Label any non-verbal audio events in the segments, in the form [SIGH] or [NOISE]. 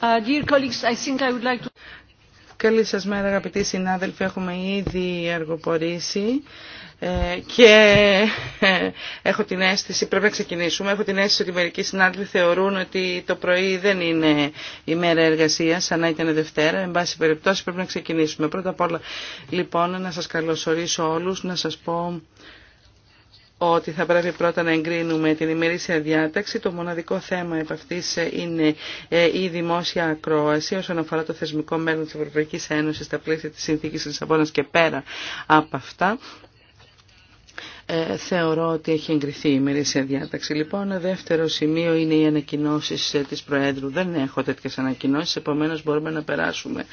Uh, Καλή σας μέρα αγαπητοί συνάδελφοι, έχουμε ήδη αργοπορήσει ε, και ε, έχω την αίσθηση, πρέπει να ξεκινήσουμε, έχω την αίσθηση ότι μερικοί συνάδελφοι θεωρούν ότι το πρωί δεν είναι η μέρα εργασίας, σαν να ήταν Δευτέρα. Εν πάση περιπτώσει πρέπει να ξεκινήσουμε. Πρώτα απ' όλα λοιπόν να σας καλωσορίσω όλους, να σας πω ότι θα πρέπει πρώτα να εγκρίνουμε την ημερήσια διάταξη. Το μοναδικό θέμα επ' αυτής ε, είναι ε, η δημόσια ακρόαση όσον αφορά το θεσμικό μέλλον της Ευρωπαϊκής Ένωσης στα πλαίσια της Συνθήκης της Λισαβόνας και πέρα από αυτά. Ε, θεωρώ ότι έχει εγκριθεί η ημερήσια διάταξη. Λοιπόν, δεύτερο σημείο είναι οι ανακοινώσει ε, τη Προέδρου. Δεν έχω τέτοιε ανακοινώσει, επομένω μπορούμε να περάσουμε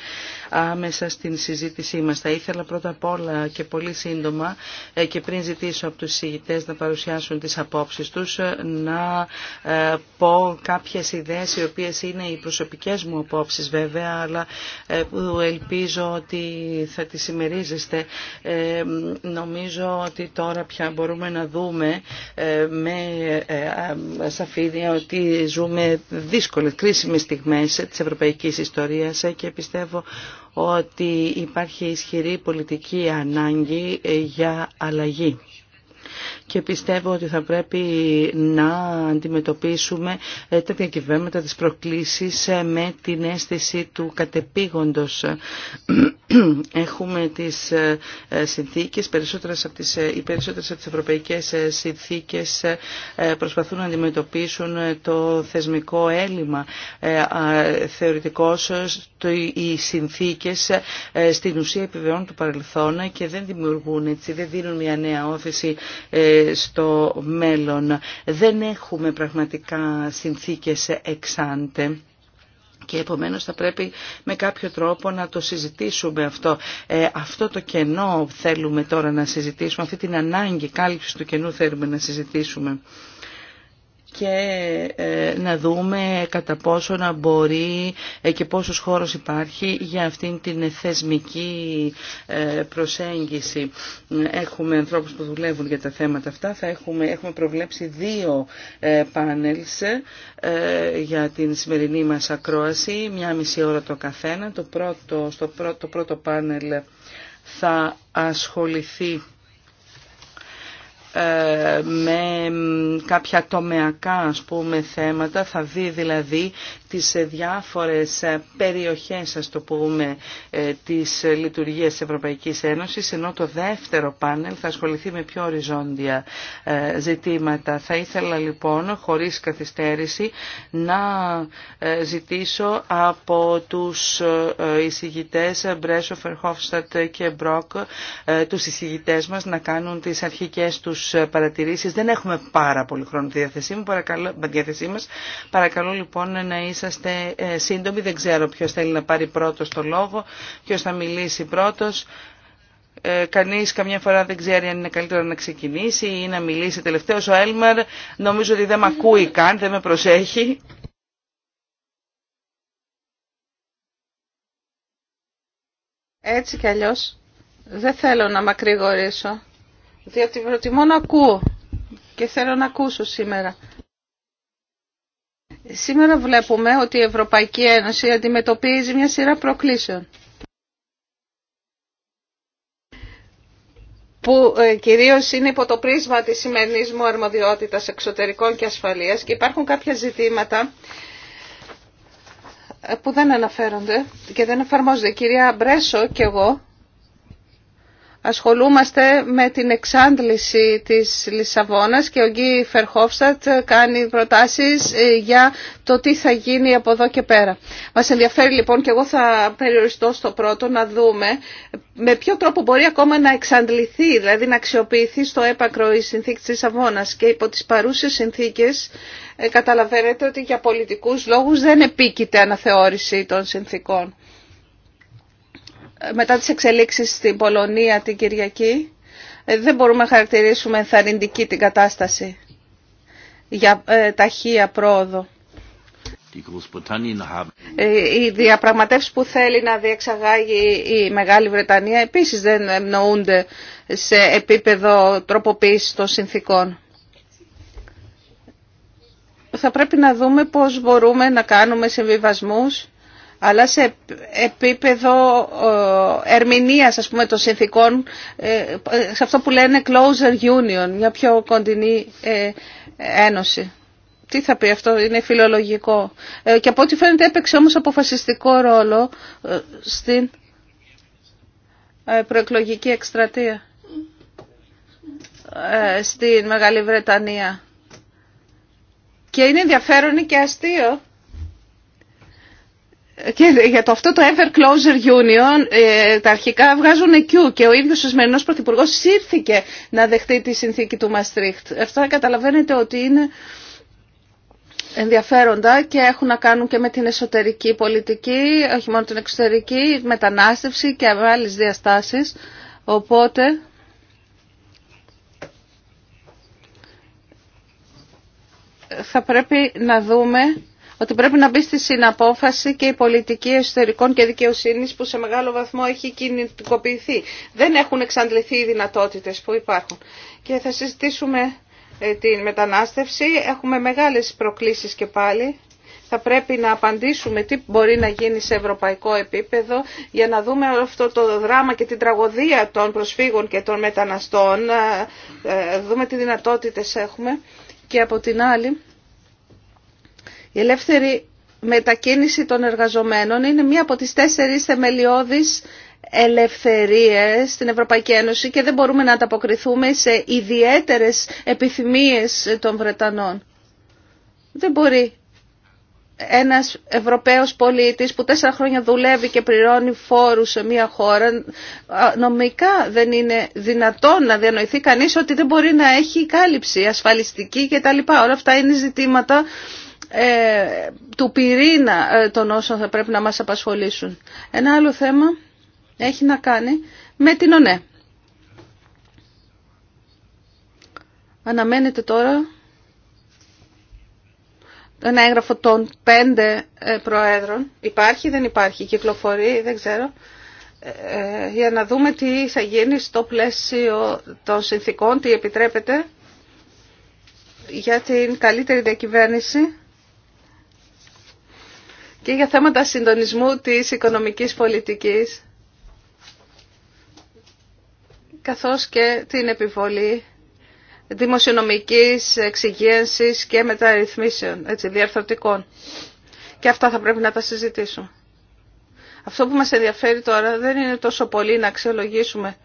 άμεσα στην συζήτησή μα. Θα ήθελα πρώτα απ' όλα και πολύ σύντομα ε, και πριν ζητήσω από του συζητητέ να παρουσιάσουν τι απόψει του, να πω κάποιε ιδέε οι οποίε είναι οι προσωπικέ μου απόψει βέβαια, αλλά που ελπίζω ότι θα τι ημερίζεστε. Νομίζω ότι τώρα πια μπορούμε να δούμε ε, με ε, σαφήνεια ότι ζούμε δύσκολες, κρίσιμες στιγμές της ευρωπαϊκής ιστορίας ε, και πιστεύω ότι υπάρχει ισχυρή πολιτική ανάγκη για αλλαγή και πιστεύω ότι θα πρέπει να αντιμετωπίσουμε ε, τα διακυβέρματα της προκλήσεις ε, με την αίσθηση του κατεπήγοντος. [CLEARS THROAT] Έχουμε τις ε, συνθήκες, περισσότερες από τις, οι περισσότερες από τις ευρωπαϊκές συνθήκες προσπαθούν να αντιμετωπίσουν το θεσμικό έλλειμμα. Θεωρητικώς οι συνθήκες στην ουσία επιβεβαιώνουν του παρελθόν και δεν δημιουργούν έτσι, δεν δίνουν μια νέα όθηση στο μέλλον. Δεν έχουμε πραγματικά συνθήκες εξάντε. Και επομένως θα πρέπει με κάποιο τρόπο να το συζητήσουμε αυτό. Ε, αυτό το κενό θέλουμε τώρα να συζητήσουμε, αυτή την ανάγκη κάλυψης του κενού θέλουμε να συζητήσουμε και ε, να δούμε κατά πόσο να μπορεί ε, και πόσος χώρος υπάρχει για αυτήν την θεσμική ε, προσέγγιση. Έχουμε ανθρώπους που δουλεύουν για τα θέματα αυτά. Θα έχουμε, έχουμε προβλέψει δύο πάνελς για την σημερινή μας ακρόαση, μια μισή ώρα το καθένα. Το πρώτο, στο το πρώτο πάνελ θα ασχοληθεί ε, με κάποια τομεακά ας πούμε θέματα, θα δει δηλαδή τις διάφορες περιοχές ας το πούμε ε, της λειτουργίας της Ευρωπαϊκής Ένωσης ενώ το δεύτερο πάνελ θα ασχοληθεί με πιο οριζόντια ε, ζητήματα. Θα ήθελα λοιπόν χωρίς καθυστέρηση να ζητήσω από τους εισηγητές Μπρέσοφερ, Χόφστατ και Μπρόκ τους εισηγητές μας να κάνουν τις αρχικές τους ε, παρατηρήσεις. Δεν έχουμε πάρα πολύ χρόνο τη διαθεσή, μου, παρακαλώ, μας. Παρακαλώ λοιπόν να είσαστε ε, σύντομοι. Δεν ξέρω ποιος θέλει να πάρει πρώτος το λόγο, ποιος θα μιλήσει πρώτος. Ε, κανείς καμιά φορά δεν ξέρει αν είναι καλύτερο να ξεκινήσει ή να μιλήσει τελευταίος. Ο Έλμαρ νομίζω ότι δεν με ακούει καν, δεν με προσέχει. Έτσι κι αλλιώς δεν θέλω να μακρηγορήσω διότι προτιμώ να ακούω και θέλω να ακούσω σήμερα. Σήμερα βλέπουμε ότι η Ευρωπαϊκή Ένωση αντιμετωπίζει μια σειρά προκλήσεων. που ε, κυρίως είναι υπό το πρίσμα της σημερινής μου αρμοδιότητας εξωτερικών και ασφαλείας και υπάρχουν κάποια ζητήματα ε, που δεν αναφέρονται και δεν εφαρμόζονται. κυρία Μπρέσο και εγώ ασχολούμαστε με την εξάντληση της Λισαβόνας και ο Γκί Φερχόφστατ κάνει προτάσεις ε, για το τι θα γίνει από εδώ και πέρα. Μας ενδιαφέρει λοιπόν και εγώ θα περιοριστώ στο πρώτο να δούμε με ποιο τρόπο μπορεί ακόμα να εξαντληθεί, δηλαδή να αξιοποιηθεί στο έπακρο η συνθήκη της Λισαβόνας και υπό τις παρούσες συνθήκες ε, καταλαβαίνετε ότι για πολιτικούς λόγους δεν επίκειται αναθεώρηση των συνθήκων μετά τις εξελίξεις στην Πολωνία την Κυριακή, ε, δεν μπορούμε να χαρακτηρίσουμε ενθαρρυντική την κατάσταση για ε, ταχεία πρόοδο. Ε, οι διαπραγματεύσεις που θέλει να διεξαγάγει η Μεγάλη Βρετανία επίσης δεν εμνοούνται σε επίπεδο τροποποίησης των συνθήκων. Θα πρέπει να δούμε πώς μπορούμε να κάνουμε συμβιβασμούς αλλά σε επίπεδο ε, ερμηνείας ας πούμε, των συνθήκων, ε, σε αυτό που λένε closer union, μια πιο κοντινή ε, ένωση. Τι θα πει αυτό, είναι φιλολογικό. Και από ό,τι φαίνεται έπαιξε όμως αποφασιστικό ρόλο στην προεκλογική εκστρατεία στην Μεγάλη Βρετανία. Και είναι ενδιαφέρον και αστείο και για το αυτό το Ever Closer Union ε, τα αρχικά βγάζουν Q και ο ίδιος ο σημερινός πρωθυπουργός ήρθηκε να δεχτεί τη συνθήκη του Μαστρίχτ. Αυτά καταλαβαίνετε ότι είναι ενδιαφέροντα και έχουν να κάνουν και με την εσωτερική πολιτική, όχι μόνο την εξωτερική, μετανάστευση και άλλε διαστάσεις. Οπότε... Θα πρέπει να δούμε ότι πρέπει να μπει στη συναπόφαση και η πολιτική εσωτερικών και δικαιοσύνης που σε μεγάλο βαθμό έχει κινητικοποιηθεί. Δεν έχουν εξαντληθεί οι δυνατότητες που υπάρχουν. Και θα συζητήσουμε ε, την μετανάστευση. Έχουμε μεγάλες προκλήσεις και πάλι. Θα πρέπει να απαντήσουμε τι μπορεί να γίνει σε ευρωπαϊκό επίπεδο για να δούμε αυτό το δράμα και την τραγωδία των προσφύγων και των μεταναστών. Ε, ε, δούμε τι δυνατότητες έχουμε. Και από την άλλη η ελεύθερη μετακίνηση των εργαζομένων είναι μία από τις τέσσερις θεμελιώδεις ελευθερίες στην Ευρωπαϊκή Ένωση και δεν μπορούμε να ανταποκριθούμε σε ιδιαίτερες επιθυμίες των Βρετανών. Δεν μπορεί ένας Ευρωπαίος πολίτης που τέσσερα χρόνια δουλεύει και πληρώνει φόρους σε μια χώρα, νομικά δεν είναι δυνατόν να διανοηθεί κανείς ότι δεν μπορεί να έχει κάλυψη ασφαλιστική κτλ. Όλα αυτά είναι ζητήματα ε, του πυρήνα ε, των όσων θα πρέπει να μας απασχολήσουν. Ένα άλλο θέμα έχει να κάνει με την ΟΝΕ. Αναμένεται τώρα ένα έγγραφο των πέντε ε, προέδρων. Υπάρχει, δεν υπάρχει, κυκλοφορεί, δεν ξέρω. Για να δούμε τι θα γίνει στο πλαίσιο των συνθήκων, τι επιτρέπεται για την καλύτερη διακυβέρνηση και για θέματα συντονισμού της οικονομικής πολιτικής καθώς και την επιβολή δημοσιονομικής εξυγίανσης και μεταρρυθμίσεων, έτσι, διαρθρωτικών. Και αυτά θα πρέπει να τα συζητήσουμε. Αυτό που μας ενδιαφέρει τώρα δεν είναι τόσο πολύ να αξιολογήσουμε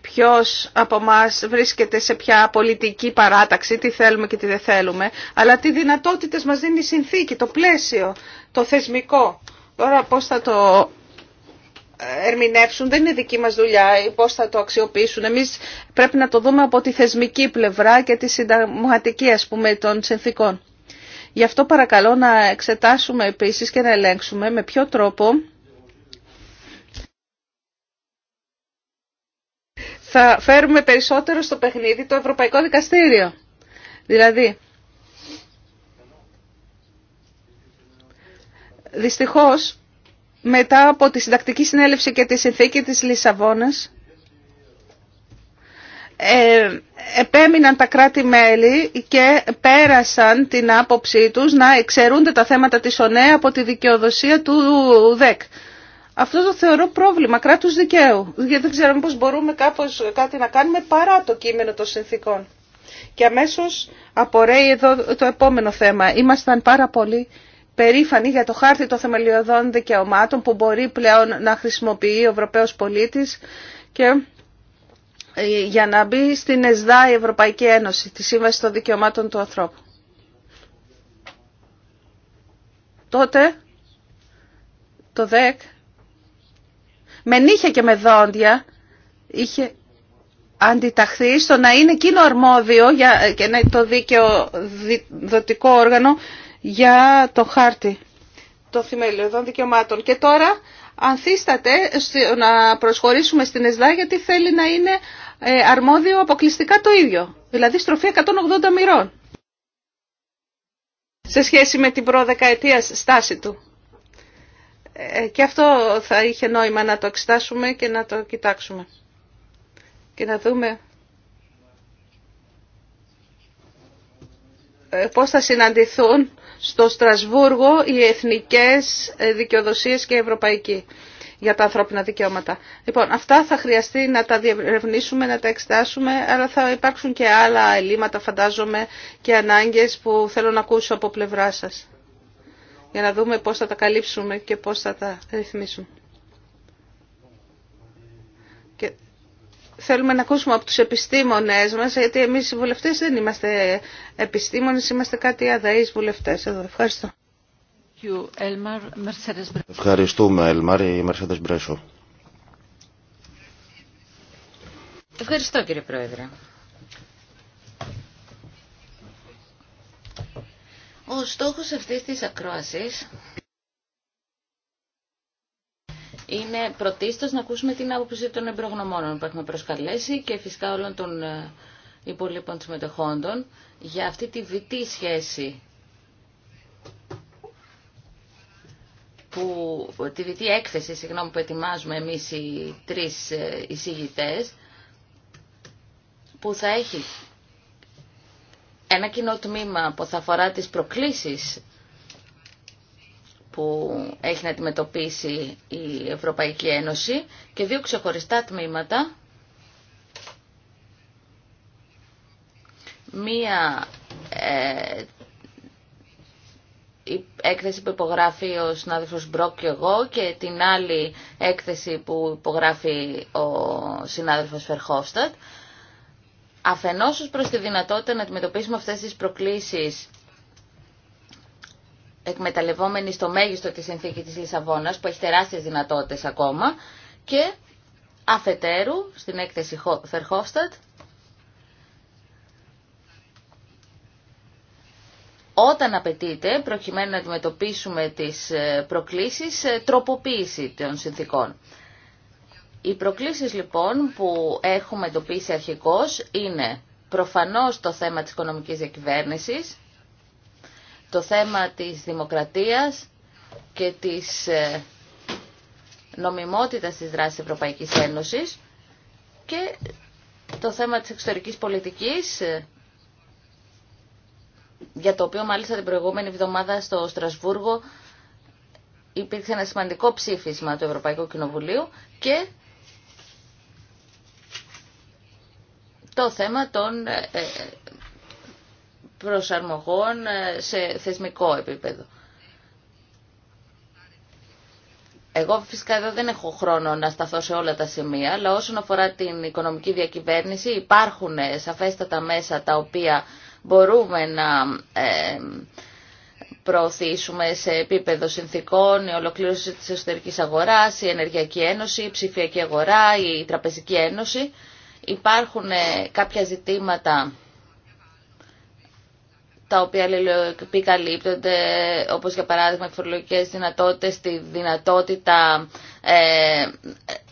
ποιος από μας βρίσκεται σε ποια πολιτική παράταξη, τι θέλουμε και τι δεν θέλουμε, αλλά τι δυνατότητες μας δίνει η συνθήκη, το πλαίσιο, το θεσμικό. Τώρα πώς θα το ερμηνεύσουν, δεν είναι δική μας δουλειά ή πώς θα το αξιοποιήσουν. Εμείς πρέπει να το δούμε από τη θεσμική πλευρά και τη συνταγματική ας πούμε των συνθήκων. Γι' αυτό παρακαλώ να εξετάσουμε επίσης και να ελέγξουμε με ποιο τρόπο θα φέρουμε περισσότερο στο παιχνίδι το Ευρωπαϊκό Δικαστήριο. Δηλαδή, δυστυχώς, μετά από τη συντακτική συνέλευση και τη συνθήκη της Λισαβόνας, ε, επέμειναν τα κράτη-μέλη και πέρασαν την άποψή τους να εξαιρούνται τα θέματα της ΟΝΕ από τη δικαιοδοσία του ΔΕΚ. Αυτό το θεωρώ πρόβλημα κράτους δικαίου, γιατί δεν ξέρω πώς μπορούμε κάπως κάτι να κάνουμε παρά το κείμενο των συνθήκων. Και αμέσως απορρέει εδώ το επόμενο θέμα. Ήμασταν πάρα πολύ περήφανοι για το χάρτη των θεμελιωδών δικαιωμάτων που μπορεί πλέον να χρησιμοποιεί ο Ευρωπαίος πολίτης και ε, για να μπει στην ΕΣΔΑ η Ευρωπαϊκή Ένωση, τη Σύμβαση των Δικαιωμάτων του Ανθρώπου. Τότε το ΔΕΚ με νύχια και με δόντια είχε αντιταχθεί στο να είναι εκείνο αρμόδιο για, και να είναι το δίκαιο δοτικό όργανο για το χάρτη των θημελιωδών δικαιωμάτων. Και τώρα ανθίσταται να προσχωρήσουμε στην ΕΣΔΑ γιατί θέλει να είναι ε, αρμόδιο αποκλειστικά το ίδιο. Δηλαδή στροφή 180 μοιρών. Σε σχέση με την προδεκαετία στάση του. Ε, και αυτό θα είχε νόημα να το εξετάσουμε και να το κοιτάξουμε. Και να δούμε ε, πώς θα συναντηθούν στο Στρασβούργο οι εθνικές ε, δικαιοδοσίες και οι ευρωπαϊκοί για τα ανθρώπινα δικαιώματα. Λοιπόν, αυτά θα χρειαστεί να τα διερευνήσουμε, να τα εξετάσουμε, αλλά θα υπάρξουν και άλλα ελλείμματα, φαντάζομαι, και ανάγκες που θέλω να ακούσω από πλευρά σας για να δούμε πώς θα τα καλύψουμε και πώς θα τα ρυθμίσουμε. Και θέλουμε να ακούσουμε από τους επιστήμονες μας, γιατί εμείς οι βουλευτές δεν είμαστε επιστήμονες, είμαστε κάτι αδαείς βουλευτές εδώ. Ευχαριστώ. Ευχαριστούμε, Ελμάρ, η Μερσέντες Μπρέσο. Ευχαριστώ, κύριε Πρόεδρε. Ο στόχος αυτής της ακρόασης είναι πρωτίστως να ακούσουμε την άποψη των εμπρογνωμόνων που έχουμε προσκαλέσει και φυσικά όλων των ε, υπολείπων συμμετεχόντων για αυτή τη βιτή σχέση που, τη διτή έκθεση συγγνώμη, που ετοιμάζουμε εμείς οι τρεις ε, εισηγητές που θα έχει ένα κοινό τμήμα που θα αφορά τις προκλήσεις που έχει να αντιμετωπίσει η Ευρωπαϊκή Ένωση και δύο ξεχωριστά τμήματα. Μία ε, η έκθεση που υπογράφει ο συνάδελφος Μπρόκ και εγώ και την άλλη έκθεση που υπογράφει ο συνάδελφος Φερχόφστατ αφενός ως προς τη δυνατότητα να αντιμετωπίσουμε αυτές τις προκλήσεις εκμεταλλευόμενοι στο μέγιστο τη συνθήκη της Λισαβόνας που έχει τεράστιες δυνατότητες ακόμα και αφετέρου στην έκθεση Φερχόφστατ όταν απαιτείται, προκειμένου να αντιμετωπίσουμε τις ε, προκλήσεις, ε, τροποποίηση των συνθήκων. Οι προκλήσεις λοιπόν που έχουμε εντοπίσει αρχικώς είναι προφανώς το θέμα της οικονομικής διακυβέρνησης, το θέμα της δημοκρατίας και της ε, νομιμότητας της δράσης Ευρωπαϊκής Ένωσης και το θέμα της εξωτερικής πολιτικής, ε, για το οποίο μάλιστα την προηγούμενη εβδομάδα στο Στρασβούργο υπήρξε ένα σημαντικό ψήφισμα του Ευρωπαϊκού Κοινοβουλίου και το θέμα των ε, ε, προσαρμογών ε, σε θεσμικό επίπεδο. Εγώ φυσικά εδώ δεν έχω χρόνο να σταθώ σε όλα τα σημεία, αλλά όσον αφορά την οικονομική διακυβέρνηση υπάρχουν σαφέστατα μέσα τα οποία μπορούμε να προωθήσουμε σε επίπεδο συνθήκων, η ολοκλήρωση της εσωτερικής αγοράς, η ενεργειακή ένωση, η ψηφιακή αγορά, η τραπεζική ένωση υπάρχουν ε, κάποια ζητήματα τα οποία επικαλύπτονται, όπως για παράδειγμα οι φορολογικές δυνατότητες, τη δυνατότητα ε,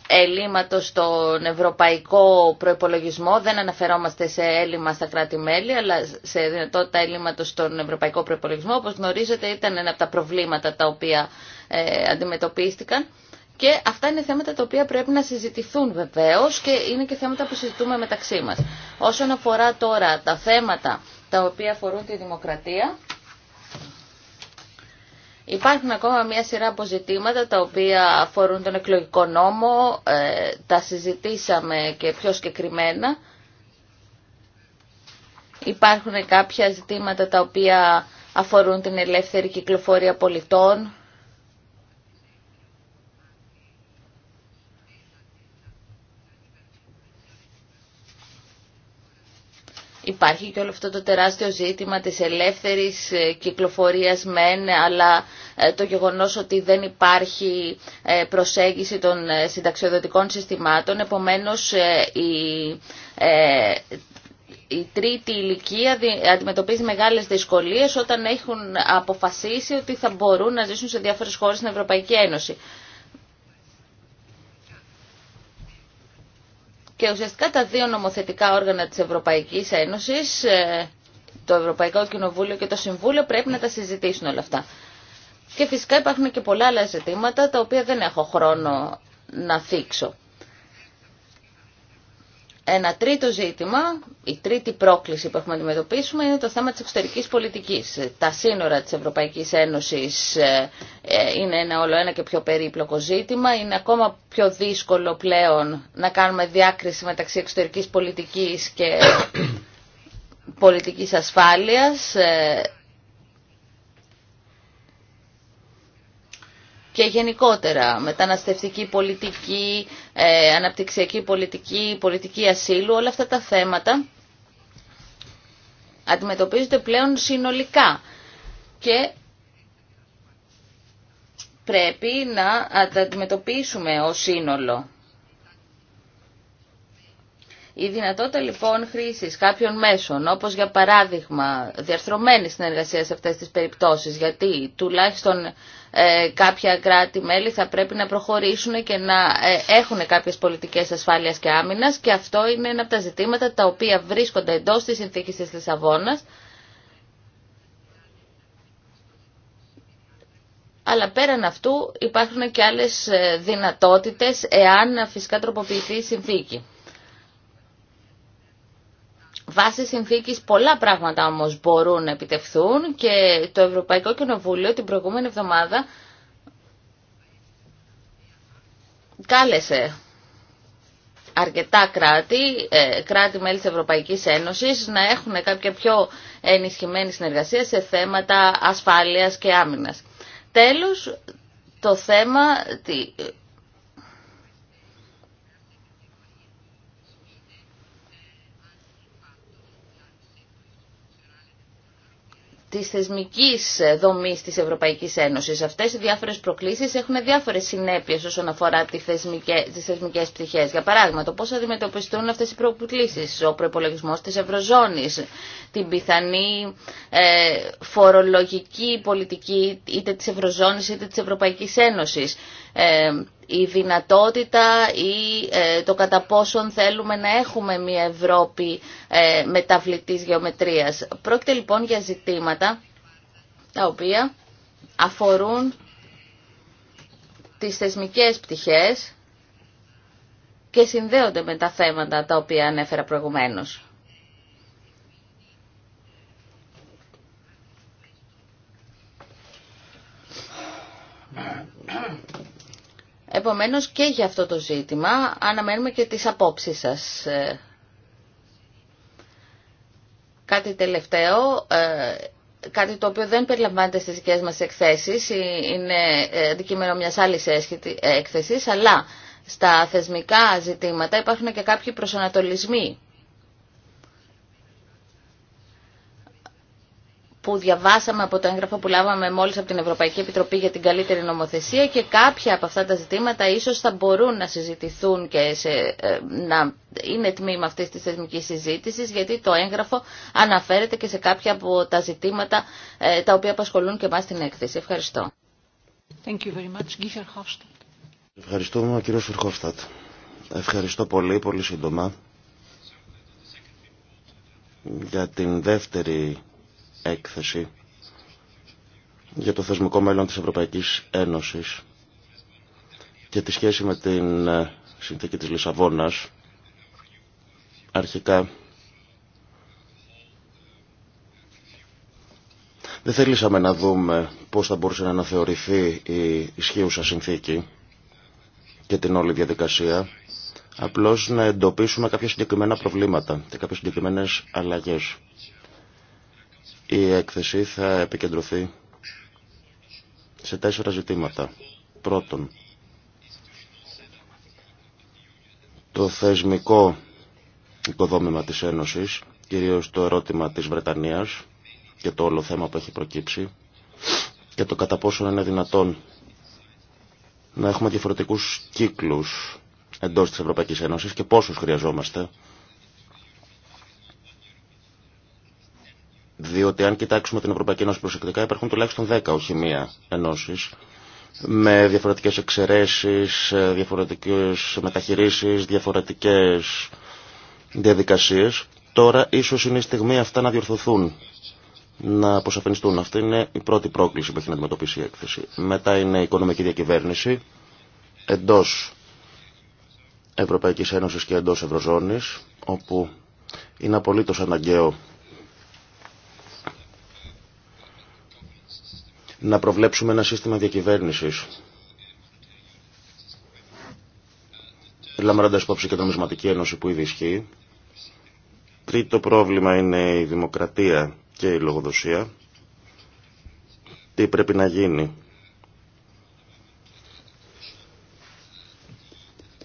ελλείμματος στον ευρωπαϊκό προϋπολογισμό. Δεν αναφερόμαστε σε έλλειμμα στα κράτη-μέλη, αλλά σε δυνατότητα έλλειμματος στον ευρωπαϊκό προϋπολογισμό. Όπως γνωρίζετε ήταν ένα από τα προβλήματα τα οποία ε, αντιμετωπίστηκαν. Και αυτά είναι θέματα τα οποία πρέπει να συζητηθούν βεβαίω και είναι και θέματα που συζητούμε μεταξύ μας. Όσον αφορά τώρα τα θέματα τα οποία αφορούν τη δημοκρατία, Υπάρχουν ακόμα μια σειρά αποζητήματα τα οποία αφορούν τον εκλογικό νόμο, ε, τα συζητήσαμε και πιο συγκεκριμένα. Υπάρχουν κάποια ζητήματα τα οποία αφορούν την ελεύθερη κυκλοφορία πολιτών, Υπάρχει και όλο αυτό το τεράστιο ζήτημα της ελεύθερης ε, κυκλοφορίας μεν, αλλά ε, το γεγονός ότι δεν υπάρχει ε, προσέγγιση των συνταξιοδοτικών συστημάτων, επομένως η η τρίτη ηλικία αντιμετωπίζει μεγάλες δυσκολίες όταν έχουν αποφασίσει ότι θα μπορούν να ζήσουν σε διάφορες χώρες στην Ευρωπαϊκή Ένωση. Και ουσιαστικά τα δύο νομοθετικά όργανα της Ευρωπαϊκής Ένωσης, ε, το Ευρωπαϊκό Κοινοβούλιο και το Συμβούλιο, πρέπει να τα συζητήσουν όλα αυτά. Και φυσικά υπάρχουν και πολλά άλλα ζητήματα τα οποία δεν έχω χρόνο να θίξω. Ένα τρίτο ζήτημα, η τρίτη πρόκληση που έχουμε να αντιμετωπίσουμε είναι το θέμα της εξωτερικής πολιτικής. Τα σύνορα της Ευρωπαϊκής Ένωσης ε, ε, είναι ένα όλο ένα και πιο περίπλοκο ζήτημα. Είναι ακόμα πιο δύσκολο πλέον να κάνουμε διάκριση μεταξύ εξωτερικής πολιτικής και πολιτικής ασφάλειας. Ε, και γενικότερα μεταναστευτική πολιτική, ε, αναπτυξιακή πολιτική, πολιτική ασύλου, όλα αυτά τα θέματα αντιμετωπίζονται πλέον συνολικά και πρέπει να τα αντιμετωπίσουμε ως σύνολο. Η δυνατότητα λοιπόν χρήσης κάποιων μέσων, όπως για παράδειγμα διαρθρωμένη συνεργασία σε αυτές τις περιπτώσεις, γιατί τουλάχιστον ε, κάποια κράτη-μέλη θα πρέπει να προχωρήσουν και να ε, έχουν κάποιες πολιτικές ασφάλειας και άμυνας και αυτό είναι ένα από τα ζητήματα τα οποία βρίσκονται εντός της συνθήκης της Λισαβόνας αλλά πέραν αυτού υπάρχουν και άλλες ε, δυνατότητες εάν φυσικά τροποποιηθεί η συνθήκη. Βάσει συνθήκη πολλά πράγματα όμω μπορούν να επιτευχθούν και το Ευρωπαϊκό Κοινοβούλιο την προηγούμενη εβδομάδα κάλεσε αρκετά κράτη, ε, κράτη μέλη της Ευρωπαϊκής Ένωσης να έχουν κάποια πιο ενισχυμένη συνεργασία σε θέματα ασφάλειας και άμυνας. Τέλος, το θέμα της θεσμικής δομής της Ευρωπαϊκής Ένωσης. Αυτές οι διάφορες προκλήσεις έχουν διάφορες συνέπειες όσον αφορά τις θεσμικές, τις πτυχές. Για παράδειγμα, το πώς αντιμετωπιστούν αυτές οι προκλήσεις, ο προπολογισμό της Ευρωζώνης, την πιθανή ε, φορολογική πολιτική είτε τη Ευρωζώνης είτε της Ευρωπαϊκής Ένωσης, ε, η δυνατότητα ή ε, το κατά πόσον θέλουμε να έχουμε μια Ευρώπη ε, μεταβλητής γεωμετρίας. Πρόκειται λοιπόν για ζητήματα τα οποία αφορούν τις θεσμικές πτυχές και συνδέονται με τα θέματα τα οποία ανέφερα προηγουμένως. Επομένως και για αυτό το ζήτημα αναμένουμε και τις απόψεις σας. Ε, κάτι τελευταίο, ε, κάτι το οποίο δεν περιλαμβάνεται στις δικές μας εκθέσεις, ε, είναι αντικείμενο μιας άλλης έκθεσης, αλλά στα θεσμικά ζητήματα υπάρχουν και κάποιοι προσανατολισμοί που διαβάσαμε από το έγγραφο που λάβαμε μόλις από την Ευρωπαϊκή Επιτροπή για την καλύτερη νομοθεσία και κάποια από αυτά τα ζητήματα ίσως θα μπορούν να συζητηθούν και σε, ε, να είναι τμήμα αυτής της θεσμικής συζήτησης γιατί το έγγραφο αναφέρεται και σε κάποια από τα ζητήματα ε, τα οποία απασχολούν και εμάς στην έκθεση. Ευχαριστώ. Thank you very much. Ευχαριστούμε κύριο Φερχόφστατ. Ευχαριστώ πολύ, πολύ σύντομα για την δεύτερη έκθεση για το θεσμικό μέλλον της Ευρωπαϊκής Ένωσης και τη σχέση με την ε, συνθήκη της Λισαβόνας αρχικά δεν θέλησαμε να δούμε πώς θα μπορούσε να αναθεωρηθεί η ισχύουσα συνθήκη και την όλη διαδικασία απλώς να εντοπίσουμε κάποια συγκεκριμένα προβλήματα και κάποιες συγκεκριμένες αλλαγές η έκθεση θα επικεντρωθεί σε τέσσερα ζητήματα. Πρώτον, το θεσμικό οικοδόμημα της Ένωσης, κυρίως το ερώτημα της Βρετανίας και το όλο θέμα που έχει προκύψει και το κατά πόσο είναι δυνατόν να έχουμε διαφορετικούς κύκλους εντός της Ευρωπαϊκής Ένωσης και πόσους χρειαζόμαστε Διότι αν κοιτάξουμε την Ευρωπαϊκή Ένωση προσεκτικά υπάρχουν τουλάχιστον 10 όχι μία ενώσεις με διαφορετικές εξαιρέσεις, διαφορετικές μεταχειρήσεις, διαφορετικές διαδικασίες. Τώρα ίσως είναι η στιγμή αυτά να διορθωθούν, να αποσαφενιστούν. Αυτή είναι η πρώτη πρόκληση που έχει να αντιμετωπίσει η έκθεση. Μετά είναι η οικονομική διακυβέρνηση εντός Ευρωπαϊκής Ένωσης και εντός Ευρωζώνης, όπου είναι απολύτως αναγκαίο να προβλέψουμε ένα σύστημα διακυβέρνησης λαμβάνοντας υπόψη και νομισματική ένωση που ήδη ισχύει. Τρίτο πρόβλημα είναι η δημοκρατία και η λογοδοσία. Τι πρέπει να γίνει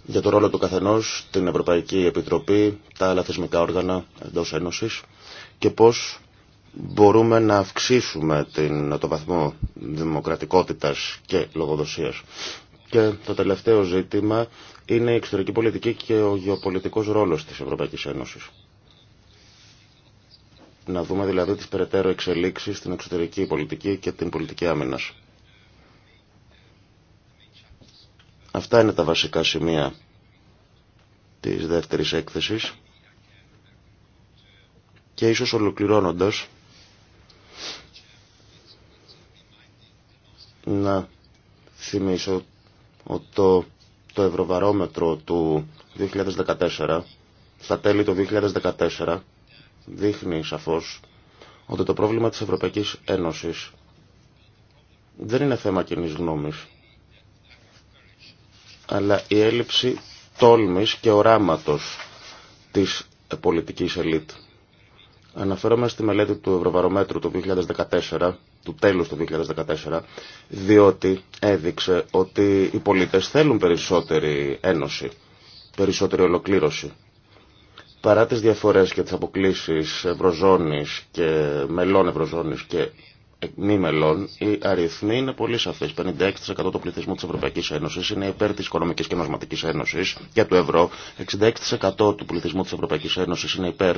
για το ρόλο του καθενός, την Ευρωπαϊκή Επιτροπή, τα άλλα θεσμικά όργανα εντό Ένωσης και πώς μπορούμε να αυξήσουμε την, το βαθμό δημοκρατικότητας και λογοδοσίας. Και το τελευταίο ζήτημα είναι η εξωτερική πολιτική και ο γεωπολιτικός ρόλος της Ευρωπαϊκής Ένωσης. Να δούμε δηλαδή τις περαιτέρω εξελίξεις στην εξωτερική πολιτική και την πολιτική άμυνας. Αυτά είναι τα βασικά σημεία της δεύτερης έκθεσης και ίσως ολοκληρώνοντας να θυμίσω ότι το, το ευρωβαρόμετρο του 2014, στα τέλη του 2014, δείχνει σαφώς ότι το πρόβλημα της Ευρωπαϊκής Ένωσης δεν είναι θέμα κοινή γνώμης, αλλά η έλλειψη τόλμης και οράματος της πολιτικής ελίτ. Αναφέρομαι στη μελέτη του Ευρωβαρομέτρου του 2014, του τέλους του 2014, διότι έδειξε ότι οι πολίτες θέλουν περισσότερη ένωση, περισσότερη ολοκλήρωση. Παρά τις διαφορές και τις αποκλήσεις ευρωζώνης και μελών ευρωζώνης και μη μελών, οι αριθμοί είναι πολύ σαφεί. 56% του πληθυσμού της Ευρωπαϊκής Ένωσης είναι υπέρ της Οικονομικής και Νοσματική Ένωσης και του ευρώ. 66% του πληθυσμού της Ευρωπαϊκής Ένωσης είναι υπέρ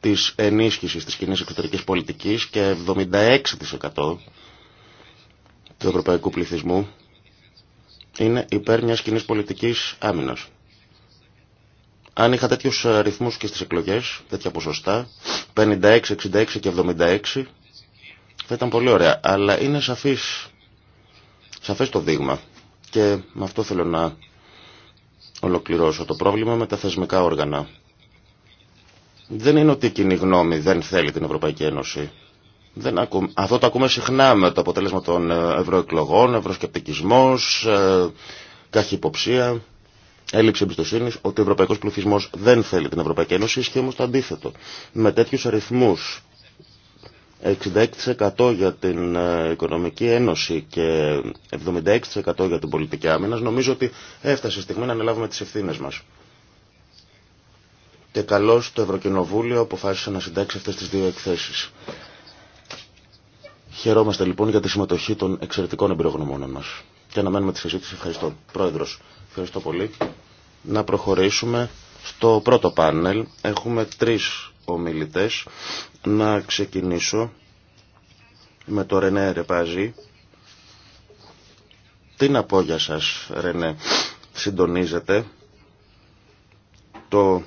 της ενίσχυσης της κοινή εξωτερικής πολιτικής και 76% του ευρωπαϊκού πληθυσμού είναι υπέρ μιας κοινή πολιτικής άμυνας. Αν είχα τέτοιου αριθμούς ε, και στις εκλογές, τέτοια ποσοστά, 56, 66 και 76, θα ήταν πολύ ωραία. Αλλά είναι σαφής, σαφές το δείγμα. Και με αυτό θέλω να ολοκληρώσω το πρόβλημα με τα θεσμικά όργανα δεν είναι ότι η κοινή γνώμη δεν θέλει την Ευρωπαϊκή Ένωση. Δεν Αυτό το ακούμε συχνά με το αποτέλεσμα των ε, ευρωεκλογών, ευρωσκεπτικισμός, ε, καχυποψία, έλλειψη εμπιστοσύνη, ότι ο ευρωπαϊκό πληθυσμό δεν θέλει την Ευρωπαϊκή Ένωση. Ισχύει όμω το αντίθετο. Με τέτοιου αριθμού 66% για την ε, Οικονομική Ένωση και 76% για την πολιτική άμυνα, νομίζω ότι έφτασε η στιγμή να αναλάβουμε τι ευθύνε μα και καλώς το Ευρωκοινοβούλιο αποφάσισε να συντάξει αυτές τις δύο εκθέσεις. Χαιρόμαστε λοιπόν για τη συμμετοχή των εξαιρετικών εμπειρογνωμόνων μας. Και αναμένουμε τη συζήτηση. Ευχαριστώ. Πρόεδρος, ευχαριστώ πολύ. Να προχωρήσουμε στο πρώτο πάνελ. Έχουμε τρεις ομιλητές. Να ξεκινήσω με το Ρενέ Ρεπάζη. Τι να πω για σας, Ρενέ. Συντονίζετε το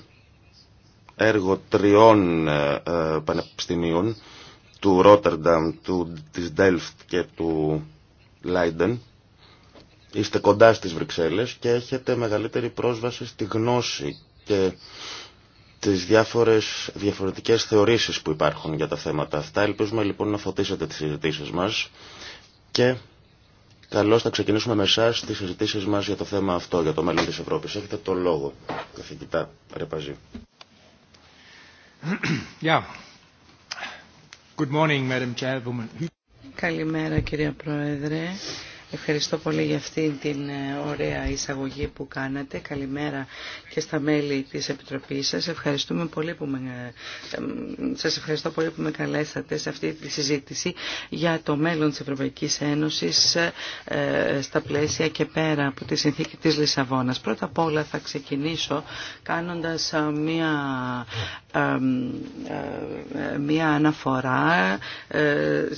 έργο τριών ε, ε, πανεπιστημίων, του Ρότερνταμ, του, της Δέλφτ και του Λάιντεν. Είστε κοντά στις Βρυξέλλες και έχετε μεγαλύτερη πρόσβαση στη γνώση και τις διάφορες διαφορετικές θεωρήσεις που υπάρχουν για τα θέματα αυτά. Ελπίζουμε λοιπόν να φωτίσετε τις συζητήσει μας και καλώς θα ξεκινήσουμε με εσά τις συζητήσεις μας για το θέμα αυτό, για το μέλλον της Ευρώπης. Έχετε το λόγο, καθηγητά Ρεπαζή. Καλημέρα κύριε Πρόεδρε. Ευχαριστώ πολύ για αυτή την ε, ωραία εισαγωγή που κάνατε. Καλημέρα και στα μέλη της Επιτροπής σας. Ευχαριστούμε πολύ που με... Ε, σας ευχαριστώ πολύ που με καλέσατε σε αυτή τη συζήτηση για το μέλλον της Ευρωπαϊκής Ένωσης ε, στα πλαίσια και πέρα από τη συνθήκη της Λισαβόνας. Πρώτα απ' όλα θα ξεκινήσω κάνοντας μια, μια αναφορά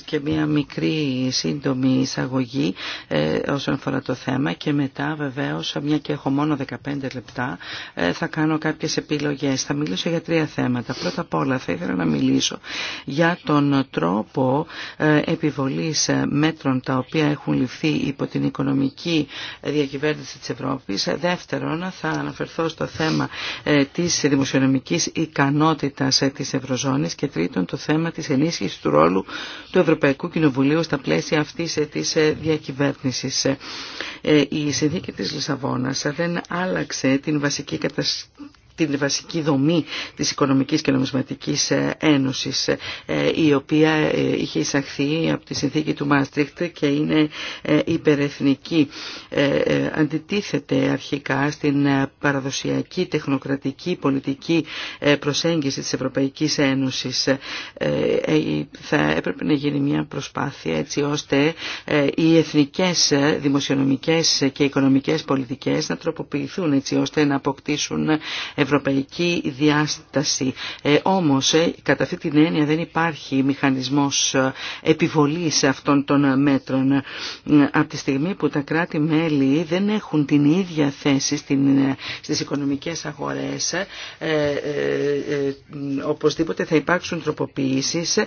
και μια μικρή σύντομη εισαγωγή ε, όσον αφορά το θέμα και μετά βεβαίως, μια και έχω μόνο 15 λεπτά, ε, θα κάνω κάποιες επιλογές. Θα μιλήσω για τρία θέματα. Πρώτα απ' όλα θα ήθελα να μιλήσω για τον τρόπο ε, επιβολής μέτρων τα οποία έχουν ληφθεί υπό την οικονομική διακυβέρνηση της Ευρώπης. Δεύτερον, θα αναφερθώ στο θέμα της δημοσιονομικής ικανότητας της Ευρωζώνης και τρίτον το θέμα της ενίσχυσης του ρόλου του Ευρωπαϊκού Κοινοβουλίου στα πλαίσια αυτής της διακυβέρνηση. Ε, η συνθήκη τη Λισαβόνα δεν άλλαξε την βασική την βασική δομή της Οικονομικής και Νομισματικής ε, Ένωσης ε, η οποία ε, είχε εισαχθεί από τη συνθήκη του Μάστριχτ και είναι υπερεθνική. Αντιτίθεται αρχικά στην παραδοσιακή τεχνοκρατική πολιτική προσέγγιση της Ευρωπαϊκής Ένωσης. Θα έπρεπε να γίνει μια προσπάθεια έτσι ώστε οι εθνικές δημοσιονομικές και οικονομικές πολιτικές να τροποποιηθούν έτσι ώστε να αποκτήσουν ευρωπαϊκή διάσταση. Ε, όμως, ε, κατά αυτή την έννοια δεν υπάρχει μηχανισμός ε, επιβολής αυτών των μέτρων. Ε, από τη στιγμή που τα κράτη-μέλη δεν έχουν την ίδια θέση στις οικονομικές αγορές, ε, ε, οπωσδήποτε θα υπάρξουν τροποποιήσεις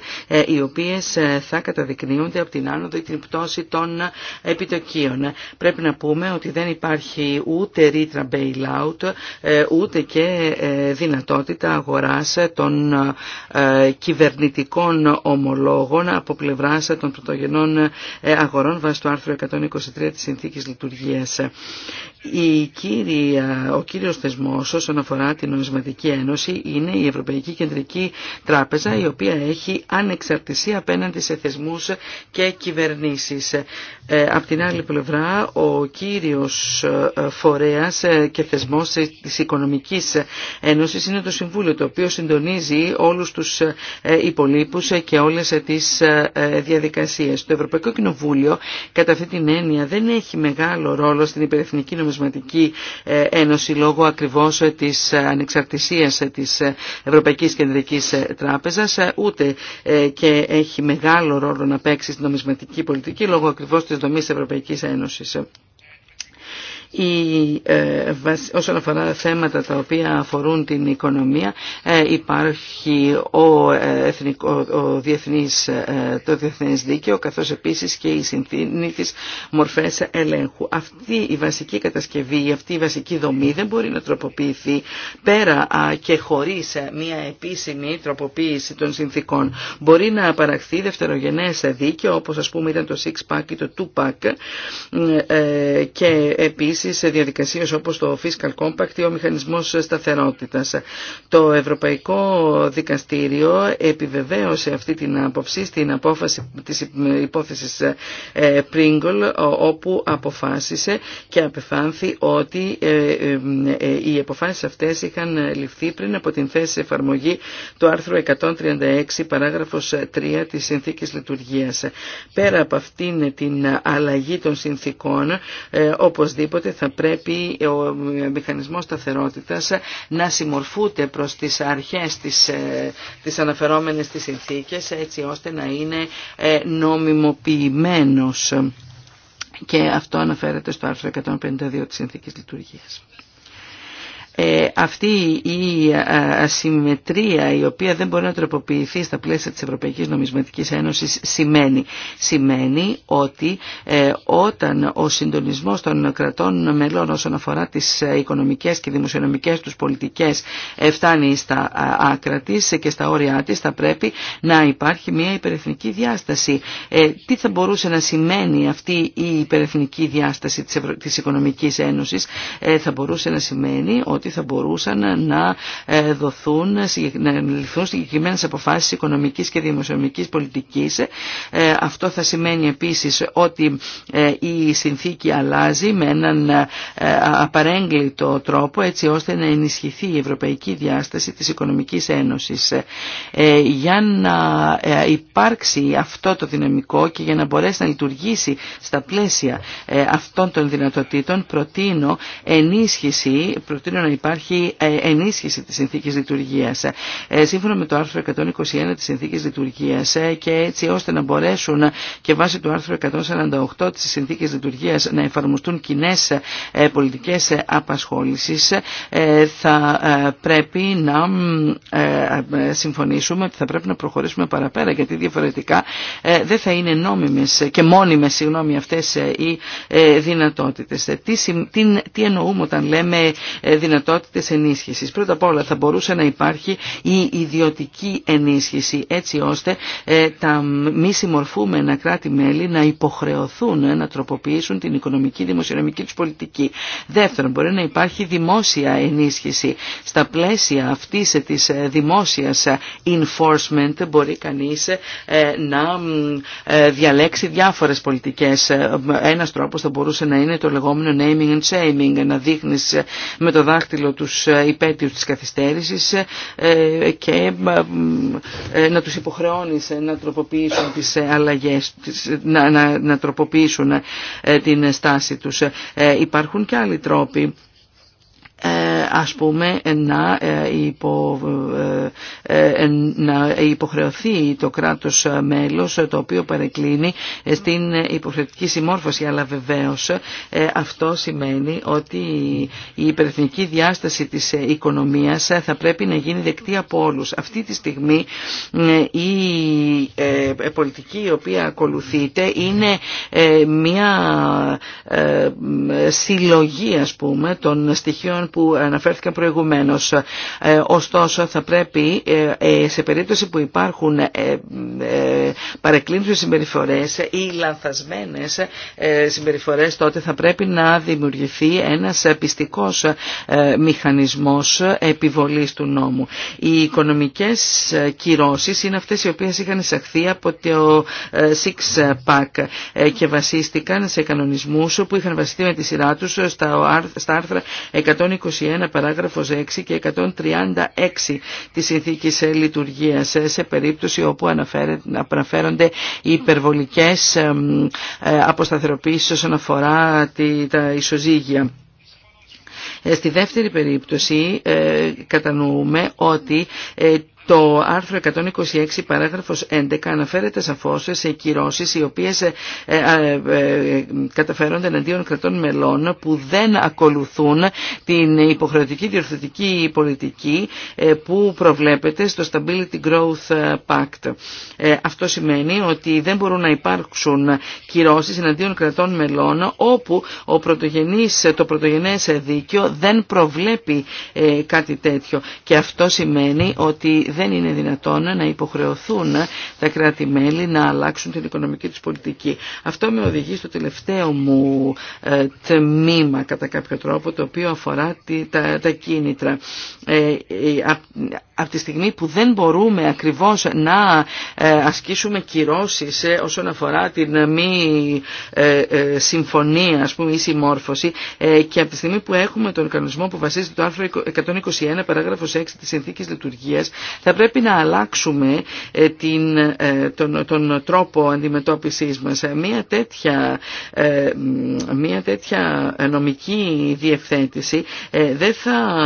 οι οποίες θα καταδεικνύονται από την άνοδο ή την πτώση των επιτοκίων. Πρέπει να πούμε ότι δεν υπάρχει ούτε ρήτρα bailout, ούτε και ε, δυνατότητα αγοράς των ε, κυβερνητικών ομολόγων από πλευράς των πρωτογενών ε, αγορών βάσει του άρθρου 123 της Συνθήκης Λειτουργίας. Η ο κύριος θεσμός όσον αφορά την Νομισματική Ένωση είναι η Ευρωπαϊκή Κεντρική Τράπεζα η οποία έχει ανεξαρτησία απέναντι σε θεσμούς και κυβερνήσεις. Ε, απ' την άλλη πλευρά ο κύριος ε, φορέας ε, και θεσμός της Οικονομικής Ένωσης είναι το Συμβούλιο το οποίο συντονίζει όλους τους υπολείπους και όλες τις διαδικασίες. Το Ευρωπαϊκό Κοινοβούλιο κατά αυτή την έννοια δεν έχει μεγάλο ρόλο στην υπερεθνική Νομισματική ε, Ένωση λόγω ακριβώς ε, της ανεξαρτησίας ε, της Ευρωπαϊκής Κεντρικής Τράπεζας, ούτε και έχει μεγάλο ρόλο να παίξει στην νομισματική πολιτική λόγω ακριβώς της δομής της Ευρωπαϊκής Ένωσης. Ε, όσον αφορά θέματα τα οποία αφορούν την οικονομία ε, υπάρχει ε, ο, ο διεθνής, το διεθνές δίκαιο καθώς επίσης και οι της μορφές ελέγχου. Αυτή η βασική κατασκευή, αυτή η βασική δομή δεν μπορεί να τροποποιηθεί πέρα και χωρίς μια επίσημη τροποποίηση των συνθήκων. Μπορεί να παραχθεί δευτερογενές δίκαιο όπως ας πούμε ήταν το 6-pack ή το 2-pack και επίσης σε διαδικασίες όπως το Fiscal Compact ή ο Μηχανισμός Σταθερότητας. Το Ευρωπαϊκό Δικαστήριο επιβεβαίωσε αυτή την άποψη στην απόφαση της υπόθεσης ε, Pringle όπου αποφάσισε και απεφάνθη ότι ε, ε, οι αποφάσει αυτές είχαν ληφθεί πριν από την θέση εφαρμογή του άρθρου 136 παράγραφος 3 της Συνθήκης Λειτουργίας. Πέρα από αυτήν την αλλαγή των συνθήκων, οπωσδήποτε θα πρέπει ο μηχανισμός σταθερότητας να συμμορφούνται προς τις αρχές της, ε, της αναφερόμενης της συνθήκες έτσι ώστε να είναι ε, νομιμοποιημένος. Και αυτό αναφέρεται στο άρθρο 152 της Συνθήκης Λειτουργίας. Ε, αυτή η ε, ασυμμετρία η οποία δεν μπορεί να τροποποιηθεί στα πλαίσια της Ευρωπαϊκής Νομισματικής Ένωσης σημαίνει. Σημαίνει ότι ε, όταν ο συντονισμός των κρατών μελών όσον αφορά τις οικονομικές και δημοσιονομικές τους πολιτικές φτάνει στα άκρα της και στα όρια της θα πρέπει να υπάρχει μια υπερεθνική διάσταση. Τι θα μπορούσε να σημαίνει αυτή η υπερεθνική διάσταση της Οικονομικής Ένωσης θα μπορούσε να σημαίνει ότι θα μπορούσαν να ε, δοθούν, ε, να ληφθούν συγκεκριμένες αποφάσεις οικονομικής και δημοσιονομικής πολιτικής. Ε, αυτό θα σημαίνει επίσης ότι η συνθήκη αλλάζει με έναν απαρέγκλητο τρόπο έτσι ώστε να ενισχυθεί η ευρωπαϊκή διάσταση της Οικονομικής Ένωσης. Για να υπάρξει αυτό το δυναμικό και για να μπορέσει να λειτουργήσει στα πλαίσια αυτών των δυνατοτήτων προτείνω ενίσχυση, προτείνω να υπάρχει ε, ενίσχυση της συνθήκης λειτουργίας. Ε, σύμφωνα με το άρθρο 121 της συνθήκης λειτουργίας ε, και έτσι ώστε να μπορέσουν και βάσει του άρθρου 148 της συνθήκης λειτουργίας να εφαρμοστούν κοινέ πολιτικές απασχόλησης θα πρέπει να συμφωνήσουμε ότι θα πρέπει να προχωρήσουμε παραπέρα γιατί διαφορετικά δεν θα είναι νόμιμες και μόνιμες συγγνώμη, αυτές οι δυνατότητες. Τι, τι εννοούμε όταν λέμε δυνατότητες δυνατότητες ενίσχυσης. Πρώτα απ' όλα θα μπορούσε να υπάρχει η ιδιωτική ενίσχυση έτσι ώστε ε, τα μη συμμορφούμενα κράτη-μέλη να υποχρεωθούν ε, να τροποποιήσουν την οικονομική δημοσιονομική τους πολιτική. Δεύτερον, μπορεί να υπάρχει δημόσια ενίσχυση. Στα πλαίσια αυτής ε, της δημόσιας enforcement μπορεί κανείς να διαλέξει διάφορες πολιτικές. Ένα τρόπο θα μπορούσε να είναι το λεγόμενο naming and shaming, να δείχνεις με το δάχτυλο δάχτυλο τους ε, υπέτειους της ε, ε, και να τους υποχρεώνει να τροποποιήσουν τις αλλαγές, να, να τροποποιήσουν την στάση τους. Υπάρχουν και άλλοι τρόποι ε, ας πούμε να, ε, υπο, ε, υποχρεωθεί το κράτος μέλος το οποίο παρεκκλίνει στην υποχρεωτική συμμόρφωση αλλά βεβαίως αυτό σημαίνει ότι η υπερεθνική διάσταση της οικονομίας θα πρέπει να γίνει δεκτή από όλους. Αυτή τη στιγμή η πολιτική η οποία ακολουθείται είναι μια συλλογή ας πούμε των στοιχείων που αναφέρθηκαν προηγουμένως. Ε, ωστόσο θα πρέπει ε, ε, σε περίπτωση που υπάρχουν παρεκκλίνουσες συμπεριφορές ή λανθασμένες συμπεριφορές τότε θα πρέπει να δημιουργηθεί ένας πιστικός μηχανισμός επιβολής του νόμου. Οι οικονομικές κυρώσεις είναι αυτές οι οποίες είχαν εισαχθεί από το Six Pack και βασίστηκαν σε κανονισμούς που είχαν βασιστεί με τη σειρά τους στα άρθρα 120 121 παράγραφος 6 και 136 της συνθήκης λειτουργίας ε, σε περίπτωση όπου αναφέρονται οι υπερβολικές ε, αποσταθεροποίησεις όσον αφορά τα ισοζύγια. Ε, στη δεύτερη περίπτωση κατανοούμε ότι το άρθρο 126 παράγραφος 11 αναφέρεται σαφώς σε κυρώσεις οι οποίες ε, ε, ε, καταφέρονται εναντίον κρατών μελών που δεν ακολουθούν την υποχρεωτική διορθωτική πολιτική που προβλέπεται στο Stability Growth Pact. Αυτό σημαίνει ότι δεν μπορούν να υπάρξουν κυρώσεις εναντίον κρατών μελών όπου ο πρωτογενής, το πρωτογενές δίκαιο δεν προβλέπει κάτι τέτοιο. Και αυτό σημαίνει ότι δεν είναι δυνατόν να υποχρεωθούν τα κράτη-μέλη να αλλάξουν την οικονομική τους πολιτική. Αυτό με οδηγεί στο τελευταίο μου ε, τμήμα κατά κάποιο τρόπο το οποίο αφορά τα κίνητρα. Ε, από τη στιγμή που δεν μπορούμε ακριβώς να ε, ασκήσουμε κυρώσεις ε, όσον αφορά την μη ε, συμφωνία, ας πούμε, ή συμμόρφωση και από τη στιγμή που έχουμε τον κανονισμό που βασίζεται το άρθρο 121 παράγραφος 6 της Συνθήκης Λειτουργίας θα πρέπει να αλλάξουμε την, τον, τον τρόπο αντιμετώπισης μας. Μία τέτοια, μία τέτοια νομική διευθέτηση δεν θα,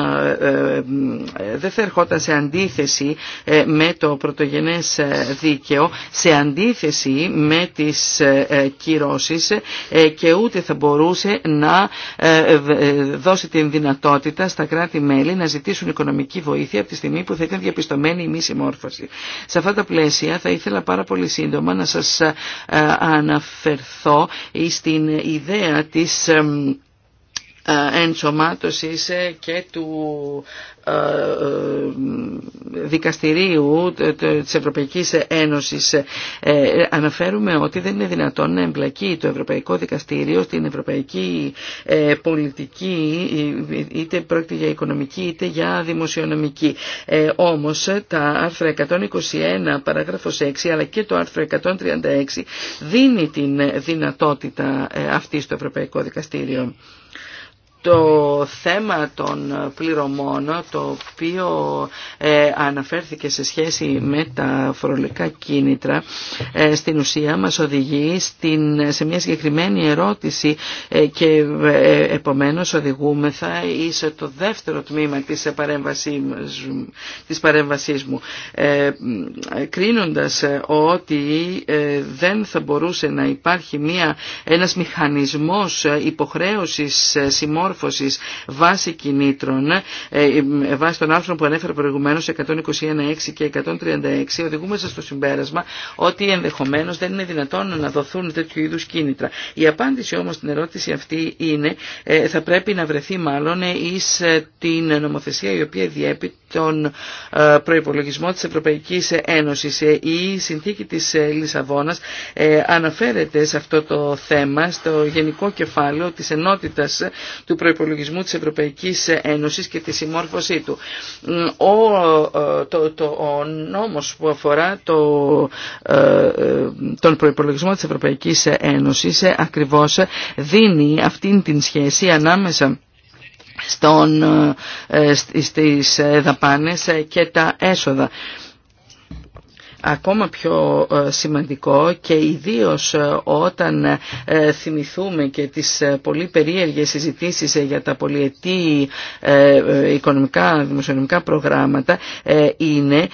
θα ερχόταν σε αντίθεση ε, με το πρωτογενές ε, δίκαιο, σε αντίθεση με τις ε, κυρώσεις και ούτε θα μπορούσε να δώσει την δυνατότητα στα κράτη-μέλη να ζητήσουν οικονομική βοήθεια από τη στιγμή που θα ήταν διαπιστωμένη η μη συμμόρφωση. Σε αυτά τα πλαίσια θα ήθελα πάρα πολύ σύντομα να σας αναφερθώ στην ιδέα της ε, Ενσωμάτωση ε, και του ε, δικαστηρίου της Ευρωπαϊκής Ένωσης αναφέρουμε ότι δεν είναι δυνατόν να εμπλακεί το Ευρωπαϊκό Δικαστήριο στην Ευρωπαϊκή Πολιτική είτε πρόκειται για οικονομική είτε για δημοσιονομική όμως τα άρθρα 121 παράγραφος 6 αλλά και το άρθρο 136 δίνει την δυνατότητα αυτή στο Ευρωπαϊκό Δικαστήριο το θέμα των πληρωμών το οποίο ε, αναφέρθηκε σε σχέση με τα φορολογικά κίνητρα ε, στην ουσία μας οδηγεί στην, σε μια συγκεκριμένη ερώτηση ε, και επομένως οδηγούμεθα εις το δεύτερο τμήμα της παρέμβασής, της παρέμβασής μου κρίνοντας ότι δεν θα μπορούσε να υπάρχει μια, ένας μηχανισμός υποχρέωσης συμμόρφωσης βάσει βάση κινήτρων, ε, ε, βάσει των άρθρων που ανέφερα προηγουμένως 121.6 και 136, οδηγούμαστε στο συμπέρασμα ότι ενδεχομένως δεν είναι δυνατόν να δοθούν τέτοιου είδους κίνητρα. Η απάντηση όμως στην ερώτηση αυτή είναι, ε, θα πρέπει να βρεθεί μάλλον εις την νομοθεσία η οποία διέπει τον προϋπολογισμό της Ευρωπαϊκής Ένωσης. Η συνθήκη της Λισαβόνας αναφέρεται σε αυτό το θέμα στο γενικό κεφάλαιο της ενότητας του προϋπολογισμού της Ευρωπαϊκής Ένωσης και τη συμμόρφωσή του. Ο, ε, το, το, ο νόμος που αφορά το, ε, ε, τον προϋπολογισμό της Ευρωπαϊκής Ένωσης ακριβώς δίνει αυτήν την σχέση ανάμεσα στον, στις δαπάνες και τα έσοδα ακόμα πιο ε, σημαντικό και ιδίως ε, όταν ε, θυμηθούμε και τις πολύ περίεργες συζητήσεις για τα πολυετή οικονομικά δημοσιονομικά προγράμματα είναι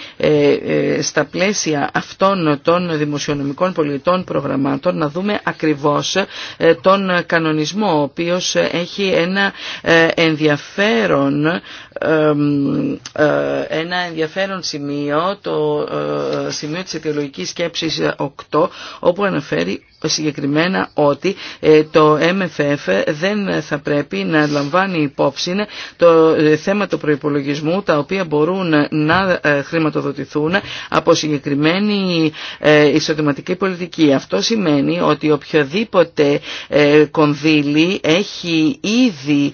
στα πλαίσια αυτών των δημοσιονομικών πολιτών προγραμμάτων να δούμε ακριβώς τον κανονισμό ο οποίος έχει ένα ενδιαφέρον ε, ένα ενδιαφέρον σημείο, το ε, σημείο της αιτιολογικής σκέψης 8, όπου αναφέρει συγκεκριμένα ότι ε, το MFF δεν θα πρέπει να λαμβάνει υπόψη το ε, θέμα του προϋπολογισμού τα οποία μπορούν να ε, χρηματοδοτηθούν από συγκεκριμένη ισοδηματική πολιτική. Αυτό σημαίνει ότι οποιοδήποτε κονδύλι έχει ήδη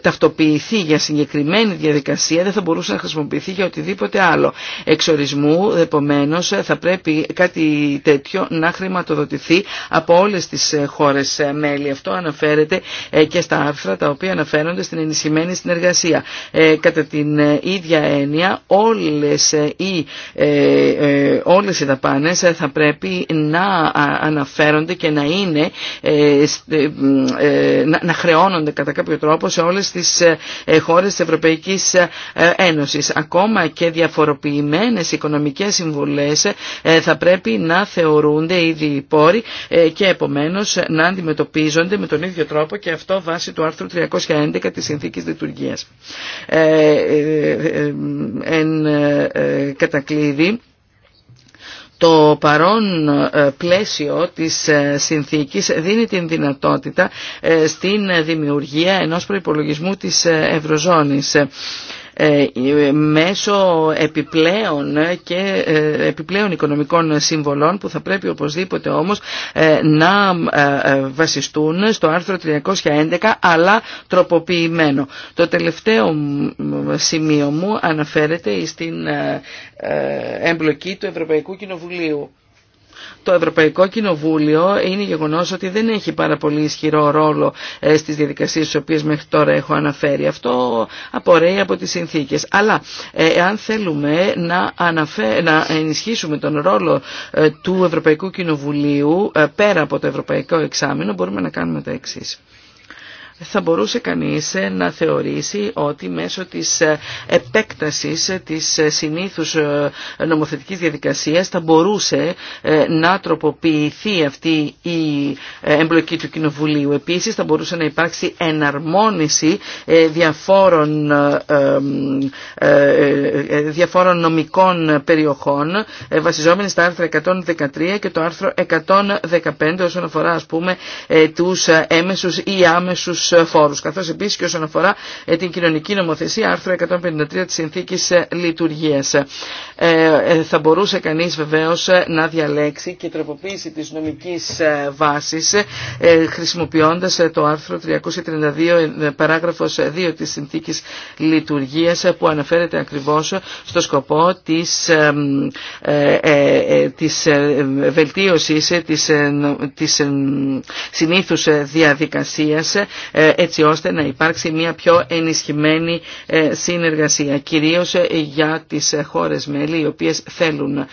ταυτοποιηθεί για συγκεκριμένη διαδικασία δεν θα μπορούσε να χρησιμοποιηθεί για οτιδήποτε άλλο. Εξορισμού, επομένως, θα πρέπει κάτι τέτοιο να χρηματοδοτηθεί χρηματοδοτηθεί από όλες τις ε, χώρες ε, μέλη. Αυτό αναφέρεται ε, και στα άρθρα τα οποία αναφέρονται στην ενισχυμένη συνεργασία. Κατά την ίδια έννοια όλες οι, όλες οι δαπάνες θα πρέπει να αναφέρονται και να είναι να χρεώνονται κατά κάποιο τρόπο σε όλες τις χώρες της Ευρωπαϊκής Ένωσης. Ακόμα και διαφοροποιημένες οικονομικές συμβολές θα πρέπει να θεωρούνται ήδη οι πόροι ε, και επομένως να αντιμετωπίζονται με τον ίδιο τρόπο και αυτό βάσει του άρθρου 311 της Συνθήκης Λειτουργίας. Ε, ε, ε, εν ε, κατακλείδη, το παρόν πλαίσιο της συνθήκης δίνει την δυνατότητα στην δημιουργία ενός προϋπολογισμού της Ευρωζώνης. Ε, μέσω επιπλέον και ε, επιπλέον οικονομικών συμβολών που θα πρέπει οπωσδήποτε όμως ε, να βασιστούν στο άρθρο 311 αλλά τροποποιημένο. Το τελευταίο σημείο μου αναφέρεται στην εμπλοκή του Ευρωπαϊκού Κοινοβουλίου το Ευρωπαϊκό Κοινοβούλιο είναι γεγονός ότι δεν έχει πάρα πολύ ισχυρό ρόλο ε, στις διαδικασίες στις οποίες μέχρι τώρα έχω αναφέρει. Αυτό απορρέει από τις συνθήκες. Αλλά αν ε, θέλουμε να, αναφέ... να ενισχύσουμε τον ρόλο ε, του Ευρωπαϊκού Κοινοβουλίου πέρα από το Ευρωπαϊκό Εξάμεινο μπορούμε να κάνουμε τα εξής θα μπορούσε κανείς ε, να θεωρήσει ότι μέσω της ε, επέκτασης ε, της συνήθους νομοθετικής διαδικασίας θα μπορούσε να τροποποιηθεί αυτή η εμπλοκή του Κοινοβουλίου. Επίσης θα μπορούσε να υπάρξει εναρμόνιση διαφόρων, διαφόρων νομικών περιοχών βασιζόμενη στα άρθρα 113 και το άρθρο 115 όσον αφορά ας πούμε τους έμεσους ή άμεσους ε, φόρους, καθώς επίσης και όσον αφορά ε, την κοινωνική νομοθεσία, άρθρο 153 της Συνθήκης ε, Λειτουργίας. Θα μπορούσε κανείς βεβαίως να διαλέξει και τροποποίηση της νομικής βάσης χρησιμοποιώντας το άρθρο 332 παράγραφος 2 της Συνθήκης Λειτουργίας που αναφέρεται ακριβώς στο σκοπό της, της βελτίωσης της, της συνήθους διαδικασίας ε, έτσι ώστε να υπάρξει μια πιο ενισχυμένη ε, συνεργασία, κυρίως ε, για τις χώρες μέλη οι οποίες θέλουν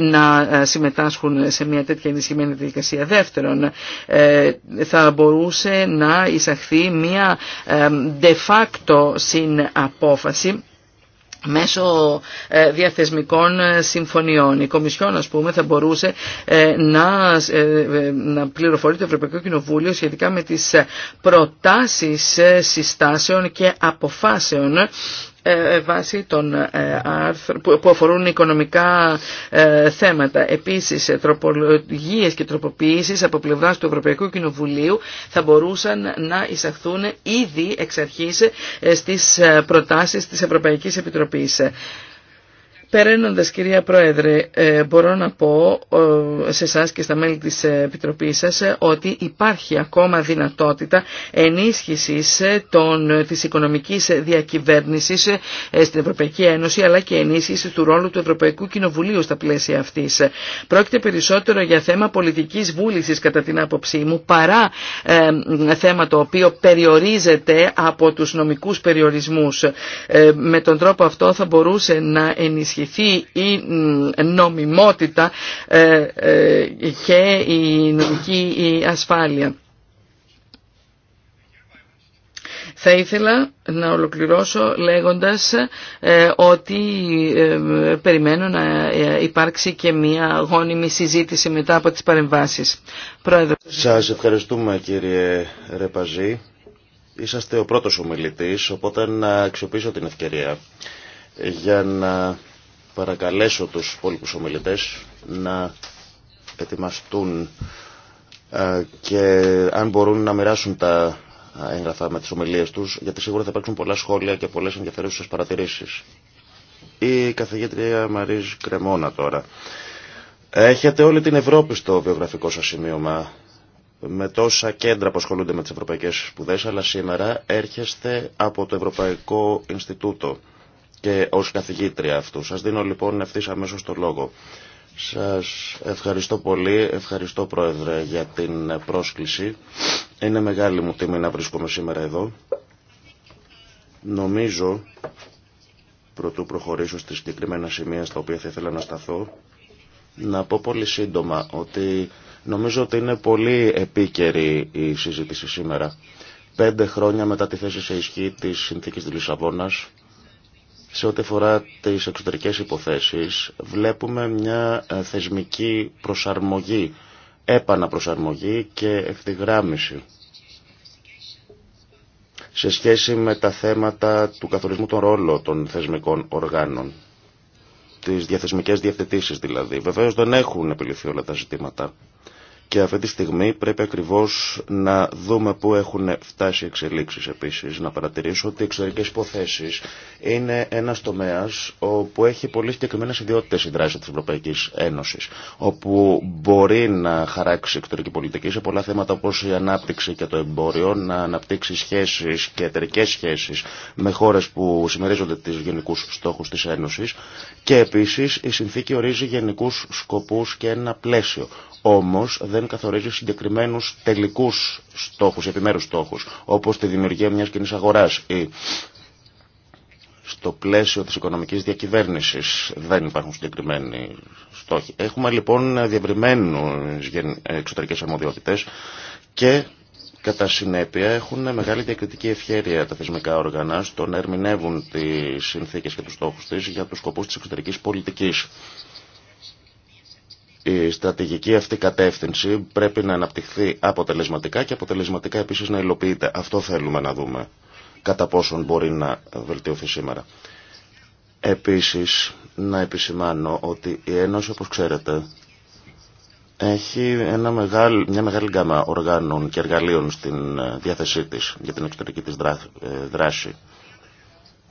να συμμετάσχουν σε μια τέτοια ενισχυμένη διαδικασία. Δεύτερον, θα μπορούσε να εισαχθεί μια de facto συναπόφαση μέσω ε, διαθεσμικών ε, συμφωνιών. Η Κομισιόν, ας πούμε, θα μπορούσε ε, να, να πληροφορεί το Ευρωπαϊκό Κοινοβούλιο σχετικά με τις προτάσεις συστάσεων και αποφάσεων ε, ε, βάσει των ε, άρθρων που αφορούν οικονομικά θέματα. Επίσης, τροπολογίες και τροποποιήσεις από πλευράς του Ευρωπαϊκού Κοινοβουλίου θα μπορούσαν να εισαχθούν ήδη εξ αρχής στις προτάσεις της Ευρωπαϊκής Επιτροπής. Περαίνοντας κυρία Πρόεδρε, ε, μπορώ να πω σε εσά και στα μέλη της ε, Επιτροπής σας ε, ότι υπάρχει ακόμα δυνατότητα ενίσχυσης των, της οικονομικής διακυβέρνησης στην Ευρωπαϊκή Ένωση αλλά και ενίσχυση του ρόλου του Ευρωπαϊκού Κοινοβουλίου στα πλαίσια αυτής. Πρόκειται περισσότερο για θέμα πολιτικής βούλησης κατά την άποψή μου παρά ε, θέμα το οποίο περιορίζεται από τους νομικούς περιορισμούς. με τον τρόπο αυτό θα μπορούσε να ενισχυθεί ενισχυθεί η νομιμότητα ε, ε, και η νομική ασφάλεια. Θα ήθελα να ολοκληρώσω λέγοντας ε, ότι περιμένω να υπάρξει και μια γόνιμη συζήτηση μετά από τις παρεμβάσεις. Πρόεδρο. Σας ευχαριστούμε κύριε Ρεπαζή. Είσαστε ο πρώτος ομιλητής, οπότε να αξιοποιήσω την ευκαιρία για να παρακαλέσω τους υπόλοιπους ομιλητές να ετοιμαστούν ε, και αν μπορούν να μοιράσουν τα έγγραφα με τις ομιλίες τους, γιατί σίγουρα θα υπάρξουν πολλά σχόλια και πολλές ενδιαφέρουσες παρατηρήσεις. Η καθηγήτρια Μαρίζ Κρεμόνα τώρα. Έχετε όλη την Ευρώπη στο βιογραφικό σας σημείωμα με τόσα κέντρα που ασχολούνται με τις ευρωπαϊκές σπουδές, αλλά σήμερα έρχεστε από το Ευρωπαϊκό Ινστιτούτο και ως καθηγήτρια αυτού. Σας δίνω λοιπόν ευθύ αμέσω το λόγο. Σας ευχαριστώ πολύ, ευχαριστώ Πρόεδρε για την πρόσκληση. Είναι μεγάλη μου τιμή να βρίσκομαι σήμερα εδώ. Νομίζω, πρωτού προχωρήσω στις συγκεκριμένα σημεία στα οποία θα ήθελα να σταθώ, να πω πολύ σύντομα ότι νομίζω ότι είναι πολύ επίκαιρη η συζήτηση σήμερα. Πέντε χρόνια μετά τη θέση σε ισχύ της συνθήκης της Λισαβόνας, σε ό,τι αφορά τις εξωτερικές υποθέσεις βλέπουμε μια ε, θεσμική προσαρμογή, επαναπροσαρμογή και ευθυγράμμιση σε σχέση με τα θέματα του καθορισμού των ρόλων των θεσμικών οργάνων. Τις διαθεσμικές διευθετήσεις δηλαδή. Βεβαίως δεν έχουν επιληθεί όλα τα ζητήματα. Και αυτή τη στιγμή πρέπει ακριβώς να δούμε πού έχουν φτάσει οι εξελίξεις επίσης. Να παρατηρήσω ότι οι εξωτερικές υποθέσεις είναι ένας τομέας όπου έχει πολύ συγκεκριμένε ιδιότητες η δράση της Ευρωπαϊκής Ένωσης. Όπου μπορεί να χαράξει εξωτερική πολιτική σε πολλά θέματα όπως η ανάπτυξη και το εμπόριο, να αναπτύξει σχέσεις και εταιρικές σχέσεις με χώρες που συμμερίζονται τις γενικούς στόχους της Ένωσης. Και επίσης η συνθήκη ορίζει γενικούς σκοπούς και ένα πλαίσιο. Όμως δεν καθορίζει συγκεκριμένου τελικούς στόχους, επιμέρους στόχους, όπως τη δημιουργία μιας κοινή αγοράς ή στο πλαίσιο της οικονομικής διακυβέρνησης δεν υπάρχουν συγκεκριμένοι στόχοι. Έχουμε λοιπόν διευρυμένου εξωτερικέ αρμοδιότητες και Κατά συνέπεια έχουν μεγάλη διακριτική ευχέρεια τα θεσμικά όργανα στο να ερμηνεύουν τι συνθήκε και του στόχου τη για του σκοπούς τη εξωτερική πολιτική. Η στρατηγική αυτή κατεύθυνση πρέπει να αναπτυχθεί αποτελεσματικά και αποτελεσματικά επίσης να υλοποιείται. Αυτό θέλουμε να δούμε κατά πόσον μπορεί να βελτιωθεί σήμερα. Επίσης, να επισημάνω ότι η Ένωση, όπως ξέρετε, έχει ένα μια μεγάλη γκάμα οργάνων και εργαλείων στην ε, διάθεσή της για την εξωτερική της ε, δράση.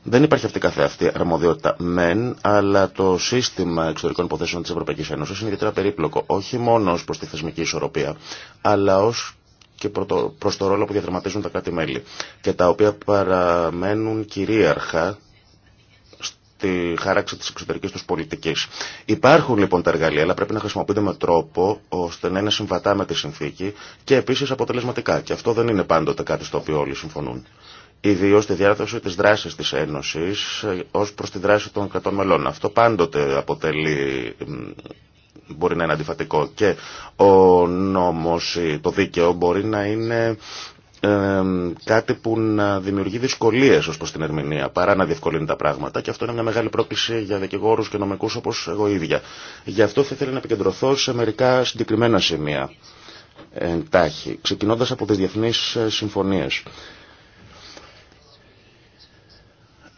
Δεν υπάρχει αυτή καθεαυτή αρμοδιότητα μεν, αλλά το σύστημα εξωτερικών υποθέσεων τη Ευρωπαϊκή Ένωση είναι ιδιαίτερα περίπλοκο, όχι μόνο ως προς τη θεσμική ισορροπία, αλλά ω και προ το ρόλο που διαδραματίζουν τα κράτη-μέλη και τα οποία παραμένουν κυρίαρχα στη χάραξη της εξωτερικής τους πολιτικής. Υπάρχουν λοιπόν τα εργαλεία, αλλά πρέπει να χρησιμοποιούνται με τρόπο ώστε να είναι συμβατά με τη συνθήκη και επίσης αποτελεσματικά. Και αυτό δεν είναι πάντοτε κάτι στο οποίο όλοι συμφωνούν ιδίω τη διάρθρωση τη δράση τη Ένωση ε, ω προ τη δράση των κρατών μελών. Αυτό πάντοτε αποτελεί, μπορεί να είναι αντιφατικό και ο νόμος, το δίκαιο μπορεί να είναι ε, κάτι που να δημιουργεί δυσκολίε ω προ την ερμηνεία παρά να διευκολύνει τα πράγματα και αυτό είναι μια μεγάλη πρόκληση για δικηγόρου και νομικού όπω εγώ ίδια. Γι' αυτό θα ήθελα να επικεντρωθώ σε μερικά συγκεκριμένα σημεία εντάχει, ξεκινώντα από τι διεθνεί ε, συμφωνίε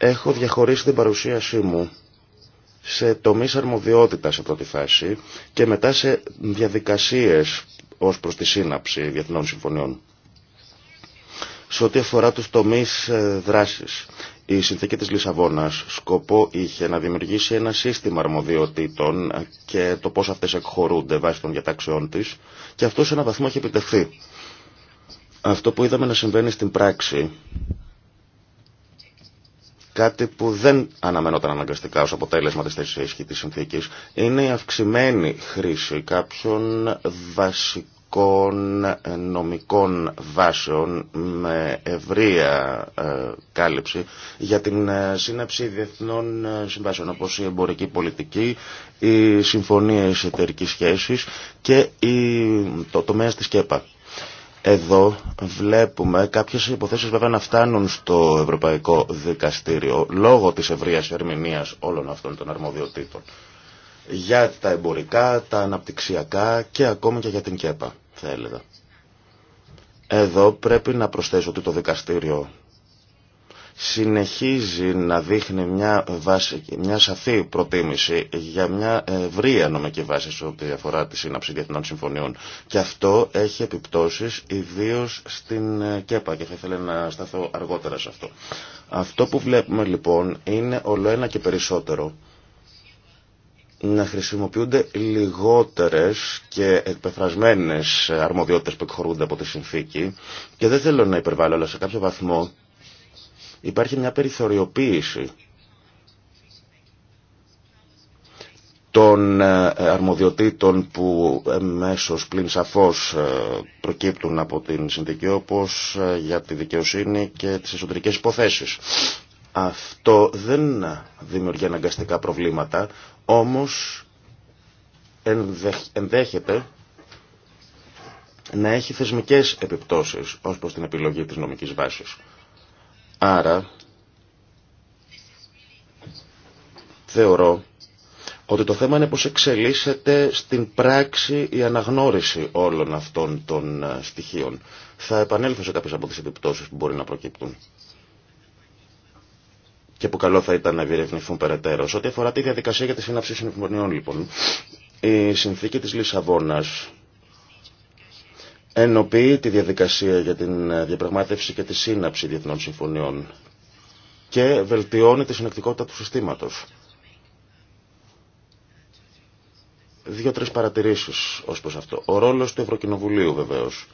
έχω διαχωρίσει την παρουσίασή μου σε τομείς αρμοδιότητας σε πρώτη φάση και μετά σε διαδικασίες ως προς τη σύναψη διεθνών συμφωνιών. Σε ό,τι αφορά τους τομείς ε, δράσης, η συνθήκη της Λισαβόνας σκοπό είχε να δημιουργήσει ένα σύστημα αρμοδιοτήτων ε, και το πώς αυτές εκχωρούνται βάσει των διατάξεών της και αυτό σε έναν βαθμό έχει επιτευχθεί. Αυτό που είδαμε να συμβαίνει στην πράξη Κάτι που δεν αναμενόταν αναγκαστικά ως αποτέλεσμα της θέσης της συνθήκης είναι η αυξημένη χρήση κάποιων βασικών ε, νομικών βάσεων με ευρεία ε, κάλυψη για την ε, σύναψη διεθνών συμβάσεων όπως η εμπορική πολιτική, οι συμφωνίες εταιρικής σχέσης και η... το τομέα της ΚΕΠΑ. Εδώ βλέπουμε κάποιες υποθέσεις βέβαια να φτάνουν στο Ευρωπαϊκό Δικαστήριο λόγω της ευρείας ερμηνείας όλων αυτών των αρμοδιοτήτων για τα εμπορικά, τα αναπτυξιακά και ακόμη και για την ΚΕΠΑ θα έλεγα. Εδώ πρέπει να προσθέσω ότι το δικαστήριο συνεχίζει να δείχνει μια, βάση, μια σαφή προτίμηση για μια ευρία νομική βάση σε ό,τι αφορά τη σύναψη διεθνών συμφωνιών. Και αυτό έχει επιπτώσεις ιδίως στην ε, ΚΕΠΑ και θα ήθελα να σταθώ αργότερα σε αυτό. Αυτό που βλέπουμε λοιπόν είναι όλο ένα και περισσότερο να χρησιμοποιούνται λιγότερες και εκπεφρασμένες αρμοδιότητες που εκχωρούνται από τη συνθήκη και δεν θέλω να υπερβάλλω αλλά σε κάποιο βαθμό Υπάρχει μια περιθωριοποίηση των ε, αρμοδιοτήτων που μέσω πλην σαφώς ε, προκύπτουν από την συνδική όπως ε, για τη δικαιοσύνη και τις εσωτερικές υποθέσεις. Αυτό δεν δημιουργεί αναγκαστικά προβλήματα, όμως ενδέχεται να έχει θεσμικές επιπτώσεις ως προς την επιλογή της νομικής βάσης. Άρα, θεωρώ ότι το θέμα είναι πως εξελίσσεται στην πράξη η αναγνώριση όλων αυτών των ε, στοιχείων. Θα επανέλθω σε κάποιες από τις επιπτώσεις που μπορεί να προκύπτουν και που καλό θα ήταν να διερευνηθούν περαιτέρω. ό,τι αφορά τη διαδικασία για τη σύναψη συμφωνιών, λοιπόν, η συνθήκη της Λισαβόνας ενοποιεί τη διαδικασία για την ε, διαπραγμάτευση και τη σύναψη διεθνών συμφωνιών και βελτιώνει τη συνεκτικότητα του συστήματος. Δύο-τρεις παρατηρήσεις ως προς αυτό. Ο ρόλος του Ευρωκοινοβουλίου βεβαίως.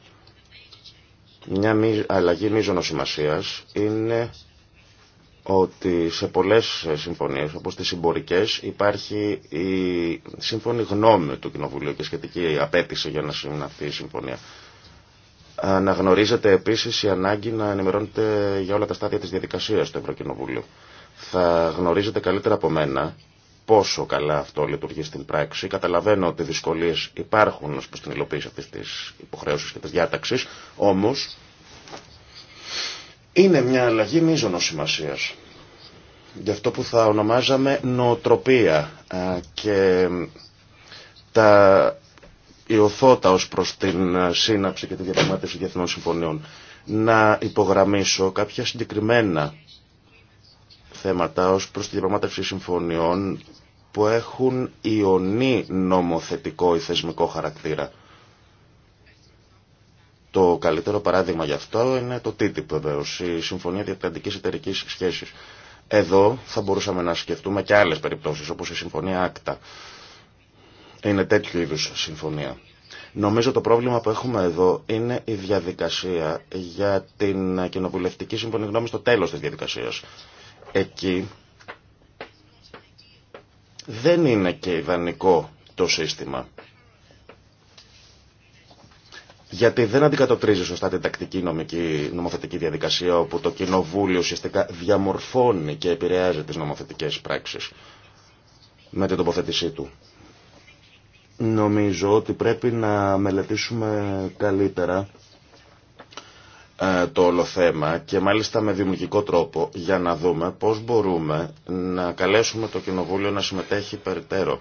Μια αλλαγή μείζωνος σημασίας είναι ότι σε πολλές ε, συμφωνίες, όπως τις συμπορικές, υπάρχει η σύμφωνη γνώμη του Κοινοβουλίου και σχετική απέτηση για να συναυθεί η συμφωνία. Να γνωρίζετε επίσης η ανάγκη να ενημερώνεται για όλα τα στάδια της διαδικασίας του Ευρωκοινοβουλίου. Θα γνωρίζετε καλύτερα από μένα πόσο καλά αυτό λειτουργεί στην πράξη. Καταλαβαίνω ότι δυσκολίες υπάρχουν ω προς την υλοποίηση αυτής της υποχρέωσης και τη διάταξη. όμως είναι μια αλλαγή μείζωνο σημασία. Γι' αυτό που θα ονομάζαμε νοοτροπία ε, και τα η ως προς την ε, σύναψη και τη διαπραγμάτευση διεθνών συμφωνιών. Να υπογραμμίσω κάποια συγκεκριμένα θέματα ως προς τη διαπραγμάτευση συμφωνιών που έχουν ιονή νομοθετικό ή θεσμικό χαρακτήρα. Το καλύτερο παράδειγμα γι' αυτό είναι το TTIP βεβαίω, η Συμφωνία Διατλαντικής Εταιρικής Σχέσης. Εδώ θα μπορούσαμε να σκεφτούμε και άλλες περιπτώσεις όπως η Συμφωνία Άκτα είναι τέτοιου είδους συμφωνία. Νομίζω το πρόβλημα που έχουμε εδώ είναι η διαδικασία για την κοινοβουλευτική συμφωνή γνώμη στο τέλος της διαδικασίας. Εκεί δεν είναι και ιδανικό το σύστημα. Γιατί δεν αντικατοπτρίζει σωστά την τακτική νομική, νομοθετική διαδικασία όπου το κοινοβούλιο ουσιαστικά διαμορφώνει και επηρεάζει τις νομοθετικές πράξεις με την τοποθέτησή του. Νομίζω ότι πρέπει να μελετήσουμε καλύτερα ε, το όλο θέμα και μάλιστα με δημιουργικό τρόπο για να δούμε πώς μπορούμε να καλέσουμε το Κοινοβούλιο να συμμετέχει περιττέρω.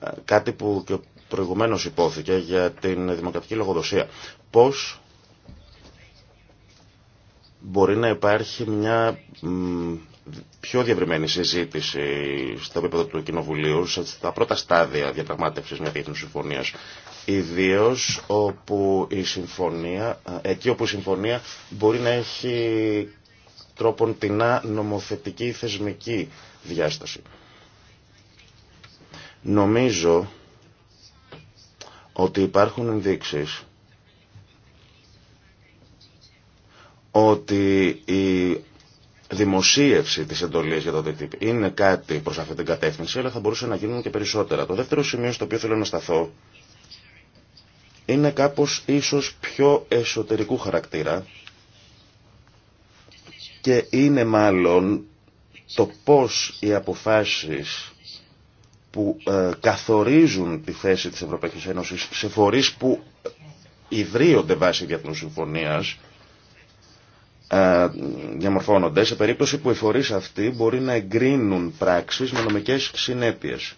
Ε, κάτι που και προηγουμένως υπόθηκε για την δημοκρατική λογοδοσία. Πώς μπορεί να υπάρχει μια πιο διαβριμένη συζήτηση στο επίπεδο του Κοινοβουλίου, στα πρώτα στάδια διαπραγμάτευση μια διεθνή συμφωνία. Ιδίω όπου η συμφωνία, εκεί όπου η συμφωνία μπορεί να έχει τρόπον τεινά νομοθετική ή θεσμική την υπάρχουν ενδείξεις ότι η δημοσίευση τη εντολή για το ΔΤΠ είναι κάτι προ αυτή την κατεύθυνση, αλλά θα μπορούσε να γίνουν και περισσότερα. Το δεύτερο σημείο στο οποίο θέλω να σταθώ είναι κάπως ίσως πιο εσωτερικού χαρακτήρα και είναι μάλλον το πώς οι αποφάσεις που ε, καθορίζουν τη θέση της Ευρωπαϊκής Ένωσης σε φορείς που ιδρύονται βάσει διεθνούς συμφωνίας ε, διαμορφώνονται σε περίπτωση που οι φορείς αυτοί μπορεί να εγκρίνουν πράξεις με νομικές συνέπειες.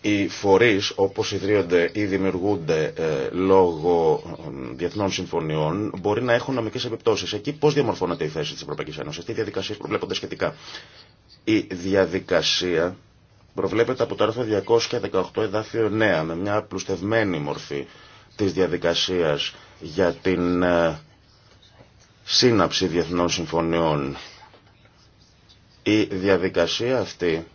Οι φορείς όπως ιδρύονται ή δημιουργούνται ε, λόγω ε, διεθνών συμφωνιών μπορεί να έχουν νομικές επιπτώσεις. Εκεί πώς διαμορφώνεται η θέση της Ευρωπαϊκής Ένωσης, τι διαδικασίες προβλέπονται σχετικά. Η διαδικασία τι διαδικασιε προβλεπονται σχετικα από το άρθρο 218 εδάφιο 9 με μια απλουστευμένη μορφή της διαδικασίας για την σύναψη διεθνών συμφωνιών. Η διαδικασία αυτή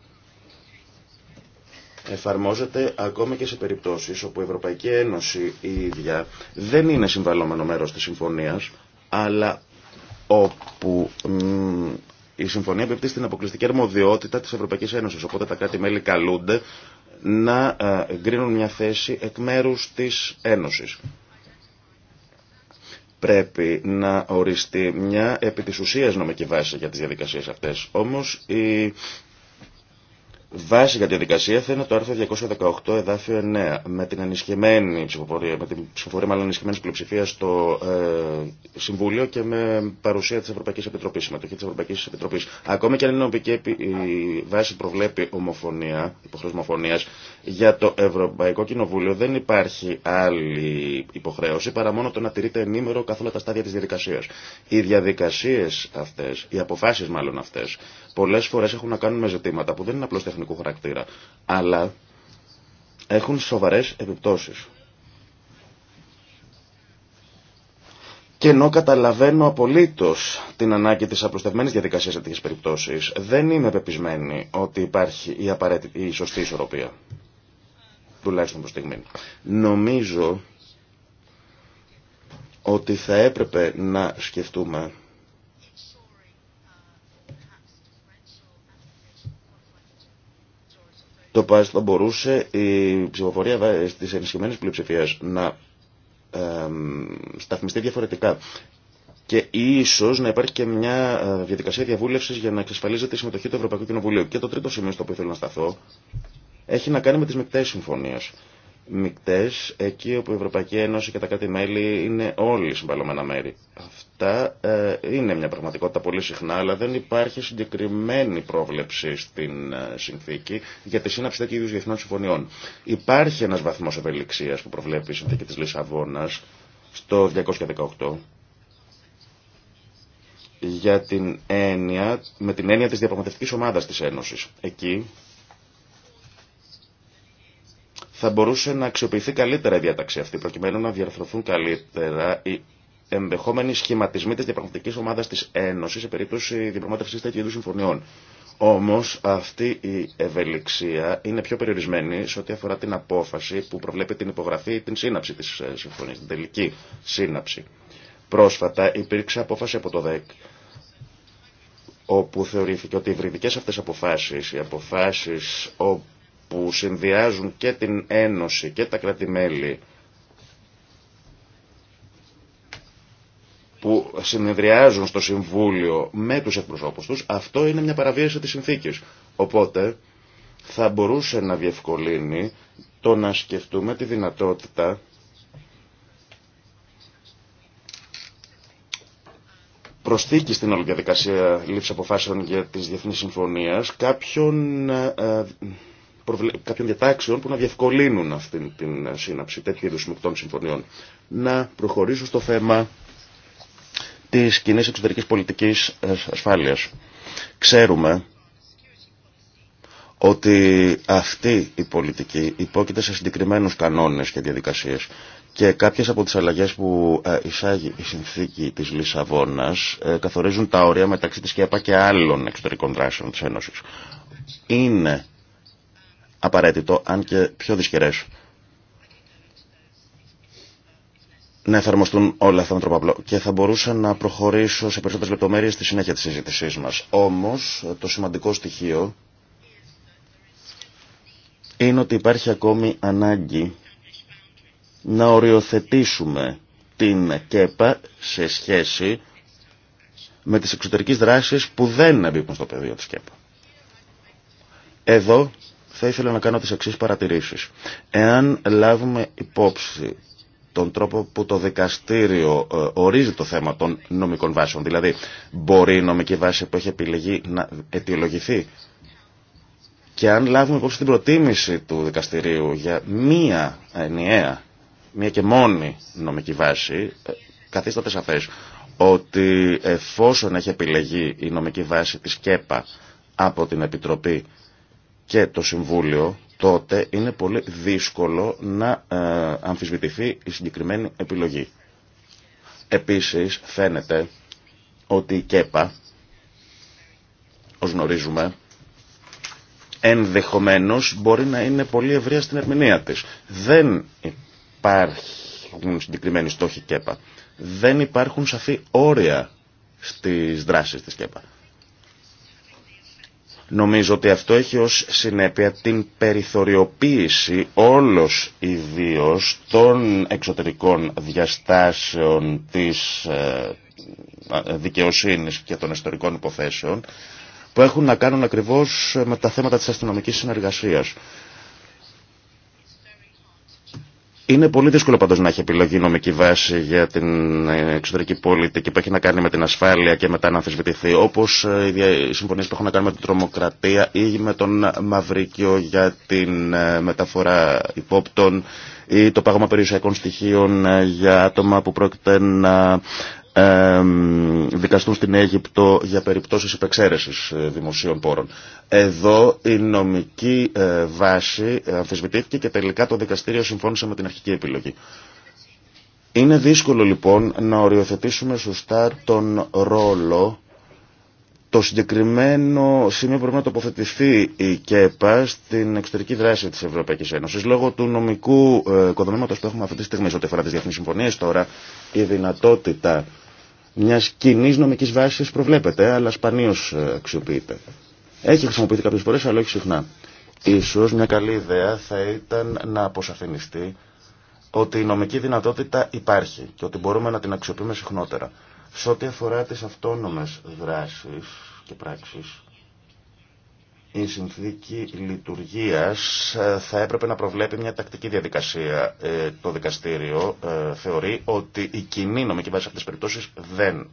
εφαρμόζεται ακόμα και σε περιπτώσεις όπου η Ευρωπαϊκή Ένωση η ίδια δεν είναι συμβαλόμενο μέρος της συμφωνίας, αλλά όπου η συμφωνία επιπτύσσει την αποκλειστική αρμοδιότητα της Ευρωπαϊκής Ένωσης, οπότε τα κράτη-μέλη καλούνται να ε, γκρίνουν μια θέση εκ μέρους της Ένωσης πρέπει να οριστεί μια επί της ουσίας νομική βάση για τις διαδικασίες αυτές. Όμως η βάση για τη διαδικασία θα είναι το άρθρο 218 εδάφιο 9 με την ενισχυμένη ψηφοφορία, με την ψηφοφορία μάλλον ενισχυμένη πλειοψηφία στο ε, Συμβούλιο και με παρουσία τη Ευρωπαϊκή Επιτροπή, συμμετοχή τη Ευρωπαϊκή Επιτροπή. Ακόμη και αν είναι νομική η βάση προβλέπει ομοφωνία, υποχρέωση ομοφωνία, για το Ευρωπαϊκό Κοινοβούλιο δεν υπάρχει άλλη υποχρέωση παρά μόνο το να τηρείται ενήμερο καθ' όλα τα στάδια τη διαδικασία. Οι διαδικασίε αυτέ, οι αποφάσει μάλλον αυτέ, πολλέ φορέ έχουν να κάνουν με ζητήματα που δεν είναι απλώ εθνικού χαρακτήρα, αλλά έχουν σοβαρές επιπτώσεις. Και ενώ καταλαβαίνω απολύτω την ανάγκη τη απλουστευμένη διαδικασία σε τέτοιε περιπτώσει, δεν είμαι πεπισμένη ότι υπάρχει η, απαραίτητη, η σωστή ισορροπία. Τουλάχιστον προ στιγμή. Νομίζω ότι θα έπρεπε να σκεφτούμε Το ΠΑΣ θα μπορούσε η ψηφοφορία στις ενισχυμένη πλειοψηφία να σταθμιστεί διαφορετικά. Και ίσω να υπάρχει και μια ε, διαδικασία διαβούλευση για να εξασφαλίζεται η συμμετοχή του Ευρωπαϊκού Κοινοβουλίου. Και το τρίτο σημείο στο οποίο θέλω να σταθώ έχει να κάνει με τι μεικτέ συμφωνίε. Μεικτέ, εκεί όπου η Ευρωπαϊκή Ένωση και τα κράτη-μέλη είναι όλοι συμπαλωμένα μέρη. Ε, είναι μια πραγματικότητα πολύ συχνά, αλλά δεν υπάρχει συγκεκριμένη πρόβλεψη στην ε, συνθήκη για τη σύναψη τέτοιου είδου διεθνών συμφωνιών. Υπάρχει ένα βαθμό ευελιξία που προβλέπει η συνθήκη τη Λισαβόνα στο 218 για την έννοια, με την έννοια της διαπραγματευτικής ομάδας της Ένωσης. Εκεί θα μπορούσε να αξιοποιηθεί καλύτερα η διάταξη αυτή, προκειμένου να διαρθρωθούν καλύτερα οι ενδεχόμενοι σχηματισμοί τη διαπραγματική ομάδα τη Ένωση σε περίπτωση διαπραγμάτευση τέτοιου είδου συμφωνιών. Όμω αυτή η ευελιξία είναι πιο περιορισμένη σε ό,τι αφορά την απόφαση που προβλέπει την υπογραφή ή την σύναψη τη ε, συμφωνία, την τελική σύναψη. Πρόσφατα υπήρξε απόφαση από το ΔΕΚ όπου θεωρήθηκε ότι οι βρυδικές αυτές αποφάσεις, οι αποφάσεις που συνδυάζουν και την Ένωση και τα κράτη-μέλη που συνεδριάζουν στο Συμβούλιο με τους εκπροσώπους τους, αυτό είναι μια παραβίαση της συνθήκης. Οπότε θα μπορούσε να διευκολύνει το να σκεφτούμε τη δυνατότητα προσθήκη στην όλη διαδικασία λήψη αποφάσεων για τις διεθνείς συμφωνίες κάποιων, ε, κάποιων διατάξεων που να διευκολύνουν αυτή την ε, σύναψη τέτοιου είδους συμφωνιών. Να προχωρήσω στο θέμα της κοινή εξωτερικής πολιτικής ε, ασφάλειας. Ξέρουμε ότι αυτή η πολιτική υπόκειται σε συγκεκριμένους κανόνες και διαδικασίες και κάποιες από τις αλλαγές που ε, εισάγει η συνθήκη της Λισαβόνας ε, καθορίζουν τα όρια μεταξύ της ΚΕΠΑ και άλλων εξωτερικών δράσεων της Ένωσης. Είναι απαραίτητο, αν και πιο δυσκερές, να εφαρμοστούν όλα αυτά με τρόπο απλό. Και θα μπορούσα να προχωρήσω σε περισσότερες λεπτομέρειες στη συνέχεια της συζητησή μας. Όμως, το σημαντικό στοιχείο είναι ότι υπάρχει ακόμη ανάγκη να οριοθετήσουμε την ΚΕΠΑ σε σχέση με τις εξωτερικές δράσεις που δεν εμπίπτουν στο πεδίο της ΚΕΠΑ. Εδώ θα ήθελα να κάνω τις εξής παρατηρήσεις. Εάν λάβουμε υπόψη τον τρόπο που το δικαστήριο ε, ορίζει το θέμα των νομικών βάσεων. Δηλαδή, μπορεί η νομική βάση που έχει επιλεγεί να αιτιολογηθεί. Και αν λάβουμε υπόψη την προτίμηση του δικαστηρίου για μία ενιαία, μία και μόνη νομική βάση, ε, καθίσταται σαφές ότι εφόσον έχει επιλεγεί η νομική βάση της ΚΕΠΑ από την Επιτροπή και το Συμβούλιο τότε είναι πολύ δύσκολο να ε, αμφισβητηθεί η συγκεκριμένη επιλογή. Επίσης φαίνεται ότι η ΚΕΠΑ, ως γνωρίζουμε, ενδεχομένως μπορεί να είναι πολύ ευρεία στην ερμηνεία της. Δεν υπάρχουν συγκεκριμένοι στόχοι ΚΕΠΑ. Δεν υπάρχουν σαφή όρια στις δράσεις της ΚΕΠΑ. Νομίζω ότι αυτό έχει ως συνέπεια την περιθωριοποίηση όλος ιδίως των εξωτερικών διαστάσεων της ε, δικαιοσύνης και των ιστορικών υποθέσεων που έχουν να κάνουν ακριβώς με τα θέματα της αστυνομικής συνεργασίας. Είναι πολύ δύσκολο πάντως να έχει επιλογή νομική βάση για την ε, εξωτερική πολιτική που έχει να κάνει με την ασφάλεια και μετά να αμφισβητηθεί, όπως ε, οι συμφωνίες που έχουν να κάνουν με την τρομοκρατία ή με τον Μαυρίκιο για την ε, μεταφορά υπόπτων ή το πάγωμα περιουσιακών στοιχείων για άτομα που πρόκειται να δικαστούν στην Αίγυπτο για περιπτώσεις υπεξαίρεσης ε, δημοσίων πόρων. Εδώ η νομική ε, βάση αμφισβητήθηκε και τελικά το δικαστήριο συμφώνησε με την αρχική επιλογή. Είναι δύσκολο λοιπόν να οριοθετήσουμε σωστά τον ρόλο το συγκεκριμένο σημείο πρέπει να τοποθετηθεί η ΚΕΠΑ στην εξωτερική δράση τη Ευρωπαϊκή Ένωση λόγω του νομικού οικοδομήματο ε, που έχουμε αυτή τη στιγμή ό,τι αφορά τι διεθνεί συμφωνίε. Τώρα η δυνατότητα μια κοινή νομική βάση προβλέπεται, αλλά σπανίω ε, αξιοποιείται. Έχει χρησιμοποιηθεί κάποιε φορέ, αλλά όχι συχνά. Ίσως μια καλή ιδέα θα ήταν να αποσαφινιστεί ότι η νομική δυνατότητα υπάρχει και ότι μπορούμε να την αξιοποιούμε συχνότερα. Σε ό,τι αφορά τις αυτόνομες δράσεις και πράξεις, η συνθήκη λειτουργίας ε, θα έπρεπε να προβλέπει μια τακτική διαδικασία. Ε, το δικαστήριο ε, θεωρεί ότι η κοινή νομική βάση σε αυτές περιπτώσεις δεν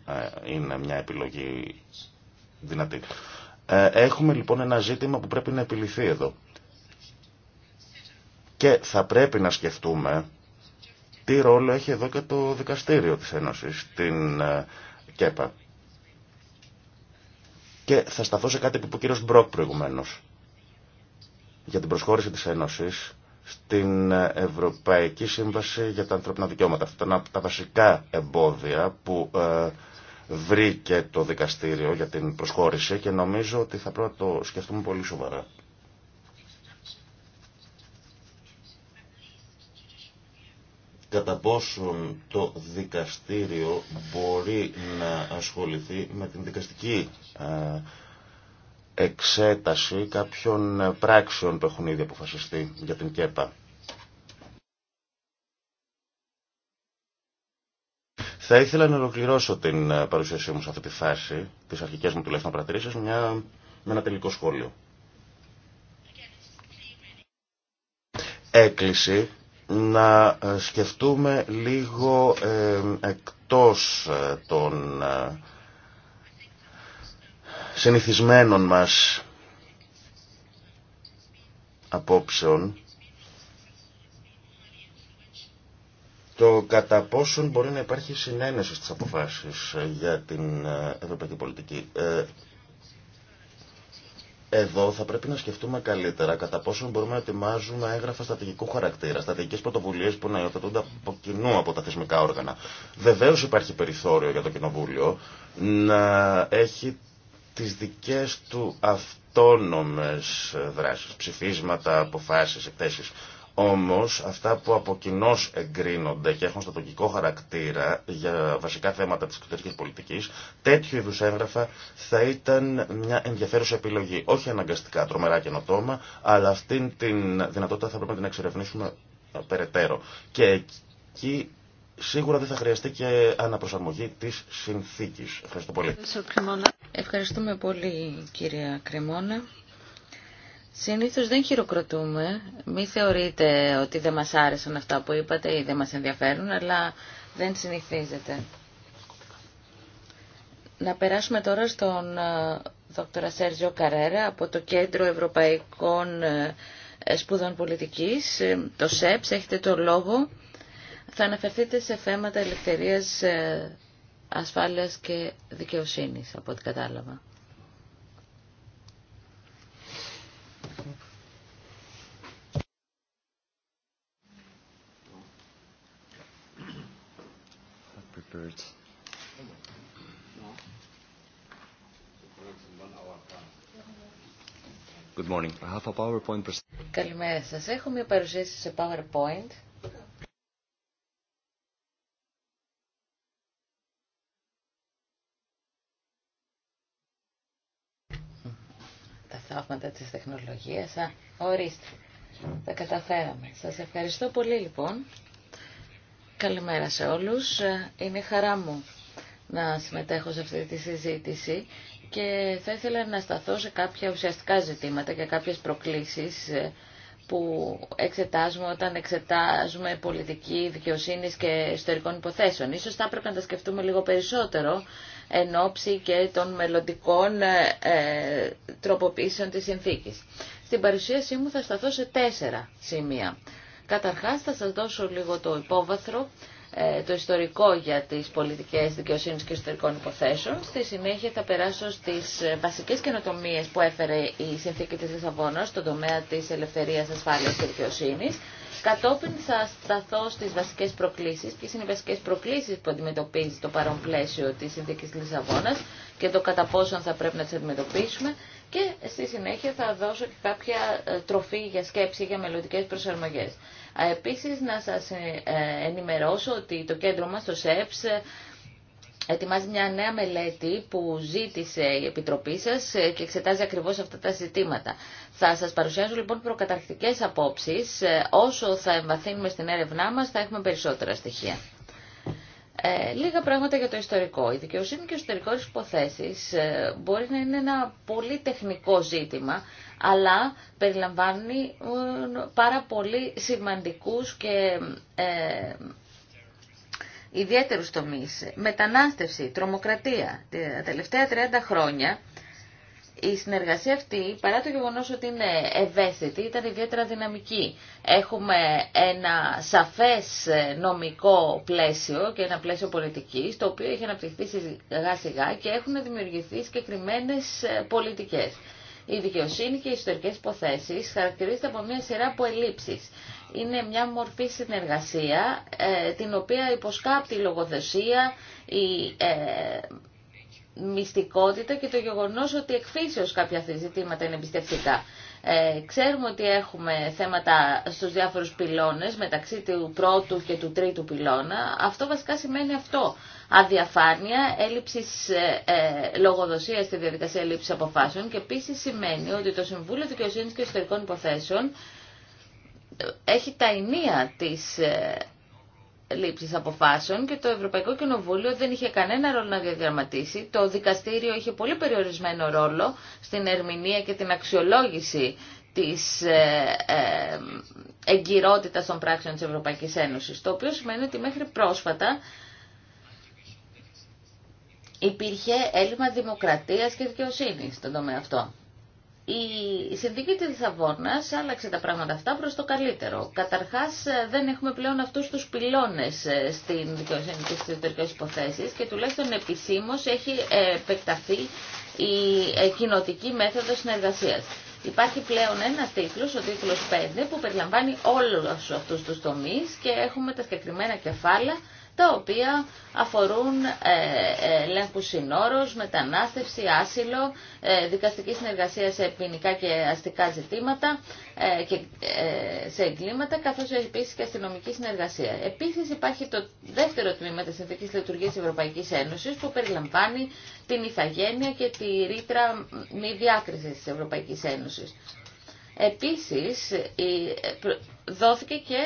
είναι μια επιλογή δυνατή. έχουμε λοιπόν ένα ζήτημα που πρέπει να επιληθεί εδώ. Και θα πρέπει να σκεφτούμε τι ρόλο έχει εδώ και το δικαστήριο της Ένωσης, την ΚΕΠΑ. Και θα σταθώ σε κάτι που είπε ο κύριο Μπροκ προηγουμένω. για την προσχώρηση της Ένωσης στην Ευρωπαϊκή Σύμβαση για τα Ανθρώπινα Δικαιώματα. Αυτά ήταν από τα βασικά εμπόδια που ε, βρήκε το δικαστήριο για την προσχώρηση και νομίζω ότι θα πρέπει να το σκεφτούμε πολύ σοβαρά. κατά πόσον το δικαστήριο μπορεί να ασχοληθεί με την δικαστική εξέταση κάποιων πράξεων που έχουν ήδη αποφασιστεί για την ΚΕΠΑ. Θα ήθελα να ολοκληρώσω την παρουσίασή μου σε αυτή τη φάση, τις αρχικές μου τουλάχιστον παρατηρήσεις, μια, με ένα τελικό σχόλιο. Έκκληση να ε, σκεφτούμε λίγο ε, εκτός ε, των συνηθισμένων μας απόψεων το κατά πόσον μπορεί να υπάρχει συνένεση στις αποφάσεις για την ευρωπαϊκή πολιτική. Εδώ θα πρέπει να σκεφτούμε καλύτερα κατά πόσο μπορούμε να ετοιμάζουμε έγγραφα στρατηγικού χαρακτήρα, στρατηγικέ πρωτοβουλίε που να υιοθετούνται από κοινού από τα θεσμικά όργανα. Βεβαίω υπάρχει περιθώριο για το Κοινοβούλιο να έχει τις δικές του αυτόνομες δράσει, ψηφίσματα, αποφάσεις, εκθέσει. Όμως αυτά που από κοινώ εγκρίνονται και έχουν στατοκικό χαρακτήρα για βασικά θέματα της εξωτερικής πολιτικής, τέτοιου είδους έγγραφα θα ήταν μια ενδιαφέρουσα επιλογή. Όχι αναγκαστικά τρομερά καινοτόμα, αλλά αυτήν την δυνατότητα θα πρέπει να την εξερευνήσουμε περαιτέρω. Και εκεί σίγουρα δεν θα χρειαστεί και αναπροσαρμογή της συνθήκης. Ευχαριστώ πολύ. Ευχαριστούμε πολύ κυρία Κρεμόνα. Συνήθως δεν χειροκροτούμε. Μη θεωρείτε ότι δεν μας άρεσαν αυτά που είπατε ή δεν μας ενδιαφέρουν, αλλά δεν συνηθίζεται. Να περάσουμε τώρα στον ε, Δ. Σέρζιο Καρέρα από το Κέντρο Ευρωπαϊκών ε, Σπούδων Πολιτικής, ε, το ΣΕΠΣ, έχετε το λόγο. Θα αναφερθείτε σε θέματα ελευθερίας, ασφάλειας και δικαιοσύνης, από ό,τι κατάλαβα. Good morning. I have a PowerPoint Καλημέρα σας. Έχω μια παρουσίαση σε PowerPoint. Τα θαύματα της τεχνολογίας. Α, ορίστε. Τα καταφέραμε. Σας ευχαριστώ πολύ λοιπόν. Καλημέρα σε όλους. Ε, είναι χαρά μου να συμμετέχω σε αυτή τη συζήτηση και θα ήθελα να σταθώ σε κάποια ουσιαστικά ζητήματα και κάποιες προκλήσεις ε, που εξετάζουμε όταν εξετάζουμε πολιτική δικαιοσύνη και ιστορικών υποθέσεων. Ίσως θα έπρεπε να τα σκεφτούμε λίγο περισσότερο εν ώψη και των μελλοντικών ε, ε τροποποίησεων της συνθήκης. Στην παρουσίασή μου θα σταθώ σε τέσσερα σημεία. Καταρχάς θα σας δώσω λίγο το υπόβαθρο, ε, το ιστορικό για τις πολιτικές δικαιοσύνης και ιστορικών υποθέσεων. Στη συνέχεια θα περάσω στις ε, βασικές καινοτομίες που έφερε η συνθήκη της Λισαβόνας στον τομέα της ελευθερίας, ασφάλειας και δικαιοσύνης. Κατόπιν θα σταθώ στις βασικές προκλήσεις, ποιες είναι οι βασικές προκλήσεις που αντιμετωπίζει το παρόν πλαίσιο της συνθήκης της Λισαβόνας και το κατά πόσον θα πρέπει να τις αντιμετωπίσουμε και στη συνέχεια θα δώσω και κάποια ε, τροφή για σκέψη για μελλοντικέ προσαρμογές. Επίσης να σας ε, ε, ενημερώσω ότι το κέντρο μας, το ΣΕΠΣ, ετοιμάζει μια νέα μελέτη που ζήτησε η Επιτροπή σας και εξετάζει ακριβώς αυτά τα ζητήματα. Θα σας παρουσιάσω λοιπόν προκαταρκτικές απόψεις. Όσο θα εμβαθύνουμε στην έρευνά μας θα έχουμε περισσότερα στοιχεία. Ε, λίγα πράγματα για το ιστορικό. Η δικαιοσύνη και ο ιστορικό υποθέσει ε, μπορεί να είναι ένα πολύ τεχνικό ζήτημα, αλλά περιλαμβάνει πάρα πολύ σημαντικούς και ε, ιδιαίτερους τομείς. Μετανάστευση, τρομοκρατία. Τα τελευταία 30 χρόνια η συνεργασία αυτή, παρά το γεγονός ότι είναι ευαίσθητη, ήταν ιδιαίτερα δυναμική. Έχουμε ένα σαφές νομικό πλαίσιο και ένα πλαίσιο πολιτικής, το οποίο έχει αναπτυχθεί σιγά σιγά και έχουν δημιουργηθεί συγκεκριμένε ε, πολιτικές. Η δικαιοσύνη και οι ιστορικέ υποθέσει χαρακτηρίζεται από μια σειρά από ελλείψει. Είναι μια μορφή συνεργασία ε, την οποία υποσκάπτει η λογοδοσία, η ε, μυστικότητα και το γεγονός ότι εκφύσεως κάποια ζητήματα είναι εμπιστευτικά. Ε, ξέρουμε ότι έχουμε θέματα στους διάφορους πυλώνες μεταξύ του πρώτου και του τρίτου πυλώνα. Αυτό βασικά σημαίνει αυτό. Αδιαφάνεια, έλλειψη ε, ε λογοδοσία στη διαδικασία λήψη αποφάσεων και επίση σημαίνει ότι το Συμβούλιο Δικαιοσύνη και Ιστορικών Υποθέσεων ε, έχει τα ενία της λήψης αποφάσεων και το Ευρωπαϊκό Κοινοβούλιο δεν είχε κανένα ρόλο να διαδραματίσει. Το δικαστήριο είχε πολύ περιορισμένο ρόλο στην ερμηνεία και την αξιολόγηση της ε, ε, εγκυρότητας των πράξεων της Ευρωπαϊκής Ένωσης, το οποίο σημαίνει ότι μέχρι πρόσφατα υπήρχε έλλειμμα δημοκρατίας και δικαιοσύνης στον τομέα αυτό. Η συνθήκη της Λισαβόνας άλλαξε τα πράγματα αυτά προς το καλύτερο. Καταρχάς ε, δεν έχουμε πλέον αυτούς τους πυλώνες ε, στην δικαιοσύνη και στις υποθέσεις και τουλάχιστον επισήμως έχει ε, επεκταθεί η κοινοτική μέθοδος συνεργασίας. Υπάρχει πλέον ένα τίτλος, ο τίτλος 5, που περιλαμβάνει όλους αυτούς τους τομείς και έχουμε τα συγκεκριμένα κεφάλαια τα οποία αφορούν ε, ε, ελέγχου σύνορους, μετανάστευση, άσυλο, ε, δικαστική συνεργασία σε ποινικά και αστικά ζητήματα και σε εγκλήματα, καθώς επίσης και αστυνομική συνεργασία. Επίσης υπάρχει το δεύτερο τμήμα της Συνθήκης Λειτουργίας Ευρωπαϊκής Ένωσης που περιλαμβάνει την ηθαγένεια και τη ρήτρα μη διάκρισης της Ευρωπαϊκής Ένωσης. Επίσης δόθηκε και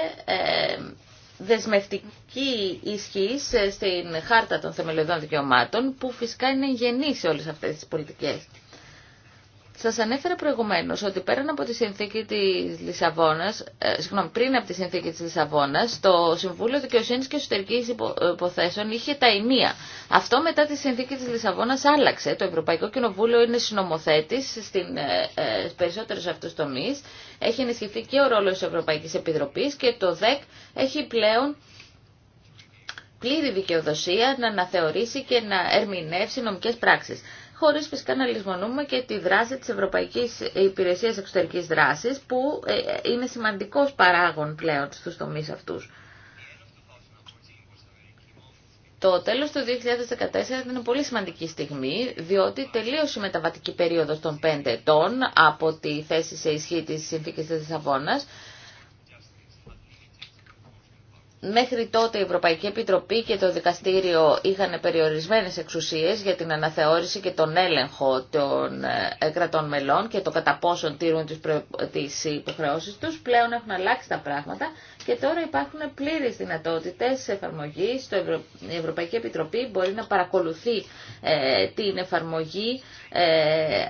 δεσμευτική ισχύ ε, στην Χάρτα των Θεμελιωδών Δικαιωμάτων, που φυσικά είναι γενή σε όλες αυτές τις πολιτικές. Σα ανέφερα προηγουμένω, ότι πέραν από τη συνθήκη τη Λισαβόνα, ε, συγγνώμη, πριν από τη συνθήκη τη Λισαβόνα, το Συμβούλιο Δικαιοσύνη και Εσωτερική ε, Υποθέσεων είχε τα ημεία. Αυτό μετά τη συνθήκη τη Λισαβόνα άλλαξε. Το Ευρωπαϊκό Κοινοβούλιο είναι συνομοθέτη στι ε, ε, τομεί, αυτούς τομείς. Έχει ενισχυθεί και ο ρόλο τη Ευρωπαϊκή Επιτροπή και το ΔΕΚ έχει πλέον πλήρη δικαιοδοσία να αναθεωρήσει και να ερμηνεύσει νομικέ πράξει χωρίς φυσικά να λησμονούμε και τη δράση της Ευρωπαϊκής Υπηρεσίας Εξωτερικής Δράσης, που ε, είναι σημαντικός παράγων πλέον στους τομείς αυτούς. Το τέλος του 2014 ήταν πολύ σημαντική στιγμή, διότι τελείωσε η μεταβατική περίοδος των 5 ετών από τη θέση σε ισχύ της Συνθήκης της Λισαβόνας Μέχρι τότε η Ευρωπαϊκή Επιτροπή και το Δικαστήριο είχαν περιορισμένες εξουσίες για την αναθεώρηση και τον έλεγχο των ε, κρατών μελών και το κατά πόσον τήρουν τις, προ... τις υποχρεώσεις τους. Πλέον έχουν αλλάξει τα πράγματα και τώρα υπάρχουν πλήρες δυνατότητες εφαρμογής. Το Η Ευρωπαϊκή Επιτροπή μπορεί να παρακολουθεί ε, την εφαρμογή ε,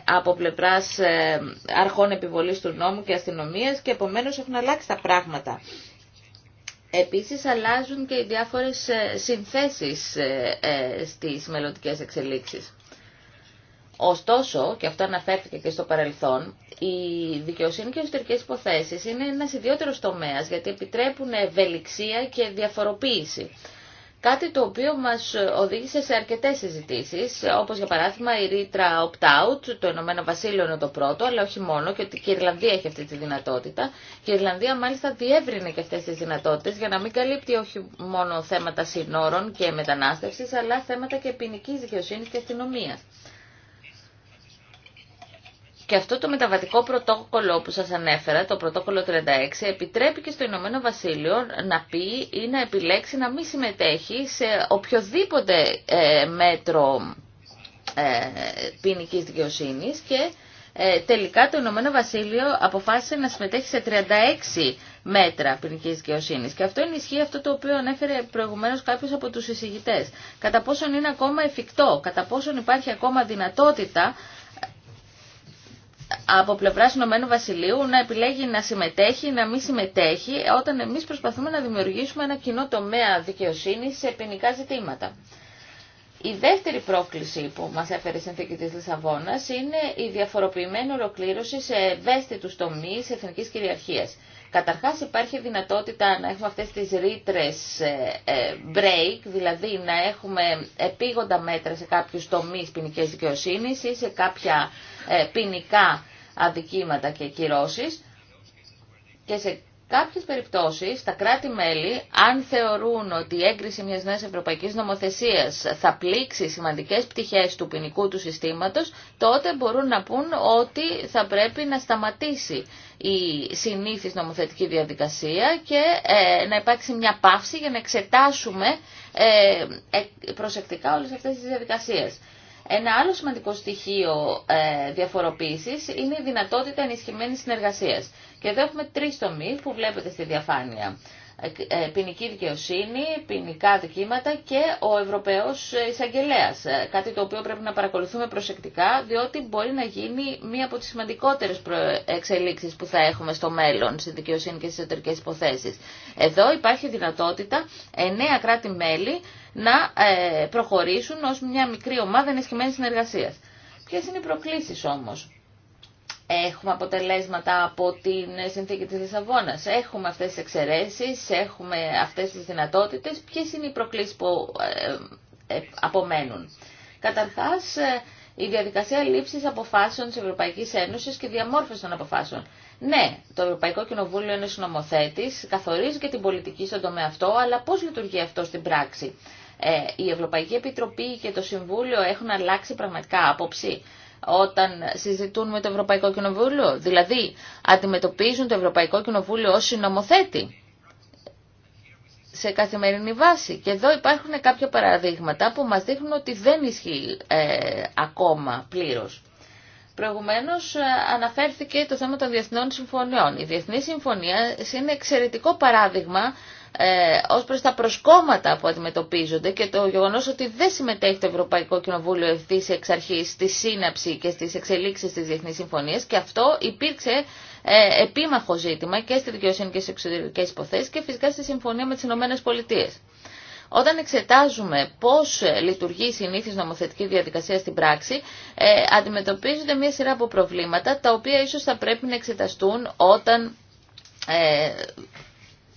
από πλευράς ε, αρχών επιβολής του νόμου και αστυνομίας και επομένως έχουν αλλάξει τα πράγματα. Επίσης αλλάζουν και οι διάφορες ε, συνθέσεις ε, ε, στις μελλοντικές εξελίξεις. Ωστόσο, και αυτό αναφέρθηκε και στο παρελθόν, η δικαιοσύνη και οι εσωτερικέ υποθέσει είναι ένα ιδιαίτερο τομέα γιατί επιτρέπουν ευελιξία και διαφοροποίηση. Κάτι το οποίο μας οδήγησε σε αρκετές συζητήσεις, όπως για παράδειγμα η ρήτρα opt-out, το Ηνωμένο Βασίλειο είναι το πρώτο, αλλά όχι μόνο, και η Ιρλανδία έχει αυτή τη δυνατότητα. Και η Ιρλανδία μάλιστα διεύρυνε και αυτές τις δυνατότητες για να μην καλύπτει όχι μόνο θέματα συνόρων και μετανάστευσης, αλλά θέματα και ποινική δικαιοσύνη και αστυνομία. Και αυτό το μεταβατικό πρωτόκολλο που σας ανέφερα, το πρωτόκολλο 36, επιτρέπει και στο Ηνωμένο Βασίλειο να πει ή να επιλέξει να μην συμμετέχει σε οποιοδήποτε ε, μέτρο ε, ποινικής δικαιοσύνης και ε, τελικά το Ηνωμένο Βασίλειο αποφάσισε να συμμετέχει σε 36 μέτρα ποινική δικαιοσύνη. Και αυτό ενισχύει αυτό το οποίο ανέφερε προηγουμένω κάποιο από του εισηγητέ. Κατά πόσον είναι ακόμα εφικτό, κατά πόσον υπάρχει ακόμα δυνατότητα από πλευρά Ηνωμένου Βασιλείου να επιλέγει να συμμετέχει να μην συμμετέχει όταν εμεί προσπαθούμε να δημιουργήσουμε ένα κοινό τομέα δικαιοσύνη σε ποινικά ζητήματα. Η δεύτερη πρόκληση που μα έφερε η συνθήκη τη Λισαβόνα είναι η διαφοροποιημένη ολοκλήρωση σε ευαίσθητου τομεί εθνική κυριαρχία. Καταρχά υπάρχει δυνατότητα να έχουμε αυτέ τι ρήτρε ε, ε, break, δηλαδή να έχουμε επίγοντα μέτρα σε κάποιου τομεί ποινική δικαιοσύνη ή σε κάποια ε, ποινικά αδικήματα και κυρώσεις και σε κάποιες περιπτώσεις τα κράτη-μέλη αν θεωρούν ότι η έγκριση μιας νέας ευρωπαϊκής νομοθεσίας θα πλήξει σημαντικές πτυχές του ποινικού του συστήματος τότε μπορούν να πούν ότι θα πρέπει να σταματήσει η συνήθις νομοθετική διαδικασία και ε, να υπάρξει μια παύση για να εξετάσουμε ε, προσεκτικά όλες αυτές τις διαδικασίες. Ένα άλλο σημαντικό στοιχείο ε, διαφοροποίησης είναι η δυνατότητα ενισχυμένης συνεργασίας. Και εδώ έχουμε τρεις τομείς που βλέπετε στη διαφάνεια. Ε, ποινική δικαιοσύνη, ποινικά δικήματα και ο Ευρωπαίος εισαγγελέα. Ε, κάτι το οποίο πρέπει να παρακολουθούμε προσεκτικά, διότι μπορεί να γίνει μία από τις σημαντικότερες εξελίξεις που θα έχουμε στο μέλλον στη δικαιοσύνη και στις εταιρικές υποθέσεις. Εδώ υπάρχει δυνατότητα εννέα κράτη-μέλη να ε, προχωρήσουν ως μια μικρή ομάδα ενισχυμένης συνεργασίας. Ποιες είναι οι προκλήσεις όμως. Έχουμε αποτελέσματα από την συνθήκη της Λισαβόνα. Έχουμε αυτές τις εξαιρέσεις, έχουμε αυτές τις δυνατότητες. Ποιες είναι οι προκλήσεις που ε, ε, απομένουν. Καταρχάς, η διαδικασία λήψης αποφάσεων της Ευρωπαϊκής Ένωσης και διαμόρφωση των αποφάσεων. Ναι, το Ευρωπαϊκό Κοινοβούλιο είναι συνομοθέτης, καθορίζει και την πολιτική στον τομέα αυτό, αλλά πώ λειτουργεί αυτό στην πράξη. Ε, η Ευρωπαϊκή Επιτροπή και το Συμβούλιο έχουν αλλάξει πραγματικά άποψη όταν συζητούν με το Ευρωπαϊκό Κοινοβούλιο. Δηλαδή, αντιμετωπίζουν το Ευρωπαϊκό Κοινοβούλιο ως συνομοθέτη σε καθημερινή βάση. Και εδώ υπάρχουν κάποια παραδείγματα που μας δείχνουν ότι δεν ισχύει ε, ακόμα πλήρως. Προηγουμένως ε, αναφέρθηκε το θέμα των διεθνών συμφωνιών. Η Διεθνή Συμφωνία είναι εξαιρετικό παράδειγμα ε, ως προς τα προσκόμματα που αντιμετωπίζονται και το γεγονός ότι δεν συμμετέχει το Ευρωπαϊκό Κοινοβούλιο ευθύς εξ αρχής στη σύναψη και στις εξελίξεις της Διεθνής Συμφωνίας και αυτό υπήρξε ε, επίμαχο ζήτημα και στη δικαιοσύνη και στις εξωτερικές υποθέσεις και φυσικά στη συμφωνία με τις Ηνωμένες όταν εξετάζουμε πώς ε, λειτουργεί η συνήθις νομοθετική διαδικασία στην πράξη, ε, αντιμετωπίζονται μια σειρά από προβλήματα, τα οποία ίσως θα πρέπει να εξεταστούν όταν ε,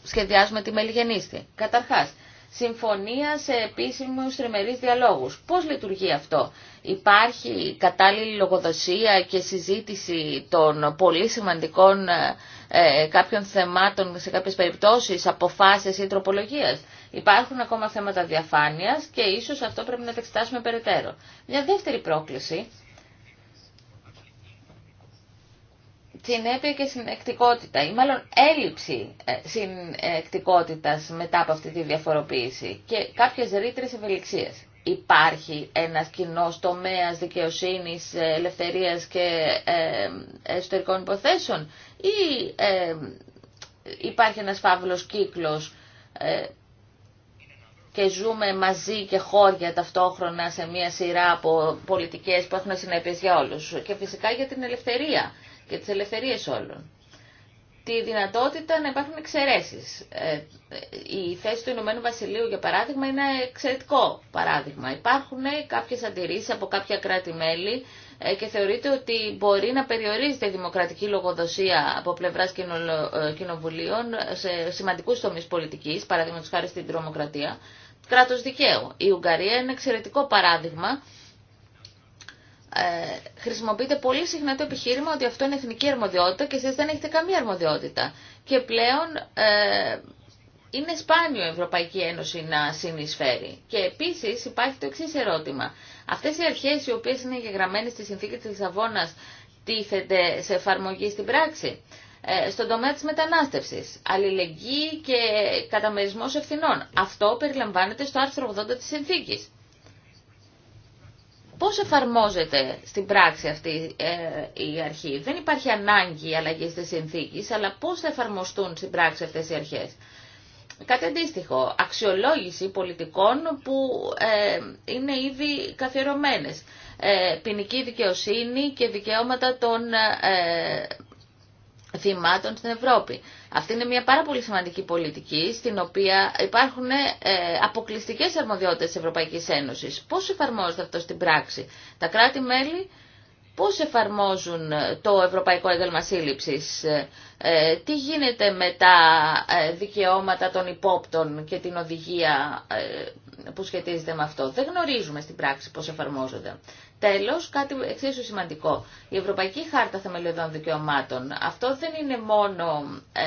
σχεδιάζουμε τη μελιγενίστη. Καταρχάς, συμφωνία σε επίσημους τριμερείς διαλόγους. Πώς λειτουργεί αυτό. Υπάρχει κατάλληλη λογοδοσία και συζήτηση των πολύ σημαντικών ε, ε, κάποιων θεμάτων σε κάποιες περιπτώσεις, αποφάσεις ή τροπολογίας. Υπάρχουν ακόμα θέματα διαφάνειας και ίσως αυτό πρέπει να τα εξετάσουμε περαιτέρω. Μια δεύτερη πρόκληση συνέπεια και συνεκτικότητα ή μάλλον έλλειψη ε, συνεκτικότητας μετά από αυτή τη διαφοροποίηση και κάποιες ρήτρες ευελιξίας. Υπάρχει ένας κοινό τομέα δικαιοσύνης, ελευθερίας και ε, εσωτερικών υποθέσεων ή ε, υπάρχει ένας φαύλος κύκλος και ζούμε μαζί και χώρια ταυτόχρονα σε μια σειρά από πολιτικές που έχουν συνέπειες για όλους και φυσικά για την ελευθερία και τις ελευθερίες όλων. Τη δυνατότητα να υπάρχουν εξαιρέσει. Ε, η θέση του Ηνωμένου Βασιλείου, για παράδειγμα, είναι εξαιρετικό παράδειγμα. Υπάρχουν κάποιε αντιρρήσει από κάποια κράτη-μέλη ε, και θεωρείται ότι μπορεί να περιορίζεται η δημοκρατική λογοδοσία από πλευρά ε, κοινοβουλίων σε σημαντικού τομεί πολιτική, παραδείγματο χάρη στην τρομοκρατία. Κράτο δικαίου. Η Ουγγαρία είναι εξαιρετικό παράδειγμα ε, χρησιμοποιείται πολύ συχνά το επιχείρημα ότι αυτό είναι εθνική αρμοδιότητα και εσείς δεν έχετε καμία αρμοδιότητα. Και πλέον ε, είναι σπάνιο η Ευρωπαϊκή Ένωση να συνεισφέρει. Και επίσης υπάρχει το εξή ερώτημα. Αυτές οι αρχές οι οποίες είναι γεγραμμένες στη συνθήκη της Λισαβόνας τίθεται σε εφαρμογή στην πράξη. Ε, στον τομέα της μετανάστευσης, αλληλεγγύη και καταμερισμός ευθυνών. Αυτό περιλαμβάνεται στο άρθρο 80 της συνθήκης. Πώς εφαρμόζεται στην πράξη αυτή ε, η αρχή. Δεν υπάρχει ανάγκη αλλαγή της συνθήκης, αλλά πώς θα εφαρμοστούν στην πράξη αυτές οι αρχές. Κάτι αντίστοιχο, αξιολόγηση πολιτικών που ε, είναι ήδη καθιερωμένες. Ε, ποινική δικαιοσύνη και δικαιώματα των ε, θυμάτων στην Ευρώπη. Αυτή είναι μια πάρα πολύ σημαντική πολιτική στην οποία υπάρχουν ε, αποκλειστικές αρμοδιότητες της Ευρωπαϊκής Ένωσης. Πώς εφαρμόζεται αυτό στην πράξη. Τα κράτη-μέλη πώς εφαρμόζουν ε, το Ευρωπαϊκό Έγκλημα Σύλληψης, ε, τι γίνεται με τα δικαιώματα των υπόπτων και την οδηγία που σχετίζεται με αυτό. Δεν γνωρίζουμε στην πράξη πώς εφαρμόζονται. Τέλος, κάτι εξίσου σημαντικό. Η Ευρωπαϊκή Χάρτα Θεμελιωδών Δικαιωμάτων. Αυτό δεν είναι μόνο... Ε,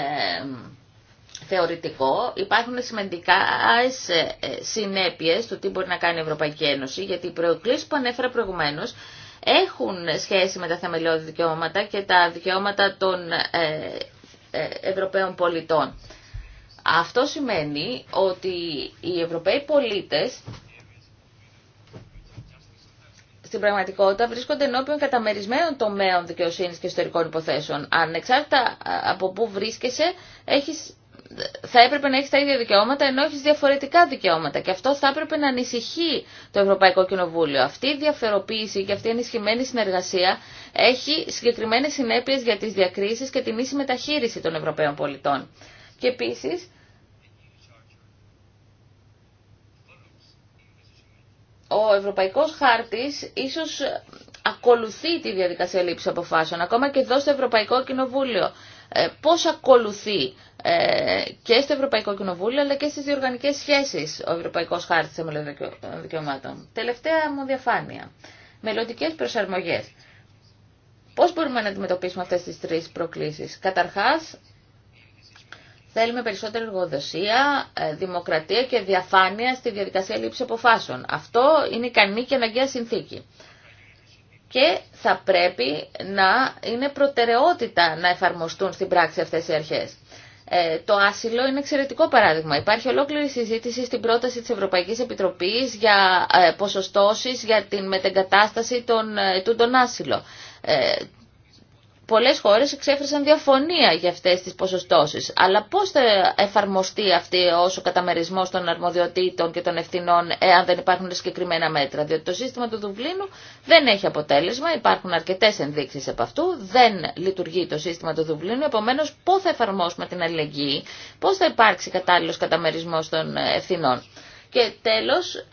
θεωρητικό, υπάρχουν σημαντικά ε, συνέπειες του τι μπορεί να κάνει η Ευρωπαϊκή Ένωση, γιατί οι προκλήσεις που ανέφερα προηγουμένως έχουν σχέση με τα θεμελιώδη δικαιώματα και τα δικαιώματα των ε, ε, Ευρωπαίων πολιτών. Αυτό σημαίνει ότι οι Ευρωπαίοι πολίτες στην πραγματικότητα βρίσκονται ενώπιον καταμερισμένων τομέων δικαιοσύνης και ιστορικών υποθέσεων. Ανεξάρτητα από πού βρίσκεσαι, έχεις, θα έπρεπε να έχεις τα ίδια δικαιώματα, ενώ έχεις διαφορετικά δικαιώματα. Και αυτό θα έπρεπε να ανησυχεί το Ευρωπαϊκό Κοινοβούλιο. Αυτή η διαφοροποίηση και αυτή η ενισχυμένη συνεργασία έχει συγκεκριμένες συνέπειες για τις διακρίσεις και την ίση μεταχείριση των Ευρωπαίων πολιτών. Και επίση. ο Ευρωπαϊκός Χάρτης ίσως ακολουθεί τη διαδικασία λήψη αποφάσεων, ακόμα και εδώ στο Ευρωπαϊκό Κοινοβούλιο. Ε, πώς ακολουθεί ε, και στο Ευρωπαϊκό Κοινοβούλιο, αλλά και στις διοργανικές σχέσεις ο Ευρωπαϊκός Χάρτης των Δικαιωμάτων. Τελευταία μου διαφάνεια. Μελλοντικέ προσαρμογές. Πώς μπορούμε να αντιμετωπίσουμε αυτές τις τρεις προκλήσεις. Καταρχάς, Θέλουμε περισσότερη εργοδοσία, ε, δημοκρατία και διαφάνεια στη διαδικασία λήψη αποφάσεων. Αυτό είναι ικανή και αναγκαία συνθήκη. Και θα πρέπει να είναι προτεραιότητα να εφαρμοστούν στην πράξη αυτές οι αρχές. Ε, το άσυλο είναι εξαιρετικό παράδειγμα. Υπάρχει ολόκληρη συζήτηση στην πρόταση της Ευρωπαϊκής Επιτροπής για ε, ποσοστώσεις για την μετεγκατάσταση των ε, τον άσυλο πολλές χώρες εξέφρασαν διαφωνία για αυτές τις ποσοστώσεις. Αλλά πώς θα εφαρμοστεί αυτή ως ο καταμερισμός των αρμοδιοτήτων και των ευθυνών εάν δεν υπάρχουν συγκεκριμένα μέτρα. Διότι το σύστημα του Δουβλίνου δεν έχει αποτέλεσμα, υπάρχουν αρκετές ενδείξεις από αυτού, δεν λειτουργεί το σύστημα του Δουβλίνου, επομένως πώς θα εφαρμόσουμε την αλληλεγγύη, πώς θα υπάρξει κατάλληλος καταμερισμός των ευθυνών. Και τέλος, ε,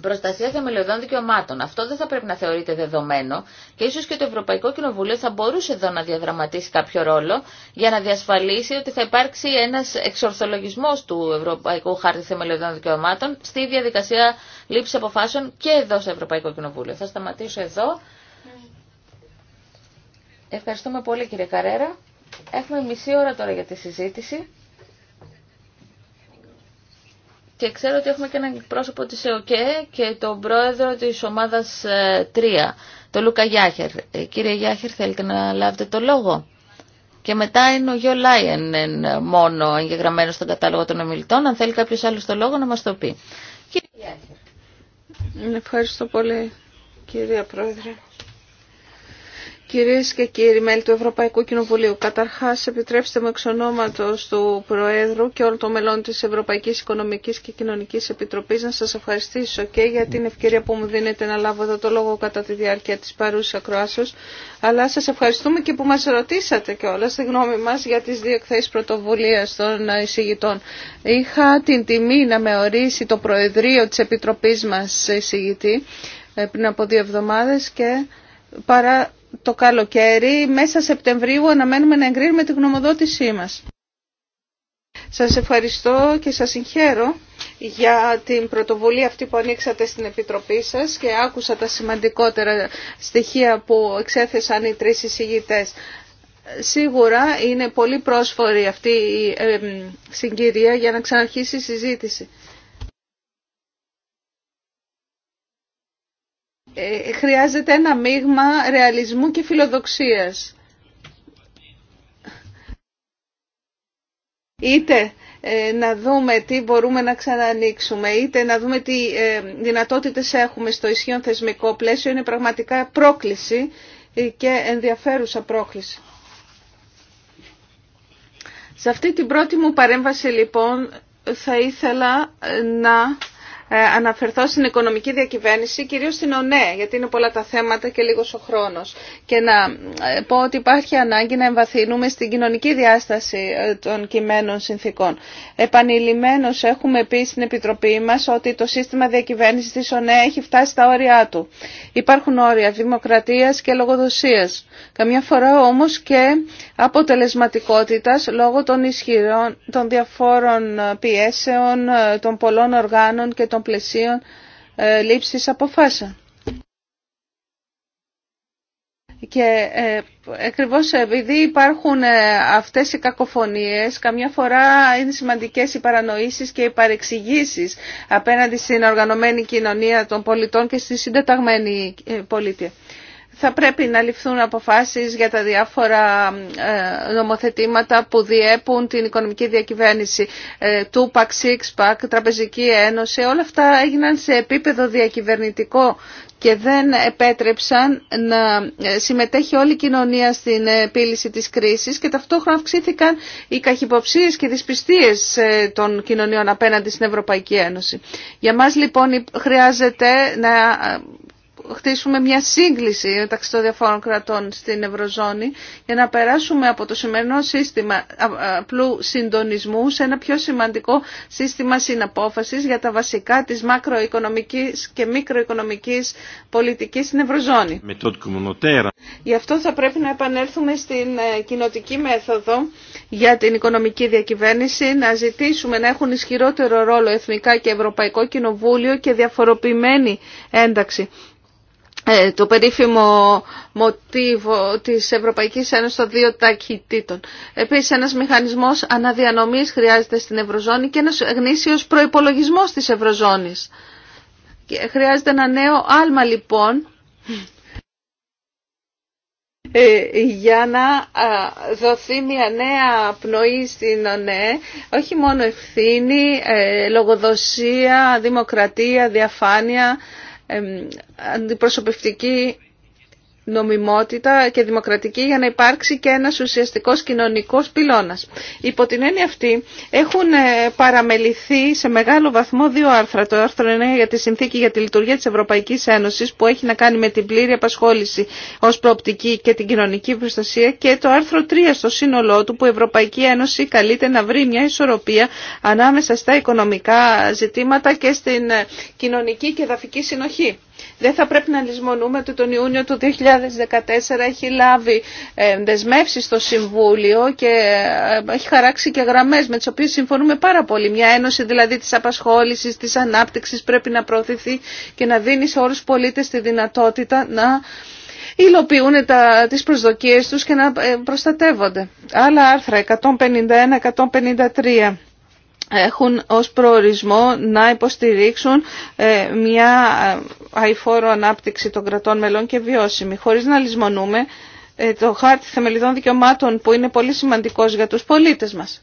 Προστασία θεμελιωδών δικαιωμάτων. Αυτό δεν θα πρέπει να θεωρείται δεδομένο και ίσως και το Ευρωπαϊκό Κοινοβούλιο θα μπορούσε εδώ να διαδραματίσει κάποιο ρόλο για να διασφαλίσει ότι θα υπάρξει ένας εξορθολογισμός του Ευρωπαϊκού Χάρτη Θεμελιωδών Δικαιωμάτων στη διαδικασία λήψης αποφάσεων και εδώ στο Ευρωπαϊκό Κοινοβούλιο. Θα σταματήσω εδώ. Ευχαριστούμε πολύ κύριε Καρέρα. Έχουμε μισή ώρα τώρα για τη συζήτηση. Και ξέρω ότι έχουμε και έναν πρόσωπο της ΕΟΚΕ και τον πρόεδρο της ομάδας 3, ε, τον Λούκα Γιάχερ. Ε, κύριε Γιάχερ, θέλετε να λάβετε το λόγο. Και μετά είναι ο Γιώ Λάιεν ε, μόνο εγγεγραμμένο στον κατάλογο των ομιλητών. Αν θέλει κάποιος άλλος το λόγο να μας το πει. Κύριε Γιάχερ. Ευχαριστώ πολύ, κύριε Πρόεδρε. Κυρίες και κύριοι μέλη του Ευρωπαϊκού Κοινοβουλίου, καταρχάς επιτρέψτε μου εξ ονόματος του Προέδρου και όλων των μελών της Ευρωπαϊκής Οικονομικής και Κοινωνικής Επιτροπής να σας ευχαριστήσω και για την ευκαιρία που μου δίνετε να λάβω εδώ το λόγο κατά τη διάρκεια της παρούσα ακροάσεως, αλλά σας ευχαριστούμε και που μας ρωτήσατε και όλα στη γνώμη μας για τις δύο εκθέσεις πρωτοβουλίας των εισηγητών. Είχα την τιμή να με ορίσει το Προεδρείο της Επιτροπής μας εισηγητή ε, πριν από δύο εβδομάδες και παρά το καλοκαίρι. Μέσα Σεπτεμβρίου αναμένουμε να εγκρίνουμε τη γνωμοδότησή μας. Σας ευχαριστώ και σας συγχαίρω για την πρωτοβουλία αυτή που ανοίξατε στην Επιτροπή σας και άκουσα τα σημαντικότερα στοιχεία που εξέθεσαν οι τρεις εισηγητές. Σίγουρα είναι πολύ πρόσφορη αυτή η συγκυρία για να ξαναρχίσει η συζήτηση. Ε, χρειάζεται ένα μείγμα ρεαλισμού και φιλοδοξίας. Είτε ε, να δούμε τι μπορούμε να ξανανοίξουμε, είτε να δούμε τι ε, δυνατότητες έχουμε στο ισχύον θεσμικό πλαίσιο, είναι πραγματικά πρόκληση και ενδιαφέρουσα πρόκληση. Σε αυτή την πρώτη μου παρέμβαση λοιπόν θα ήθελα να ε, αναφερθώ στην οικονομική διακυβέρνηση, κυρίως στην ΟΝΕ, γιατί είναι πολλά τα θέματα και λίγος ο χρόνος. Και να ε, πω ότι υπάρχει ανάγκη να εμβαθύνουμε στην κοινωνική διάσταση ε, των κειμένων συνθήκων. Επανειλημμένως έχουμε πει στην Επιτροπή μας ότι το σύστημα διακυβέρνησης της ΟΝΕ έχει φτάσει στα όρια του. Υπάρχουν όρια δημοκρατίας και λογοδοσίας. Καμιά φορά όμως και αποτελεσματικότητας λόγω των ισχυρών, των διαφόρων ε, πιέσεων, ε, των πολλών οργάνων και των πλαισίων ε, λήψης αποφάσεων. Και ε, ακριβώ επειδή υπάρχουν αυτές οι κακοφωνίες, καμιά φορά είναι σημαντικές οι παρανοήσεις και οι παρεξηγήσεις απέναντι στην οργανωμένη κοινωνία των πολιτών και στη συντεταγμένη πολιτεία θα πρέπει να ληφθούν αποφάσεις για τα διάφορα ε, νομοθετήματα που διέπουν την οικονομική διακυβέρνηση. Τούπακ, ε, ΣΥΚΣΠΑΚ, Τραπεζική Ένωση, όλα αυτά έγιναν σε επίπεδο διακυβερνητικό και δεν επέτρεψαν να ε, συμμετέχει όλη η κοινωνία στην επίλυση της κρίσης και ταυτόχρονα αυξήθηκαν οι καχυποψίες και δυσπιστίες των κοινωνιών απέναντι στην Ευρωπαϊκή Ένωση. Για μας λοιπόν χρειάζεται να χτίσουμε μια σύγκληση μεταξύ των διαφόρων κρατών στην Ευρωζώνη για να περάσουμε από το σημερινό σύστημα απλού συντονισμού σε ένα πιο σημαντικό σύστημα συναπόφασης για τα βασικά της μακροοικονομικής και μικροοικονομικής πολιτικής στην Ευρωζώνη. Γι' αυτό θα πρέπει να επανέλθουμε στην ε, κοινοτική μέθοδο για την οικονομική διακυβέρνηση, να ζητήσουμε να έχουν ισχυρότερο ρόλο εθνικά και ευρωπαϊκό κοινοβούλιο και διαφοροποιημένη ένταξη. Ε, το περίφημο μοτίβο της Ευρωπαϊκής Ένωσης των δύο ταχυτήτων. Επίσης ένας μηχανισμός αναδιανομής χρειάζεται στην Ευρωζώνη και ένας γνήσιος προϋπολογισμός της Ευρωζώνης. Χρειάζεται ένα νέο άλμα λοιπόν ε, για να δοθεί μια νέα πνοή στην ΟΝΕ, όχι μόνο ευθύνη, ε, λογοδοσία, δημοκρατία, διαφάνεια, αντιπροσωπευτική νομιμότητα και δημοκρατική για να υπάρξει και ένας ουσιαστικός κοινωνικός πυλώνας. Υπό την έννοια αυτή έχουν ε, παραμεληθεί σε μεγάλο βαθμό δύο άρθρα. Το άρθρο 9 για τη συνθήκη για τη λειτουργία της Ευρωπαϊκής Ένωσης που έχει να κάνει με την πλήρη απασχόληση ως προοπτική και την κοινωνική προστασία και το άρθρο 3 στο σύνολό του που η Ευρωπαϊκή Ένωση καλείται να βρει μια ισορροπία ανάμεσα στα οικονομικά ζητήματα και στην ε, κοινωνική και δαφική συνοχή. Δεν θα πρέπει να λησμονούμε ότι τον Ιούνιο του 2014 έχει λάβει ε, δεσμεύσει στο Συμβούλιο και ε, έχει χαράξει και γραμμέ με τι οποίε συμφωνούμε πάρα πολύ. Μια ένωση δηλαδή της απασχόλησης, της ανάπτυξης πρέπει να προωθηθεί και να δίνει σε όλου του πολίτες τη δυνατότητα να υλοποιούν τα, τις προσδοκίες τους και να ε, προστατεύονται. Άλλα άρθρα 151-153 έχουν ως προορισμό να υποστηρίξουν ε, μια ε, αηφόρο ανάπτυξη των κρατών μελών και βιώσιμη. Χωρίς να λησμονούμε ε, το χάρτη θεμελιδών δικαιωμάτων που είναι πολύ σημαντικός για τους πολίτες μας.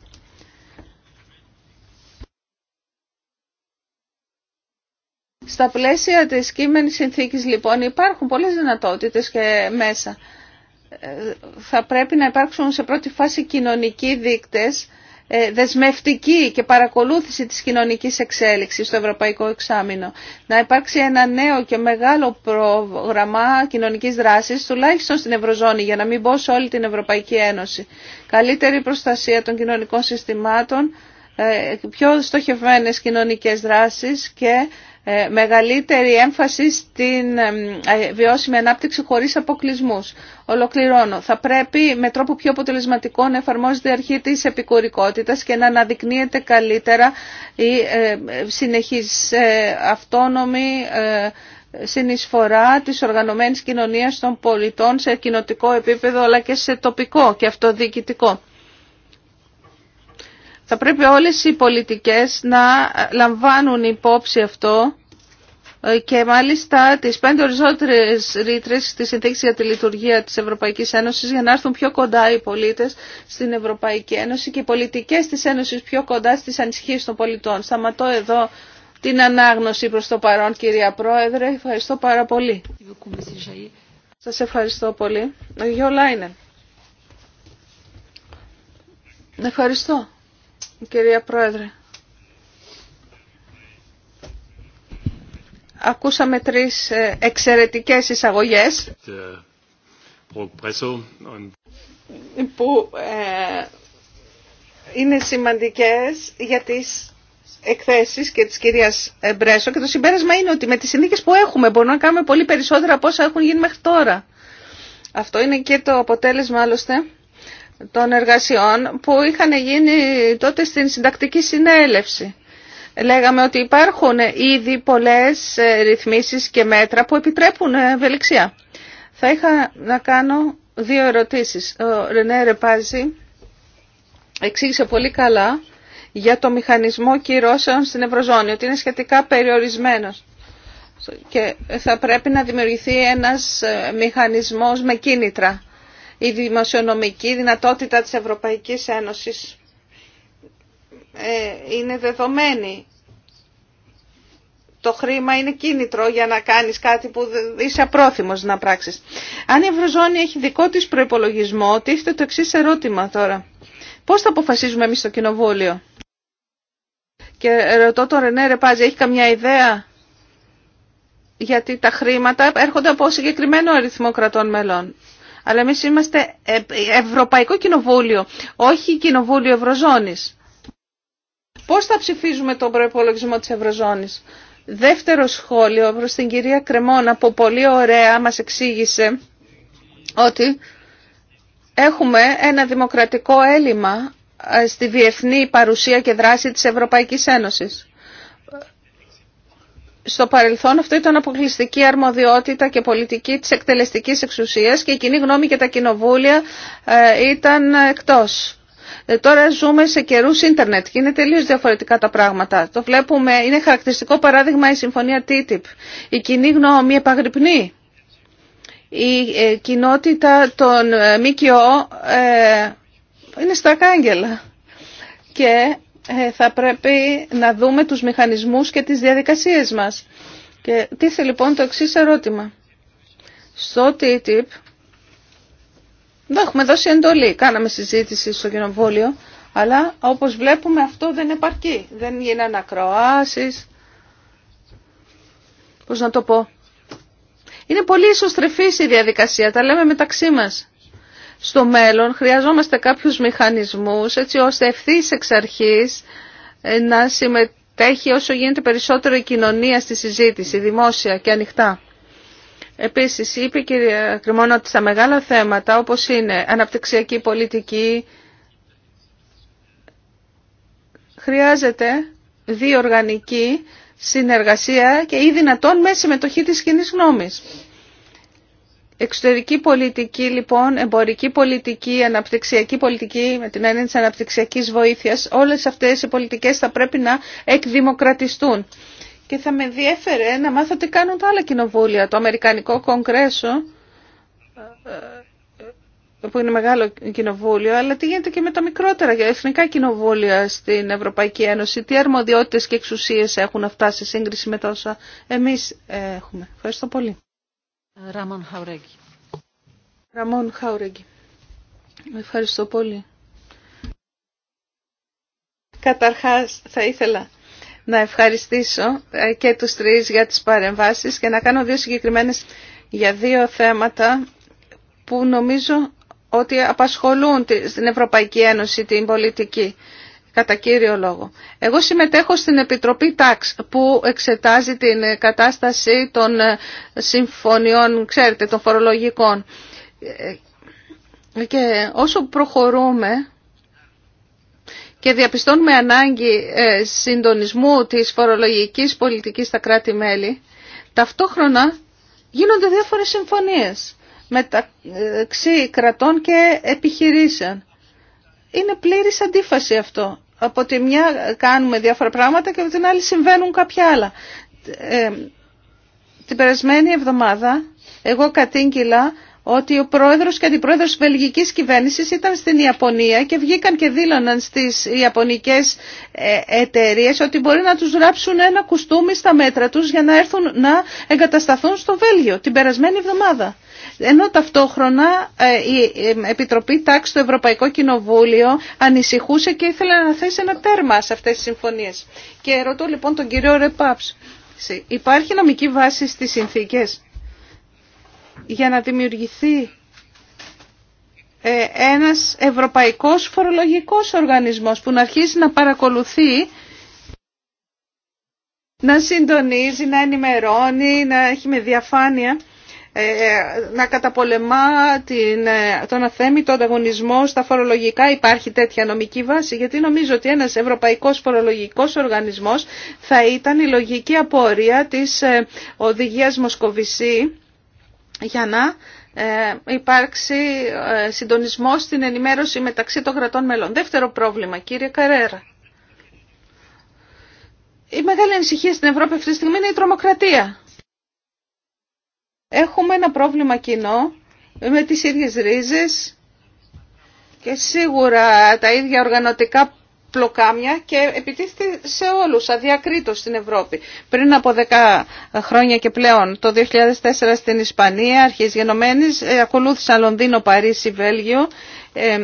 Στα πλαίσια της κείμενης συνθήκης λοιπόν υπάρχουν πολλές δυνατότητες και μέσα. Θα πρέπει να υπάρξουν σε πρώτη φάση κοινωνικοί δείκτες ε, δεσμευτική και παρακολούθηση της κοινωνικής εξέλιξης στο Ευρωπαϊκό Εξάμεινο. Να υπάρξει ένα νέο και μεγάλο πρόγραμμα κοινωνικής δράσης, τουλάχιστον στην Ευρωζώνη, για να μην μπω σε όλη την Ευρωπαϊκή Ένωση. Καλύτερη προστασία των κοινωνικών συστημάτων, ε, πιο στοχευμένες κοινωνικές δράσεις και ε, μεγαλύτερη έμφαση στην ε, ε, βιώσιμη ανάπτυξη χωρίς αποκλεισμούς. Ολοκληρώνω. Θα πρέπει με τρόπο πιο αποτελεσματικό να εφαρμόζεται η αρχή της επικουρικότητας και να αναδεικνύεται καλύτερα η συνεχής αυτόνομη συνεισφορά της οργανωμένης κοινωνίας των πολιτών σε κοινοτικό επίπεδο αλλά και σε τοπικό και αυτοδιοικητικό. Θα πρέπει όλες οι πολιτικές να λαμβάνουν υπόψη αυτό ε, και μάλιστα τις πέντε οριζόντρες ρήτρες της συνθήκη για τη λειτουργία της Ευρωπαϊκής Ένωσης για να έρθουν πιο κοντά οι πολίτες στην Ευρωπαϊκή Ένωση και οι πολιτικές της Ένωσης πιο κοντά στις ανησυχίες των πολιτών. Σταματώ εδώ την ανάγνωση προς το παρόν κυρία Πρόεδρε. Ευχαριστώ πάρα πολύ. Σας ευχαριστώ πολύ. Ε, Γιώλα είναι. Ευχαριστώ κυρία Πρόεδρε. Ακούσαμε τρεις ε, εξαιρετικές εισαγωγές που ε, είναι σημαντικές για τις εκθέσεις και της κυρίας Μπρέσο και το συμπέρασμα είναι ότι με τις συνθήκε που έχουμε μπορούμε να κάνουμε πολύ περισσότερα από όσα έχουν γίνει μέχρι τώρα. Αυτό είναι και το αποτέλεσμα άλλωστε των εργασιών που είχαν γίνει τότε στην συντακτική συνέλευση. Λέγαμε ότι υπάρχουν ήδη πολλές ε, ρυθμίσεις και μέτρα που επιτρέπουν ε, ευελιξία. Θα είχα να κάνω δύο ερωτήσεις. Ο Ρενέ Ρεπάζη εξήγησε πολύ καλά για το μηχανισμό κυρώσεων στην Ευρωζώνη, ότι είναι σχετικά περιορισμένος και θα πρέπει να δημιουργηθεί ένας ε, μηχανισμός με κίνητρα η δημοσιονομική δυνατότητα της Ευρωπαϊκής Ένωσης ε, είναι δεδομένη. Το χρήμα είναι κίνητρο για να κάνεις κάτι που είσαι απρόθυμος να πράξεις. Αν η Ευρωζώνη έχει δικό της προϋπολογισμό, τίθεται το εξής ερώτημα τώρα. Πώς θα αποφασίζουμε εμείς στο Κοινοβούλιο. Και ρωτώ τον ναι, Ρενέ Ρεπάζη, έχει καμιά ιδέα. Γιατί τα χρήματα έρχονται από συγκεκριμένο αριθμό κρατών μελών. Αλλά εμείς είμαστε ε, Ευρωπαϊκό Κοινοβούλιο, όχι Κοινοβούλιο Ευρωζώνης. Πώς θα ψηφίζουμε τον προπολογισμό της Ευρωζώνης. Δεύτερο σχόλιο προς την κυρία Κρεμόνα που πολύ ωραία μας εξήγησε ότι έχουμε ένα δημοκρατικό έλλειμμα ε, στη διεθνή παρουσία και δράση της Ευρωπαϊκής Ένωσης στο παρελθόν αυτό ήταν αποκλειστική αρμοδιότητα και πολιτική της εκτελεστικής εξουσίας και η κοινή γνώμη και τα κοινοβούλια ε, ήταν εκτός. Ε, τώρα ζούμε σε καιρούς ίντερνετ και είναι τελείως διαφορετικά τα πράγματα. Το βλέπουμε, είναι χαρακτηριστικό παράδειγμα η συμφωνία TTIP. Η κοινή γνώμη επαγρυπνεί. Η ε, κοινότητα των ΜΚΟ είναι στα κάγκελα. Και ε, θα πρέπει να δούμε τους μηχανισμούς και τις διαδικασίες μας. Και τίθε λοιπόν το εξής ερώτημα. Στο TTIP, δεν έχουμε δώσει εντολή, κάναμε συζήτηση στο κοινοβούλιο, αλλά όπως βλέπουμε αυτό δεν επαρκεί. Δεν γίνανε ακροάσεις. Πώς να το πω. Είναι πολύ ισοστρεφής η διαδικασία, τα λέμε μεταξύ μας στο μέλλον χρειαζόμαστε κάποιους μηχανισμούς έτσι ώστε ευθύς εξ αρχής ε, να συμμετέχει όσο γίνεται περισσότερο η κοινωνία στη συζήτηση, δημόσια και ανοιχτά. Επίσης, είπε η κυρία Κρυμόνα ότι στα μεγάλα θέματα όπως είναι αναπτυξιακή πολιτική χρειάζεται διοργανική συνεργασία και ή δυνατόν με συμμετοχή της κοινή γνώμης. Εξωτερική πολιτική λοιπόν, εμπορική πολιτική, αναπτυξιακή πολιτική με την έννοια της αναπτυξιακής βοήθειας, όλες αυτές οι πολιτικές θα πρέπει να εκδημοκρατιστούν. Και θα με διέφερε να μάθω τι κάνουν τα άλλα κοινοβούλια. Το Αμερικανικό Κογκρέσο, ε, ε, που είναι μεγάλο κοινοβούλιο, αλλά τι γίνεται και με τα μικρότερα για εθνικά κοινοβούλια στην Ευρωπαϊκή Ένωση. Τι αρμοδιότητες και εξουσίες έχουν αυτά σε σύγκριση με τόσα εμεί έχουμε. Ευχαριστώ πολύ. Ραμόν Χαουρέγγι. Ραμόν Χαουρέγγι. Ευχαριστώ πολύ. Καταρχάς θα ήθελα να ευχαριστήσω ε, και τους τρεις για τις παρεμβάσεις και να κάνω δύο συγκεκριμένες για δύο θέματα που νομίζω ότι απασχολούν στην Ευρωπαϊκή Ένωση την πολιτική κατά κύριο λόγο. Εγώ συμμετέχω στην Επιτροπή ΤΑΞ που εξετάζει την κατάσταση των ε, συμφωνιών, ξέρετε, των φορολογικών. Ε, και όσο προχωρούμε και διαπιστώνουμε ανάγκη ε, συντονισμού της φορολογικής πολιτικής στα κράτη-μέλη, ταυτόχρονα γίνονται διάφορες συμφωνίες μεταξύ κρατών και επιχειρήσεων είναι πλήρης αντίφαση αυτό. Από τη μια κάνουμε διάφορα πράγματα και από την άλλη συμβαίνουν κάποια άλλα. Ε, την περασμένη εβδομάδα εγώ κατήγγυλα ότι ο πρόεδρος και αντιπρόεδρος της βελγικής κυβέρνησης ήταν στην Ιαπωνία και βγήκαν και δήλωναν στις ιαπωνικές ε, εταιρείες ότι μπορεί να τους ράψουν ένα κουστούμι στα μέτρα τους για να έρθουν να εγκατασταθούν στο Βέλγιο την περασμένη εβδομάδα. Ενώ ταυτόχρονα ε, η ε, Επιτροπή Τάξη στο Ευρωπαϊκό Κοινοβούλιο ανησυχούσε και ήθελε να θέσει ένα τέρμα σε αυτές τις συμφωνίες. Και ρωτώ λοιπόν τον κύριο Ρεπάψ, υπάρχει νομική βάση στις συνθήκες για να δημιουργηθεί ε, ένας ευρωπαϊκός φορολογικός οργανισμός που να αρχίσει να παρακολουθεί, να συντονίζει, να ενημερώνει, να έχει με διαφάνεια, ε, ε, να καταπολεμά την, τον αθέμητο ανταγωνισμό στα φορολογικά. Υπάρχει τέτοια νομική βάση, γιατί νομίζω ότι ένας ευρωπαϊκός φορολογικός οργανισμός θα ήταν η λογική απορία της οδηγίας Μοσκοβισή για να ε, υπάρξει ε, συντονισμός στην ενημέρωση μεταξύ των κρατών μελών. Δεύτερο πρόβλημα, κύριε Καρέρα. Η μεγάλη ανησυχία στην Ευρώπη αυτή τη στιγμή είναι η τρομοκρατία. Έχουμε ένα πρόβλημα κοινό με τις ίδιες ρίζες και σίγουρα τα ίδια οργανωτικά πλοκάμια και επιτίθεται σε όλους αδιακρίτως στην Ευρώπη. Πριν από δεκά χρόνια και πλέον, το 2004 στην Ισπανία, αρχής γενομένης, ε, ακολούθησαν Λονδίνο, Παρίσι, Βέλγιο ε,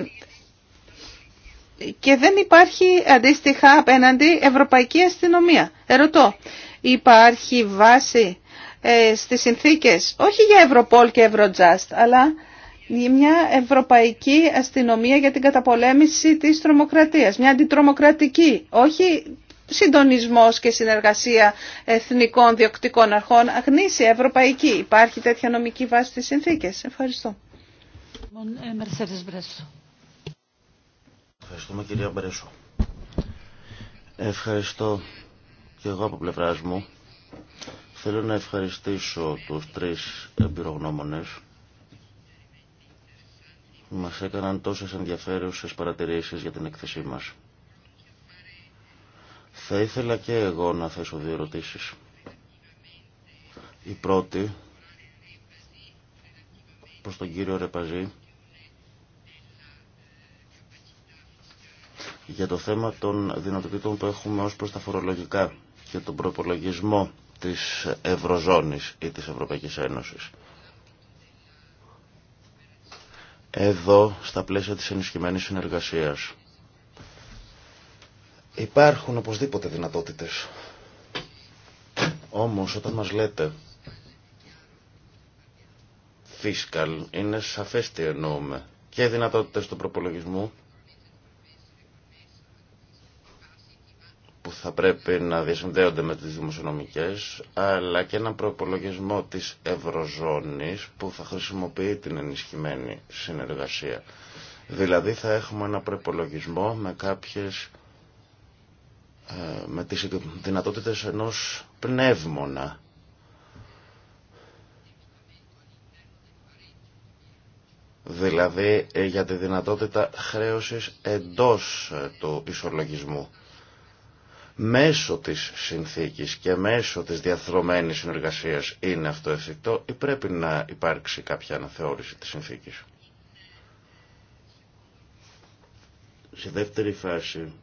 και δεν υπάρχει αντίστοιχα απέναντι ευρωπαϊκή αστυνομία. Ερωτώ, υπάρχει βάση ε, στις συνθήκες, όχι για Ευρωπόλ και Ευρωτζάστ, αλλά μια ευρωπαϊκή αστυνομία για την καταπολέμηση της τρομοκρατίας, μια αντιτρομοκρατική, όχι συντονισμός και συνεργασία εθνικών διοκτικών αρχών, Αγνήσει. ευρωπαϊκή. Υπάρχει τέτοια νομική βάση στις συνθήκες. Ευχαριστώ. Ε, Ευχαριστούμε κυρία Μπρέσο. Ευχαριστώ και εγώ από πλευράς μου. Θέλω να ευχαριστήσω τους τρεις εμπειρογνώμονες μας έκαναν τόσες ενδιαφέρουσες παρατηρήσεις για την εκθεσή μας. Θα ήθελα και εγώ να θέσω δύο ερωτήσεις. Η πρώτη προς τον κύριο Ρεπαζή για το θέμα των δυνατοτήτων που έχουμε ως προς τα φορολογικά και τον προπολογισμό της Ευρωζώνης ή της Ευρωπαϊκής Ένωσης. εδώ στα πλαίσια της ενισχυμένης συνεργασίας. Υπάρχουν οπωσδήποτε δυνατότητες. Όμως όταν μας λέτε fiscal είναι σαφές τι εννοούμε και δυνατότητες του προπολογισμού θα πρέπει να διασυνδέονται με τις δημοσιονομικές, αλλά και έναν προπολογισμό της Ευρωζώνης που θα χρησιμοποιεί την ενισχυμένη συνεργασία. Δηλαδή θα έχουμε ένα προπολογισμό με κάποιες ε, με τις δυνατότητες ενός πνεύμονα. Δηλαδή ε, για τη δυνατότητα χρέωσης εντός ε, του ισολογισμού μέσω της συνθήκης και μέσω της διαθρωμένης συνεργασίας είναι αυτό εφικτό ή πρέπει να υπάρξει κάποια αναθεώρηση της συνθήκης. Σε δεύτερη φάση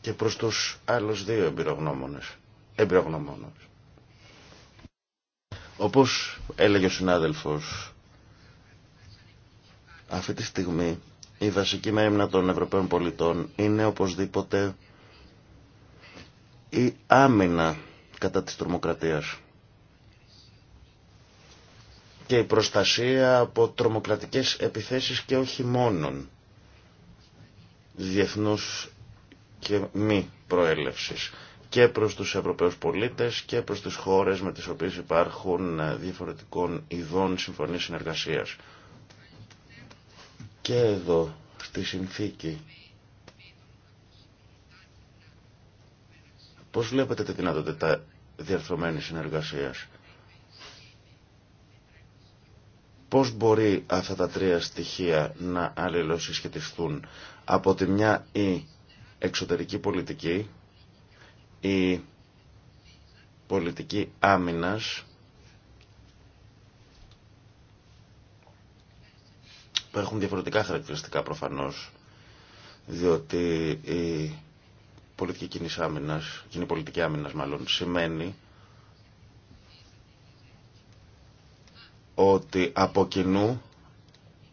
και προς τους άλλους δύο εμπειρογνώμονες. εμπειρογνώμονες. Όπως έλεγε ο συνάδελφος, αυτή τη στιγμή η βασική μέρημνα των Ευρωπαίων πολιτών είναι οπωσδήποτε η άμυνα κατά της τρομοκρατίας και η προστασία από τρομοκρατικές επιθέσεις και όχι μόνον διεθνούς και μη προέλευσης και προς τους Ευρωπαίους πολίτες και προς τις χώρες με τις οποίες υπάρχουν διαφορετικών ειδών συμφωνίες συνεργασίας. Και εδώ στη συνθήκη Πώς βλέπετε τη δυνατότητα διαρθρωμένης συνεργασίας. Πώς μπορεί αυτά τα τρία στοιχεία να αλληλοσυσχετιστούν. Από τη μια η εξωτερική πολιτική, η πολιτική άμυνας, που έχουν διαφορετικά χαρακτηριστικά προφανώς, διότι η πολιτική κοινή κοινή πολιτική άμυνα μάλλον, σημαίνει ότι από κοινού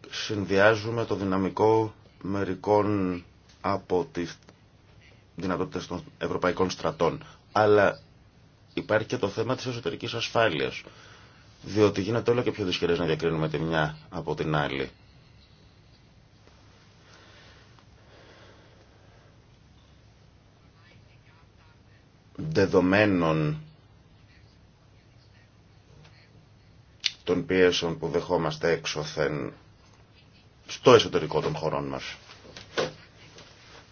συνδυάζουμε το δυναμικό μερικών από τις δυνατότητες των ευρωπαϊκών στρατών. Αλλά υπάρχει και το θέμα της εσωτερικής ασφάλειας, διότι γίνεται όλο και πιο δυσκερές να διακρίνουμε τη μια από την άλλη. δεδομένων των πιέσεων που δεχόμαστε έξωθεν στο εσωτερικό των χωρών μας.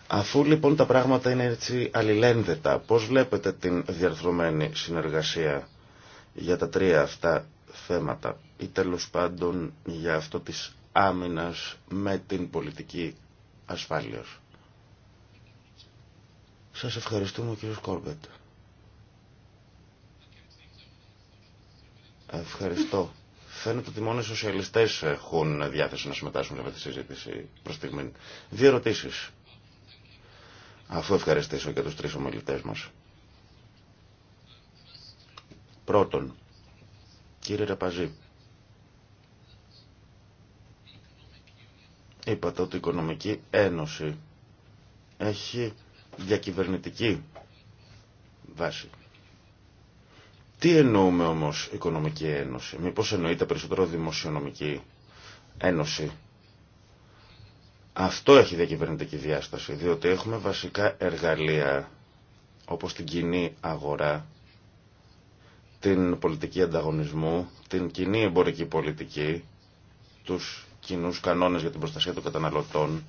Αφού λοιπόν τα πράγματα είναι έτσι αλληλένδετα, πώς βλέπετε την διαρθρωμένη συνεργασία για τα τρία αυτά θέματα ή τέλο πάντων για αυτό της άμυνας με την πολιτική ασφάλειας. Σας ευχαριστούμε κύριε κύριος Ευχαριστώ. Φαίνεται ότι μόνο οι σοσιαλιστέ έχουν διάθεση να συμμετάσχουν σε αυτή τη συζήτηση προ στιγμή. Δύο ερωτήσει. Αφού ευχαριστήσω και του τρει ομιλητέ μα. Πρώτον, κύριε Ραπαζή, είπατε ότι η Οικονομική Ένωση έχει διακυβερνητική βάση. Τι εννοούμε όμως οικονομική ένωση, μήπως εννοείται περισσότερο δημοσιονομική ένωση. Αυτό έχει διακυβερνητική διάσταση, διότι έχουμε βασικά εργαλεία όπως την κοινή αγορά, την πολιτική ανταγωνισμού, την κοινή εμπορική πολιτική, τους κοινούς κανόνες για την προστασία των καταναλωτών,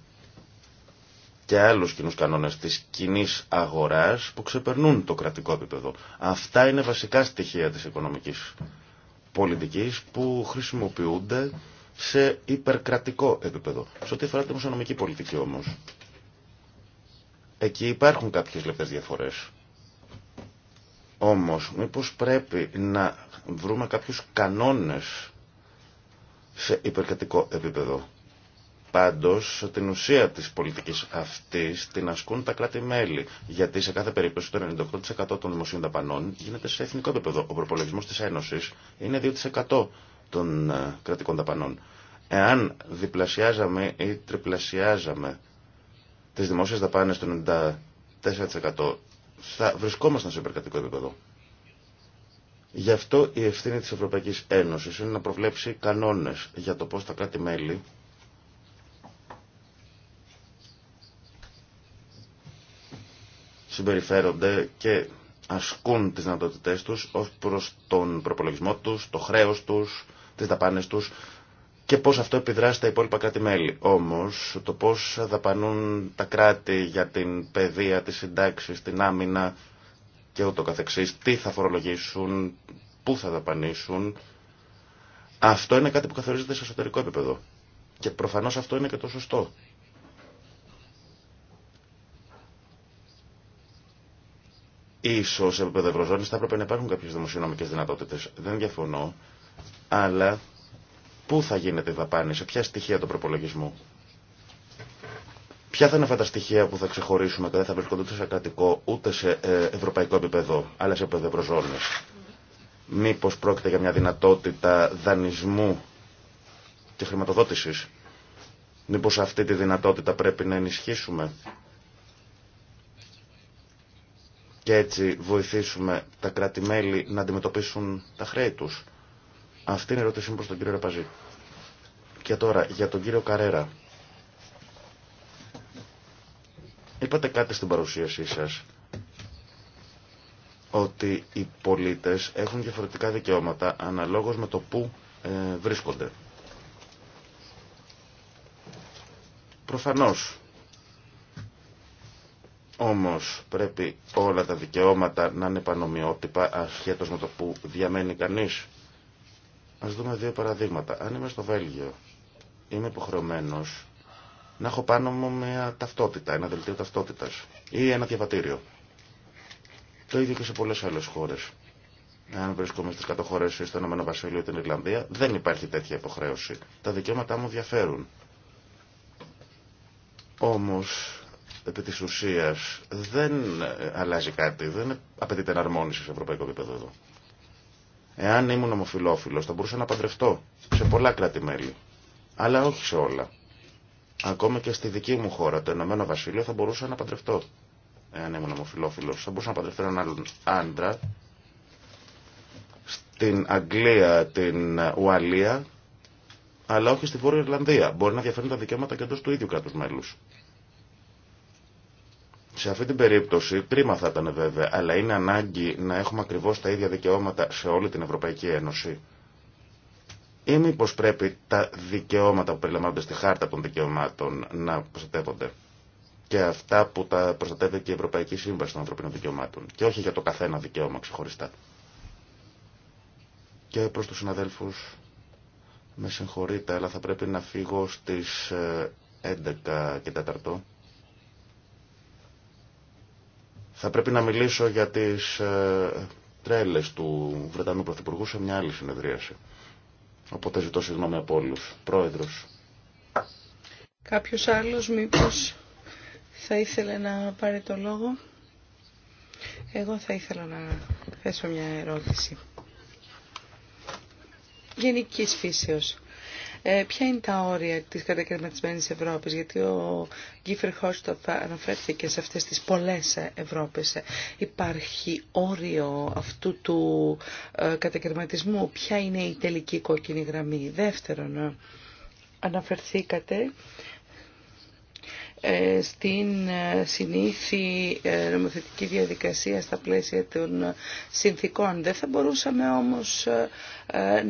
και άλλους κοινού κανόνες της κοινή αγοράς που ξεπερνούν το κρατικό επίπεδο. Αυτά είναι βασικά στοιχεία της οικονομικής πολιτικής που χρησιμοποιούνται σε υπερκρατικό επίπεδο. Σε ό,τι αφορά την οικονομική πολιτική όμως, εκεί υπάρχουν κάποιες λεπτές διαφορές. Όμως, μήπως πρέπει να βρούμε κάποιους κανόνες σε υπερκρατικό επίπεδο. Πάντως, την ουσία της πολιτικής αυτής την ασκούν τα κράτη-μέλη, γιατί σε κάθε περίπτωση το 98% των δημοσίων δαπανών γίνεται σε εθνικό επίπεδο. Ο προπολογισμός της Ένωσης είναι 2% των ε, κρατικών δαπανών. Εάν διπλασιάζαμε ή τριπλασιάζαμε τις δημόσιες δαπάνες το 94% θα βρισκόμασταν σε υπερκρατικό επίπεδο. Γι' αυτό η ευθύνη της Ευρωπαϊκής Ένωσης είναι να προβλέψει κανόνες για το πώς τα κράτη-μέλη συμπεριφέρονται και ασκούν τις δυνατότητές τους ως προς τον προπολογισμό τους, το χρέος τους, τις δαπάνες τους και πώς αυτό επιδρά στα υπόλοιπα κράτη-μέλη. Όμως, το πώς δαπανούν τα κράτη για την παιδεία, τις συντάξεις, την άμυνα και ούτω καθεξής, τι θα φορολογήσουν, πού θα δαπανίσουν, αυτό είναι κάτι που θα δαπανησουν αυτο ειναι κατι που καθοριζεται σε εσωτερικό επίπεδο. Και προφανώς αυτό είναι και το σωστό. Ίσως σε επίπεδο ευρωζώνη θα έπρεπε να υπάρχουν κάποιε δημοσιονομικέ δυνατότητε. Δεν διαφωνώ, αλλά πού θα γίνεται η δαπάνη, σε ποια στοιχεία του προπολογισμού. Ποια θα είναι αυτά τα στοιχεία που θα ξεχωρίσουμε και δεν θα βρίσκονται ούτε σε κρατικό ούτε σε ε, ευρωπαϊκό επίπεδο, αλλά σε επίπεδο ευρωζώνη. Μήπω πρόκειται για μια δυνατότητα δανεισμού και χρηματοδότηση. Μήπω αυτή τη δυνατότητα πρέπει να ενισχύσουμε και έτσι βοηθήσουμε τα κράτη-μέλη να αντιμετωπίσουν τα χρέη τους. Αυτή είναι η ερώτησή μου προς τον κύριο Ραπαζή. Και τώρα, για τον κύριο Καρέρα. Είπατε κάτι στην παρουσίασή σας ότι οι πολίτες έχουν διαφορετικά δικαιώματα αναλόγως με το που ε, βρίσκονται. Προφανώς όμως πρέπει όλα τα δικαιώματα να είναι πανομοιότυπα ασχέτως με το που διαμένει κανείς. Ας δούμε δύο παραδείγματα. Αν είμαι στο Βέλγιο, είμαι υποχρεωμένος να έχω πάνω μου μια ταυτότητα, ένα δελτίο ταυτότητας ή ένα διαβατήριο. Το ίδιο και σε πολλές άλλες χώρες. Αν βρίσκομαι στις κατοχώρε ή στο Ηνωμένο Βασίλειο ή την Ιρλανδία, δεν υπάρχει τέτοια υποχρέωση. Τα δικαιώματά μου διαφέρουν. Όμως, επί της ουσίας δεν ε, αλλάζει κάτι, δεν απαιτείται εναρμόνιση σε ευρωπαϊκό επίπεδο εδώ. Εάν ήμουν ομοφιλόφιλος θα μπορούσα να παντρευτώ σε πολλά κράτη-μέλη, αλλά όχι σε όλα. Ακόμα και στη δική μου χώρα, το Ενωμένο Βασίλειο, θα μπορούσα να παντρευτώ. Εάν ήμουν ομοφιλόφιλος, θα μπορούσα να παντρευτώ έναν άλλον άντρα, στην Αγγλία, την Ουαλία, αλλά όχι στη Βόρεια Ιρλανδία. Μπορεί να διαφέρουν τα δικαιώματα και εντό του ίδιου κράτου μέλου. Σε αυτή την περίπτωση, κρίμα θα ήταν βέβαια, αλλά είναι ανάγκη να έχουμε ακριβώς τα ίδια δικαιώματα σε όλη την Ευρωπαϊκή Ένωση. Ή μήπω πρέπει τα δικαιώματα που περιλαμβάνονται στη χάρτα των δικαιωμάτων να προστατεύονται. Και αυτά που τα προστατεύει και η Ευρωπαϊκή Σύμβαση των Ανθρωπίνων Δικαιωμάτων. Και όχι για το καθένα δικαίωμα ξεχωριστά. Και προς τους συναδέλφους, με συγχωρείτε, αλλά θα πρέπει να φύγω στις 11 ε, και 4 Θα πρέπει να μιλήσω για τις ε, τρέλες του Βρετανού Πρωθυπουργού σε μια άλλη συνεδρίαση. Οπότε ζητώ συγγνώμη από όλου. Πρόεδρος. Κάποιος άλλος μήπως θα ήθελε να πάρει το λόγο. Εγώ θα ήθελα να θέσω μια ερώτηση. Γενικής φύσεως. Ε, ποια είναι τα όρια της κατακαιρματισμένη Ευρώπης, γιατί ο Γκίφερ Χόστοφ αναφέρθηκε σε αυτές τις πολλέ ε, Ευρώπε. Υπάρχει όριο αυτού του ε, κατακαιρματισμού, ποια είναι η τελική κόκκινη γραμμή. Δεύτερον, αναφερθήκατε ε, στην ε, συνήθη ε, νομοθετική διαδικασία στα πλαίσια των συνθήκων. Δεν θα μπορούσαμε όμως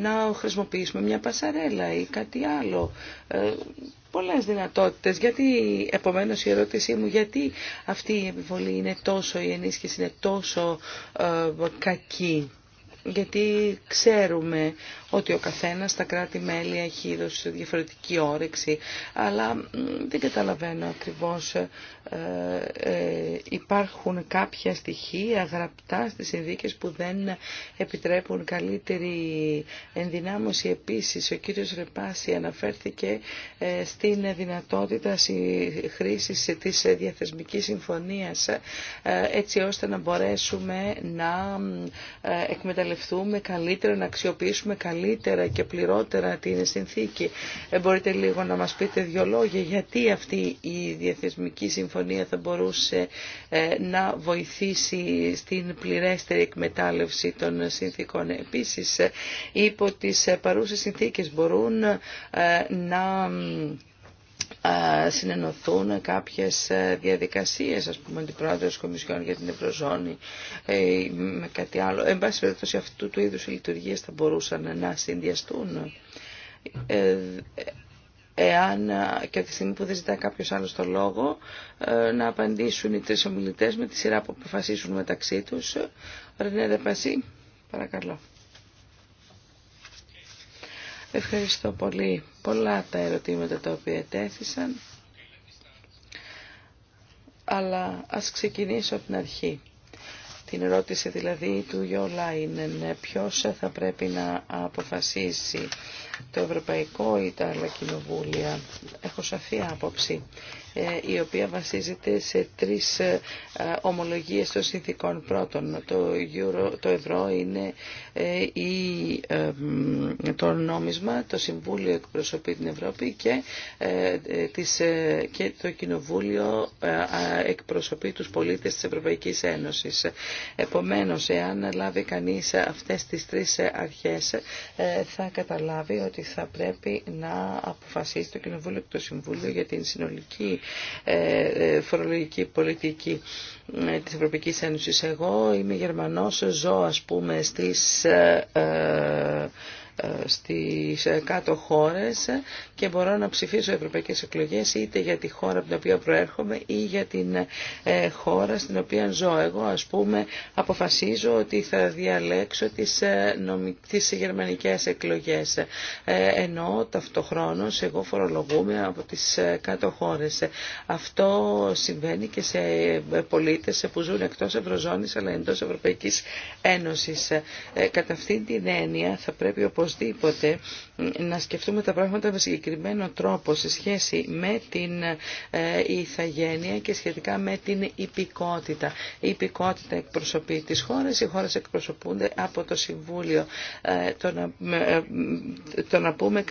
να χρησιμοποιήσουμε μια πασαρέλα ή κάτι άλλο πολλές δυνατότητες. Γιατί, επομένως η ερώτησή μου, γιατί αυτή η επιβολή είναι τόσο, η ενίσχυση είναι τόσο ε, κακή γιατί ξέρουμε ότι ο καθένας στα κράτη-μέλη έχει είδος διαφορετική όρεξη, αλλά δεν καταλαβαίνω ακριβώς. Ε, ε, υπάρχουν κάποια στοιχεία γραπτά στις συνδίκες που δεν επιτρέπουν καλύτερη ενδυνάμωση. Επίσης, ο κύριος Ρεπάση αναφέρθηκε ε, στην δυνατότητα χρήση της διαθεσμικής συμφωνίας, ε, έτσι ώστε να μπορέσουμε να εκμεταλλευτούμε εκμεταλλευτούμε καλύτερα, να αξιοποιήσουμε καλύτερα και πληρότερα την συνθήκη. Ε, μπορείτε λίγο να μας πείτε δύο λόγια γιατί αυτή η διαθεσμική συμφωνία θα μπορούσε ε, να βοηθήσει στην πληρέστερη εκμετάλλευση των συνθήκων. Επίσης, ε, υπό τις παρούσες συνθήκες μπορούν να συνενωθούν κάποιες ε, διαδικασίες, ας πούμε, την της Κομισιόν για την Ευρωζώνη ή ε, με κάτι άλλο. Εν πάση περιπτώσει αυτού του είδους οι λειτουργίες θα μπορούσαν να συνδυαστούν. Ε, εάν και από τη στιγμή που δεν ζητά κάποιος άλλος το λόγο ε, να απαντήσουν οι τρεις ομιλητές με τη σειρά που αποφασίσουν μεταξύ τους. Ρενέ Δεπασί, παρακαλώ. Ευχαριστώ πολύ. Πολλά τα ερωτήματα τα οποία τέθησαν, αλλά ας ξεκινήσω από την αρχή. Την ερώτηση δηλαδή του Γιώλα είναι ποιος θα πρέπει να αποφασίσει το Ευρωπαϊκό ή τα άλλα κοινοβούλια. Έχω σαφή άποψη. Ε, η οποία βασίζεται σε τρεις ε, ομολογίες των συνθήκων. Πρώτον, το, το ευρώ είναι ε, η, το νόμισμα, το Συμβούλιο εκπροσωπεί την Ευρώπη και, της, και το Κοινοβούλιο εκπροσωπεί τους πολίτες της Ευρωπαϊκής Ένωσης. Επομένως, εάν λάβει κανείς αυτές τις τρεις αρχές, θα καταλάβει ότι θα πρέπει να αποφασίσει το Κοινοβούλιο και το Συμβούλιο για την συνολική ε, ε, φορολογική πολιτική ε, της Ευρωπαϊκής Ένωσης. Εγώ είμαι Γερμανός, ζω ας πούμε στις ε, στις ε, κάτω χώρες και μπορώ να ψηφίσω ευρωπαϊκές εκλογές είτε για τη χώρα από την οποία προέρχομαι ή για την ε, χώρα στην οποία ζω. Εγώ ας πούμε αποφασίζω ότι θα διαλέξω τις, νομι... τις γερμανικές εκλογές ενώ ταυτοχρόνως εγώ φορολογούμε από τις κάτω χώρες. Αυτό συμβαίνει και σε πολίτες που ζουν εκτός Ευρωζώνης αλλά εντός Ευρωπαϊκής Ένωσης. Κατά αυτήν την έννοια θα πρέπει ο οπωσδήποτε να σκεφτούμε τα πράγματα με συγκεκριμένο τρόπο σε σχέση με την ε, ηθαγένεια και σχετικά με την υπηκότητα. Η υπηκότητα εκπροσωπεί τις χώρες, οι χώρες εκπροσωπούνται από το Συμβούλιο. Ε, το να, ε, το να, πούμε,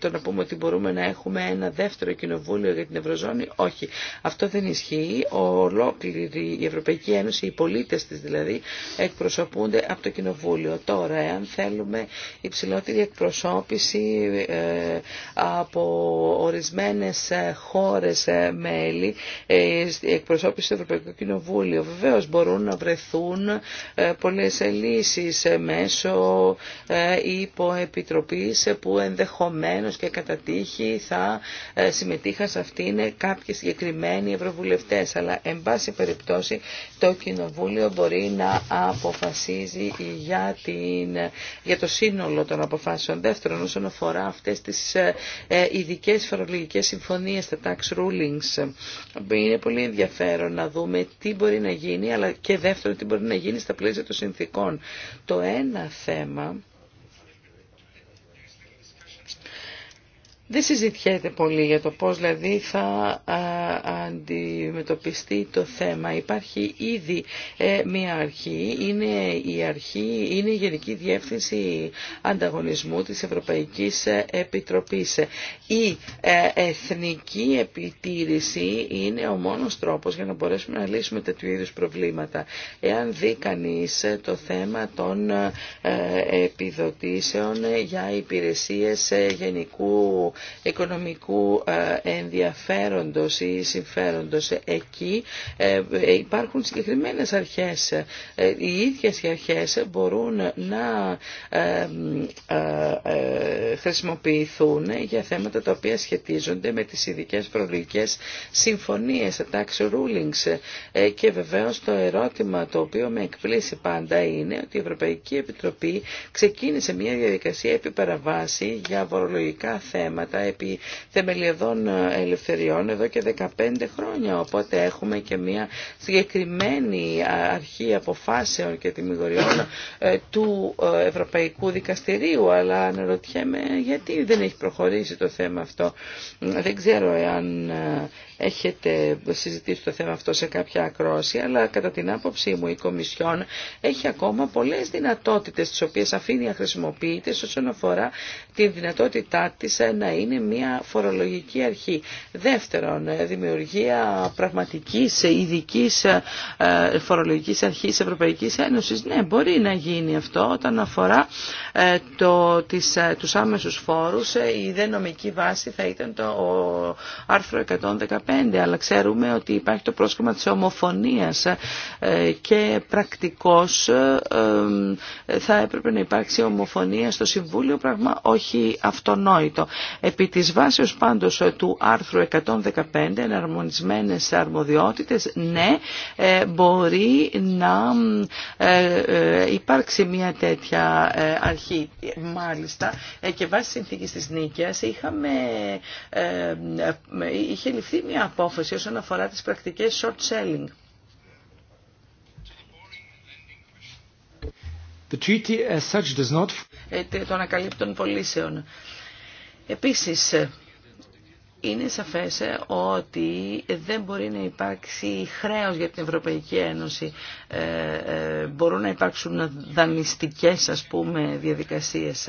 το να πούμε ότι μπορούμε να έχουμε ένα δεύτερο κοινοβούλιο για την Ευρωζώνη, όχι. Αυτό δεν ισχύει. Ολόκληρη η Ευρωπαϊκή Ένωση, οι πολίτες της δηλαδή, εκπροσωπούνται από το Κοινοβούλιο. Τώρα, εάν θέλουμε υψηλότερη εκπροσώπηση ε, από ορισμένες ε, χώρες ε, μέλη η εκπροσώπηση του Ευρωπαϊκού Κοινοβούλιο. Βεβαίως μπορούν να βρεθούν πολλές λύσεις μέσω υποεπιτροπής που ενδεχομένως και κατά τύχη θα συμμετείχαν σε αυτήν κάποιοι συγκεκριμένοι ευρωβουλευτές. Αλλά εν πάση περιπτώσει το Κοινοβούλιο μπορεί να αποφασίζει για, για το σύνολο των αποφάσεων. Δεύτερον, όσον αφορά αυτές τις ε, ε, ειδικέ φορολογικές συμφωνίες, τα tax rulings. Είναι πολύ ενδιαφέρον να δούμε τι μπορεί να γίνει, αλλά και δεύτερο τι μπορεί να γίνει στα πλαίσια των συνθήκων. Το ένα θέμα Δεν συζητιέται πολύ για το πώς δηλαδή θα αντιμετωπιστεί το θέμα. Υπάρχει ήδη ε, μια αρχή, είναι η αρχή, είναι η Γενική Διεύθυνση Ανταγωνισμού της Ευρωπαϊκής ε, Επιτροπής. Η ε, εθνική επιτήρηση είναι ο μόνος τρόπος για να μπορέσουμε να λύσουμε τέτοιου είδους προβλήματα. Εάν δει κανείς το θέμα των επιδοτήσεων για υπηρεσίες γενικού οικονομικού ε, ενδιαφέροντος ή συμφέροντος ε, εκεί ε, υπάρχουν συγκεκριμένες αρχές. Οι ίδιες οι αρχές μπορούν να χρησιμοποιηθούν για θέματα τα οποία σχετίζονται με τις ειδικέ προλογικές συμφωνίες, tax rulings και βεβαίως το ερώτημα το οποίο με εκπλήσει πάντα είναι ότι η Ευρωπαϊκή Επιτροπή ξεκίνησε μια διαδικασία επί για βορολογικά θέματα θέματα επί θεμελιωδών ε, ελευθεριών εδώ και 15 χρόνια. Οπότε έχουμε και μια συγκεκριμένη αρχή αποφάσεων και τιμιγοριών ε, του ε, Ευρωπαϊκού Δικαστηρίου. Αλλά αναρωτιέμαι γιατί δεν έχει προχωρήσει το θέμα αυτό. Δεν ξέρω εάν Έχετε συζητήσει το θέμα αυτό σε κάποια ακρόση, αλλά κατά την άποψή μου η Κομισιόν έχει ακόμα πολλές δυνατότητες τις οποίες αφήνει αχρησιμοποιείται όσον αφορά τη δυνατότητά της ε, να είναι μια φορολογική αρχή. Δεύτερον, ε, δημιουργία πραγματικής ε, ειδική φορολογικής αρχής Ευρωπαϊκής Ένωσης. Ναι, μπορεί να γίνει αυτό όταν αφορά το, τις, τους άμεσους Η δε νομική βάση θα ήταν το άρθρο 115 αλλά ξέρουμε ότι υπάρχει το πρόσχημα της ομοφωνίας ε, και πρακτικός ε, ε, θα έπρεπε να υπάρξει ομοφωνία στο Συμβούλιο, πράγμα όχι αυτονόητο. Επί της βάσεως πάντως του άρθρου 115, εναρμονισμένες αρμοδιότητες, ναι, μπορεί να υπάρξει μια τέτοια αρχή. Μάλιστα, και βάσει συνθήκης της νίκης είχαμε, είχε ληφθεί μια μία απόφαση όσον αφορά τις πρακτικές short selling. The treaty as such does not... ε, των ακαλύπτων πωλήσεων. Επίσης, είναι σαφές ε, ότι δεν μπορεί να υπάρξει χρέος για την Ευρωπαϊκή Ένωση. Ε, ε, μπορούν να υπάρξουν δανειστικές ας πούμε διαδικασίες.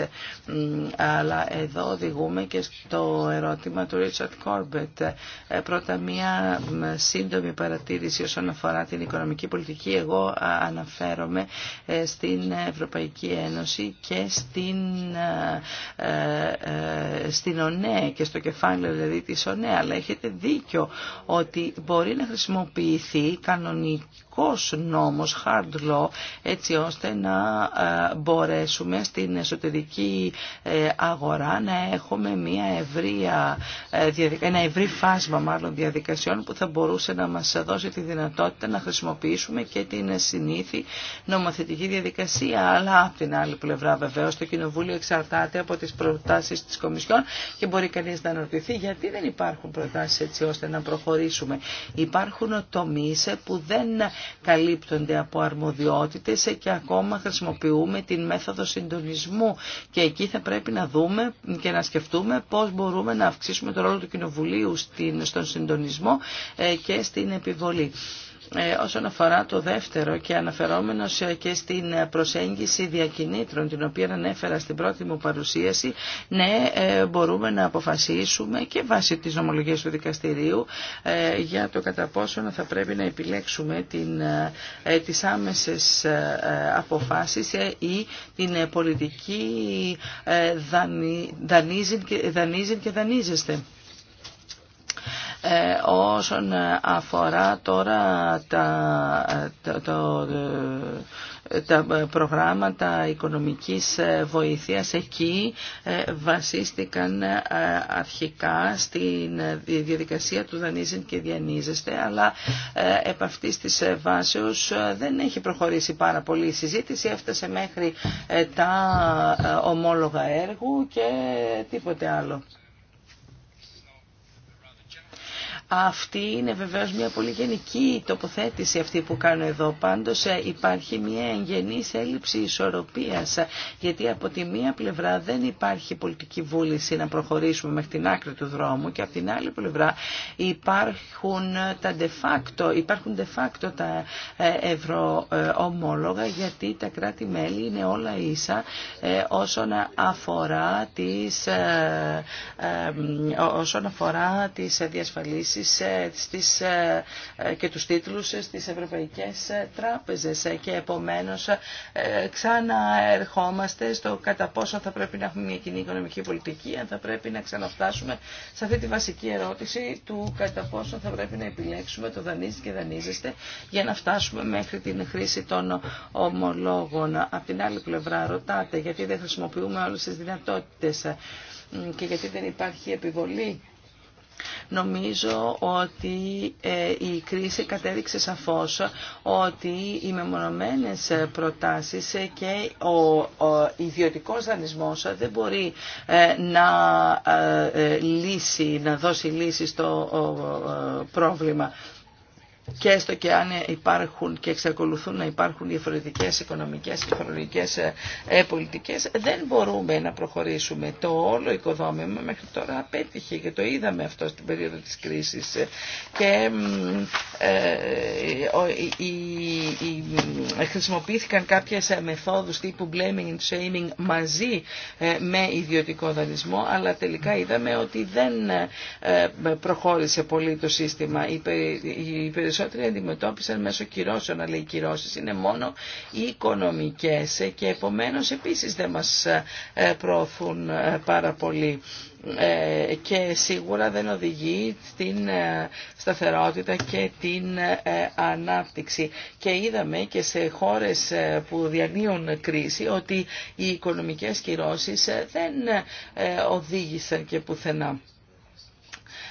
αλλά εδώ οδηγούμε και στο ερώτημα του Ρίτσαρτ Κόρμπετ. πρώτα μία σύντομη παρατήρηση όσον αφορά την οικονομική πολιτική. Εγώ αναφέρομαι στην Ευρωπαϊκή Ένωση και στην, στην ΟΝΕ και στο κεφάλαιο δηλαδή ναι, αλλά έχετε δίκιο ότι μπορεί να χρησιμοποιηθεί κανονικά εσωτερικός νόμος, hard law, έτσι ώστε να ε, μπορέσουμε στην εσωτερική ε, αγορά να έχουμε μια ευρία, ε, ένα ευρύ φάσμα μάλλον διαδικασιών που θα μπορούσε να μας δώσει τη δυνατότητα να χρησιμοποιήσουμε και την συνήθη νομοθετική διαδικασία. Αλλά από την άλλη πλευρά βεβαίως το Κοινοβούλιο εξαρτάται από τις προτάσεις της Κομισιόν και μπορεί κανείς να αναρωτηθεί γιατί δεν υπάρχουν προτάσεις έτσι ώστε να προχωρήσουμε. Υπάρχουν τομείς που δεν καλύπτονται από αρμοδιότητες και ακόμα χρησιμοποιούμε την μέθοδο συντονισμού και εκεί θα πρέπει να δούμε και να σκεφτούμε πώς μπορούμε να αυξήσουμε το ρόλο του Κοινοβουλίου στον συντονισμό ε, και στην επιβολή. Ε, όσον αφορά το δεύτερο και αναφερόμενος ε, και στην προσέγγιση διακινήτρων την οποία ανέφερα στην πρώτη μου παρουσίαση ναι ε, μπορούμε να αποφασίσουμε και βάσει της νομολογίας του δικαστηρίου για το κατά πόσο θα πρέπει να επιλέξουμε την, τις άμεσες αποφάσεις ή την πολιτική δανείζει και δανείζεστε. Ε, όσον αφορά τώρα τα, τα προγράμματα οικονομικής βοήθειας εκεί ε, βασίστηκαν ε, αρχικά στη διαδικασία του δανείζεν και διανύζεστε αλλά επ' αυτής της βάσεως δεν έχει προχωρήσει πάρα πολύ η συζήτηση έφτασε μέχρι τα ομόλογα έργου και τίποτε άλλο. Αυτή είναι βεβαίως μια πολύ γενική τοποθέτηση αυτή που κάνω εδώ. Πάντως ε, υπάρχει μια ενγενής έλλειψη ισορροπίας, γιατί από τη μία πλευρά δεν υπάρχει πολιτική βούληση να προχωρήσουμε μέχρι την άκρη του δρόμου και από την άλλη πλευρά υπάρχουν τα de facto, υπάρχουν de facto τα ε, ευρωομόλογα, γιατί τα κράτη-μέλη είναι όλα ίσα ε, όσον αφορά τις, όσον αφορά τις διασφαλίσεις ε, ε, ε, και τους τίτλους στις ευρωπαϊκές τράπεζες και επομένως ξαναερχόμαστε στο κατά πόσο θα πρέπει να έχουμε μια κοινή οικονομική πολιτική, αν θα πρέπει να ξαναφτάσουμε σε αυτή τη βασική ερώτηση του κατά πόσο θα πρέπει να επιλέξουμε το δανείζει και δανείζεστε για να φτάσουμε μέχρι την χρήση των ομολόγων. Απ' την άλλη πλευρά ρωτάτε γιατί δεν χρησιμοποιούμε όλες τις δυνατότητες και γιατί δεν υπάρχει επιβολή Νομίζω ότι ε, η κρίση κατέδειξε σαφώς ότι οι μεμονωμένες προτάσεις και ο ιδιωτικός δανεισμός δεν μπορεί ε, να ε, λύσει, να δώσει λύση στο πρόβλημα και έστω και αν υπάρχουν και εξακολουθούν να υπάρχουν διαφορετικές οικονομικές και φορολογικέ ε, ε, πολιτικές, δεν μπορούμε να προχωρήσουμε. Το όλο οικοδόμημα μέχρι τώρα απέτυχε και το είδαμε αυτό στην περίοδο της κρίσης. Ε, και χρησιμοποιήθηκαν κάποιες μεθόδους τύπου blaming and shaming μαζί με ιδιωτικό δανεισμό, αλλά τελικά είδαμε ότι δεν προχώρησε πολύ το σύστημα. Οι περισσότεροι αντιμετώπισαν μέσω κυρώσεων, αλλά οι κυρώσεις είναι μόνο οικονομικές και επομένως επίσης δεν μας ε, προωθούν ε, πάρα πολύ ε, και σίγουρα δεν οδηγεί την σταθερότητα και την ανάπτυξη. Και είδαμε και σε χώρες που διανύουν κρίση ότι οι οικονομικές κυρώσεις δεν οδήγησαν και πουθενά.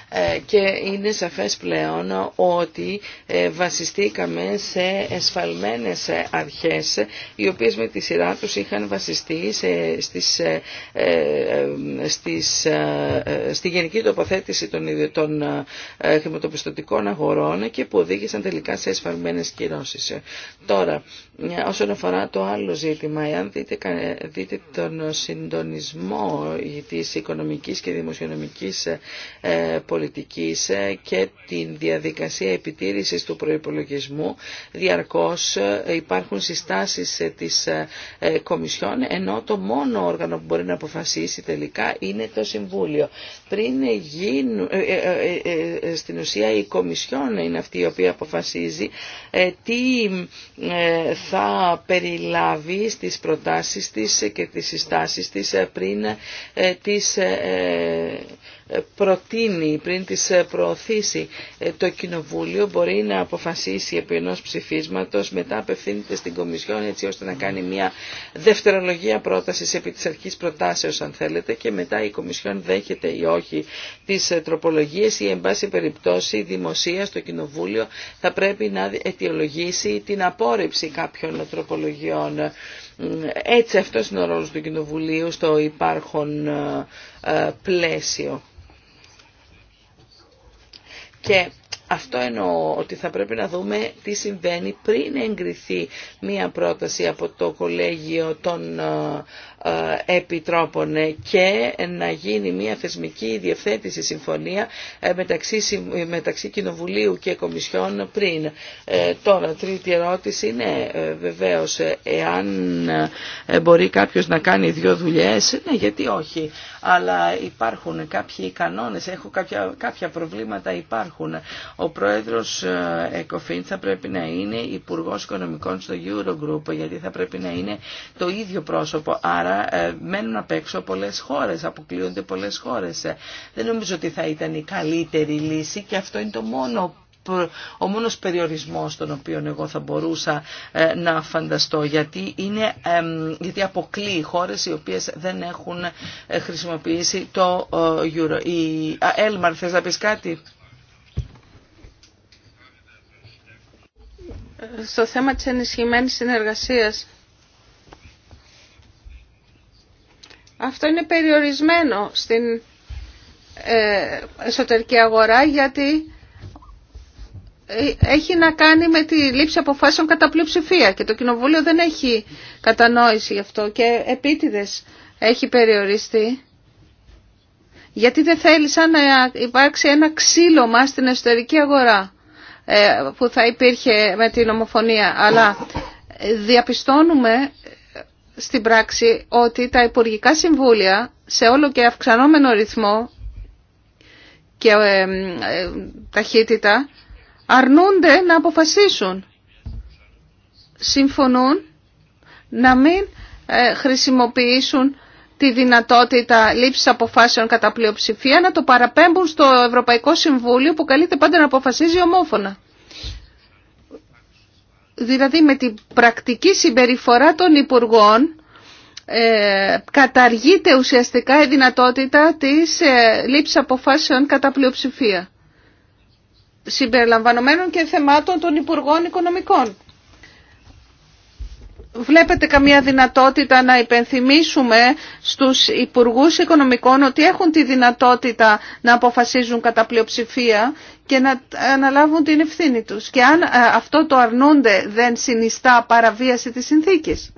Ε, και είναι σαφές πλέον ότι ε, βασιστήκαμε σε εσφαλμένες αρχές οι οποίες με τη σειρά τους είχαν βασιστεί σε, στις, ε, στις, στη γενική τοποθέτηση των, των χρηματοπιστωτικών αγορών και που οδήγησαν τελικά σε εσφαλμένες κυρώσεις. Τώρα, όσον αφορά το άλλο ζήτημα, εάν δείτε, τον συντονισμό της οικονομικής και δημοσιονομικής πολιτικής πολιτικής ε, και την διαδικασία επιτήρησης του προϋπολογισμού διαρκώς ε, υπάρχουν συστάσεις ε, της Κομισιόν ενώ το μόνο όργανο που μπορεί να αποφασίσει τελικά είναι το Συμβούλιο. Πριν γίνουν, στην ουσία η Κομισιόν είναι αυτή η οποία αποφασίζει τι θα περιλάβει στις προτάσεις της και τις συστάσεις της πριν τις προτείνει, πριν τις ε, προωθήσει ε, το Κοινοβούλιο μπορεί να αποφασίσει επί ενός ψηφίσματος, μετά απευθύνεται στην Κομισιόν έτσι ώστε να κάνει μια δευτερολογία πρότασης επί της αρχής προτάσεως αν θέλετε και μετά η Κομισιόν δέχεται ή όχι τις ε, τροπολογίες ή εν πάση περιπτώσει δημοσία στο Κοινοβούλιο θα πρέπει να αιτιολογήσει την απόρριψη κάποιων τροπολογιών. Έτσι αυτός είναι ο ρόλος του Κοινοβουλίου στο υπάρχον πλαίσιο. Και αυτό εννοώ ότι θα πρέπει να δούμε τι συμβαίνει πριν εγκριθεί μία πρόταση από το Κολέγιο των ε, ε, επιτρόπων ε, και να γίνει μια θεσμική διευθέτηση συμφωνία ε, μεταξύ, Κοινοβουλίου και Κομισιόν πριν. Τώρα, τρίτη ερώτηση είναι βεβαίως εάν μπορεί κάποιος να κάνει δύο δουλειές, ναι γιατί όχι, αλλά υπάρχουν κάποιοι κανόνες, έχω κάποια, κάποια προβλήματα υπάρχουν. Ο πρόεδρος Εκοφίν θα πρέπει να είναι υπουργό Οικονομικών στο Eurogroup γιατί θα πρέπει να είναι το ίδιο πρόσωπο, άρα ε, μένουν απ' έξω πολλές χώρες, αποκλείονται πολλές χώρες. Ε, δεν νομίζω ότι θα ήταν η καλύτερη λύση και αυτό είναι το μόνο ο μόνος περιορισμός τον οποίο εγώ θα μπορούσα ε, να φανταστώ γιατί, είναι, γιατί αποκλείει χώρες οι οποίες δεν έχουν χρησιμοποιήσει το Euro. Η... Έλμαρ θες να πεις κάτι? Στο θέμα της ενισχυμένης συνεργασίας Αυτό είναι περιορισμένο στην ε, εσωτερική αγορά γιατί ε, έχει να κάνει με τη λήψη αποφάσεων κατά πλειοψηφία και το Κοινοβούλιο δεν έχει κατανόηση γι' αυτό και επίτηδες έχει περιοριστεί. Γιατί δεν θέλησαν να υπάρξει ένα ξύλωμα στην εσωτερική αγορά ε, που θα υπήρχε με την ομοφωνία. Αλλά διαπιστώνουμε στην πράξη ότι τα Υπουργικά Συμβούλια σε όλο και αυξανόμενο ρυθμό και ε, ε, ταχύτητα αρνούνται να αποφασίσουν. Συμφωνούν να μην ε, χρησιμοποιήσουν τη δυνατότητα λήψης αποφάσεων κατά πλειοψηφία να το παραπέμπουν στο Ευρωπαϊκό Συμβούλιο που καλείται πάντα να αποφασίζει ομόφωνα δηλαδή με την πρακτική συμπεριφορά των Υπουργών ε, καταργείται ουσιαστικά η δυνατότητα της ε, αποφάσεων κατά πλειοψηφία συμπεριλαμβανομένων και θεμάτων των Υπουργών Οικονομικών. Βλέπετε καμία δυνατότητα να υπενθυμίσουμε στους Υπουργούς Οικονομικών ότι έχουν τη δυνατότητα να αποφασίζουν κατά πλειοψηφία και να αναλάβουν την ευθύνη τους. Και αν ε, αυτό το αρνούνται δεν συνιστά παραβίαση της συνθήκης.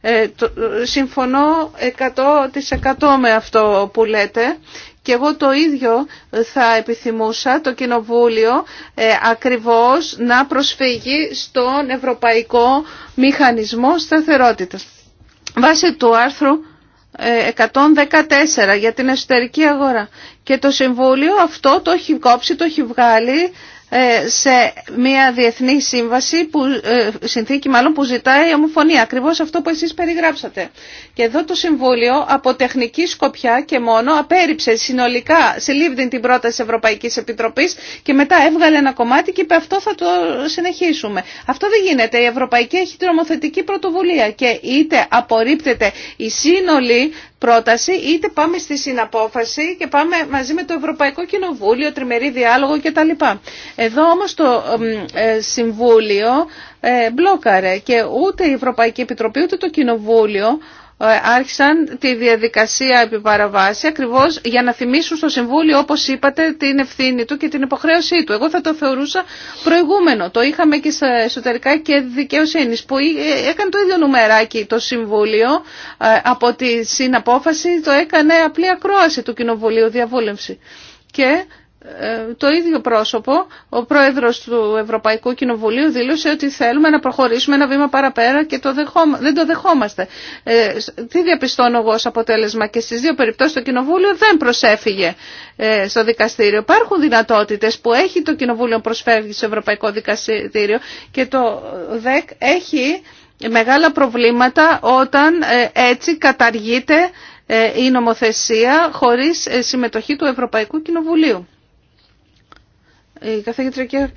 Ε, το, συμφωνώ 100% με αυτό που λέτε και εγώ το ίδιο θα επιθυμούσα το Κοινοβούλιο ε, ακριβώς να προσφύγει στον Ευρωπαϊκό Μηχανισμό Σταθερότητας. Βάσει του άρθρου 114 για την εσωτερική αγορά. Και το Συμβούλιο αυτό το έχει κόψει, το έχει βγάλει ε, σε μια διεθνή σύμβαση, που, ε, συνθήκη μάλλον που ζητάει ομοφωνία, ακριβώς αυτό που εσείς περιγράψατε. Και εδώ το Συμβούλιο από τεχνική σκοπιά και μόνο απέρριψε συνολικά σε λίβδιν την πρόταση Ευρωπαϊκής Επιτροπής και μετά έβγαλε ένα κομμάτι και είπε αυτό θα το συνεχίσουμε. Αυτό δεν γίνεται. Η Ευρωπαϊκή έχει τρομοθετική πρωτοβουλία και είτε απορρίπτεται η σύνολη πρόταση, είτε πάμε στη συναπόφαση και πάμε μαζί με το Ευρωπαϊκό Κοινοβούλιο, τριμερή διάλογο κτλ. Εδώ όμως το ε, Συμβούλιο ε, μπλόκαρε και ούτε η Ευρωπαϊκή Επιτροπή ούτε το Κοινοβούλιο ε, άρχισαν τη διαδικασία επιπαραβάση ακριβώς για να θυμίσουν στο Συμβούλιο όπως είπατε την ευθύνη του και την υποχρέωσή του. Εγώ θα το θεωρούσα προηγούμενο. Το είχαμε και στα εσωτερικά και δικαιοσύνης που ε, έκανε το ίδιο νομεράκι το Συμβούλιο ε, από τη συναπόφαση το έκανε απλή ακρόαση του Κοινοβουλίου διαβούλευση. Και ε, το ίδιο πρόσωπο, ο πρόεδρος του Ευρωπαϊκού Κοινοβουλίου δήλωσε ότι θέλουμε να προχωρήσουμε ένα βήμα παραπέρα και το δεν το δεχόμαστε. Ε, τι διαπιστώνω εγώ ως αποτέλεσμα και στις δύο περιπτώσεις το Κοινοβούλιο δεν προσέφυγε ε, στο δικαστήριο. Υπάρχουν δυνατότητες που έχει το Κοινοβούλιο προσφέρει στο Ευρωπαϊκό Δικαστήριο και το ΔΕΚ έχει μεγάλα προβλήματα όταν ε, έτσι καταργείται η νομοθεσία χωρίς συμμετοχή του Ευρωπαϊκού Κοινοβουλίου η καθηγήτρια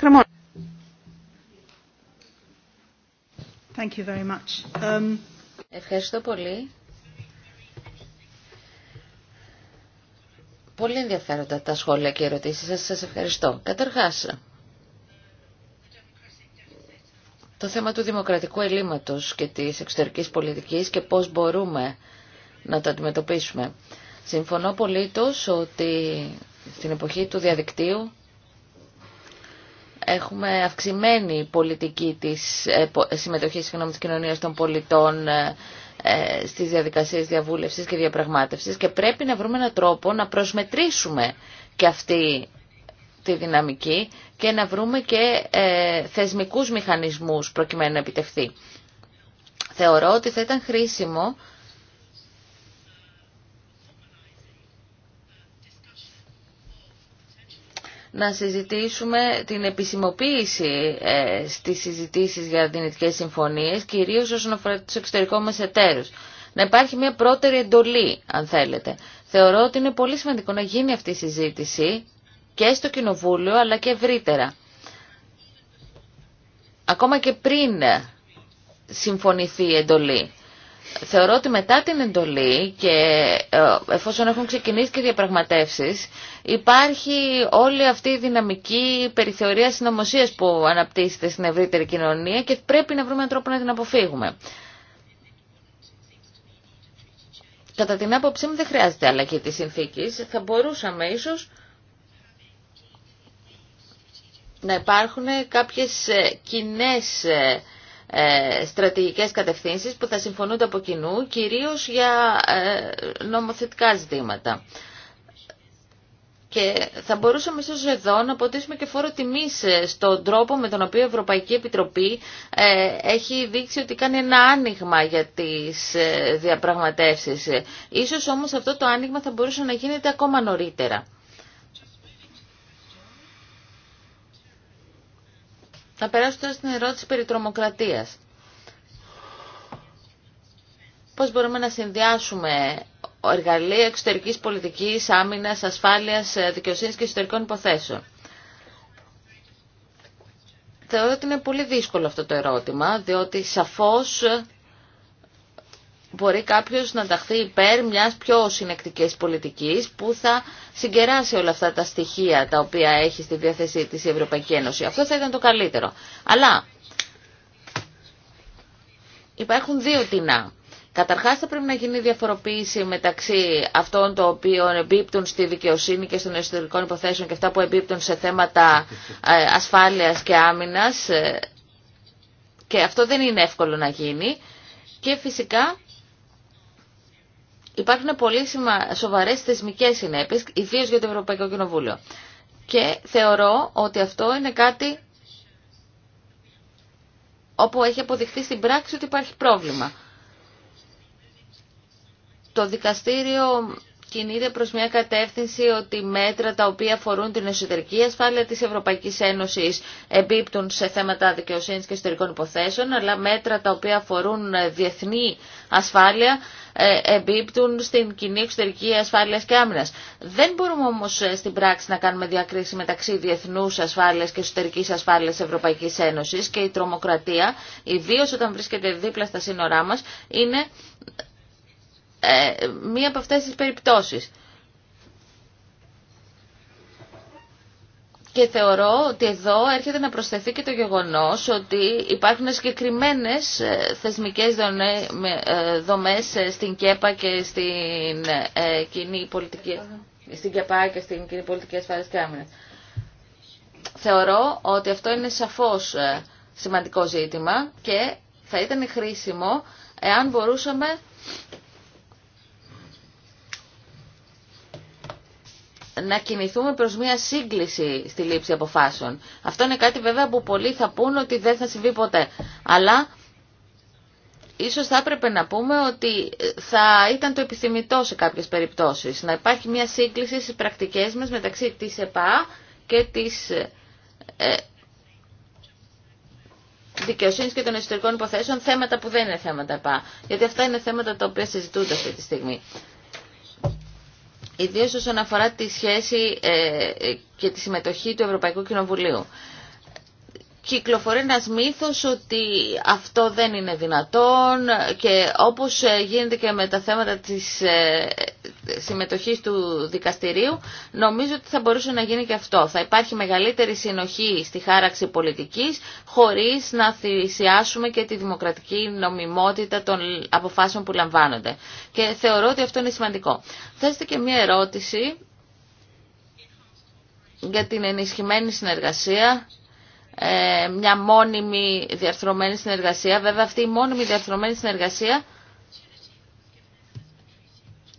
um, Ευχαριστώ πολύ. Πολύ ενδιαφέροντα τα σχόλια και ερωτήσεις σας. σα ευχαριστώ. Καταρχάς, το θέμα του δημοκρατικού ελλείμματο και τη εξωτερική πολιτική και πώ μπορούμε να το αντιμετωπίσουμε. Συμφωνώ πολύτως ότι στην εποχή του διαδικτύου Έχουμε αυξημένη πολιτική της ε, ε, συμμετοχής συγγνώμη, της κοινωνίας των πολιτών ε, στις διαδικασίες διαβούλευσης και διαπραγμάτευσης και πρέπει να βρούμε έναν τρόπο να προσμετρήσουμε και αυτή τη δυναμική και να βρούμε και θεσμικούς μηχανισμούς προκειμένου να επιτευχθεί. Θεωρώ ότι θα ήταν χρήσιμο να συζητήσουμε την επισημοποίηση ε, στις συζητήσεις για δυνητικές συμφωνίες, κυρίως όσον αφορά τους εξωτερικούς μας Να υπάρχει μια πρώτερη εντολή, αν θέλετε. Θεωρώ ότι είναι πολύ σημαντικό να γίνει αυτή η συζήτηση και στο Κοινοβούλιο, αλλά και ευρύτερα. Ακόμα και πριν συμφωνηθεί η εντολή θεωρώ ότι μετά την εντολή και ε, εφόσον έχουν ξεκινήσει και διαπραγματεύσεις υπάρχει όλη αυτή η δυναμική περιθεωρία συνωμοσία που αναπτύσσεται στην ευρύτερη κοινωνία και πρέπει να βρούμε έναν τρόπο να την αποφύγουμε. Κατά την άποψή μου δεν χρειάζεται αλλαγή τη συνθήκης. Θα μπορούσαμε ίσως να υπάρχουν κάποιες ε, κοινέ ε, ε, στρατηγικές κατευθύνσεις που θα συμφωνούνται από κοινού, κυρίως για ε, νομοθετικά ζητήματα. Και θα μπορούσαμε ίσως εδώ να αποτίσουμε και φόρο τιμής ε, στον τρόπο με τον οποίο η Ευρωπαϊκή Επιτροπή έχει δείξει ότι κάνει ένα άνοιγμα για τις διαπραγματεύσεις. Ίσως όμως αυτό το άνοιγμα θα μπορούσε να γίνεται ακόμα νωρίτερα. Να περάσω τώρα στην ερώτηση περί τρομοκρατίας. Πώς μπορούμε να συνδυάσουμε εργαλεία εξωτερικής πολιτικής, άμυνας, ασφάλειας, ε, δικαιοσύνης και εσωτερικών υποθέσεων. Θεωρώ ότι είναι πολύ δύσκολο αυτό το ερώτημα, διότι σαφώς μπορεί κάποιος να ταχθεί υπέρ μιας πιο συνεκτικής πολιτικής που θα συγκεράσει όλα αυτά τα στοιχεία τα οποία έχει στη διάθεσή της η Ευρωπαϊκή Ένωση. Αυτό θα ήταν το καλύτερο. Αλλά υπάρχουν δύο τεινά. Καταρχάς θα πρέπει να γίνει διαφοροποίηση μεταξύ αυτών των οποίων εμπίπτουν στη δικαιοσύνη και στον εσωτερικών υποθέσεων και αυτά που εμπίπτουν σε θέματα ε, ασφάλειας και άμυνας ε, και αυτό δεν είναι εύκολο να γίνει και φυσικά υπάρχουν πολύ σοβαρέ θεσμικέ συνέπειε, ιδίω για το Ευρωπαϊκό Κοινοβούλιο. Και θεωρώ ότι αυτό είναι κάτι όπου έχει αποδειχθεί στην πράξη ότι υπάρχει πρόβλημα. Το δικαστήριο κινείται προς μια κατεύθυνση ότι μέτρα τα οποία αφορούν την εσωτερική ασφάλεια της Ευρωπαϊκής Ένωσης εμπίπτουν σε θέματα δικαιοσύνης και ιστορικών υποθέσεων, αλλά μέτρα τα οποία αφορούν ε, διεθνή ασφάλεια εμπίπτουν στην κοινή εξωτερική ασφάλεια και άμυνα. Δεν μπορούμε όμω ε, στην πράξη να κάνουμε διακρίση μεταξύ διεθνού ασφάλεια και εσωτερικής ασφάλειας Ευρωπαϊκή Ένωση και η τρομοκρατία, ιδίω όταν βρίσκεται δίπλα στα σύνορά μα, είναι ε, μία από αυτές τις περιπτώσεις. Και θεωρώ ότι εδώ έρχεται να προσθεθεί και το γεγονός ότι υπάρχουν συγκεκριμένε ε, θεσμικές ε, δομές ε, στην ΚΕΠΑ και στην κοινή πολιτική, στην ΚΕΠΑ και στην κοινή πολιτική ασφάλειας και Θεωρώ ότι αυτό είναι σαφώς σημαντικό ζήτημα και θα ήταν χρήσιμο εάν μπορούσαμε να κινηθούμε προς μια σύγκληση στη λήψη αποφάσεων. Αυτό είναι κάτι βέβαια που πολλοί θα πούν ότι δεν θα συμβεί ποτέ. Αλλά ίσως θα έπρεπε να πούμε ότι ε, θα ήταν το επιθυμητό σε κάποιες περιπτώσεις. Να υπάρχει μια σύγκληση στις πρακτικές μας μεταξύ της ΕΠΑ και της ε, ε, δικαιοσύνης και των εσωτερικών υποθέσεων θέματα που δεν είναι θέματα ΕΠΑ. Γιατί αυτά είναι θέματα τα οποία συζητούνται αυτή τη στιγμή ιδίως όσον αφορά τη σχέση ε, ε, και τη συμμετοχή του Ευρωπαϊκού Κοινοβουλίου. Κυκλοφορεί ένας μύθος ότι αυτό δεν είναι δυνατόν και όπως ε, γίνεται και με τα θέματα της συμμετοχής του δικαστηρίου, νομίζω ότι θα μπορούσε να γίνει και αυτό. Θα υπάρχει μεγαλύτερη συνοχή στη χάραξη πολιτικής, χωρίς να θυσιάσουμε και τη δημοκρατική νομιμότητα των αποφάσεων που λαμβάνονται. Και θεωρώ ότι αυτό είναι σημαντικό. Θέστε και μία ερώτηση για την ενισχυμένη συνεργασία ε, μια μόνιμη διαρθρωμένη συνεργασία. Βέβαια αυτή η μόνιμη διαρθρωμένη συνεργασία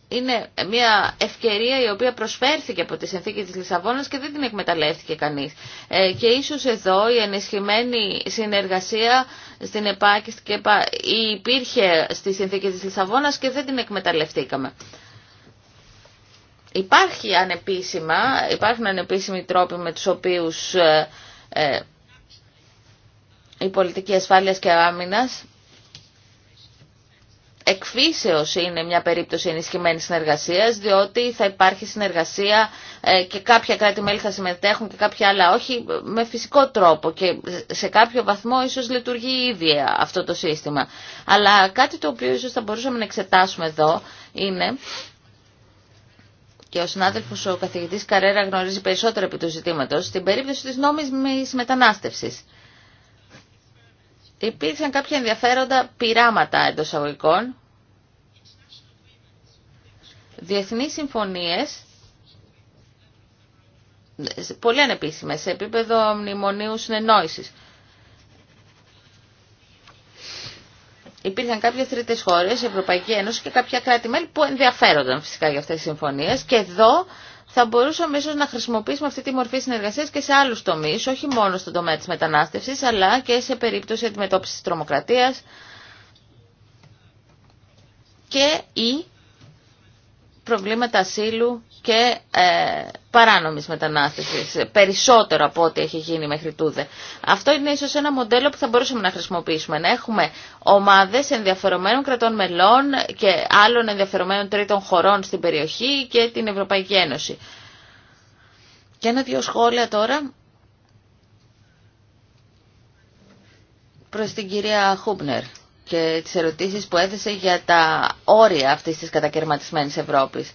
είναι μια ευκαιρία η οποία προσφέρθηκε από τη συνθήκη της Λισαβόνας και δεν την εκμεταλλεύτηκε κανείς. Ε, και ίσως εδώ η ενισχυμένη συνεργασία στην επάκις και ΕΠΑ υπήρχε στη συνθήκη της Λισαβόνας και δεν την εκμεταλλευτήκαμε. Υπάρχει ανεπίσημα, υπάρχουν ανεπίσημοι τρόποι με τους οποίους ε, ε, η πολιτική ασφάλειας και άμυνας εκφύσεως είναι μια περίπτωση ενισχυμένης συνεργασίας, διότι θα υπάρχει συνεργασία ε, και κάποια κράτη-μέλη θα συμμετέχουν και κάποια άλλα όχι με φυσικό τρόπο και σε κάποιο βαθμό ίσως λειτουργεί ήδη αυτό το σύστημα. Αλλά κάτι το οποίο ίσως θα μπορούσαμε να εξετάσουμε εδώ είναι και ο συνάδελφος ο καθηγητή Καρέρα γνωρίζει περισσότερο επί του ζητήματο, στην περίπτωση τη νόμιμη μετανάστευση υπήρξαν κάποια ενδιαφέροντα πειράματα εντό αγωγικών, διεθνείς συμφωνίες, πολύ ανεπίσημες, σε επίπεδο μνημονίου συνεννόησης. Υπήρχαν κάποιε τρίτε χώρες, η Ευρωπαϊκή Ένωση και κάποια κράτη-μέλη που ενδιαφέρονταν φυσικά για αυτές τις συμφωνίες. και εδώ θα μπορούσαμε ίσως να χρησιμοποιήσουμε αυτή τη μορφή συνεργασίας και σε άλλους τομείς, όχι μόνο στον τομέα της μετανάστευσης, αλλά και σε περίπτωση αντιμετώπισης της τρομοκρατίας και ή προβλήματα ασύλου και ε, παράνομης μετανάστευσης, περισσότερο από ό,τι έχει γίνει μέχρι τούδε. Αυτό είναι ίσως ένα μοντέλο που θα μπορούσαμε να χρησιμοποιήσουμε, να έχουμε ομάδες ενδιαφερομένων κρατών μελών και άλλων ενδιαφερομένων τρίτων χωρών στην περιοχή και την Ευρωπαϊκή Ένωση. Και ένα-δυο σχόλια τώρα προς την κυρία Χούμπνερ και τις ερωτήσεις που έθεσε για τα όρια αυτής της κατακαιρματισμένης Ευρώπης.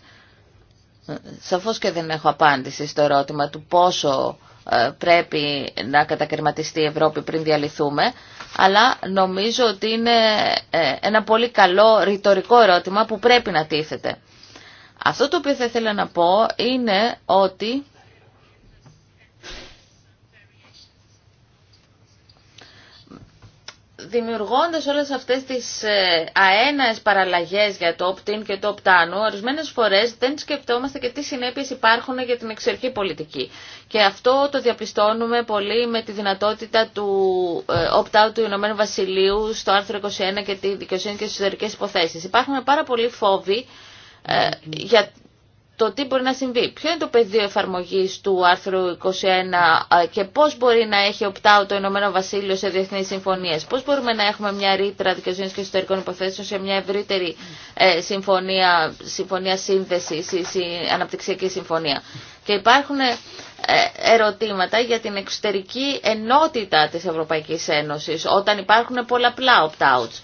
Σαφώς και δεν έχω απάντηση στο ερώτημα του πόσο ε, πρέπει να κατακαιρματιστεί η Ευρώπη πριν διαλυθούμε, αλλά νομίζω ότι είναι ε, ένα πολύ καλό ρητορικό ερώτημα που πρέπει να τίθεται. Αυτό το οποίο θα ήθελα να πω είναι ότι δημιουργώντας όλες αυτές τις ε, αέναες παραλλαγές για το opt-in και το opt-out, ορισμένες φορές δεν σκεφτόμαστε και τι συνέπειες υπάρχουν για την εξωτερική πολιτική. Και αυτό το διαπιστώνουμε πολύ με τη δυνατότητα του ε, opt-out του Ηνωμένου Βασιλείου στο άρθρο 21 και τη δικαιοσύνη και στις εσωτερικές υποθέσεις. Υπάρχουν πάρα πολλοί φόβοι ε, για το τι μπορεί να συμβεί. Ποιο είναι το πεδίο εφαρμογή του άρθρου 21 ε, και πώς μπορεί να έχει opt-out το Ηνωμένο Βασίλειο σε διεθνείς συμφωνίες. Πώς μπορούμε να έχουμε μια ρήτρα δικαιοσύνη και εσωτερικών υποθέσεων σε μια ευρύτερη ε, συμφωνία, συμφωνία σύνδεσης ή αναπτυξιακή συμφωνία. Και υπάρχουν ε, ερωτήματα για την εξωτερική ενότητα της Ευρωπαϊκής Ένωσης όταν υπάρχουν πολλαπλά opt-outs.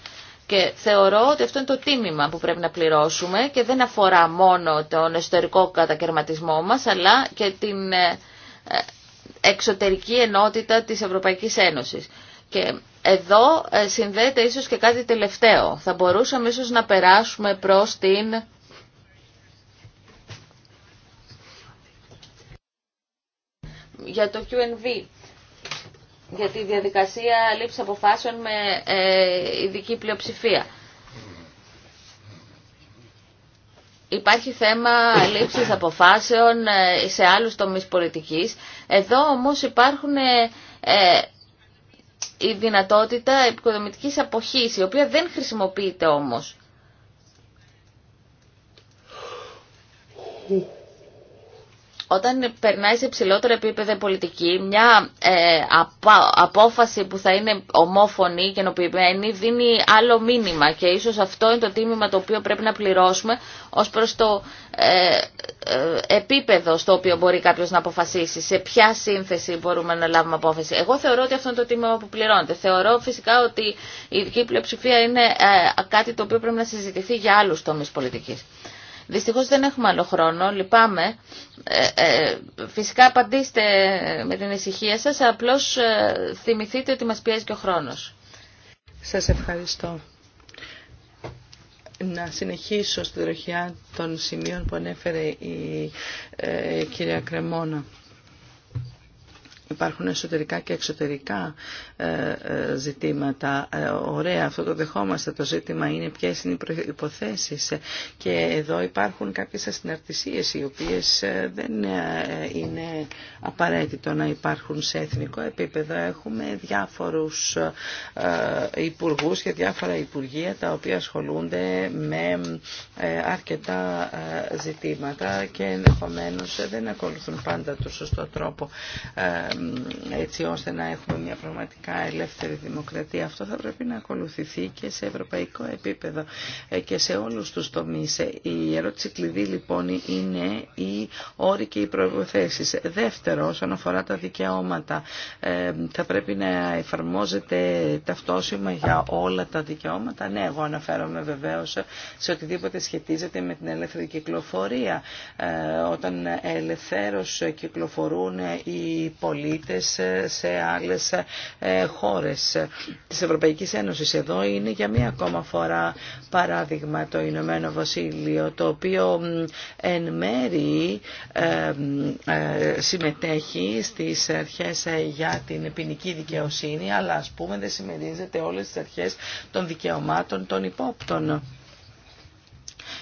Και θεωρώ ότι αυτό είναι το τίμημα που πρέπει να πληρώσουμε και δεν αφορά μόνο τον εσωτερικό κατακαιρματισμό μας, αλλά και την ε, ε, εξωτερική ενότητα της Ευρωπαϊκής Ένωσης. Και εδώ ε, συνδέεται ίσως και κάτι τελευταίο. Θα μπορούσαμε ίσως να περάσουμε προς την για το QNV για τη διαδικασία λήψη αποφάσεων με ε, ειδική πλειοψηφία. Υπάρχει θέμα λήψης αποφάσεων ε, σε άλλους τομείς πολιτικής. Εδώ όμως υπάρχουν ε, η δυνατότητα επικοδομητικής αποχής, η οποία δεν χρησιμοποιείται όμως. Όταν περνάει σε ψηλότερο επίπεδο πολιτική, μια ε, απόφαση που θα είναι ομόφωνη και ενοποιημένη δίνει άλλο μήνυμα και ίσως αυτό είναι το τίμημα το οποίο πρέπει να πληρώσουμε ως προς το ε, ε, επίπεδο στο οποίο μπορεί κάποιος να αποφασίσει, σε ποια σύνθεση μπορούμε να λάβουμε απόφαση. Εγώ θεωρώ ότι αυτό είναι το τίμημα που πληρώνεται. Θεωρώ φυσικά ότι η ειδική πλειοψηφία είναι κάτι το οποίο πρέπει να συζητηθεί για άλλους τομείς πολιτικής. Δυστυχώς δεν έχουμε άλλο χρόνο, λυπάμαι. Ε, ε, φυσικά απαντήστε με την ησυχία σας, απλώς ε, θυμηθείτε ότι μας πιέζει και ο χρόνος. Σας ευχαριστώ. Να συνεχίσω στη τροχιά των σημείων που ανέφερε η ε, κυρία Κρεμόνα. Υπάρχουν εσωτερικά και εξωτερικά ε, ε, ζητήματα. Ε, ωραία, αυτό το δεχόμαστε. Το ζήτημα είναι ποιες είναι οι υποθέσεις. Και εδώ υπάρχουν κάποιες ασυναρτησίες οι οποίες δεν είναι απαραίτητο να υπάρχουν σε εθνικό επίπεδο. Έχουμε διάφορους υπουργούς και διάφορα υπουργεία τα οποία ασχολούνται με αρκετά ζητήματα και ενδεχομένως δεν ακολουθούν πάντα το σωστό τρόπο έτσι ώστε να έχουμε μια πραγματικά ελεύθερη δημοκρατία. Αυτό θα πρέπει να ακολουθηθεί και σε ευρωπαϊκό επίπεδο ε, και σε όλους τους τομείς. Ε, η ερώτηση κλειδί λοιπόν είναι η όροι και οι προϋποθέσεις. Δεύτερο, όσον αφορά τα δικαιώματα, ε, θα πρέπει να εφαρμόζεται ταυτόσημα για όλα τα δικαιώματα. Ναι, εγώ αναφέρομαι βεβαίως σε οτιδήποτε σχετίζεται με την ελεύθερη κυκλοφορία. Όταν ελευθέρως κυκλοφορούν οι πολίτες σε άλλες ε, χώρες της Ευρωπαϊκής Ένωσης. Εδώ είναι για μία ακόμα φορά παράδειγμα το Ηνωμένο Βασίλειο, το οποίο εν μέρη ε, ε, συμμετέχει στις αρχές για την ποινική δικαιοσύνη, αλλά ας πούμε δεν συμμερίζεται όλες τις αρχές των δικαιωμάτων των υπόπτων.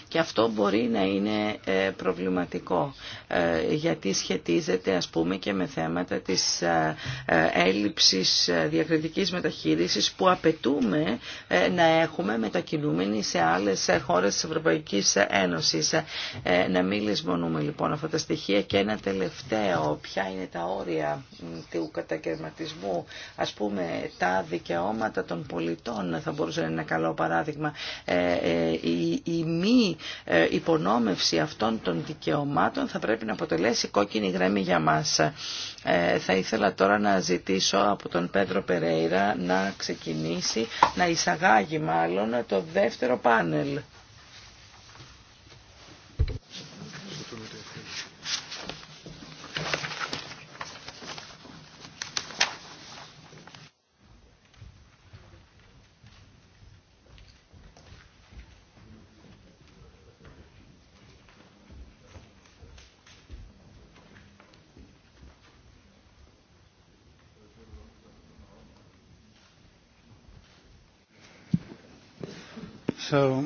Και αυτό μπορεί να είναι ε, προβληματικό ε, γιατί σχετίζεται ας πούμε και με θέματα της ε, έλλειψης διακριτικής μεταχείρισης που απαιτούμε να έχουμε μετακινούμενοι σε άλλες χώρες της Ευρωπαϊκής Ένωσης. Να μην λησμονούμε λοιπόν αυτά τα στοιχεία και ένα τελευταίο, ποια είναι τα όρια του κατακαιρματισμού, ας πούμε τα δικαιώματα των πολιτών θα μπορούσε να είναι ένα καλό παράδειγμα. Η μη ε, υπονόμευση αυτών των δικαιωμάτων θα πρέπει να αποτελέσει κόκκινη γραμμή για μας. Ε, θα ήθελα τώρα να ζητήσω από τον Πέντρο Περέιρα να ξεκινήσει, να εισαγάγει μάλλον το δεύτερο πάνελ. Uh,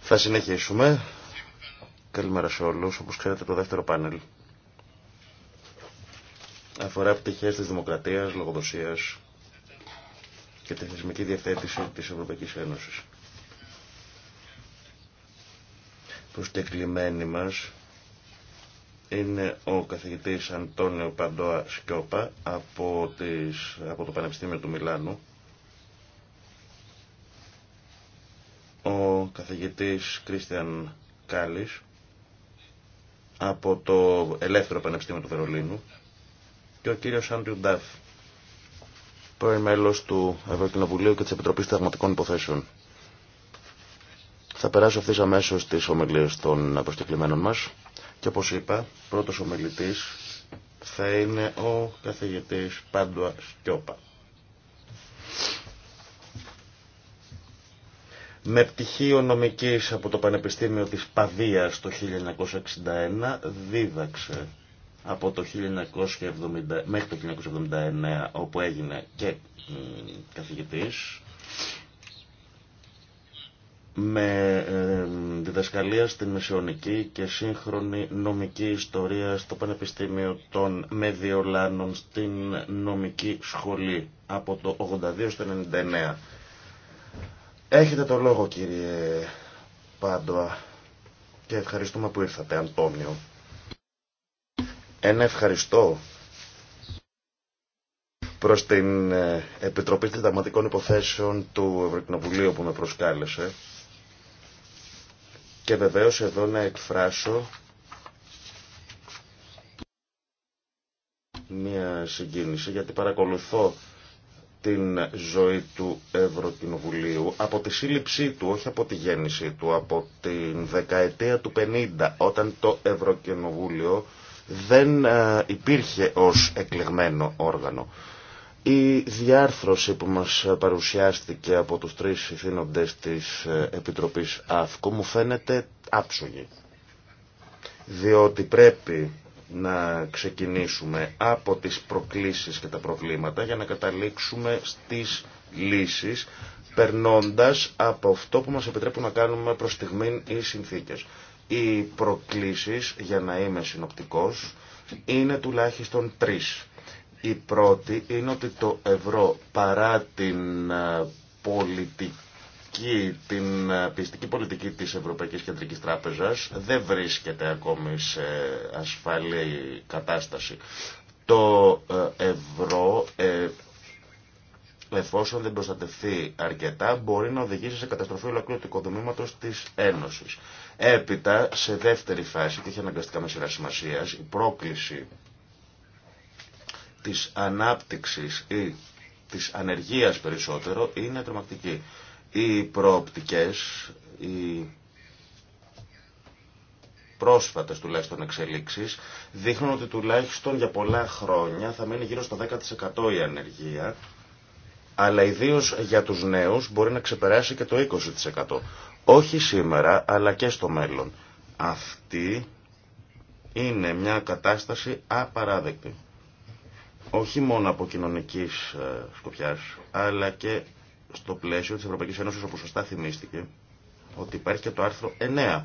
Θα συνεχίσουμε. Καλημέρα σε όλους. Όπως ξέρετε το δεύτερο πάνελ αφορά πτυχές της δημοκρατίας, λογοδοσίας και τη θεσμική διευθέτηση της Ευρωπαϊκής Ένωσης. Προσκεκλημένοι μας είναι ο καθηγητής Αντώνιο Παντόα Σκιώπα από, από το Πανεπιστήμιο του Μιλάνου καθηγητής Κρίστιαν Κάλης από το Ελεύθερο Πανεπιστήμιο του Βερολίνου και ο κύριος Άντριου Ντάφ, πρώην μέλος του Ευρωκοινοβουλίου και της Επιτροπής Ταγματικών Υποθέσεων. Θα περάσω αυτής αμέσω στις ομιλίες των προσκεκλημένων μας και όπως είπα, πρώτος ομιλητής θα είναι ο καθηγητής Πάντουα Σκιώπα. με πτυχίο νομικής από το Πανεπιστήμιο της Παδίας το 1961, δίδαξε από το 1970, μέχρι το 1979 όπου έγινε και καθηγητής με ε, διδασκαλία στην μεσαιωνική και σύγχρονη νομική ιστορία στο Πανεπιστήμιο των Μεδιολάνων στην νομική σχολή από το 82 στο 99. Έχετε το λόγο κύριε Πάντοα και ευχαριστούμε που ήρθατε Αντώνιο. Ένα ευχαριστώ προς την ε, Επιτροπή Συνταγματικών Υποθέσεων του Ευρωκοινοβουλίου που με προσκάλεσε και βεβαίως εδώ να εκφράσω μία συγκίνηση γιατί παρακολουθώ την ζωή του Ευρωκοινοβουλίου από τη σύλληψή του, όχι από τη γέννησή του, από την δεκαετία του 50, όταν το Ευρωκοινοβούλιο δεν ε, υπήρχε ως εκλεγμένο όργανο. Η διάρθρωση που μας παρουσιάστηκε από τους τρεις συθήνοντες της ε, Επιτροπής ΑΦΚΟ μου φαίνεται άψογη. Διότι πρέπει να ξεκινήσουμε από τις προκλήσεις και τα προβλήματα για να καταλήξουμε στις λύσεις περνώντας από αυτό που μας επιτρέπουν να κάνουμε προς στιγμή οι συνθήκες. Οι προκλήσεις, για να είμαι συνοπτικός, είναι τουλάχιστον τρεις. Η πρώτη είναι ότι το ευρώ παρά την πολιτική πολιτική, την ε, πιστική πολιτική της Ευρωπαϊκής Κεντρικής Τράπεζας δεν βρίσκεται ακόμη σε ασφαλή κατάσταση. Το ε, ευρώ ε, εφόσον δεν προστατευθεί αρκετά, μπορεί να οδηγήσει σε καταστροφή ολόκληρου του οικοδομήματος τη Ένωση. Έπειτα, σε δεύτερη φάση, και έχει αναγκαστικά με σειρά σημασία, η πρόκληση της ανάπτυξης ή της ανεργία περισσότερο είναι τρομακτική. Οι προοπτικές, οι πρόσφατες τουλάχιστον εξελίξεις δείχνουν ότι τουλάχιστον για πολλά χρόνια θα μένει γύρω στο 10% η ανεργία αλλά ιδίως για τους νέους μπορεί να ξεπεράσει και το 20%. Όχι σήμερα αλλά και στο μέλλον. Αυτή είναι μια κατάσταση απαράδεκτη. Όχι μόνο από κοινωνικής ε, σκοπιάς αλλά και στο πλαίσιο της Ευρωπαϊκής Ένωσης όπως σωστά θυμίστηκε ότι υπάρχει και το άρθρο 9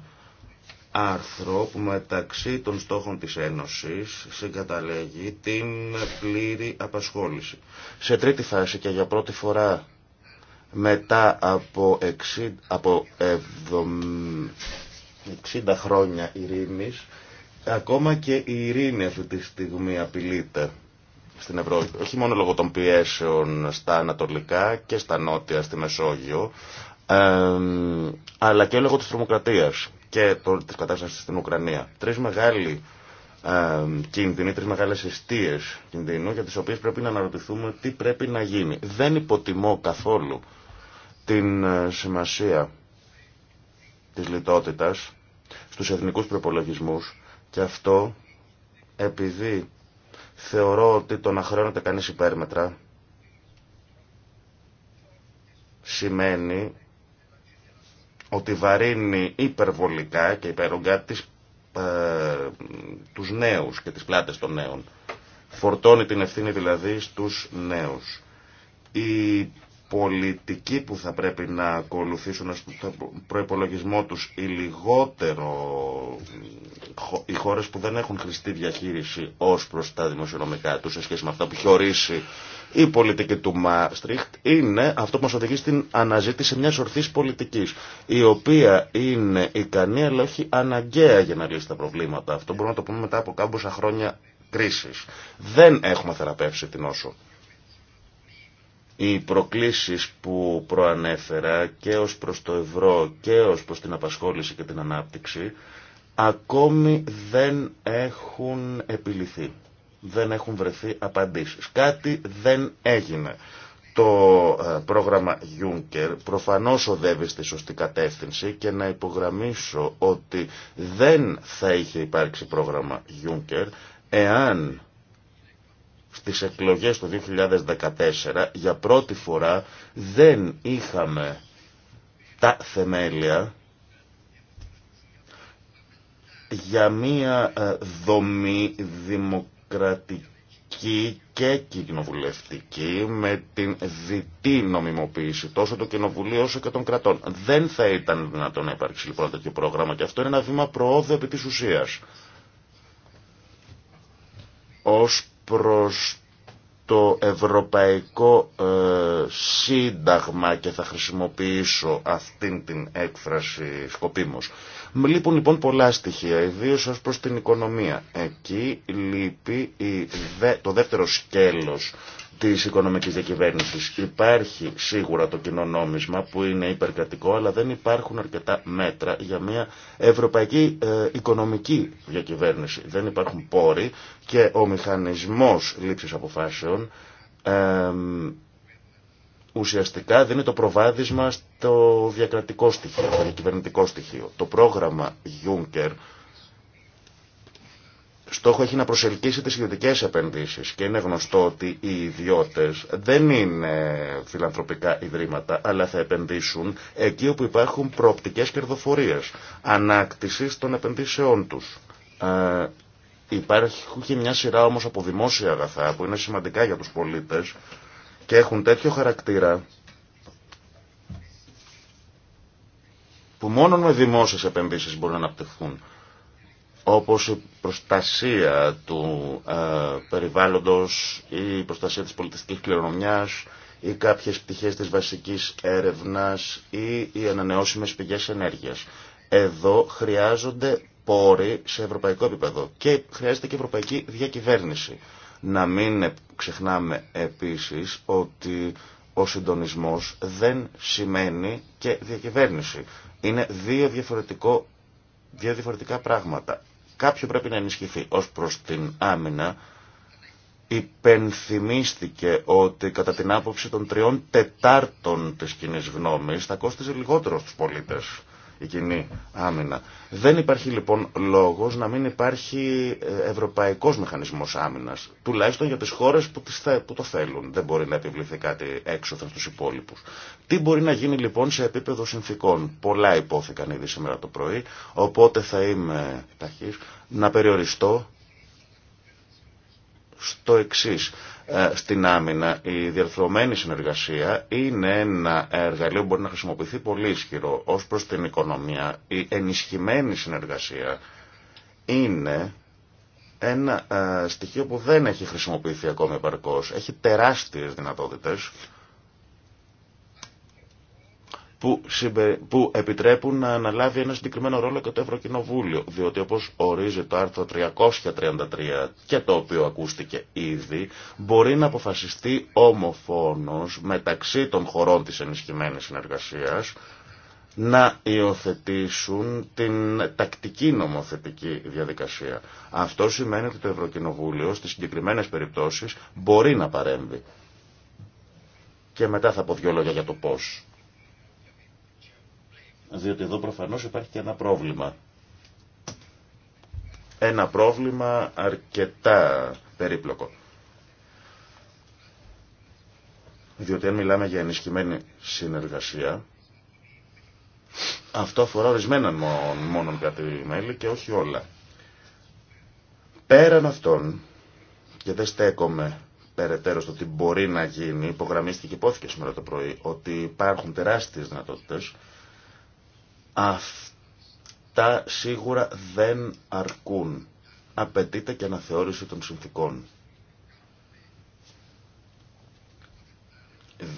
άρθρο που μεταξύ των στόχων της Ένωσης συγκαταλέγει την πλήρη απασχόληση. Σε τρίτη φάση και για πρώτη φορά μετά από 60, από 60 χρόνια ειρήνης ακόμα και η ειρήνη αυτή τη στιγμή απειλείται στην Ευρώπη, όχι μόνο λόγω των πιέσεων στα ανατολικά και στα νότια, στη Μεσόγειο, αλλά και λόγω της τρομοκρατίας και της κατάστασης στην Ουκρανία. Τρεις μεγάλοι κίνδυνοι, τρεις μεγάλες αιστείες κινδύνου για τις οποίες πρέπει να αναρωτηθούμε τι πρέπει να γίνει. Δεν υποτιμώ καθόλου την ε, σημασία της λιτότητας στους εθνικούς προπολογισμού και αυτό επειδή Θεωρώ ότι το να χρεώνεται κανείς υπέρμετρα σημαίνει ότι βαρύνει υπερβολικά και υπερογκά ε, τους νέους και τις πλάτες των νέων. Φορτώνει την ευθύνη δηλαδή στους νέους. Η πολιτική που θα πρέπει να ακολουθήσουν στο προπολογισμό τους οι λιγότερο οι χώρες που δεν έχουν χρηστή διαχείριση ως προς τα δημοσιονομικά τους σε σχέση με αυτά που έχει ορίσει η πολιτική του Μάστριχτ είναι αυτό που μας οδηγεί στην αναζήτηση μιας ορθής πολιτικής η οποία είναι ικανή αλλά όχι αναγκαία για να λύσει τα προβλήματα αυτό μπορούμε να το πούμε μετά από κάμποσα χρόνια κρίσης δεν έχουμε θεραπεύσει την όσο οι προκλήσεις που προανέφερα και ως προς το ευρώ και ως προς την απασχόληση και την ανάπτυξη ακόμη δεν έχουν επιληθεί. Δεν έχουν βρεθεί απαντήσεις. Κάτι δεν έγινε. Το ε, πρόγραμμα Juncker προφανώς οδεύει στη σωστή κατεύθυνση και να υπογραμμίσω ότι δεν θα είχε υπάρξει πρόγραμμα Juncker εάν στις εκλογές του 2014 για πρώτη φορά δεν είχαμε τα θεμέλια για μία ε, δομή δημοκρατική και κοινοβουλευτική με την διτή νομιμοποίηση τόσο του Κοινοβουλίου όσο και των κρατών. Δεν θα ήταν δυνατόν να υπάρξει λοιπόν τέτοιο πρόγραμμα και αυτό είναι ένα βήμα προόδου επί της ουσίας. Ως προς το Ευρωπαϊκό ε, Σύνταγμα και θα χρησιμοποιήσω αυτήν την έκφραση σκοπίμως. Λείπουν λοιπόν πολλά στοιχεία, ιδίω ως προς την οικονομία. Εκεί λείπει η, το δεύτερο σκέλος της οικονομικής διακυβέρνησης. Υπάρχει σίγουρα το κοινό που είναι υπερκρατικό, αλλά δεν υπάρχουν αρκετά μέτρα για μια ευρωπαϊκή ε, οικονομική διακυβέρνηση. Δεν υπάρχουν πόροι και ο μηχανισμός λήψης αποφάσεων ουσιαστικά δίνει το προβάδισμα στο διακρατικό στοιχείο, το διακυβερνητικό στοιχείο. Το πρόγραμμα Juncker Στόχο έχει να προσελκύσει τις ιδιωτικές επενδύσεις και είναι γνωστό ότι οι ιδιώτες δεν είναι φιλανθρωπικά ιδρύματα, αλλά θα επενδύσουν εκεί όπου υπάρχουν προοπτικές κερδοφορίες, ανάκτηση των επενδύσεών τους. Ε, υπάρχει μια σειρά όμως από δημόσια αγαθά που είναι σημαντικά για τους πολίτες και έχουν τέτοιο χαρακτήρα που μόνο με δημόσιες επενδύσεις μπορούν να αναπτυχθούν όπως η προστασία του ε, περιβάλλοντος ή η προστασία της πολιτιστικής κληρονομιάς ή κάποιες πτυχές της βασικής έρευνας ή οι ανανεώσιμες πηγές ενέργειας. Εδώ χρειάζονται πόροι σε ευρωπαϊκό επίπεδο και χρειάζεται και ευρωπαϊκή διακυβέρνηση. Να μην ε, ξεχνάμε επίσης ότι ο συντονισμός δεν σημαίνει και διακυβέρνηση. Είναι δύο, διαφορετικό, δύο διαφορετικά πράγματα κάποιο πρέπει να ενισχυθεί. Ως προς την άμυνα υπενθυμίστηκε ότι κατά την άποψη των τριών τετάρτων της κοινή γνώμης θα κόστιζε λιγότερο στους πολίτες η κοινή άμυνα. Δεν υπάρχει λοιπόν λόγος να μην υπάρχει ε, ευρωπαϊκός μηχανισμός άμυνας, τουλάχιστον για τις χώρες που, που το θέλουν. Δεν μπορεί να επιβληθεί κάτι από στους υπόλοιπους. Τι μπορεί να γίνει λοιπόν σε επίπεδο συνθήκων. Πολλά υπόθηκαν ήδη σήμερα το πρωί, οπότε θα είμαι ταχύς να περιοριστώ στο εξής. Ε, στην άμυνα. Η διαρθρωμένη συνεργασία είναι ένα εργαλείο που μπορεί να χρησιμοποιηθεί πολύ ισχυρό ως προς την οικονομία. Η ενισχυμένη συνεργασία είναι ένα ε, στοιχείο που δεν έχει χρησιμοποιηθεί ακόμη επαρκώς. Έχει τεράστιες δυνατότητες που, επιτρέπουν να αναλάβει ένα συγκεκριμένο ρόλο και το Ευρωκοινοβούλιο. Διότι όπως ορίζει το άρθρο 333 και το οποίο ακούστηκε ήδη, μπορεί να αποφασιστεί ομοφόνος μεταξύ των χωρών της ενισχυμένης συνεργασίας να υιοθετήσουν την τακτική νομοθετική διαδικασία. Αυτό σημαίνει ότι το Ευρωκοινοβούλιο στις συγκεκριμένες περιπτώσεις μπορεί να παρέμβει. Και μετά θα πω δυο λόγια για το πώς. Διότι εδώ προφανώς υπάρχει και ένα πρόβλημα. Ένα πρόβλημα αρκετά περίπλοκο. Διότι αν μιλάμε για ενισχυμένη συνεργασία, αυτό αφορά ορισμένα μόνο κάτι μέλη και όχι όλα. Πέραν αυτών, και δεν στέκομαι περαιτέρω στο τι μπορεί να γίνει, υπογραμμίστηκε και υπόθηκε σήμερα το πρωί, ότι υπάρχουν τεράστιες δυνατότητες Αυτά σίγουρα δεν αρκούν. Απαιτείται και αναθεώρηση των συνθήκων.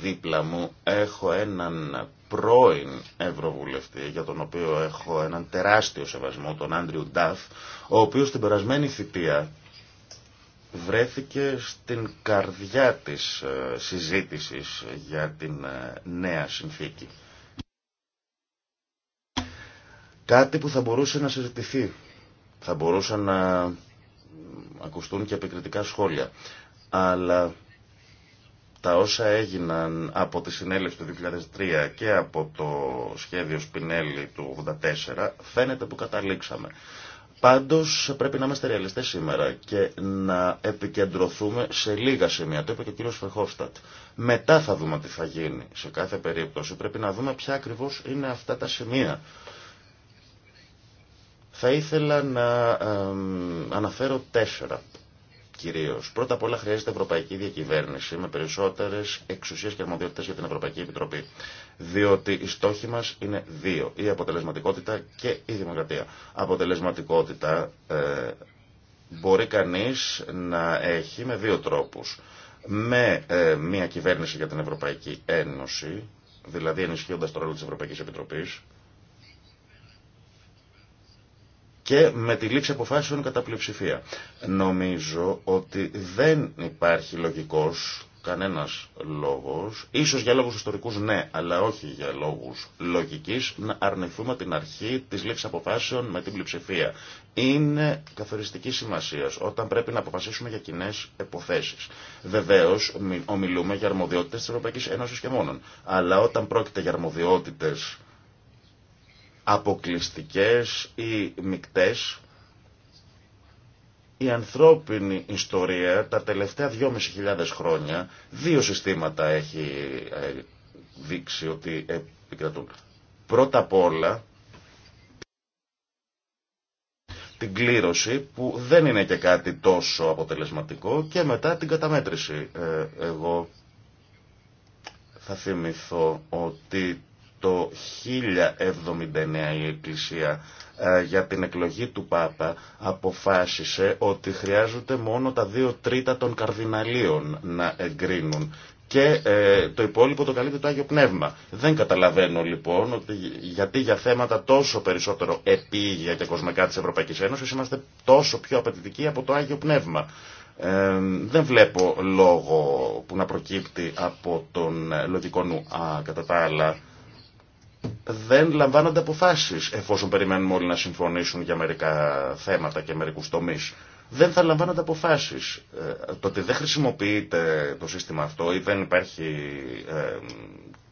Δίπλα μου έχω έναν πρώην Ευρωβουλευτή, για τον οποίο έχω έναν τεράστιο σεβασμό, τον Άντριου Νταφ, ο οποίος στην περασμένη θητεία βρέθηκε στην καρδιά της ε, συζήτησης για την ε, νέα συνθήκη. Κάτι που θα μπορούσε να συζητηθεί. Θα μπορούσαν να ακουστούν και επικριτικά σχόλια. Αλλά τα όσα έγιναν από τη συνέλευση του 2003 και από το σχέδιο Σπινέλη του 1984 φαίνεται που καταλήξαμε. Πάντως πρέπει να είμαστε ρεαλιστές σήμερα και να επικεντρωθούμε σε λίγα σημεία. Το είπε και ο κύριος Φεχόφστατ. Μετά θα δούμε τι θα γίνει. Σε κάθε περίπτωση πρέπει να δούμε ποια ακριβώς είναι αυτά τα σημεία θα ήθελα να αναφέρω τέσσερα κυρίως. Πρώτα απ' όλα χρειάζεται ευρωπαϊκή διακυβέρνηση με περισσότερες εξουσίες και αρμοδιότητες για την Ευρωπαϊκή Επιτροπή. Διότι οι στόχοι μας είναι δύο. Η αποτελεσματικότητα και η δημοκρατία. Αποτελεσματικότητα ε, μπορεί κανείς να έχει με δύο τρόπους. Με ε, μια κυβέρνηση για την Ευρωπαϊκή Ένωση, δηλαδή ενισχύοντα το ρόλο τη Ευρωπαϊκή Επιτροπή, και με τη λήψη αποφάσεων κατά πλειοψηφία. Νομίζω ότι δεν υπάρχει λογικός κανένας λόγος, ίσως για λόγους ιστορικούς ναι, αλλά όχι για λόγους λογικής, να αρνηθούμε την αρχή της λήψης αποφάσεων με την πλειοψηφία. Είναι καθοριστική σημασία όταν πρέπει να αποφασίσουμε για κοινέ υποθέσει. Βεβαίω, ομιλούμε για αρμοδιότητε τη Ευρωπαϊκή Ένωση και μόνον. Αλλά όταν πρόκειται για αρμοδιότητε αποκλειστικές ή μικτές. Η ανθρώπινη ιστορία τα τελευταία 2.500 χρόνια δύο συστήματα έχει ε, δείξει ότι επικρατούν. Πρώτα απ' όλα την κλήρωση που δεν είναι και κάτι τόσο αποτελεσματικό και μετά την καταμέτρηση. Ε, εγώ θα θυμηθώ ότι το 1079 η Εκκλησία ε, για την εκλογή του Πάπα αποφάσισε ότι χρειάζονται μόνο τα δύο τρίτα των καρδιναλίων να εγκρίνουν και ε, το υπόλοιπο το καλύτερο το Άγιο Πνεύμα. Δεν καταλαβαίνω λοιπόν ότι γιατί για θέματα τόσο περισσότερο επίγεια και κοσμικά της Ευρωπαϊκής Ένωσης είμαστε τόσο πιο απαιτητικοί από το Άγιο Πνεύμα. Ε, δεν βλέπω λόγο που να προκύπτει από τον λογικό νου. Α, κατά τα άλλα, δεν λαμβάνονται αποφάσεις εφόσον περιμένουμε όλοι να συμφωνήσουν για μερικά θέματα και μερικούς τομείς. Δεν θα λαμβάνονται αποφάσεις. Ε, το ότι δεν χρησιμοποιείται το σύστημα αυτό ή δεν υπάρχει ε,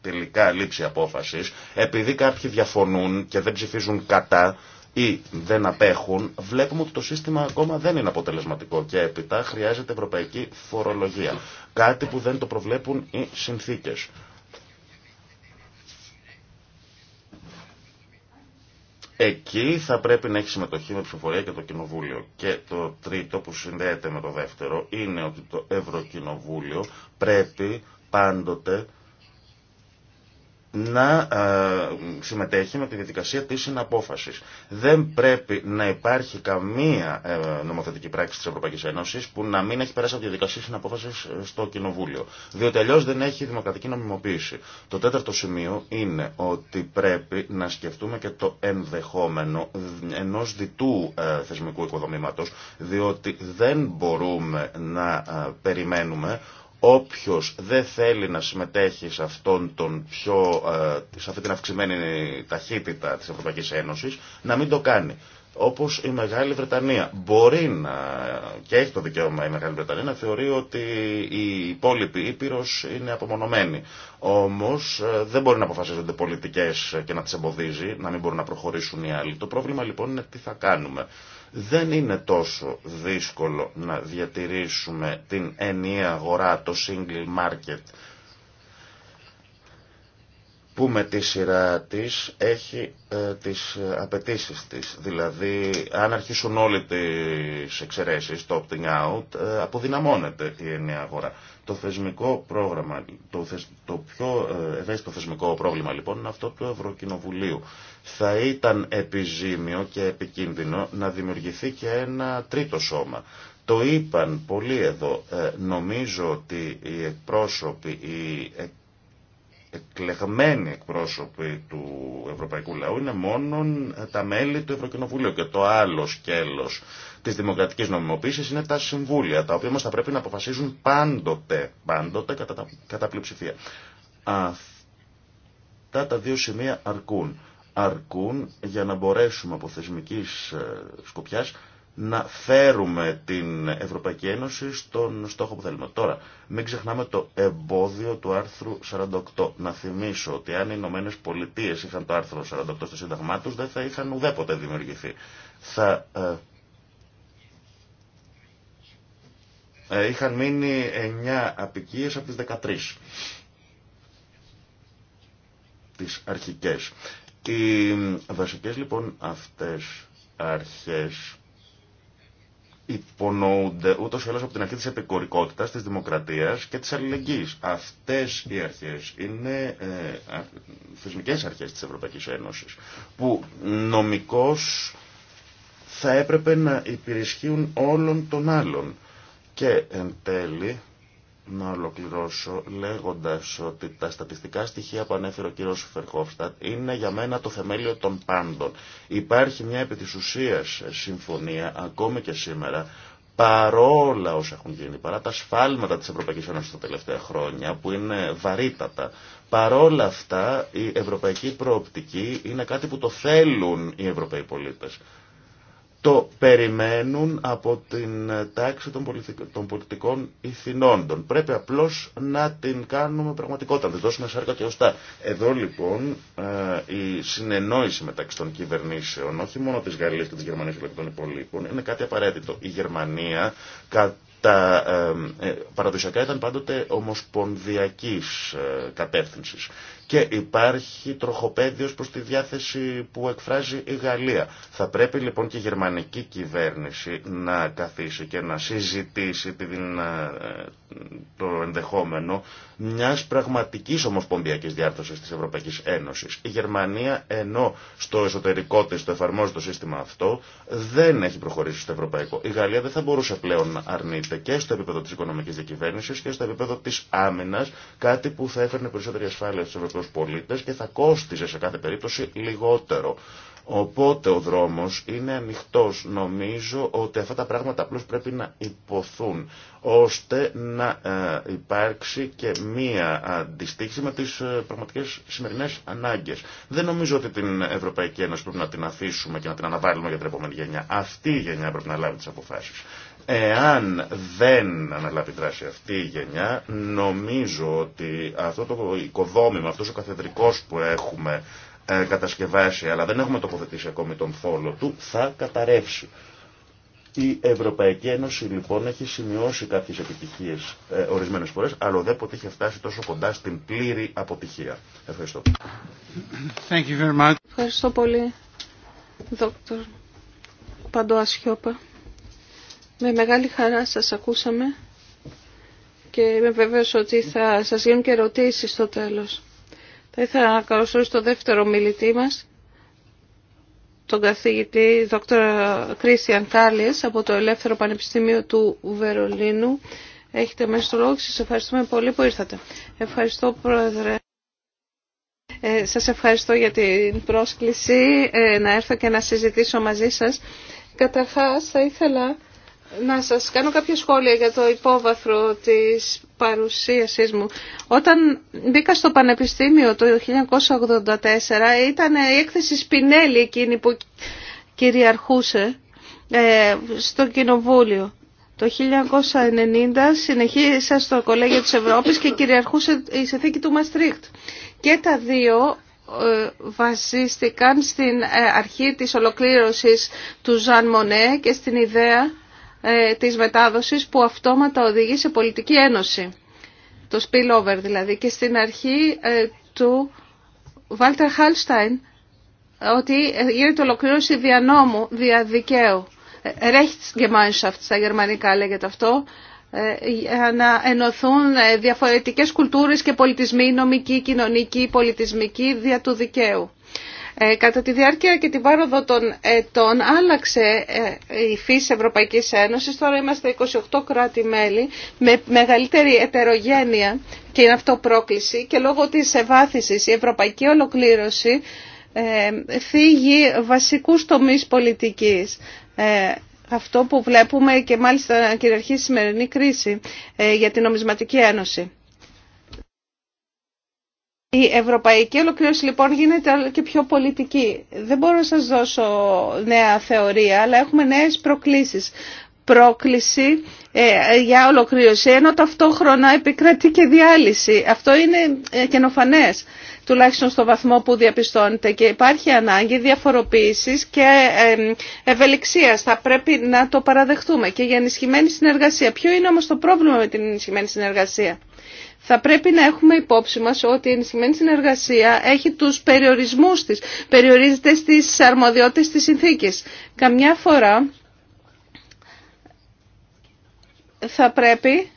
τελικά λήψη απόφασης επειδή κάποιοι διαφωνούν και δεν ψηφίζουν κατά ή δεν απέχουν, βλέπουμε ότι το σύστημα ακόμα δεν είναι αποτελεσματικό και έπειτα χρειάζεται ευρωπαϊκή φορολογία. Κάτι που δεν το προβλέπουν οι συνθήκες. Εκεί θα πρέπει να έχει συμμετοχή με ψηφοφορία και το Κοινοβούλιο. Και το τρίτο που συνδέεται με το δεύτερο είναι ότι το Ευρωκοινοβούλιο πρέπει πάντοτε να ε, συμμετέχει με τη διαδικασία της συναπόφασης. Δεν πρέπει να υπάρχει καμία ε, νομοθετική πράξη της Ευρωπαϊκής Ένωσης που να μην έχει περάσει από τη διαδικασία συναπόφασης στο Κοινοβούλιο. Διότι αλλιώ δεν έχει δημοκρατική νομιμοποίηση. Το τέταρτο σημείο είναι ότι πρέπει να σκεφτούμε και το ενδεχόμενο ενός διτού ε, θεσμικού οικοδομήματος, διότι δεν μπορούμε να περιμένουμε Όποιος δεν θέλει να συμμετέχει σε, αυτόν τον πιο, ε, σε αυτή την αυξημένη ταχύτητα της Ευρωπαϊκής Ένωσης, να μην το κάνει. Όπως η Μεγάλη Βρετανία. Μπορεί να, και έχει το δικαίωμα η Μεγάλη Βρετανία να θεωρεί ότι η υπόλοιπη Ήπειρος είναι απομονωμένη. Όμως ε, δεν μπορεί να αποφασίζονται πολιτικές και να τις εμποδίζει, να μην μπορούν να προχωρήσουν οι άλλοι. Το πρόβλημα λοιπόν είναι τι θα κάνουμε. Δεν είναι τόσο δύσκολο να διατηρήσουμε την ενιαία αγορά, το single market που με τη σειρά της έχει ε, τις απαιτήσει της. Δηλαδή, αν αρχίσουν όλοι τις εξαιρέσεις, το opting out, ε, αποδυναμώνεται η ενιαία αγορά. Το θεσμικό πρόγραμμα, το, το πιο ε, ευαίσθητο θεσμικό πρόβλημα λοιπόν είναι αυτό του Ευρωκοινοβουλίου. Θα ήταν επιζήμιο και επικίνδυνο να δημιουργηθεί και ένα τρίτο σώμα. Το είπαν πολλοί εδώ. Ε, νομίζω ότι οι εκπρόσωποι, οι εκλεγμένοι εκπρόσωποι του ευρωπαϊκού λαού είναι μόνο τα μέλη του Ευρωκοινοβουλίου και το άλλο σκέλος της δημοκρατικής νομιμοποίησης είναι τα συμβούλια, τα οποία μας θα πρέπει να αποφασίζουν πάντοτε, πάντοτε κατά, κατά πλειοψηφία. Αυτά τα δύο σημεία αρκούν. Αρκούν για να μπορέσουμε από θεσμικής ε, σκοπιάς να φέρουμε την Ευρωπαϊκή Ένωση στον στόχο που θέλουμε. Τώρα, μην ξεχνάμε το εμπόδιο του άρθρου 48. Να θυμίσω ότι αν οι Ηνωμένε Πολιτείε είχαν το άρθρο 48 στο Σύνταγμά του, δεν θα είχαν ουδέποτε δημιουργηθεί. Θα ε, ε είχαν μείνει 9 απικίες από τις 13 τις αρχικές. Οι βασικές λοιπόν αυτές αρχές υπονοούνται ούτω ή άλλω από την αρχή τη επικορικότητα, τη δημοκρατία και τη αλληλεγγύη. Αυτέ οι αρχέ είναι ε, θεσμικέ αρχέ τη Ευρωπαϊκή Ένωση που νομικώ θα έπρεπε να υπηρεσχύουν όλων των άλλων. Και εν τέλει να ολοκληρώσω λέγοντας ότι τα στατιστικά στοιχεία που ανέφερε ο κύριος Φερχόφστατ είναι για μένα το θεμέλιο των πάντων. Υπάρχει μια επί της ουσίας συμφωνία ακόμη και σήμερα παρόλα όσα έχουν γίνει, παρά τα σφάλματα της Ευρωπαϊκής Ένωσης τα τελευταία χρόνια που είναι βαρύτατα, παρόλα αυτά η ευρωπαϊκή προοπτική είναι κάτι που το θέλουν οι ευρωπαίοι πολίτες το περιμένουν από την τάξη των πολιτικών ηθινόντων. Πρέπει απλώς να την κάνουμε πραγματικότητα, να τη δώσουμε σάρκα και ωστά. Εδώ λοιπόν ε, η συνεννόηση μεταξύ των κυβερνήσεων, όχι μόνο της Γαλλίας και της Γερμανίας αλλά και των υπολείπων, είναι κάτι απαραίτητο. Η Γερμανία κατά ε, ε, παραδοσιακά ήταν πάντοτε ομοσπονδιακής κατεύθυνση. Και υπάρχει τροχοπέδιος προς τη διάθεση που εκφράζει η Γαλλία. Θα πρέπει λοιπόν και η γερμανική κυβέρνηση να καθίσει και να συζητήσει την, ε, το ενδεχόμενο μιας πραγματικής ομοσπονδιακής διάρθρωσης της Ευρωπαϊκής Ένωσης. Η Γερμανία ενώ στο εσωτερικό της το εφαρμόζει το σύστημα αυτό δεν έχει προχωρήσει στο ευρωπαϊκό. Η Γαλλία δεν θα μπορούσε πλέον να αρνείται και στο επίπεδο της οικονομικής διακυβέρνησης και στο επίπεδο της άμυνας κάτι που θα έφερνε περισσότερη ασφάλεια στους και θα κόστιζε σε κάθε περίπτωση λιγότερο. Οπότε ο δρόμος είναι ανοιχτός. Νομίζω ότι αυτά τα πράγματα απλώς πρέπει να υποθούν ώστε να ε, υπάρξει και μία αντιστοίχηση με τις ε, πραγματικές σημερινές ανάγκες. Δεν νομίζω ότι την Ευρωπαϊκή Ένωση πρέπει να την αφήσουμε και να την αναβάλουμε για την επόμενη γενιά. Αυτή η γενιά πρέπει να λάβει τις αποφάσεις. Εάν δεν αναλάβει δράση αυτή η γενιά, νομίζω ότι αυτό το οικοδόμημα, αυτός ο καθεδρικός που έχουμε ε, κατασκευάσει, αλλά δεν έχουμε τοποθετήσει ακόμη τον θόλο του, θα καταρρεύσει. Η Ευρωπαϊκή Ένωση λοιπόν έχει σημειώσει κάποιες επιτυχίες ε, ορισμένες φορές, αλλά οδέποτε έχει φτάσει τόσο κοντά στην πλήρη αποτυχία. Ευχαριστώ. Ευχαριστώ πολύ, Δόκτωρ Παντοασιώπα. Με μεγάλη χαρά σας ακούσαμε και είμαι βέβαιος ότι θα σας γίνουν και ερωτήσεις στο τέλος. Θα ήθελα να καλωσορίσω το δεύτερο μιλητή μας, τον καθηγητή Δ. Κρίστιαν Κάλλιες από το Ελεύθερο Πανεπιστήμιο του Βερολίνου. Έχετε μέσα στο λόγο σας ευχαριστούμε πολύ που ήρθατε. Ευχαριστώ Πρόεδρε. Ε, σας ευχαριστώ για την πρόσκληση ε, να έρθω και να συζητήσω μαζί σας. Καταρχάς θα ήθελα να σας κάνω κάποια σχόλια για το υπόβαθρο της παρουσίασής μου. Όταν μπήκα στο Πανεπιστήμιο το 1984 ήταν η έκθεση Σπινέλη εκείνη που κυριαρχούσε ε, στο Κοινοβούλιο. Το 1990 συνεχίσα στο Κολέγιο της Ευρώπης και κυριαρχούσε η συνθήκη του Μαστρίχτ. Και τα δύο ε, βασίστηκαν στην ε, αρχή της ολοκλήρωσης του Ζαν Μονέ και στην ιδέα ε, της μετάδοσης που αυτόματα οδηγεί σε πολιτική ένωση. Το spillover δηλαδή. Και στην αρχή ε, του Βάλτερ Χάλσταϊν ότι γίνεται ολοκλήρωση δια νόμου, δια δικαίου. Ε, Rechtsgemeinschaft στα γερμανικά λέγεται αυτό, για να ενωθούν διαφορετικές κουλτούρες και πολιτισμοί, νομικοί, κοινωνικοί, πολιτισμικοί, δια του δικαίου. Ε, κατά τη διάρκεια και την πάροδο των ετών άλλαξε ε, η φύση Ευρωπαϊκής Ένωσης. Τώρα είμαστε 28 κράτη-μέλη με μεγαλύτερη ετερογένεια και είναι αυτό πρόκληση και λόγω της ευάθυσης η ευρωπαϊκή ολοκλήρωση ε, θίγει βασικούς τομείς πολιτικής. Αυτό που βλέπουμε και μάλιστα κυριαρχεί η σημερινή κρίση για την νομισματική ένωση. Η ευρωπαϊκή ολοκλήρωση λοιπόν γίνεται και πιο πολιτική. Δεν μπορώ να σας δώσω νέα θεωρία, αλλά έχουμε νέες προκλήσεις. Πρόκληση ε, για ολοκλήρωση, ενώ ταυτόχρονα επικρατεί και διάλυση. Αυτό είναι ε, καινοφανές, τουλάχιστον στο βαθμό που διαπιστώνεται. Και υπάρχει ανάγκη διαφοροποίησης και ευελιξίας. Θα πρέπει να το παραδεχτούμε. Και για ενισχυμένη συνεργασία. Ποιο είναι όμως το πρόβλημα με την ενισχυμένη συνεργασία θα πρέπει να έχουμε υπόψη μας ότι η ενισχυμένη συνεργασία έχει τους περιορισμούς της, περιορίζεται στις αρμοδιότητες της συνθήκης. Καμιά φορά θα πρέπει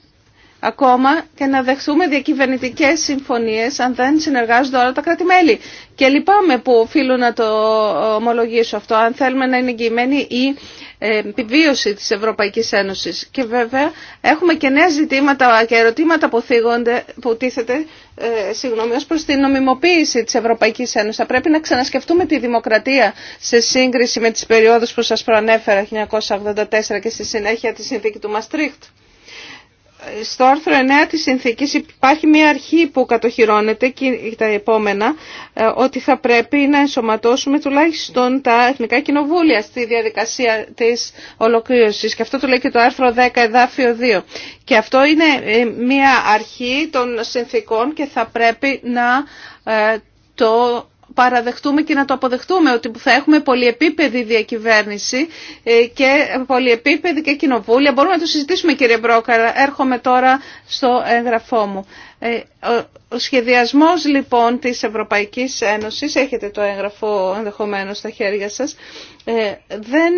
ακόμα και να δεχθούμε διακυβερνητικέ συμφωνίε αν δεν συνεργάζονται όλα τα κράτη-μέλη. Και λυπάμαι που οφείλω να το ομολογήσω αυτό, αν θέλουμε να είναι εγγυημένη η ε, επιβίωση της Ευρωπαϊκής Ένωσης. Και βέβαια έχουμε και νέα ζητήματα και ερωτήματα που, θίγονται, που τίθεται ε, συγγνώμη, προς την νομιμοποίηση της Ευρωπαϊκής Ένωσης. Θα πρέπει να ξανασκεφτούμε τη δημοκρατία σε σύγκριση με τις περιόδους που σας προανέφερα 1984 και στη συνέχεια τη συνθήκη του Μαστρίχτ στο άρθρο 9 της συνθήκης υπάρχει μια αρχή που κατοχυρώνεται και τα επόμενα ε, ότι θα πρέπει να ενσωματώσουμε τουλάχιστον τα εθνικά κοινοβούλια στη διαδικασία της ολοκλήρωσης και αυτό το λέει και το άρθρο 10 εδάφιο 2 και αυτό είναι ε, μια αρχή των συνθήκων και θα πρέπει να ε, το παραδεχτούμε και να το αποδεχτούμε ότι θα έχουμε πολυεπίπεδη διακυβέρνηση ε, και πολυεπίπεδη και κοινοβούλια. Μπορούμε να το συζητήσουμε κύριε Μπρόκαρα. έρχομαι τώρα στο έγγραφό μου. Ε, ο σχεδιασμός λοιπόν της Ευρωπαϊκής Ένωσης, έχετε το έγγραφο ενδεχομένως στα χέρια σας, ε, δεν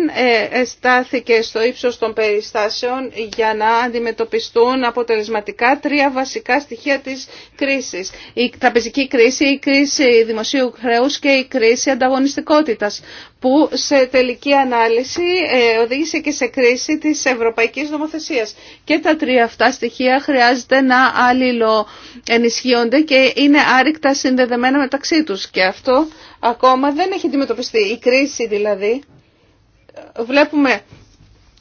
ε, στάθηκε στο ύψος των περιστάσεων για να αντιμετωπιστούν αποτελεσματικά τρία βασικά στοιχεία της κρίσης. Η τραπεζική κρίση, η κρίση δημοσίου χρέους και η κρίση ανταγωνιστικότητας που σε τελική ανάλυση ε, οδήγησε και σε κρίση της ευρωπαϊκής νομοθεσίας. Και τα τρία αυτά στοιχεία χρειάζεται να άλληλο ενισχύονται και είναι άρρηκτα συνδεδεμένα μεταξύ τους. Και αυτό ακόμα δεν έχει αντιμετωπιστεί. Η κρίση δηλαδή βλέπουμε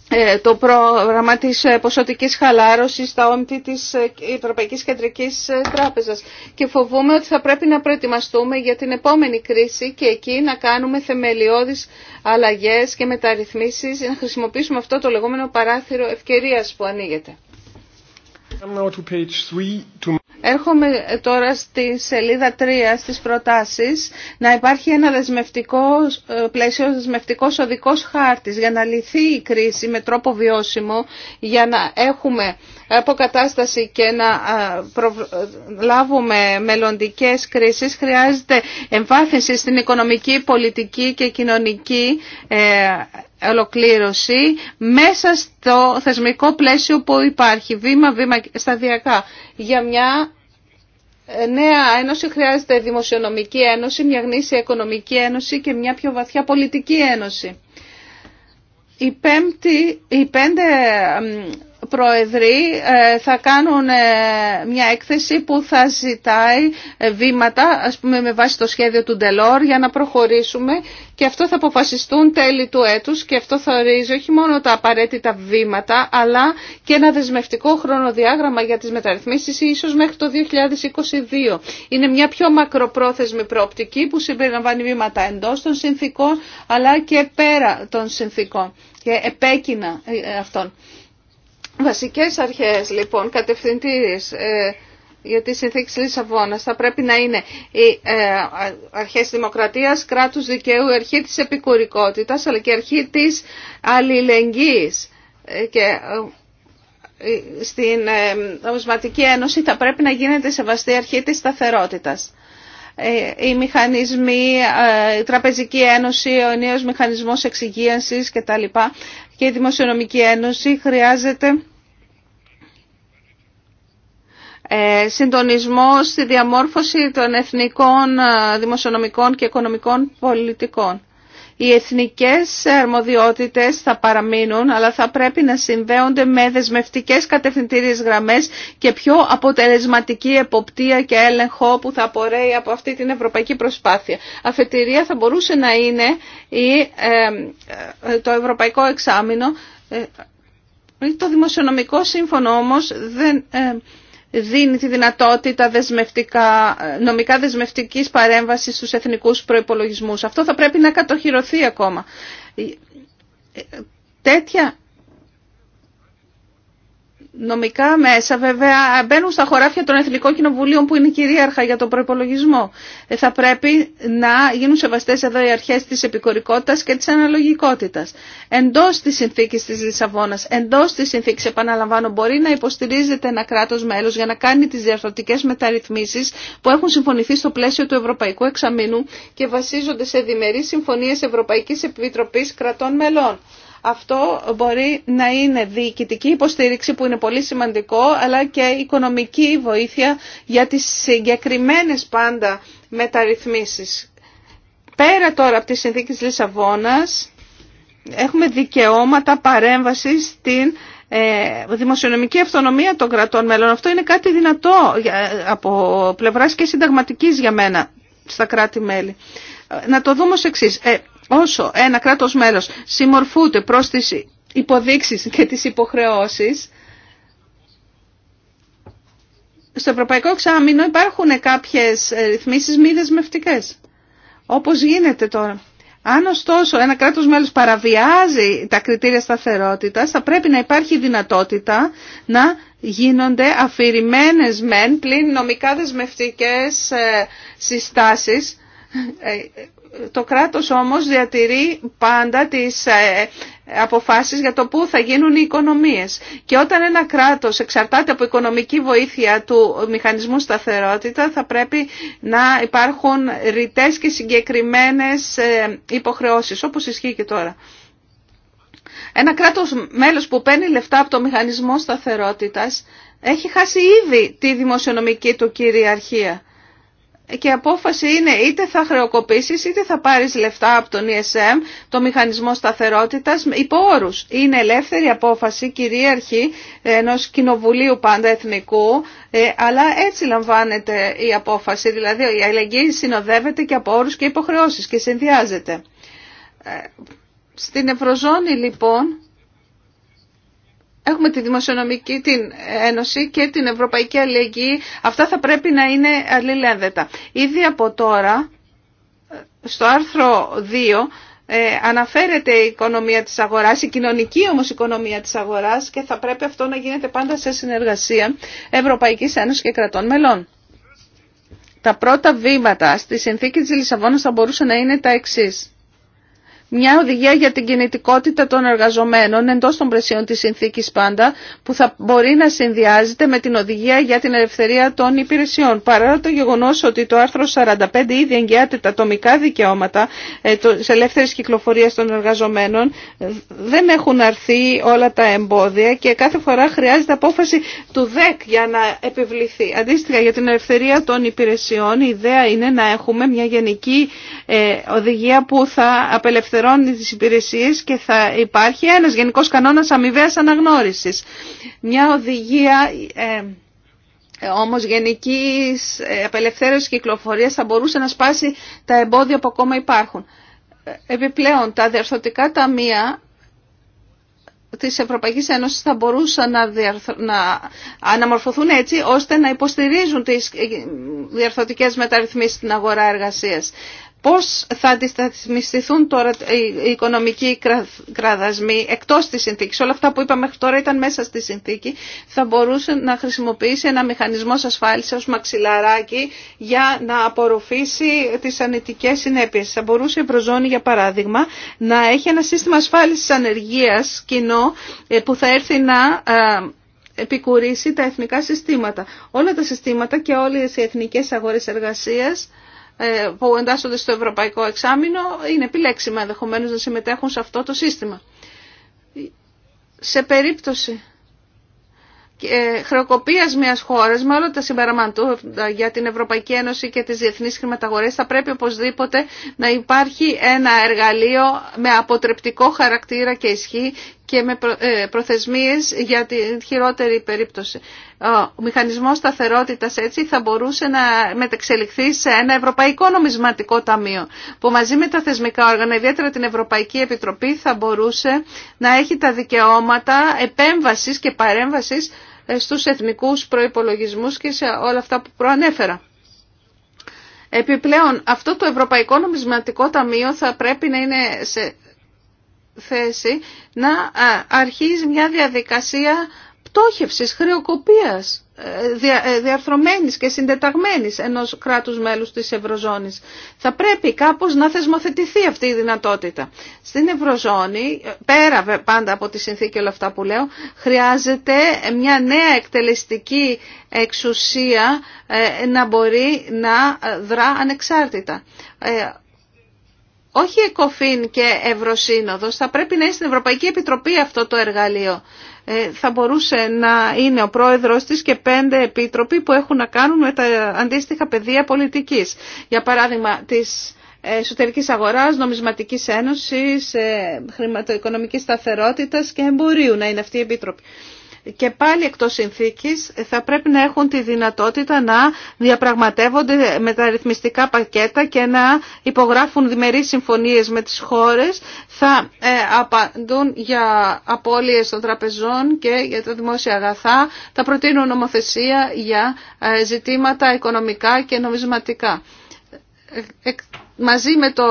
ε, το πρόγραμμα της ε, ποσοτικής χαλάρωσης στα όντη της ε, Ευρωπαϊκής Κεντρικής Τράπεζας. Και φοβούμε ότι θα πρέπει να προετοιμαστούμε για την επόμενη κρίση και εκεί να κάνουμε θεμελιώδεις αλλαγές και μεταρρυθμίσεις, να χρησιμοποιήσουμε αυτό το λεγόμενο παράθυρο ευκαιρίας που ανοίγεται. Έρχομαι τώρα στη σελίδα 3 στις προτάσεις να υπάρχει ένα δεσμευτικό ε, πλαίσιο, δεσμευτικό οδικός χάρτης για να λυθεί η κρίση με τρόπο βιώσιμο, για να έχουμε αποκατάσταση και να ε, λάβουμε μελλοντικές κρίσεις χρειάζεται εμβάθυνση στην οικονομική, πολιτική και κοινωνική ε, ολοκλήρωση μέσα στο θεσμικό πλαίσιο που υπάρχει, βήμα-βήμα σταδιακά. Για μια ε, νέα ένωση χρειάζεται δημοσιονομική ένωση, μια γνήσια οικονομική ένωση και μια πιο βαθιά πολιτική ένωση. Οι, πέμπτη, οι πέντε πρόεδροι ε, θα κάνουν ε, μια έκθεση που θα ζητάει ε, βήματα, ας πούμε με βάση το σχέδιο του Ντελόρ, για να προχωρήσουμε και αυτό θα αποφασιστούν τέλη του έτους και αυτό θα ορίζει όχι μόνο τα απαραίτητα βήματα, αλλά και ένα δεσμευτικό χρονοδιάγραμμα για τις μεταρρυθμίσεις ίσως μέχρι το 2022. Είναι μια πιο μακροπρόθεσμη προοπτική που συμπεριλαμβάνει βήματα εντός των συνθήκων, αλλά και πέρα των συνθήκων και επέκεινα αυτών. Βασικές αρχές λοιπόν, κατευθυντήριες ε, για τη συνθήκη Λισαβόνας θα πρέπει να είναι οι ε, αρχές δημοκρατίας, κράτους δικαίου, αρχή της επικουρικότητας αλλά και αρχή της αλληλεγγύης. Ε, και, ε, στην ε, Ομισματική Ένωση θα πρέπει να γίνεται σεβαστή αρχή της σταθερότητας. Οι μηχανισμοί, η Τραπεζική Ένωση, ο νέος μηχανισμός εξυγίανσης κτλ και η Δημοσιονομική Ένωση χρειάζεται ε, συντονισμό στη διαμόρφωση των εθνικών ε, δημοσιονομικών και οικονομικών πολιτικών. Οι εθνικές αρμοδιότητες θα παραμείνουν, αλλά θα πρέπει να συνδέονται με δεσμευτικές κατευθυντήριες γραμμές και πιο αποτελεσματική εποπτεία και έλεγχο που θα απορρέει από αυτή την ευρωπαϊκή προσπάθεια. Αφετηρία θα μπορούσε να είναι ε, ε, το ευρωπαϊκό εξάμεινο. Ε, το δημοσιονομικό σύμφωνο όμως δεν δίνει τη δυνατότητα δεσμευτικά, νομικά δεσμευτικής παρέμβασης στους εθνικούς προϋπολογισμούς. Αυτό θα πρέπει να κατοχυρωθεί ακόμα. Τέτοια νομικά μέσα βέβαια μπαίνουν στα χωράφια των Εθνικών Κοινοβουλίων που είναι κυρίαρχα για τον προπολογισμό. Ε, θα πρέπει να γίνουν σεβαστές εδώ οι αρχές της επικορικότητας και της αναλογικότητας. Εντός της συνθήκης της Λισαβόνα, εντός της συνθήκης επαναλαμβάνω μπορεί να υποστηρίζεται ένα κράτος μέλος για να κάνει τις διαρθρωτικές μεταρρυθμίσεις που έχουν συμφωνηθεί στο πλαίσιο του Ευρωπαϊκού Εξαμήνου και βασίζονται σε διμερείς συμφωνίε Ευρωπαϊκή Επιτροπής κρατών μελών. Αυτό μπορεί να είναι διοικητική υποστήριξη που είναι πολύ σημαντικό, αλλά και οικονομική βοήθεια για τις συγκεκριμένες πάντα μεταρρυθμίσεις. Πέρα τώρα από τις συνθήκες Λισαβόνας, έχουμε δικαιώματα παρέμβασης στην ε, δημοσιονομική αυτονομία των κρατών μέλων. Αυτό είναι κάτι δυνατό από πλευράς και συνταγματικής για μένα στα κράτη-μέλη. Να το δούμε ως εξής. Ε, Όσο ένα κράτος μέλος συμμορφούνται προς τις υποδείξεις και τις υποχρεώσεις, στο Ευρωπαϊκό Εξάμεινο υπάρχουν κάποιες ε, ρυθμίσεις μη δεσμευτικέ. όπως γίνεται τώρα. Αν ωστόσο ένα κράτος μέλος παραβιάζει τα κριτήρια σταθερότητας, θα πρέπει να υπάρχει δυνατότητα να γίνονται αφηρημένες μεν πλην νομικά δεσμευτικές ε, συστάσεις ε, το κράτος όμως διατηρεί πάντα τις ε, αποφάσεις για το πού θα γίνουν οι οικονομίες. Και όταν ένα κράτος εξαρτάται από οικονομική βοήθεια του μηχανισμού σταθερότητα θα πρέπει να υπάρχουν ρητές και συγκεκριμένες ε, υποχρεώσεις όπως ισχύει και τώρα. Ένα κράτος μέλος που παίρνει λεφτά από το μηχανισμό σταθερότητας έχει χάσει ήδη τη δημοσιονομική του κυριαρχία και η απόφαση είναι είτε θα χρεοκοπήσεις είτε θα πάρεις λεφτά από τον ESM, το μηχανισμό σταθερότητας, υπό όρους. Είναι ελεύθερη απόφαση, κυρίαρχη ενός κοινοβουλίου πάντα εθνικού, ε, αλλά έτσι λαμβάνεται η απόφαση, δηλαδή η αλληλεγγύη συνοδεύεται και από όρους και υποχρεώσεις και συνδυάζεται. Ε, στην Ευρωζώνη λοιπόν Έχουμε τη Δημοσιονομική την Ένωση και την Ευρωπαϊκή Αλληλεγγύη. Αυτά θα πρέπει να είναι αλληλένδετα. Ήδη από τώρα, στο άρθρο 2, ε, αναφέρεται η οικονομία της αγοράς, η κοινωνική όμως οικονομία της αγοράς και θα πρέπει αυτό να γίνεται πάντα σε συνεργασία Ευρωπαϊκής Ένωσης και κρατών μελών. Τα πρώτα βήματα στη συνθήκη της Λισαβόνας θα μπορούσαν να είναι τα εξής μια οδηγία για την κινητικότητα των εργαζομένων εντός των πλαισίων της συνθήκης πάντα που θα μπορεί να συνδυάζεται με την οδηγία για την ελευθερία των υπηρεσιών. Παρά το γεγονός ότι το άρθρο 45 ήδη εγγυάται τα ατομικά δικαιώματα ε, της ελεύθερης κυκλοφορίας των εργαζομένων ε, δεν έχουν αρθεί όλα τα εμπόδια και κάθε φορά χρειάζεται απόφαση του ΔΕΚ για να επιβληθεί. Αντίστοιχα για την ελευθερία των υπηρεσιών η ιδέα είναι να έχουμε μια γενική ε, οδηγία που θα απελευθερώσει τις και θα υπάρχει ένας γενικός κανόνας αμοιβαίας αναγνώρισης. Μια οδηγία ε, όμως γενικής ε, απελευθέρωσης κυκλοφορίας θα μπορούσε να σπάσει τα εμπόδια που ακόμα υπάρχουν. Ε, επιπλέον, τα διαρθρωτικά ταμεία της Ευρωπαϊκής Ένωσης θα μπορούσαν να, διαρθ... να αναμορφωθούν έτσι ώστε να υποστηρίζουν τις ε, διαρθωτικές μεταρρυθμίσεις στην αγορά εργασίας. Πώς θα αντισταθμιστηθούν τώρα οι οικονομικοί κραδασμοί εκτός της συνθήκης. Όλα αυτά που είπαμε μέχρι τώρα ήταν μέσα στη συνθήκη. Θα μπορούσε να χρησιμοποιήσει ένα μηχανισμό ασφάλισης ως μαξιλαράκι για να απορροφήσει τις ανετικές συνέπειες. Θα μπορούσε η Ευρωζώνη για παράδειγμα να έχει ένα σύστημα ασφάλισης ανεργίας κοινό ε, που θα έρθει να ε, επικουρήσει τα εθνικά συστήματα. Όλα τα συστήματα και όλες οι εθνικές αγορές εργασίας ε, που εντάσσονται στο ευρωπαϊκό εξάμεινο είναι επιλέξιμα ενδεχομένω να συμμετέχουν σε αυτό το σύστημα. Σε περίπτωση και ε, χρεοκοπίας μιας χώρας με όλα τα συμπεραμαντούντα για την Ευρωπαϊκή Ένωση και τις διεθνείς χρηματαγορές θα πρέπει οπωσδήποτε να υπάρχει ένα εργαλείο με αποτρεπτικό χαρακτήρα και ισχύ και με ε, προθεσμίες για την χειρότερη περίπτωση. Ο μηχανισμός σταθερότητας έτσι θα μπορούσε να μετεξελιχθεί σε ένα ευρωπαϊκό νομισματικό ταμείο που μαζί με τα θεσμικά όργανα, ιδιαίτερα την Ευρωπαϊκή Επιτροπή, θα μπορούσε να έχει τα δικαιώματα επέμβασης και παρέμβασης ε, στους εθνικούς προϋπολογισμούς και σε όλα αυτά που προανέφερα. Επιπλέον, αυτό το Ευρωπαϊκό Νομισματικό Ταμείο θα πρέπει να είναι σε θέση να αρχίζει μια διαδικασία πτώχευσης, χρεοκοπίας ε, ε, διαρθρωμένης και συντεταγμένης ενός κράτους μέλους της Ευρωζώνης. Θα πρέπει κάπως να θεσμοθετηθεί αυτή η δυνατότητα. Στην Ευρωζώνη, ε, πέρα πάντα από τη συνθήκη όλα αυτά που λέω, χρειάζεται μια νέα εκτελεστική εξουσία να μπορεί να δρά ανεξάρτητα όχι ΕΚΟΦΗΝ και Ευρωσύνοδος, θα πρέπει να είναι στην Ευρωπαϊκή Επιτροπή αυτό το εργαλείο. Ε, θα μπορούσε να είναι ο πρόεδρος της και πέντε επίτροποι που έχουν να κάνουν με τα αντίστοιχα πεδία πολιτικής. Για παράδειγμα, της εσωτερικής αγοράς, νομισματικής ένωσης, ε, χρηματοοικονομικής σταθερότητας και εμπορίου να είναι αυτή η Επίτροπη και πάλι εκτός συνθήκης θα πρέπει να έχουν τη δυνατότητα να διαπραγματεύονται με τα ρυθμιστικά πακέτα και να υπογράφουν διμερείς συμφωνίες με τις χώρες, θα ε, απαντούν για απώλειες των τραπεζών και για τα δημόσια αγαθά, θα προτείνουν νομοθεσία για ε, ζητήματα οικονομικά και νομισματικά. Ε, μαζί με το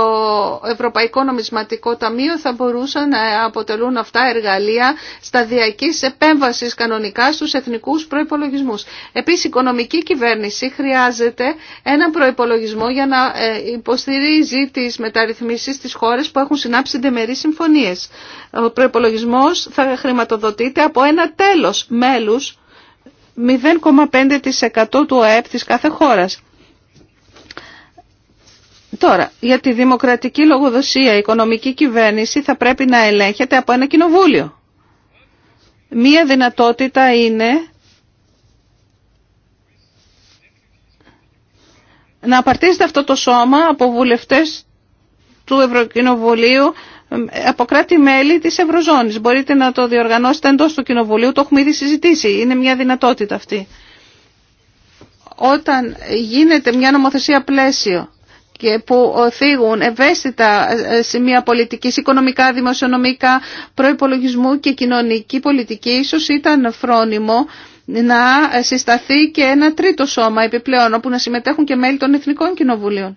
Ευρωπαϊκό Νομισματικό Ταμείο θα μπορούσαν να αποτελούν αυτά εργαλεία σταδιακής επέμβασης κανονικά στους εθνικούς προϋπολογισμούς. Επίσης η οικονομική κυβέρνηση χρειάζεται έναν προϋπολογισμό για να ε, υποστηρίζει τις μεταρρυθμίσεις στις χώρες που έχουν συνάψει δεμερείς συμφωνίες. Ο προϋπολογισμός θα χρηματοδοτείται από ένα τέλος μέλους 0,5% του ΑΕΠ της κάθε χώρας. Τώρα, για τη δημοκρατική λογοδοσία, η οικονομική κυβέρνηση θα πρέπει να ελέγχεται από ένα κοινοβούλιο. Μία δυνατότητα είναι να απαρτίζεται αυτό το σώμα από βουλευτές του Ευρωκοινοβουλίου από κράτη-μέλη της Ευρωζώνης. Μπορείτε να το διοργανώσετε εντός του Κοινοβουλίου, το έχουμε ήδη συζητήσει, είναι μια δυνατότητα αυτή. Όταν γίνεται μια νομοθεσία πλαίσιο και που οθήγουν ευαίσθητα ε, σημεία πολιτικής, οικονομικά, δημοσιονομικά, προϋπολογισμού και κοινωνική πολιτική, ίσως ήταν φρόνιμο να συσταθεί και ένα τρίτο σώμα επιπλέον, όπου να συμμετέχουν και μέλη των Εθνικών Κοινοβουλίων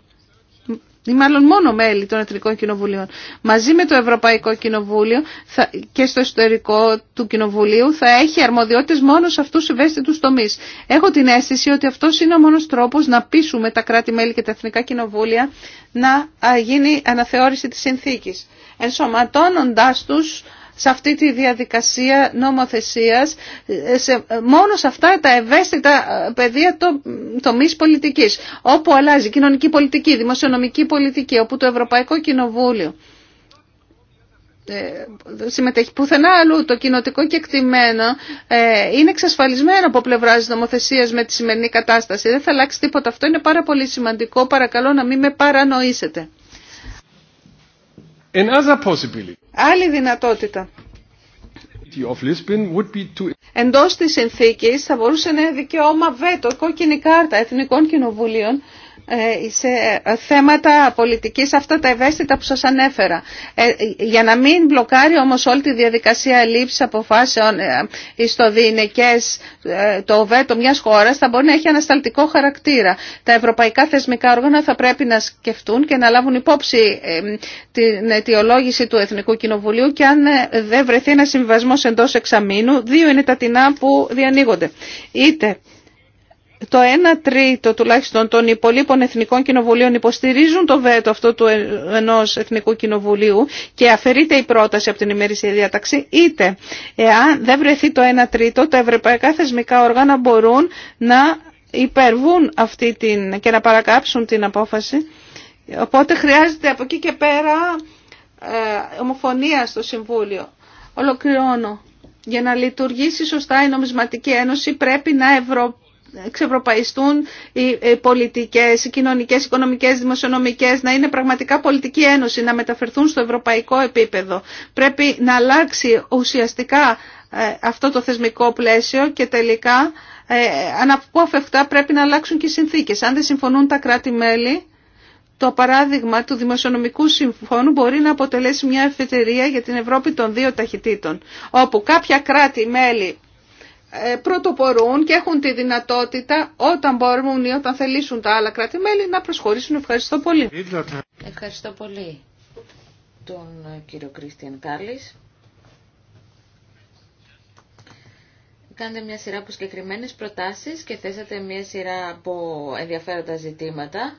ή μάλλον μόνο μέλη των Εθνικών Κοινοβουλίων, μαζί με το Ευρωπαϊκό Κοινοβούλιο και στο εσωτερικό του Κοινοβουλίου θα έχει αρμοδιότητες μόνο σε αυτούς ευαίσθητους τομείς. Έχω την αίσθηση ότι αυτός είναι ο μόνος τρόπος να πείσουμε τα κράτη-μέλη και τα Εθνικά Κοινοβούλια να γίνει αναθεώρηση της συνθήκης, ενσωματώνοντάς τους σε αυτή τη διαδικασία νομοθεσίας σε, μόνο σε αυτά τα ευαίσθητα ε, πεδία το, τομείς πολιτικής όπου αλλάζει κοινωνική πολιτική, δημοσιονομική πολιτική όπου το Ευρωπαϊκό Κοινοβούλιο ε, συμμετέχει πουθενά αλλού το κοινοτικό κεκτημένο ε, είναι εξασφαλισμένο από πλευρά της νομοθεσία με τη σημερινή κατάσταση. Δεν θα αλλάξει τίποτα. Αυτό είναι πάρα πολύ σημαντικό. Παρακαλώ να μην με παρανοήσετε. Άλλη δυνατότητα. Εντός της συνθήκης θα μπορούσε να είναι δικαίωμα βέτο, κόκκινη κάρτα εθνικών κοινοβουλίων ε, σε θέματα πολιτικής αυτά τα ευαίσθητα που σας ανέφερα. Ε, για να μην μπλοκάρει όμως όλη τη διαδικασία λήψης αποφάσεων ε, στο ε, το βέτο μιας χώρας θα μπορεί να έχει ανασταλτικό χαρακτήρα. Τα ευρωπαϊκά θεσμικά όργανα θα πρέπει να σκεφτούν και να λάβουν υπόψη την αιτιολόγηση του Εθνικού Κοινοβουλίου και αν δεν βρεθεί ένα συμβιβασμός εντός εξαμήνου, δύο είναι τα τεινά που διανοίγονται. Είτε το 1 τρίτο τουλάχιστον των υπολείπων εθνικών κοινοβουλίων υποστηρίζουν το βέτο αυτό του ενός εθνικού κοινοβουλίου και αφαιρείται η πρόταση από την ημερήσια διάταξη, είτε εάν δεν βρεθεί το 1 τρίτο, τα ευρωπαϊκά θεσμικά όργανα μπορούν να υπερβούν αυτή την, και να παρακάψουν την απόφαση. Οπότε χρειάζεται από εκεί και πέρα ε, ομοφωνία στο Συμβούλιο. Ολοκληρώνω. Για να λειτουργήσει σωστά η νομισματική ένωση πρέπει να ευρωπαϊκή ξευρωπαϊστούν οι πολιτικές, οι κοινωνικές, οι οικονομικές, οι δημοσιονομικές, να είναι πραγματικά πολιτική ένωση, να μεταφερθούν στο ευρωπαϊκό επίπεδο. Πρέπει να αλλάξει ουσιαστικά ε, αυτό το θεσμικό πλαίσιο και τελικά ε, αναπόφευκτα πρέπει να αλλάξουν και οι συνθήκες. Αν δεν συμφωνούν τα κράτη-μέλη, το παράδειγμα του Δημοσιονομικού Συμφώνου μπορεί να αποτελέσει μια ευφετερία για την Ευρώπη των δύο ταχυτήτων, όπου κάποια κράτη-μέλη ε, πρωτοπορούν και έχουν τη δυνατότητα όταν μπορούν ή όταν θελήσουν τα άλλα κράτη-μέλη να προσχωρήσουν. Ευχαριστώ πολύ. Ευχαριστώ πολύ τον κύριο Κρίστιαν Κάλλης. Κάντε μια σειρά από συγκεκριμένε προτάσεις και θέσατε μια σειρά από ενδιαφέροντα ζητήματα.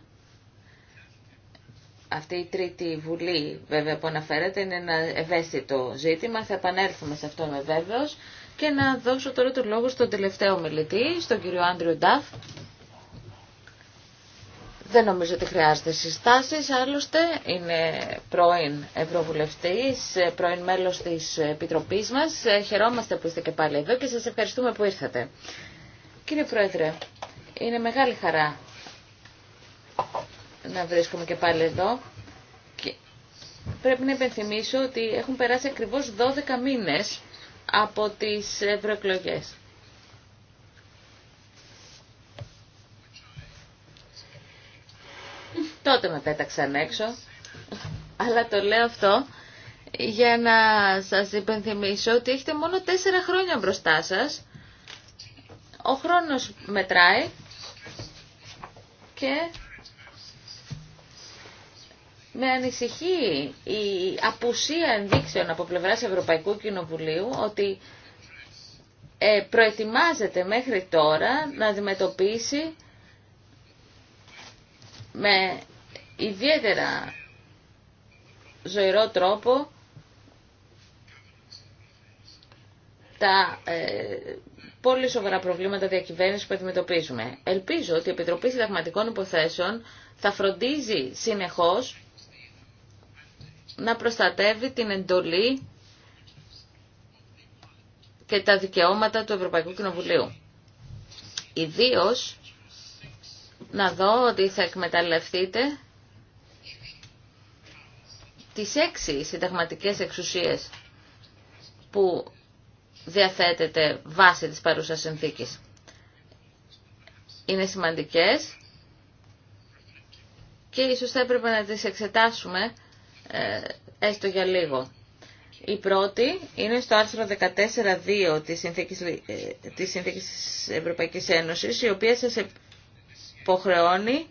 Αυτή η τρίτη βουλή βέβαια που αναφέρεται είναι ένα ευαίσθητο ζήτημα. Θα επανέλθουμε σε αυτό με βέβαιος. Και να δώσω τώρα το λόγο στον τελευταίο μιλητή, στον κύριο Άντριο Νταφ. Δεν νομίζω ότι χρειάζεται συστάσεις, άλλωστε είναι πρώην Ευρωβουλευτής, πρώην μέλος της Επιτροπής μας. Χαιρόμαστε που είστε και πάλι εδώ και σας ευχαριστούμε που ήρθατε. Κύριε Πρόεδρε, είναι μεγάλη χαρά να βρίσκομαι και πάλι εδώ. Και πρέπει να υπενθυμίσω ότι έχουν περάσει ακριβώς 12 μήνες από τις ευρωεκλογέ. Τότε με πέταξαν έξω, αλλά το λέω αυτό για να σας υπενθυμίσω ότι έχετε μόνο τέσσερα χρόνια μπροστά σας. Ο χρόνος μετράει και με ανησυχεί η απουσία ενδείξεων από πλευράς Ευρωπαϊκού Κοινοβουλίου ότι ε, προετοιμάζεται μέχρι τώρα να αντιμετωπίσει με ιδιαίτερα ζωηρό τρόπο τα ε, πολύ σοβαρά προβλήματα διακυβέρνηση που αντιμετωπίζουμε. Ελπίζω ότι η Επιτροπή Συνταγματικών Υποθέσεων θα φροντίζει συνεχώς να προστατεύει την εντολή και τα δικαιώματα του Ευρωπαϊκού Κοινοβουλίου. Ιδίω να δω ότι θα εκμεταλλευτείτε τις έξι συνταγματικές εξουσίες που διαθέτεται βάσει της παρούσας συνθήκης. Είναι σημαντικές και ίσως θα έπρεπε να τις εξετάσουμε ε, έστω για λίγο. Η πρώτη είναι στο άρθρο 14.2 της Συνθήκης, ε, της Συνθήκης της Ευρωπαϊκής Ένωσης, η οποία σας υποχρεώνει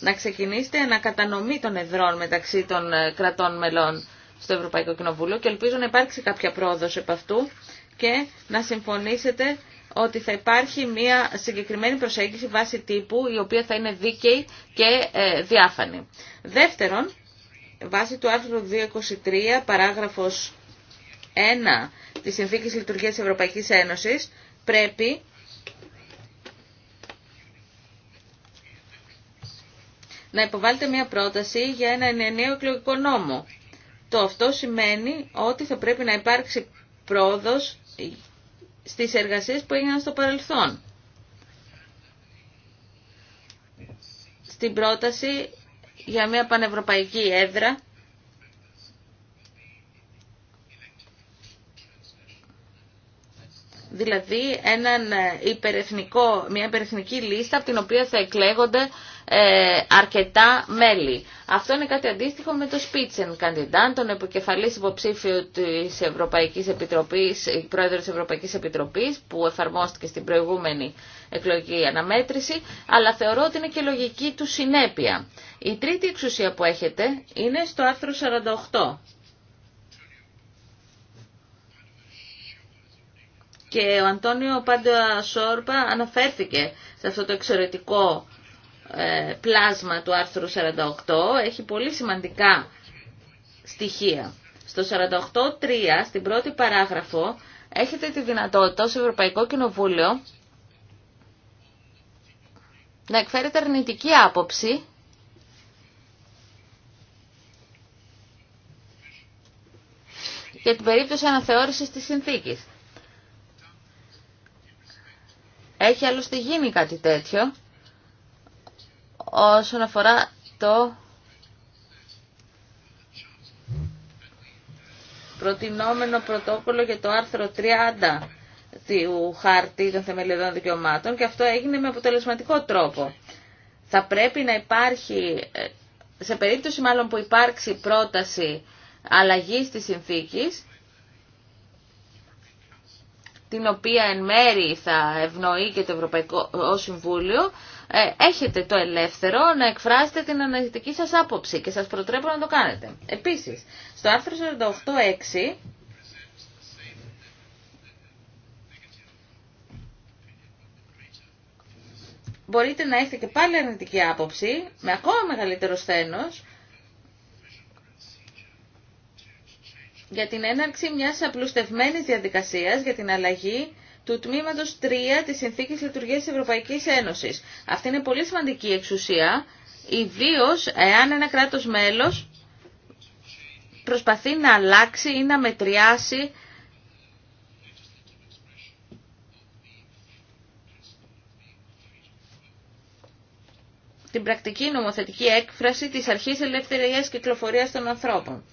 να ξεκινήσετε να κατανομή των εδρών μεταξύ των ε, κρατών μελών στο Ευρωπαϊκό Κοινοβούλιο και ελπίζω να υπάρξει κάποια πρόοδος επ' αυτού και να συμφωνήσετε ότι θα υπάρχει μια συγκεκριμένη προσέγγιση βάση τύπου η οποία θα είναι δίκαιη και ε, διάφανη. Δεύτερον, βάσει του άρθρου 223 παράγραφος 1 της Συνθήκης Λειτουργίας της Ευρωπαϊκής Ένωσης πρέπει να υποβάλλεται μια πρόταση για ένα ενιαίο εκλογικό νόμο. Το αυτό σημαίνει ότι θα πρέπει να υπάρξει πρόοδος στις εργασίες που έγιναν στο παρελθόν. Στην πρόταση για μια πανευρωπαϊκή έδρα δηλαδή έναν υπερεθνικό, μια υπερεθνική λίστα από την οποία θα εκλέγονται ε, αρκετά μέλη. Αυτό είναι κάτι αντίστοιχο με το Spitzen Καντιντάν, τον επικεφαλής υποψήφιο της Ευρωπαϊκής Επιτροπής, Πρόεδρος της Ευρωπαϊκής Επιτροπής, που εφαρμόστηκε στην προηγούμενη εκλογική αναμέτρηση, αλλά θεωρώ ότι είναι και λογική του συνέπεια. Η τρίτη εξουσία που έχετε είναι στο άρθρο 48. Και ο Αντώνιο Πάντουα Σόρπα αναφέρθηκε σε αυτό το εξαιρετικό ε, πλάσμα του άρθρου 48 έχει πολύ σημαντικά στοιχεία. Στο 48.3, στην πρώτη παράγραφο, έχετε τη δυνατότητα ως Ευρωπαϊκό Κοινοβούλιο να εκφέρετε αρνητική άποψη για την περίπτωση αναθεώρησης της συνθήκης. Έχει άλλωστε γίνει κάτι τέτοιο όσον αφορά το προτινόμενο πρωτόκολλο για το άρθρο 30 του χάρτη των θεμελιωδών δικαιωμάτων και αυτό έγινε με αποτελεσματικό τρόπο. Θα πρέπει να υπάρχει, σε περίπτωση μάλλον που υπάρξει πρόταση αλλαγής της συνθήκης, την οποία εν μέρη θα ευνοεί και το Ευρωπαϊκό Συμβούλιο, ε, έχετε το ελεύθερο να εκφράσετε την αναζητική σας άποψη και σας προτρέπω να το κάνετε. Επίσης, στο άρθρο 48.6... Μπορείτε να έχετε και πάλι αρνητική άποψη, με ακόμα μεγαλύτερο σθένος, για την έναρξη μιας απλουστευμένης διαδικασίας για την αλλαγή του τμήματο 3 τη συνθήκη Λειτουργία τη Ευρωπαϊκή Ένωση. Αυτή είναι πολύ σημαντική εξουσία, ιδίω εάν ένα κράτο μέλος προσπαθεί να αλλάξει ή να μετριάσει την πρακτική νομοθετική έκφραση της αρχής ελευθερίας κυκλοφορίας των ανθρώπων.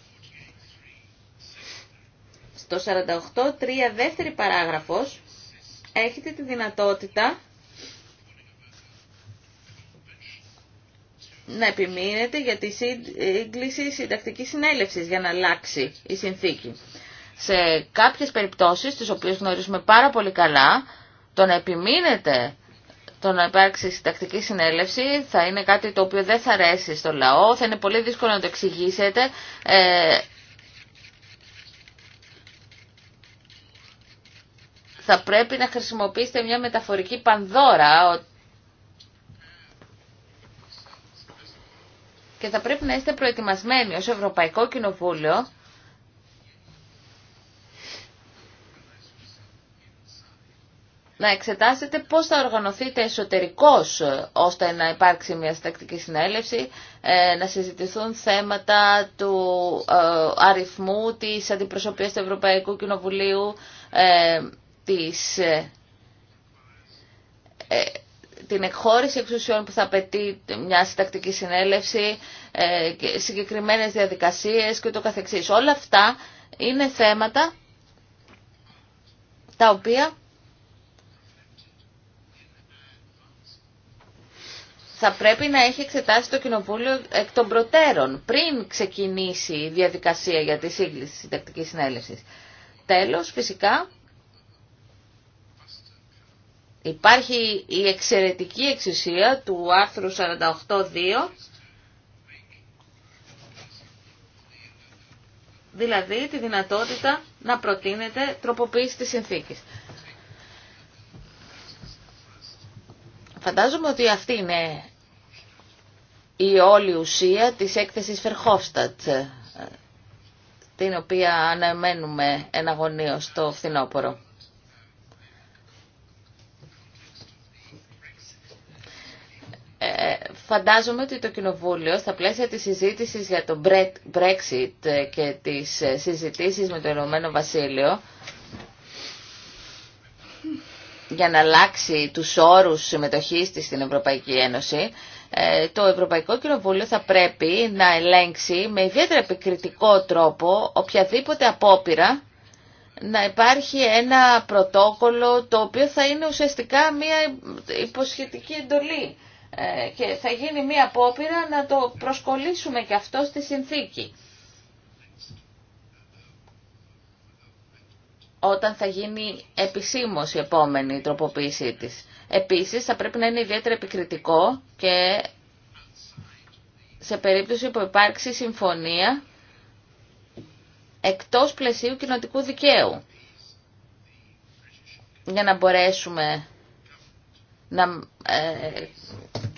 Στο 48.3 δεύτερη παράγραφος έχετε τη δυνατότητα να επιμείνετε για τη σύγκληση συντακτικής συνέλευση για να αλλάξει η συνθήκη. Σε κάποιες περιπτώσεις, τις οποίες γνωρίζουμε πάρα πολύ καλά, το να επιμείνετε το να υπάρξει συντακτική συνέλευση θα είναι κάτι το οποίο δεν θα αρέσει στο λαό, θα είναι πολύ δύσκολο να το εξηγήσετε. Ε, θα πρέπει να χρησιμοποιήσετε μια μεταφορική πανδώρα και θα πρέπει να είστε προετοιμασμένοι ως Ευρωπαϊκό Κοινοβούλιο να εξετάσετε πώς θα οργανωθείτε εσωτερικώς ώστε να υπάρξει μια συντακτική συνέλευση, ε, να συζητηθούν θέματα του ε, αριθμού της αντιπροσωπείας του Ευρωπαϊκού Κοινοβουλίου, ε, της ε, ε, την εκχώρηση εξουσιών που θα απαιτεί μια συντακτική συνέλευση, ε, συγκεκριμένες διαδικασίες και το καθεξής. Όλα αυτά είναι θέματα τα οποία θα πρέπει να έχει εξετάσει το Κοινοβούλιο εκ των προτέρων, πριν ξεκινήσει η διαδικασία για τη σύγκληση συντακτικής συνέλευσης. Τέλος, φυσικά, Υπάρχει η εξαιρετική εξουσία του άρθρου 48.2 δηλαδή τη δυνατότητα να προτείνεται τροποποίηση της συνθήκης. Φαντάζομαι ότι αυτή είναι η όλη ουσία της έκθεσης Φερχόφστατ, την οποία αναμένουμε εναγωνίως το φθινόπωρο. Ε, φαντάζομαι ότι το Κοινοβούλιο στα πλαίσια της συζήτησης για το Brexit ε, και τις ε, συζητήσεις με το Ηνωμένο Βασίλειο για να αλλάξει τους όρους συμμετοχής της στην Ευρωπαϊκή Ένωση, το Ευρωπαϊκό Κοινοβούλιο θα πρέπει να ελέγξει με ιδιαίτερα επικριτικό τρόπο οποιαδήποτε απόπειρα να υπάρχει ένα πρωτόκολλο το οποίο θα είναι ουσιαστικά μια υποσχετική εντολή. Ε, και θα γίνει μία απόπειρα να το προσκολήσουμε και αυτό στη συνθήκη. όταν θα γίνει επισήμως η επόμενη τροποποίησή της. Επίσης θα πρέπει να είναι ιδιαίτερα επικριτικό και σε περίπτωση που υπάρξει συμφωνία εκτός πλαισίου κοινοτικού δικαίου για να μπορέσουμε να ε,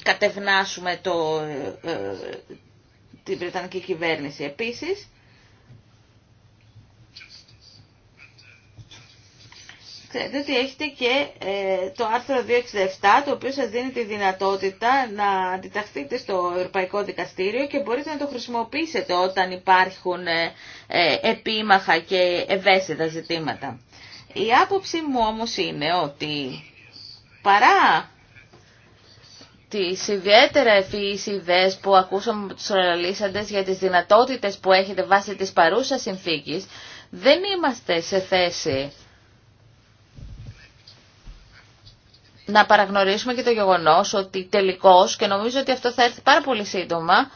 κατευνάσουμε το, ε, ε, την Βρετανική κυβέρνηση. Επίσης, ξέρετε ότι έχετε και ε, το άρθρο 267, το οποίο σας δίνει τη δυνατότητα να αντιταχθείτε στο Ευρωπαϊκό Δικαστήριο και μπορείτε να το χρησιμοποιήσετε όταν υπάρχουν επίμαχα και ευαίσθητα ζητήματα. Η άποψή μου όμως είναι ότι παρά τι ιδιαίτερα ευφυείς ιδέες που ακούσαμε από τους αναλύσαντες για τις δυνατότητες που έχετε βάσει της παρούσας συνθήκης, δεν είμαστε σε θέση να παραγνωρίσουμε και το γεγονός ότι τελικώς, και νομίζω ότι αυτό θα έρθει πάρα πολύ σύντομα,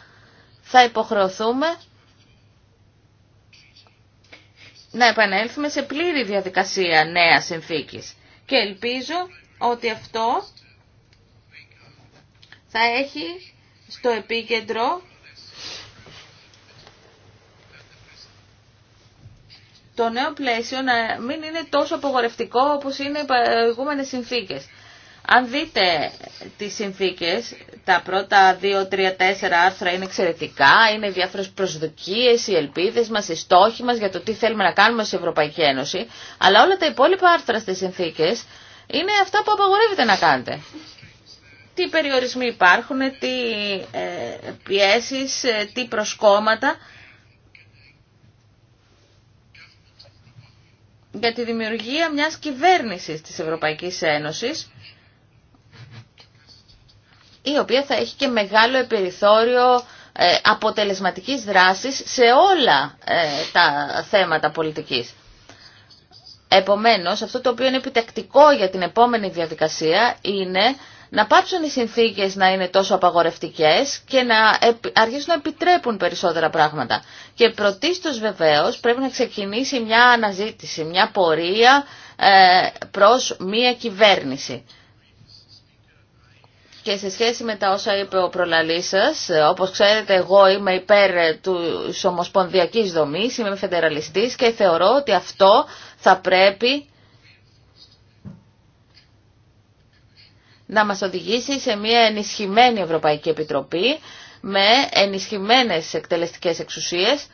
θα υποχρεωθούμε να επανέλθουμε σε πλήρη διαδικασία νέας συνθήκης. Και ελπίζω ότι αυτό θα έχει στο επίκεντρο το νέο πλαίσιο να μην είναι τόσο απογορευτικό όπως είναι οι προηγούμενες συνθήκες. Αν δείτε τις συνθήκες, τα πρώτα 2, 3, 4 άρθρα είναι εξαιρετικά, είναι διάφορε διάφορες προσδοκίες, οι ελπίδες μας, οι στόχοι μας για το τι θέλουμε να κάνουμε στην Ευρωπαϊκή Ένωση, αλλά όλα τα υπόλοιπα άρθρα στις συνθήκες είναι αυτά που απαγορεύεται να κάνετε τι περιορισμοί υπάρχουν, τι ε, πιέσεις, ε, τι προσκόμματα για τη δημιουργία μιας κυβέρνησης της Ευρωπαϊκής Ένωσης η οποία θα έχει και μεγάλο περιθώριο ε, αποτελεσματικής δράσης σε όλα τα θέματα πολιτικής. Επομένως, αυτό το οποίο είναι επιτακτικό για την επόμενη διαδικασία είναι να πάψουν οι συνθήκες να είναι τόσο απαγορευτικές και να αρχίσουν να επιτρέπουν περισσότερα πράγματα. Και πρωτίστως βεβαίως πρέπει να ξεκινήσει μια αναζήτηση, μια πορεία ε, προς μια κυβέρνηση. Και σε σχέση με τα όσα είπε ο προλαλής σας, ε, όπως ξέρετε εγώ είμαι υπέρ ε, του ομοσπονδιακής δομής, είμαι φεντεραλιστής και θεωρώ ότι αυτό θα πρέπει να μας οδηγήσει σε μια ενισχυμένη Ευρωπαϊκή Επιτροπή με ενισχυμένες εκτελεστικές εξουσίες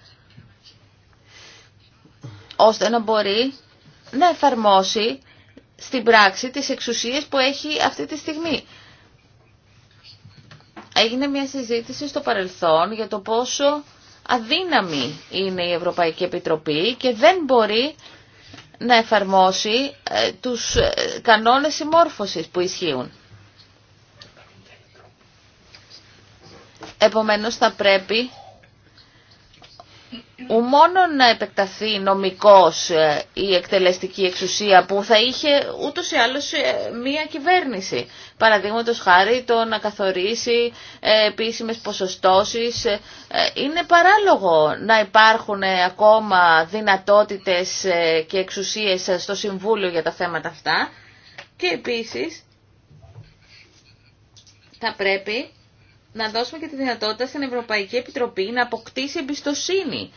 ώστε να μπορεί να εφαρμόσει στην πράξη τις εξουσίες που έχει αυτή τη στιγμή. Έγινε μια συζήτηση στο παρελθόν για το πόσο αδύναμη είναι η Ευρωπαϊκή Επιτροπή και δεν μπορεί να εφαρμόσει ε, τους ε, κανόνες συμμόρφωσης που ισχύουν. Επομένως θα πρέπει μόνο να επεκταθεί νομικός ε, η εκτελεστική εξουσία που θα είχε ούτως ή άλλως ε, μία κυβέρνηση. Παραδείγματο χάρη το να καθορίσει ε, επίσημες ποσοστώσεις. Είναι παράλογο να υπάρχουν ακόμα δυνατότητες και εξουσίες στο Συμβούλιο για τα θέματα αυτά. Και επίσης θα πρέπει να δώσουμε και τη δυνατότητα στην Ευρωπαϊκή Επιτροπή να αποκτήσει εμπιστοσύνη.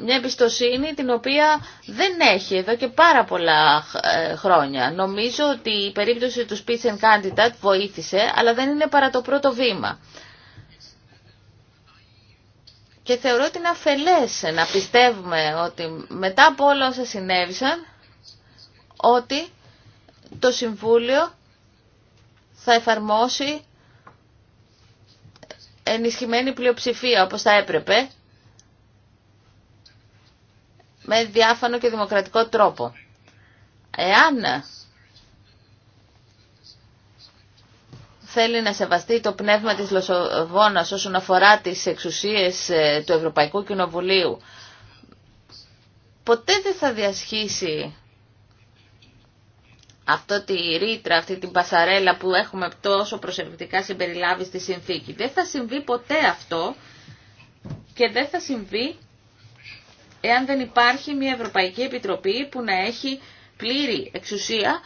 Μια εμπιστοσύνη την οποία δεν έχει εδώ και πάρα πολλά ε, χρόνια. Νομίζω ότι η περίπτωση του speech and candidate βοήθησε, αλλά δεν είναι παρά το πρώτο βήμα. Και θεωρώ ότι είναι αφελές να πιστεύουμε ότι μετά από όλα όσα συνέβησαν, ότι το Συμβούλιο θα εφαρμόσει ενισχυμένη πλειοψηφία όπως θα έπρεπε με διάφανο και δημοκρατικό τρόπο. Εάν θέλει να σεβαστεί το πνεύμα της Λοσοβόνας όσον αφορά τις εξουσίες ε, του Ευρωπαϊκού Κοινοβουλίου, ποτέ δεν θα διασχίσει αυτό τη ρήτρα, αυτή την πασαρέλα που έχουμε τόσο προσεκτικά συμπεριλάβει στη συνθήκη. Δεν θα συμβεί ποτέ αυτό και δεν θα συμβεί εάν δεν υπάρχει μια Ευρωπαϊκή Επιτροπή που να έχει πλήρη εξουσία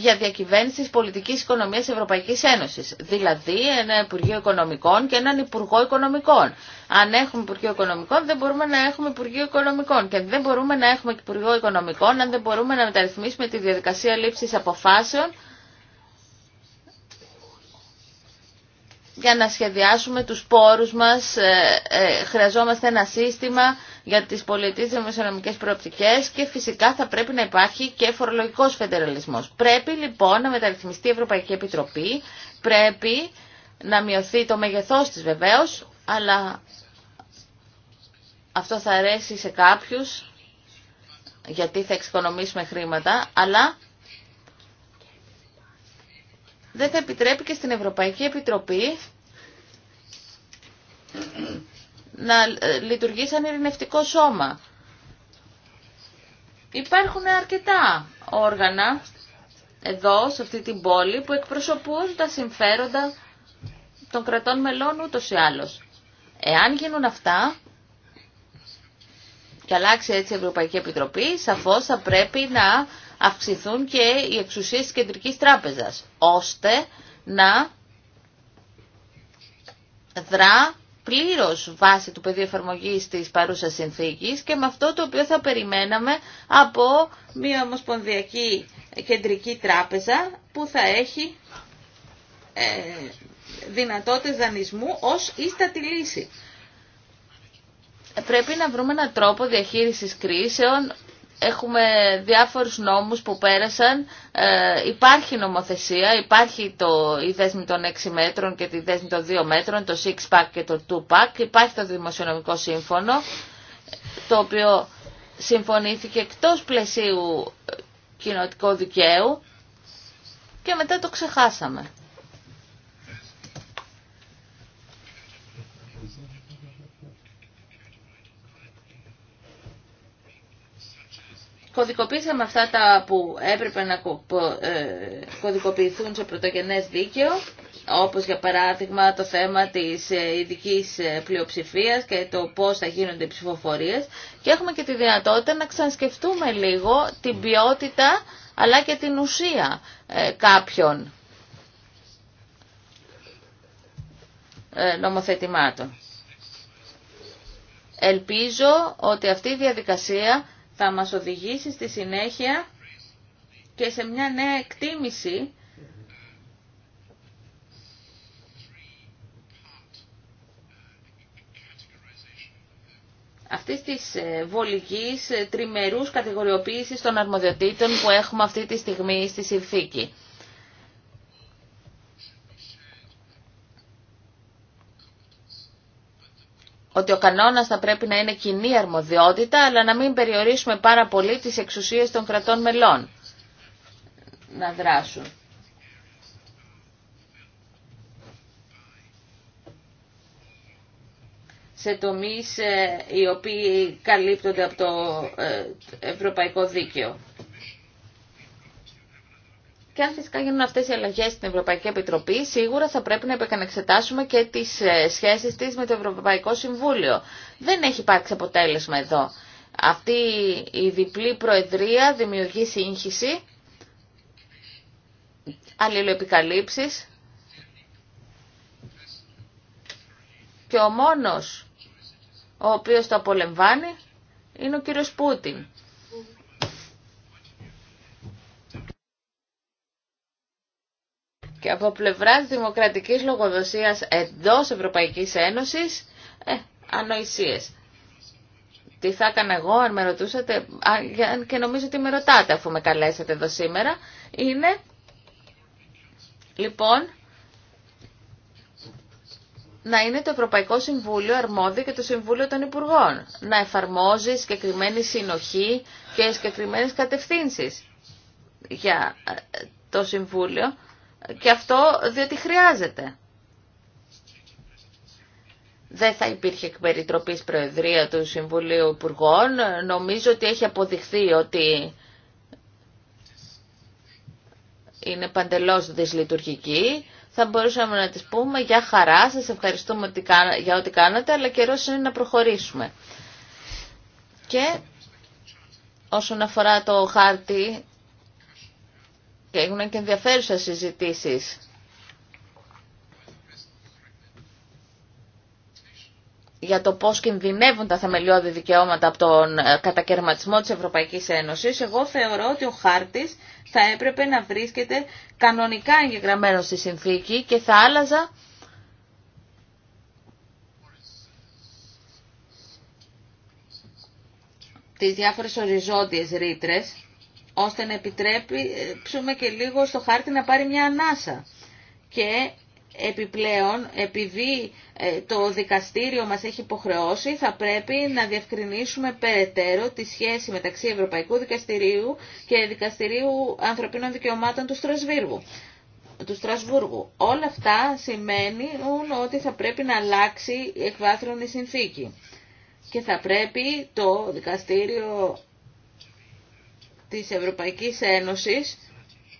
για διακυβέρνηση της πολιτικής οικονομίας της Ευρωπαϊκής Ένωσης. Δηλαδή ένα Υπουργείο Οικονομικών και έναν Υπουργό Οικονομικών. Αν έχουμε Υπουργείο Οικονομικών δεν μπορούμε να έχουμε Υπουργείο Οικονομικών και δεν μπορούμε να έχουμε Υπουργό Οικονομικών αν δεν μπορούμε να μεταρρυθμίσουμε τη διαδικασία λήψη αποφάσεων για να σχεδιάσουμε τους πόρους μας. Ε, ε, χρειαζόμαστε ένα σύστημα για τις πολιτικές δημοσιονομικές προοπτικές και φυσικά θα πρέπει να υπάρχει και φορολογικός φεντεραλισμός. Πρέπει λοιπόν να μεταρρυθμιστεί η Ευρωπαϊκή Επιτροπή, πρέπει να μειωθεί το μεγεθός της βεβαίως, αλλά αυτό θα αρέσει σε κάποιους γιατί θα εξοικονομήσουμε χρήματα, αλλά δεν θα επιτρέπει και στην Ευρωπαϊκή Επιτροπή να ε, λειτουργεί σαν ειρηνευτικό σώμα. Υπάρχουν αρκετά όργανα εδώ, σε αυτή την πόλη, που εκπροσωπούν τα συμφέροντα των κρατών μελών ούτως ή άλλως. Εάν γίνουν αυτά και αλλάξει έτσι η Ευρωπαϊκή Επιτροπή, σαφώς θα πρέπει να αυξηθούν και οι εξουσίες της Κεντρικής Τράπεζας, ώστε να δρά πλήρως βάση του πεδίου εφαρμογή της παρούσας συνθήκης και με αυτό το οποίο θα περιμέναμε από μια ομοσπονδιακή κεντρική τράπεζα που θα έχει ε, δυνατότητες δανεισμού ως ίστατη λύση. Πρέπει να βρούμε έναν τρόπο διαχείρισης κρίσεων Έχουμε διάφορους νόμους που πέρασαν, ε, υπάρχει νομοθεσία, υπάρχει το, η δέσμη των 6 μέτρων και τη δέσμη των 2 μέτρων, το 6-pack και το 2-pack, υπάρχει το δημοσιονομικό σύμφωνο, το οποίο συμφωνήθηκε εκτός πλαισίου κοινοτικού δικαίου και μετά το ξεχάσαμε. κωδικοποίησαμε αυτά τα που έπρεπε να ε, κωδικοποιηθούν σε πρωτογενές δίκαιο, όπως για παράδειγμα το θέμα της ε, ειδική ε, πλειοψηφίας και το πώς θα γίνονται οι ψηφοφορίες και έχουμε και τη δυνατότητα να ξανασκεφτούμε λίγο την ποιότητα αλλά και την ουσία κάποιων νομοθετημάτων. Ελπίζω ότι αυτή η διαδικασία θα μας οδηγήσει στη συνέχεια και σε μια νέα εκτίμηση αυτή τη ε, βολική ε, τριμερού κατηγοριοποίηση των αρμοδιοτήτων που έχουμε αυτή τη στιγμή στη συνθήκη. ότι ο κανόνας θα πρέπει να είναι κοινή αρμοδιότητα, αλλά να μην περιορίσουμε πάρα πολύ τις εξουσίες των κρατών μελών να δράσουν. σε τομείς ε, οι οποίοι καλύπτονται από το ε, ευρωπαϊκό δίκαιο. Και αν φυσικά γίνουν αυτές οι αλλαγές στην Ευρωπαϊκή Επιτροπή, σίγουρα θα πρέπει να επεκανεξετάσουμε και τις ε, σχέσεις της με το Ευρωπαϊκό Συμβούλιο. Δεν έχει υπάρξει αποτέλεσμα εδώ. Αυτή η διπλή προεδρία δημιουργεί σύγχυση, αλληλοεπικαλύψεις και ο μόνος ο οποίος το απολεμβάνει είναι ο κύριος Πούτιν. Και από πλευράς δημοκρατικής λογοδοσίας εντός Ευρωπαϊκής Ένωσης, ε, ανοησίες. Τι θα έκανα εγώ αν με ρωτούσατε, και νομίζω ότι με ρωτάτε αφού με καλέσατε εδώ σήμερα, είναι, λοιπόν, να είναι το Ευρωπαϊκό Συμβούλιο αρμόδιο και το Συμβούλιο των Υπουργών. Να εφαρμόζει συγκεκριμένη συνοχή και συγκεκριμένε κατευθύνσεις για ε, το Συμβούλιο και αυτό διότι χρειάζεται. Δεν θα υπήρχε περιτροπή προεδρία του Συμβουλίου Υπουργών. Νομίζω ότι έχει αποδειχθεί ότι είναι παντελώς δυσλειτουργική. Θα μπορούσαμε να τις πούμε για χαρά, σας ευχαριστούμε για ό,τι κάνατε, αλλά καιρό είναι να προχωρήσουμε. Και όσον αφορά το χάρτη και έγιναν και ενδιαφέρουσα συζητήσεις. για το πώς κινδυνεύουν τα θεμελιώδη δικαιώματα από τον ε, κατακαιρματισμό της Ευρωπαϊκής Ένωσης, εγώ θεωρώ ότι ο χάρτης θα έπρεπε να βρίσκεται κανονικά εγγεγραμμένο στη συνθήκη και θα άλλαζα τις διάφορες οριζόντιες ρήτρες ώστε να επιτρέψουμε ε, και λίγο στο χάρτη να πάρει μια ανάσα. Και επιπλέον, επειδή ε, το δικαστήριο μας έχει υποχρεώσει, θα πρέπει να διευκρινίσουμε περαιτέρω τη σχέση μεταξύ Ευρωπαϊκού Δικαστηρίου και Δικαστηρίου Ανθρωπίνων Δικαιωμάτων του του Στρασβούργου. Όλα αυτά σημαίνουν ότι θα πρέπει να αλλάξει η εκβάθρον συνθήκη. Και θα πρέπει το δικαστήριο της Ευρωπαϊκής Ένωσης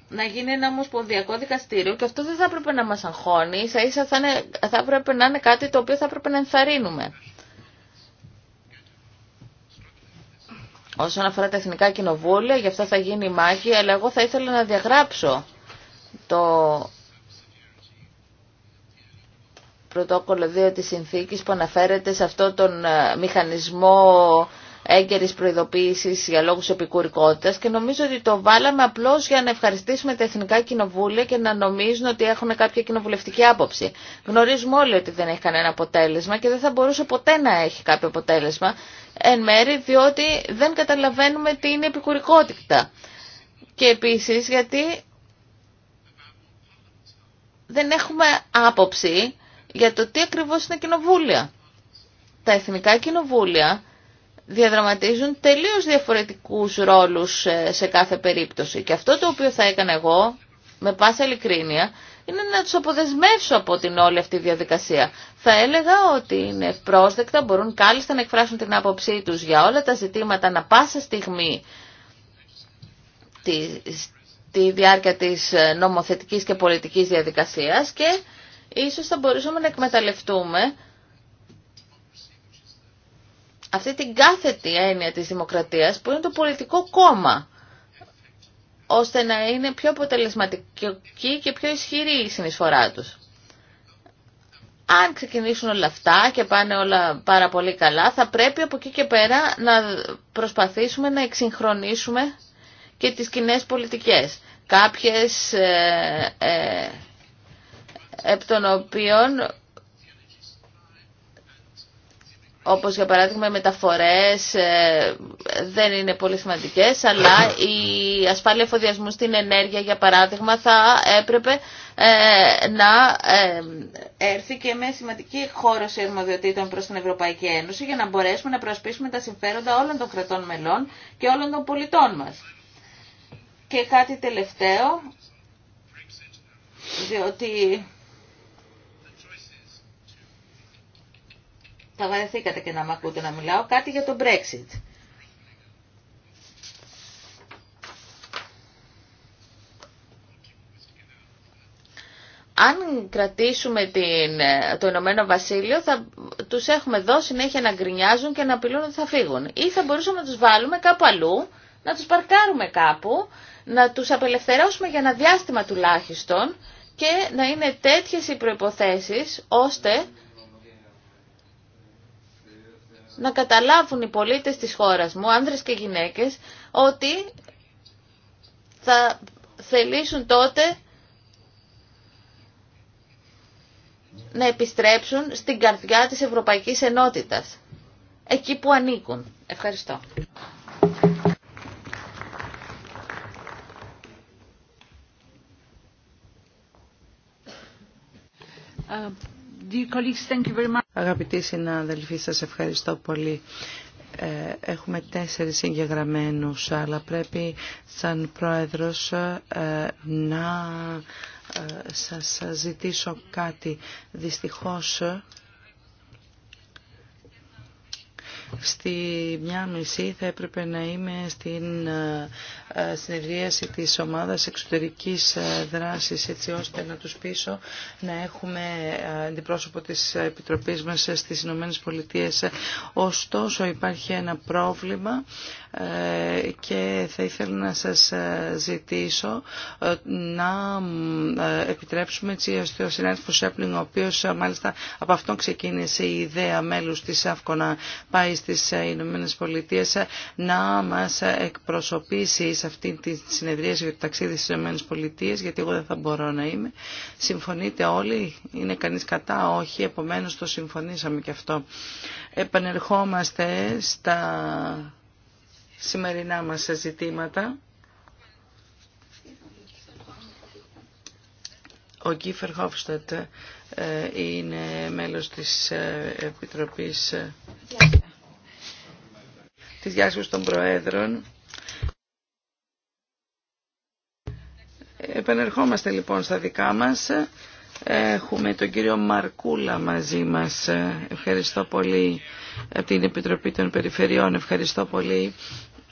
να γίνει ένα ομοσπονδιακό δικαστήριο και αυτό δεν θα έπρεπε να μας αγχώνει, ίσα ίσα θα, θα έπρεπε να είναι κάτι το οποίο θα έπρεπε να ενθαρρύνουμε. Όσον αφορά τα εθνικά κοινοβούλια, γι' αυτό θα γίνει η μάχη, αλλά εγώ θα ήθελα να διαγράψω το πρωτόκολλο 2 της συνθήκης που αναφέρεται σε αυτό τον ε, μηχανισμό έγκαιρης προειδοποίησης για λόγους επικουρικότητας και νομίζω ότι το βάλαμε απλώς για να ευχαριστήσουμε τα εθνικά κοινοβούλια και να νομίζουν ότι έχουν κάποια κοινοβουλευτική άποψη. Γνωρίζουμε όλοι ότι δεν έχει κανένα αποτέλεσμα και δεν θα μπορούσε ποτέ να έχει κάποιο αποτέλεσμα εν μέρη διότι δεν καταλαβαίνουμε τι είναι επικουρικότητα. Και επίσης γιατί δεν έχουμε άποψη για το τι ακριβώς είναι κοινοβούλια. Τα εθνικά κοινοβούλια διαδραματίζουν τελείως διαφορετικούς ρόλους σε κάθε περίπτωση. Και αυτό το οποίο θα έκανα εγώ, με πάσα ειλικρίνεια, είναι να τους αποδεσμεύσω από την όλη αυτή διαδικασία. Θα έλεγα ότι είναι πρόσδεκτα, μπορούν κάλλιστα να εκφράσουν την άποψή τους για όλα τα ζητήματα, να πάσα στιγμή τη, τη διάρκεια της ε, νομοθετικής και πολιτικής διαδικασίας και ίσως θα μπορούσαμε να εκμεταλλευτούμε αυτή την κάθετη έννοια της δημοκρατίας που είναι το πολιτικό κόμμα ώστε να είναι πιο αποτελεσματική και πιο ισχυρή η συνεισφορά τους. Αν ξεκινήσουν όλα αυτά και πάνε όλα πάρα πολύ καλά, θα πρέπει από εκεί και πέρα να προσπαθήσουμε να εξυγχρονίσουμε και τις κοινέ πολιτικές. Κάποιες ε, ε, επ όπως για παράδειγμα οι μεταφορές ε, δεν είναι πολύ σημαντικές, αλλά η ασφάλεια εφοδιασμού στην ενέργεια, για παράδειγμα, θα έπρεπε ε, να ε, έρθει και με σημαντική χώρωση αρμοδιοτήτων προς την Ευρωπαϊκή Ένωση για να μπορέσουμε να προσπίσουμε τα συμφέροντα όλων των κρατών μελών και όλων των πολιτών μας. Και κάτι τελευταίο, διότι θα βαρεθήκατε και να μ' ακούτε να μιλάω, κάτι για το Brexit. αν κρατήσουμε την, το Ηνωμένο Βασίλειο θα τους έχουμε δώσει συνέχεια να γκρινιάζουν και να απειλούν ότι θα φύγουν. Ή θα μπορούσαμε να τους βάλουμε κάπου αλλού, να τους παρκάρουμε κάπου, να τους απελευθερώσουμε για ένα διάστημα τουλάχιστον και να είναι τέτοιες οι προϋποθέσεις ώστε να καταλάβουν οι πολίτες της χώρας μου, άνδρες και γυναίκες, ότι θα θελήσουν τότε να επιστρέψουν στην καρδιά της Ευρωπαϊκής Ενότητας, εκεί που ανήκουν. Ευχαριστώ. Ε, Αγαπητοί συνάδελφοι, σας ευχαριστώ πολύ. Ε, έχουμε τέσσερις συγγεγραμμένους, αλλά πρέπει σαν πρόεδρος ε, να ε, σας ζητήσω κάτι. Δυστυχώς Στη μια μισή θα έπρεπε να είμαι στην ε, συνεδρίαση της ομάδας εξωτερικής ε, δράσης έτσι ώστε να τους πείσω να έχουμε ε, αντιπρόσωπο της Επιτροπής μας στις Ηνωμένες Πολιτείες. Ωστόσο υπάρχει ένα πρόβλημα και θα ήθελα να σας ε, ζητήσω ε, να ε, επιτρέψουμε έτσι ώστε ο συνάδελφος Σέπλινγκ, ο οποίος μάλιστα από αυτόν ξεκίνησε η ιδέα μέλους της ΑΦΚΟ να πάει στις Ηνωμένε Πολιτείε να μας εκπροσωπήσει σε αυτή τη συνεδρίαση για το ταξίδι στις Ηνωμένε Πολιτείε, γιατί εγώ δεν θα μπορώ να είμαι. Συμφωνείτε όλοι, είναι κανείς κατά, όχι, επομένως το συμφωνήσαμε και αυτό. Επανερχόμαστε στα σημερινά μας ζητήματα. Ο Κίφερ Χόφστατ ε, είναι μέλος της ε, Επιτροπής ε, της Διάσκεψης των Προέδρων. Επανερχόμαστε λοιπόν στα δικά μας. Έχουμε τον κύριο Μαρκούλα μαζί μας. Ευχαριστώ πολύ από την Επιτροπή των Περιφερειών. Ευχαριστώ πολύ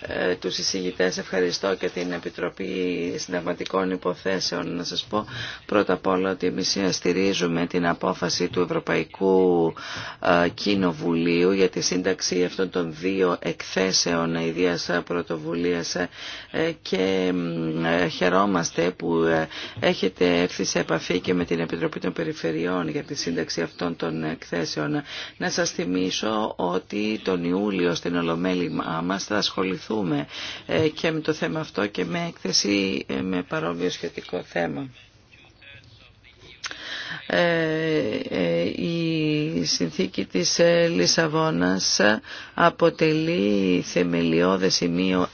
ε, τους εισηγητές ευχαριστώ και την Επιτροπή Συνταγματικών Υποθέσεων να σας πω πρώτα απ' όλα ότι εμείς στηρίζουμε την απόφαση του Ευρωπαϊκού ε, Κοινοβουλίου για τη σύνταξη αυτών των δύο εκθέσεων ιδίας πρωτοβουλίας ε, και χαιρόμαστε που έχετε έρθει σε επαφή και με την Επιτροπή των Περιφερειών για τη σύνταξη αυτών των εκθέσεων. Να σας θυμίσω ότι τον Ιούλιο στην Ολομέλη μας θα ασχοληθούμε ασχοληθούμε ε, και με το θέμα αυτό και με έκθεση ε, με παρόμοιο σχετικό θέμα. Ε, ε, η συνθήκη της ε, Λισαβόνας αποτελεί θεμελιώδες σημείο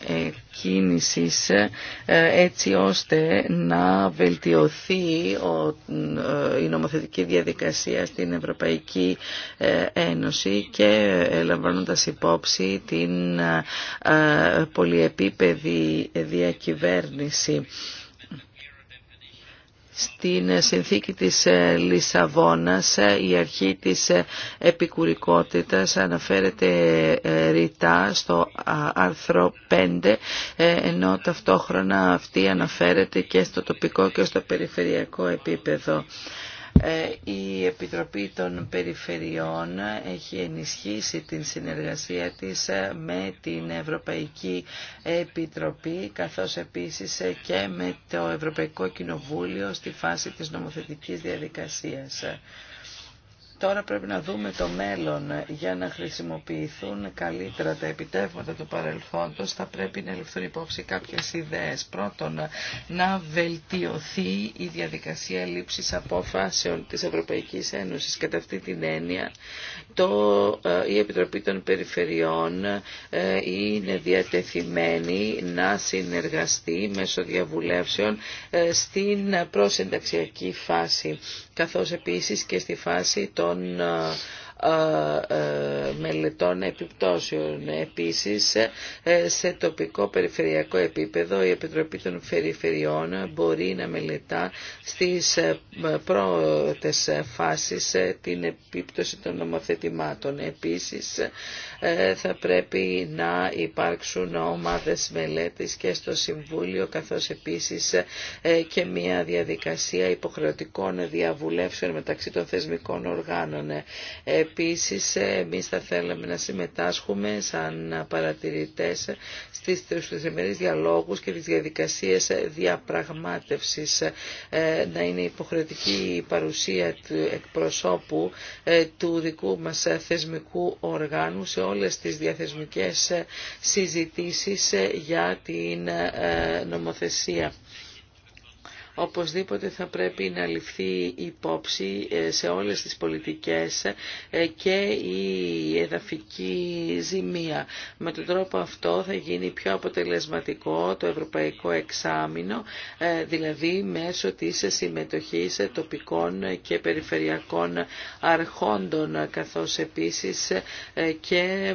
κίνησης έτσι ώστε να βελτιωθεί η νομοθετική διαδικασία στην Ευρωπαϊκή Ένωση και λαμβάνοντας υπόψη την πολυεπίπεδη διακυβέρνηση στην συνθήκη της ε, Λισαβόνας ε, η αρχή της ε, επικουρικότητας αναφέρεται ρητά στο άρθρο 5 ενώ ταυτόχρονα αυτή αναφέρεται και στο τοπικό και στο περιφερειακό επίπεδο. Ε, η Επιτροπή των Περιφερειών έχει ενισχύσει την συνεργασία της ε, με την Ευρωπαϊκή Επιτροπή καθώς επίσης ε, και με το Ευρωπαϊκό Κοινοβούλιο στη φάση της νομοθετικής διαδικασίας. Τώρα πρέπει να δούμε το μέλλον για να χρησιμοποιηθούν καλύτερα τα επιτεύγματα του παρελθόντος. Θα πρέπει να ληφθούν υπόψη κάποιες ιδέες. Πρώτον, να βελτιωθεί η διαδικασία λήψης αποφάσεων της Ευρωπαϊκής Ένωσης. Κατά αυτή την έννοια, το, ε, η Επιτροπή των Περιφερειών ε, είναι διατεθειμένη να συνεργαστεί μέσω διαβουλεύσεων ε, στην προσενταξιακή φάση καθώς επίσης και στη φάση των ε, ε, ε, μελετών επιπτώσεων. Επίσης, ε, σε τοπικό περιφερειακό επίπεδο, η Επιτροπή των Περιφερειών μπορεί να μελετά στις πρώτες φάσεις την επίπτωση των νομοθετημάτων. Επίσης, θα πρέπει να υπάρξουν ομάδες μελέτης και στο Συμβούλιο, καθώς επίσης και μια διαδικασία υποχρεωτικών διαβουλεύσεων μεταξύ των θεσμικών οργάνων. Επίσης, εμείς θα θέλαμε να συμμετάσχουμε σαν παρατηρητές στις τριμερείς διαλόγους και τις διαδικασίες διαπραγμάτευσης. Ε, να είναι υποχρεωτική η παρουσία του εκπροσώπου ε, του δικού μας θεσμικού οργάνου σε όλες τις διαθεσμικές συζητήσεις για την ε, νομοθεσία οπωσδήποτε θα πρέπει να ληφθεί υπόψη ε, σε όλες τις πολιτικές ε, και η εδαφική ζημία. Με τον τρόπο αυτό θα γίνει πιο αποτελεσματικό το ευρωπαϊκό εξάμεινο, ε, δηλαδή μέσω της συμμετοχής τοπικών και περιφερειακών αρχόντων, καθώς επίσης και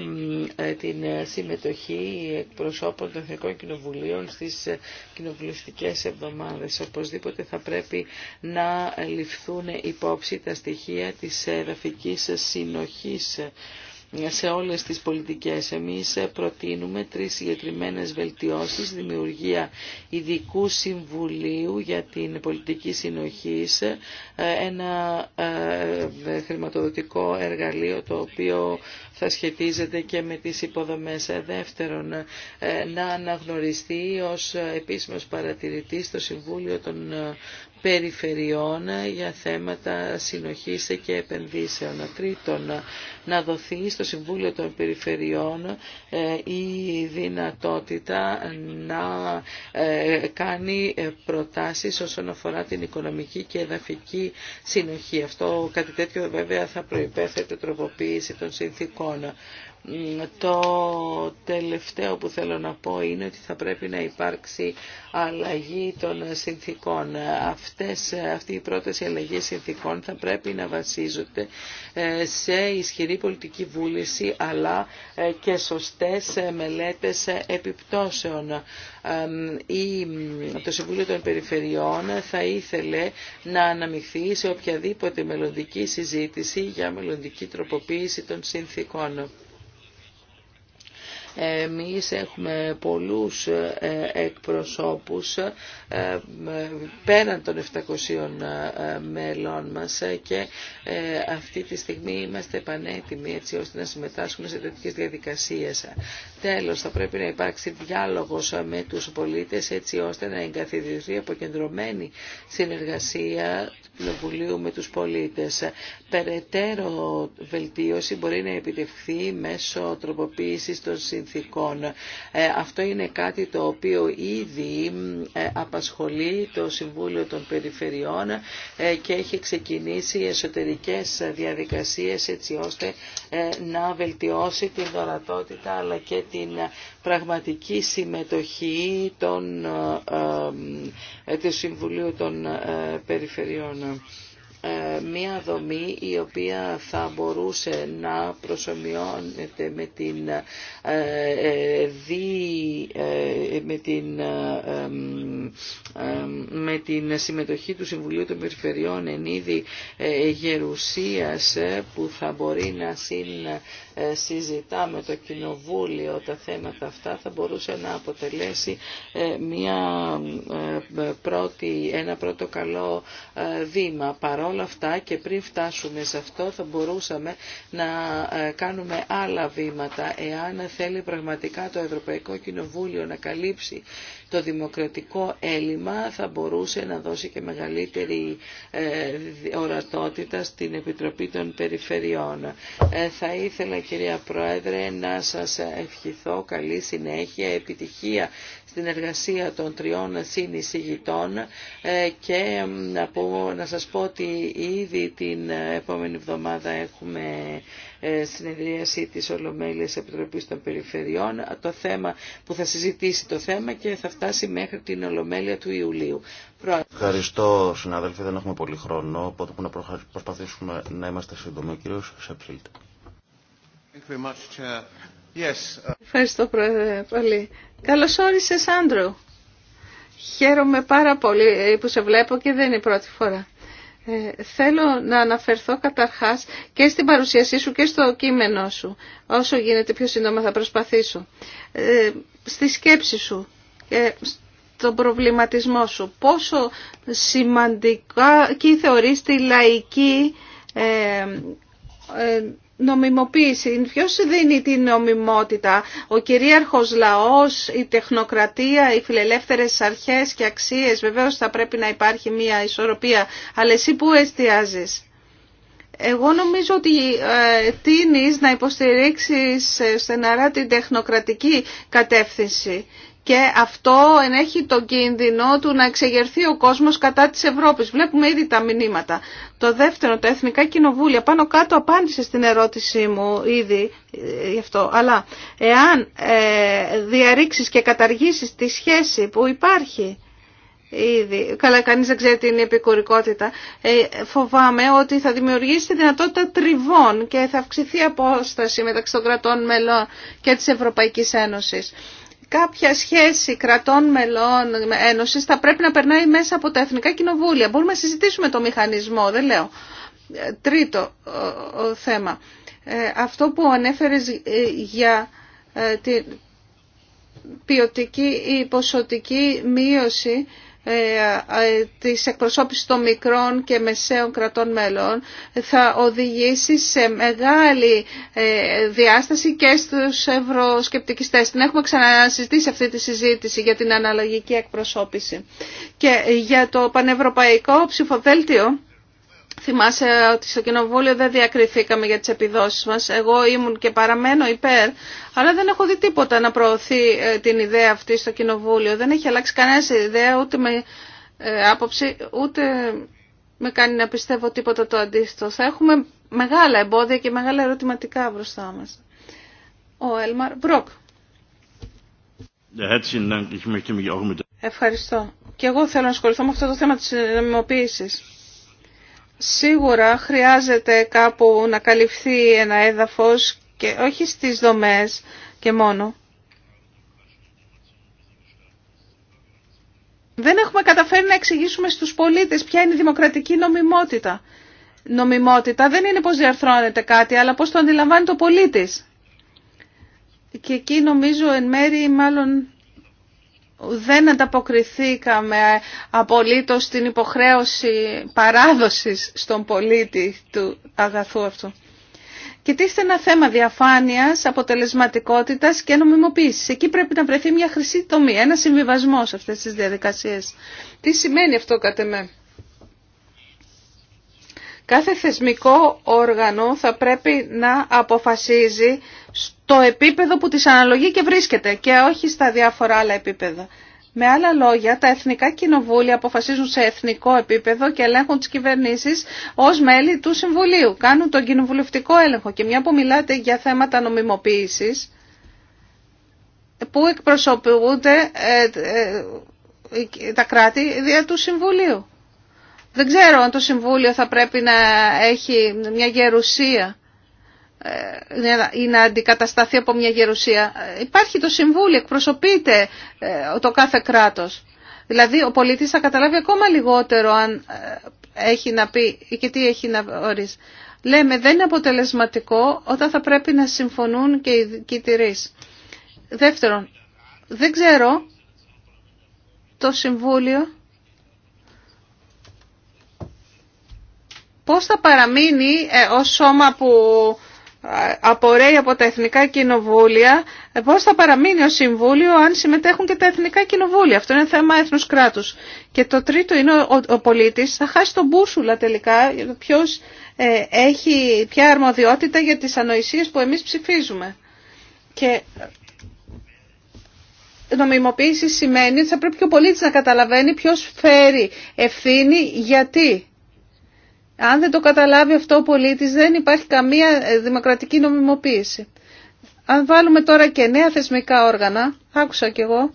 την συμμετοχή εκπροσώπων των Εθνικών Κοινοβουλίων στις κοινοβουλευτικές εβδομάδες οπωσδήποτε θα πρέπει να ληφθούν υπόψη τα στοιχεία της εδαφικής συνοχής σε όλες τις πολιτικές. Εμείς προτείνουμε τρεις συγκεκριμένε βελτιώσεις, δημιουργία ειδικού συμβουλίου για την πολιτική συνοχή, ένα ε, χρηματοδοτικό εργαλείο το οποίο θα σχετίζεται και με τις υποδομές. Δεύτερον, ε, να αναγνωριστεί ως επίσημος παρατηρητής στο Συμβούλιο των ε, περιφερειών για θέματα συνοχής και επενδύσεων. Τρίτον, να δοθεί στο Συμβούλιο των Περιφερειών ε, η δυνατότητα να ε, κάνει ε, προτάσεις όσον αφορά την οικονομική και εδαφική συνοχή. Αυτό κάτι τέτοιο βέβαια θα προϋπέθεται τροποποίηση των συνθήκων. Το τελευταίο που θέλω να πω είναι ότι θα πρέπει να υπάρξει αλλαγή των συνθήκων. Αυτές, αυτή η πρόταση αλλαγή συνθήκων θα πρέπει να βασίζονται ε, σε ισχυρή πολιτική βούληση αλλά ε, και σωστές ε, μελέτες επιπτώσεων. Το Συμβούλιο των Περιφερειών θα ήθελε να αναμειχθεί σε οποιαδήποτε μελλοντική συζήτηση για μελλοντική τροποποίηση των συνθήκων. Εμείς έχουμε πολλούς ε, εκπροσώπους ε, πέραν των 700 μέλων ε, μας και αυτή τη στιγμή είμαστε πανέτοιμοι έτσι ώστε να συμμετάσχουμε σε τέτοιες διαδικασίες. Τέλος, θα πρέπει να υπάρξει διάλογος με τους πολίτες έτσι ώστε να εγκαθιδρυθεί αποκεντρωμένη συνεργασία του Κοινοβουλίου με τους πολίτες. Περαιτέρω βελτίωση μπορεί να επιτευχθεί μέσω τροποποίησης των ε, αυτό είναι κάτι το οποίο ήδη ε, απασχολεί το Συμβούλιο των Περιφερειών ε, και έχει ξεκινήσει εσωτερικές διαδικασίες έτσι ώστε να βελτιώσει την δωρατότητα αλλά και την πραγματική συμμετοχή των, του Συμβουλίου των Περιφερειών. Ε, μία δομή η οποία θα μπορούσε να προσωμιώνεται με την, ε, ε, με την, με την συμμετοχή του Συμβουλίου των Περιφερειών εν είδη γερουσίας που θα μπορεί να συν ε, συζητάμε με το Κοινοβούλιο τα θέματα αυτά θα μπορούσε να αποτελέσει ε, μια ε, πρώτη, ένα πρώτο καλό βήμα. Παρόλα αυτά και πριν φτάσουμε σε αυτό θα μπορούσαμε να κάνουμε άλλα βήματα εάν θέλει πραγματικά το Ευρωπαϊκό Κοινοβούλιο να καλύψει το δημοκρατικό έλλειμμα θα μπορούσε να δώσει και μεγαλύτερη ε, ορατότητα στην Επιτροπή των Περιφερειών. Ε, θα ήθελα κυρία Πρόεδρε να σας ευχηθώ καλή συνέχεια, επιτυχία στην εργασία των τριών συνεισηγητών ε, και να, να σας πω ότι ήδη την επόμενη εβδομάδα έχουμε ε, συνεδρίαση της Ολομέλειας Επιτροπής των Περιφερειών το θέμα που θα συζητήσει το θέμα και θα φτάσει μέχρι την Ολομέλεια του Ιουλίου. Ευχαριστώ συναδέλφοι, δεν έχουμε πολύ χρόνο οπότε που να προσπαθήσουμε να είμαστε σύντομοι. Ο κύριος Σεψίλτ. Yes. Uh, Ευχαριστώ Πρόεδρε πολύ. Καλώς όρισες Άντρου. Χαίρομαι πάρα πολύ που σε βλέπω και δεν είναι η πρώτη φορά. Ε, θέλω να αναφερθώ καταρχάς και στην παρουσίασή σου και στο κείμενό σου. Όσο γίνεται πιο σύντομα θα προσπαθήσω. Ε, στη σκέψη σου και στον προβληματισμό σου. Πόσο σημαντικά και θεωρείς τη λαϊκή ε, ε νομιμοποίηση. Ποιος δίνει την νομιμότητα, ο κυρίαρχο λαό, η τεχνοκρατία, οι φιλελεύθερε αρχές και αξίε βεβαίω θα πρέπει να υπάρχει μια ισορροπία, αλλά εσύ πού εστιάζεις. Εγώ νομίζω ότι ε, τίνεις να υποστηρίξεις στεναρά την τεχνοκρατική κατεύθυνση και αυτό ενέχει τον κίνδυνο του να εξεγερθεί ο κόσμος κατά της Ευρώπης. Βλέπουμε ήδη τα μηνύματα. Το δεύτερο, τα Εθνικά Κοινοβούλια, πάνω κάτω απάντησε στην ερώτησή μου ήδη ε, γι' αυτό. Αλλά εάν ε, και καταργήσεις τη σχέση που υπάρχει ήδη, καλά κανείς δεν ξέρει την επικουρικότητα, ε, φοβάμαι ότι θα δημιουργήσει τη δυνατότητα τριβών και θα αυξηθεί η απόσταση μεταξύ των κρατών μελών και της Ευρωπαϊκής Ένωσης κάποια σχέση κρατών μελών ένωσης θα πρέπει να περνάει μέσα από τα εθνικά κοινοβούλια. Μπορούμε να συζητήσουμε το μηχανισμό, δεν λέω. Ε, τρίτο θέμα. Ε, αυτό που ανέφερες ε, για την ποιοτική ή ποσοτική μείωση ε, ε, της εκπροσώπησης των μικρών και μεσαίων κρατών μέλων θα οδηγήσει σε μεγάλη ε, διάσταση και στους ευρωσκεπτικιστές. Την έχουμε ξανασυζητήσει αυτή τη συζήτηση για την αναλογική εκπροσώπηση. Και για το πανευρωπαϊκό ψηφοδέλτιο Θυμάσαι ότι στο κοινοβούλιο δεν διακριθήκαμε για τις επιδόσεις μας. Εγώ ήμουν και παραμένω υπέρ, αλλά δεν έχω δει τίποτα να προωθεί ε, την ιδέα αυτή στο κοινοβούλιο. Δεν έχει αλλάξει κανένα ιδέα ούτε με ε, άποψη, ούτε με κάνει να πιστεύω τίποτα το αντίστοιχο. Θα έχουμε μεγάλα εμπόδια και μεγάλα ερωτηματικά μπροστά μας. Ο Έλμαρ Μπροκ. Ευχαριστώ. Και εγώ θέλω να ασχοληθώ με αυτό το θέμα της νομιμοποίησης. Σίγουρα χρειάζεται κάπου να καλυφθεί ένα έδαφος και όχι στις δομές και μόνο. Δεν έχουμε καταφέρει να εξηγήσουμε στους πολίτες ποια είναι η δημοκρατική νομιμότητα. Νομιμότητα δεν είναι πώς διαρθρώνεται κάτι, αλλά πώς το αντιλαμβάνει το πολίτης. Και εκεί νομίζω εν μέρη μάλλον δεν ανταποκριθήκαμε απολύτως στην υποχρέωση παράδοσης στον πολίτη του αγαθού αυτού. Κοιτήστε ένα θέμα διαφάνειας, αποτελεσματικότητας και νομιμοποίησης. Εκεί πρέπει να βρεθεί μια χρυσή τομή, ένα συμβιβασμό σε αυτές τις διαδικασίες. Τι σημαίνει αυτό κατά Κάθε θεσμικό όργανο θα πρέπει να αποφασίζει στο επίπεδο που της αναλογεί και βρίσκεται και όχι στα διάφορα άλλα επίπεδα. Με άλλα λόγια, τα εθνικά κοινοβούλια αποφασίζουν σε εθνικό επίπεδο και ελέγχουν τις κυβερνήσεις ω μέλη του Συμβουλίου. Κάνουν τον κοινοβουλευτικό έλεγχο. Και μια που μιλάτε για θέματα νομιμοποίηση, που εκπροσωπούνται ε, ε, τα κράτη δια του Συμβουλίου. Δεν ξέρω αν το Συμβούλιο θα πρέπει να έχει μια γερουσία ε, ή να αντικατασταθεί από μια γερουσία. Υπάρχει το Συμβούλιο, εκπροσωπείται ε, το κάθε κράτος. Δηλαδή ο πολίτης θα καταλάβει ακόμα λιγότερο αν ε, έχει να πει και τι έχει να ορίσει. Λέμε δεν είναι αποτελεσματικό όταν θα πρέπει να συμφωνούν και οι κοιτηρείς. Δεύτερον, δεν ξέρω το Συμβούλιο πώς θα παραμείνει ε, ως σώμα που ε, απορρέει από τα εθνικά κοινοβούλια, ε, πώς θα παραμείνει ο Συμβούλιο αν συμμετέχουν και τα εθνικά κοινοβούλια. Αυτό είναι θέμα έθνους κράτους. Και το τρίτο είναι ο πολίτης θα χάσει τον μπούσουλα τελικά ποιος έχει ποια αρμοδιότητα για τις ανοησίες που εμείς ψηφίζουμε. Και νομιμοποίηση σημαίνει ότι θα πρέπει και ο πολίτης να καταλαβαίνει ποιος φέρει ευθύνη γιατί. Αν δεν το καταλάβει αυτό ο πολίτης δεν υπάρχει καμία ε, δημοκρατική νομιμοποίηση. Αν βάλουμε τώρα και νέα θεσμικά όργανα, άκουσα κι εγώ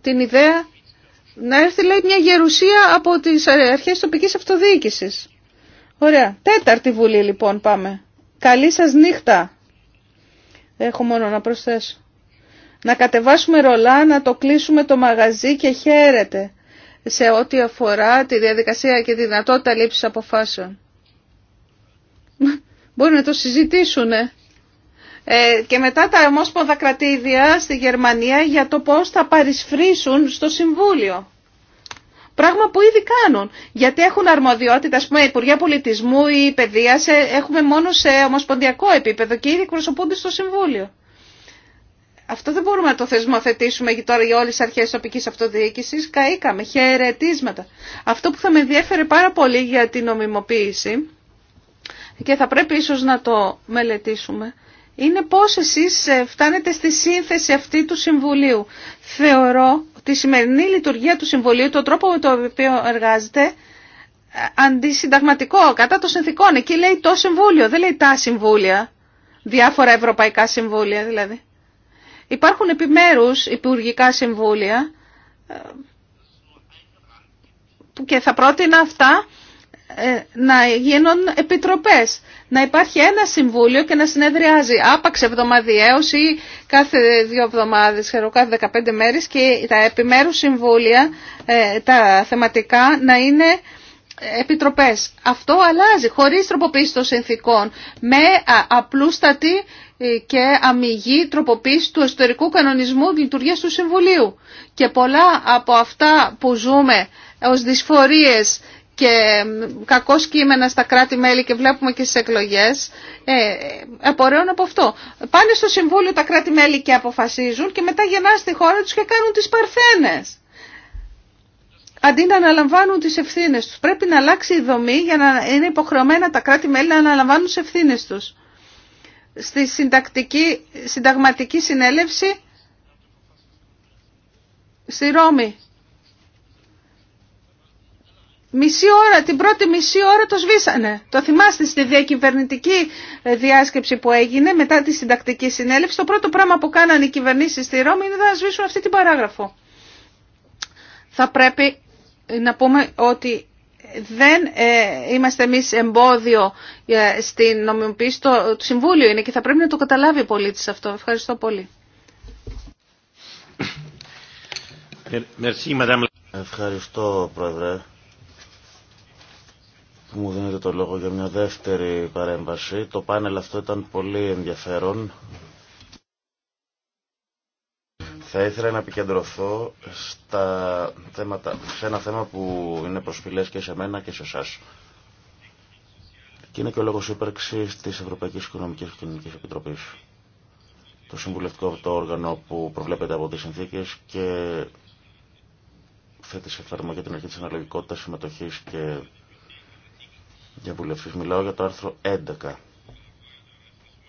την ιδέα να έρθει λέει μια γερουσία από τις αρχές τοπικής αυτοδιοίκησης. Ωραία. Τέταρτη βουλή λοιπόν πάμε. Καλή σας νύχτα. Έχω μόνο να προσθέσω. Να κατεβάσουμε ρολά, να το κλείσουμε το μαγαζί και χαίρετε σε ό,τι αφορά τη διαδικασία και τη δυνατότητα λήψης αποφάσεων. Μπορεί να το συζητήσουν ε, και μετά τα ομόσπονδα κρατήδια στη Γερμανία για το πώς θα παρισφρήσουν στο Συμβούλιο. Πράγμα που ήδη κάνουν. Γιατί έχουν αρμοδιότητα, α πούμε, Υπουργεία Πολιτισμού ή Παιδεία, ε, έχουμε μόνο σε ομοσπονδιακό επίπεδο και ήδη εκπροσωπούνται στο Συμβούλιο. Αυτό δεν μπορούμε να το θεσμοθετήσουμε τώρα για όλες τις αρχές τοπική αυτοδιοίκηση. Καήκαμε, χαιρετίσματα. Αυτό που θα με ενδιαφέρε πάρα πολύ για την νομιμοποίηση και θα πρέπει ίσω να το μελετήσουμε είναι πώ εσεί ε, φτάνετε στη σύνθεση αυτή του Συμβουλίου. Θεωρώ τη σημερινή λειτουργία του Συμβουλίου, τον τρόπο με τον οποίο εργάζεται, ε, αντισυνταγματικό, κατά των συνθηκών. Εκεί λέει το Συμβούλιο, δεν λέει τα Συμβούλια, διάφορα Ευρωπαϊκά Συμβούλια δηλαδή. Υπάρχουν επιμέρους υπουργικά συμβούλια ε, και θα πρότεινα αυτά ε, να γίνουν επιτροπές. Να υπάρχει ένα συμβούλιο και να συνεδριάζει άπαξ εβδομαδιαίως ή κάθε δύο εβδομάδες, κάθε 15 μέρες και τα επιμέρους συμβούλια, ε, τα θεματικά, να είναι επιτροπές. Αυτό αλλάζει χωρίς τροποποίηση των συνθήκων με απλούστατη ε, και αμυγή τροποποίηση του εσωτερικού κανονισμού λειτουργία του Συμβουλίου. Και πολλά από αυτά που ζούμε ως δυσφορίες και κακό κείμενα στα κράτη-μέλη και βλέπουμε και στις εκλογές, ε, απορρέουν από αυτό. Πάνε στο Συμβούλιο τα κράτη-μέλη και αποφασίζουν και μετά γεννά στη χώρα τους και κάνουν τις παρθένες. Αντί να αναλαμβάνουν τις ευθύνες τους. Πρέπει να αλλάξει η δομή για να είναι υποχρεωμένα τα κράτη-μέλη να αναλαμβάνουν τις ευθύνες τους στη συνταγματική συνέλευση στη Ρώμη. Μισή ώρα, την πρώτη μισή ώρα το σβήσανε. Το θυμάστε στη διακυβερνητική ε, διάσκεψη που έγινε μετά τη συντακτική συνέλευση. Το πρώτο πράγμα που κάνανε οι κυβερνήσεις στη Ρώμη είναι να σβήσουν αυτή την παράγραφο. Θα πρέπει να πούμε ότι δεν ε, είμαστε εμείς εμπόδιο ε, στην νομιμοποίηση. Το, Συμβούλιο είναι και θα πρέπει να το καταλάβει ο πολίτης αυτό. Ευχαριστώ πολύ. Ευχαριστώ, Πρόεδρε, που μου δίνετε το λόγο για μια δεύτερη παρέμβαση. Το πάνελ αυτό ήταν πολύ ενδιαφέρον. Θα ήθελα να επικεντρωθώ στα θέματα, σε ένα θέμα που είναι προσφυλές και σε μένα και σε εσά. Και είναι και ο λόγος ύπαρξη της Ευρωπαϊκής Οικονομικής και Κοινωνικής Επιτροπής. Το συμβουλευτικό το όργανο που προβλέπεται από τις συνθήκες και θέτει σε εφαρμογή την αρχή της αναλογικότητας, συμμετοχής και διαβουλευσής. Μιλάω για το άρθρο 11,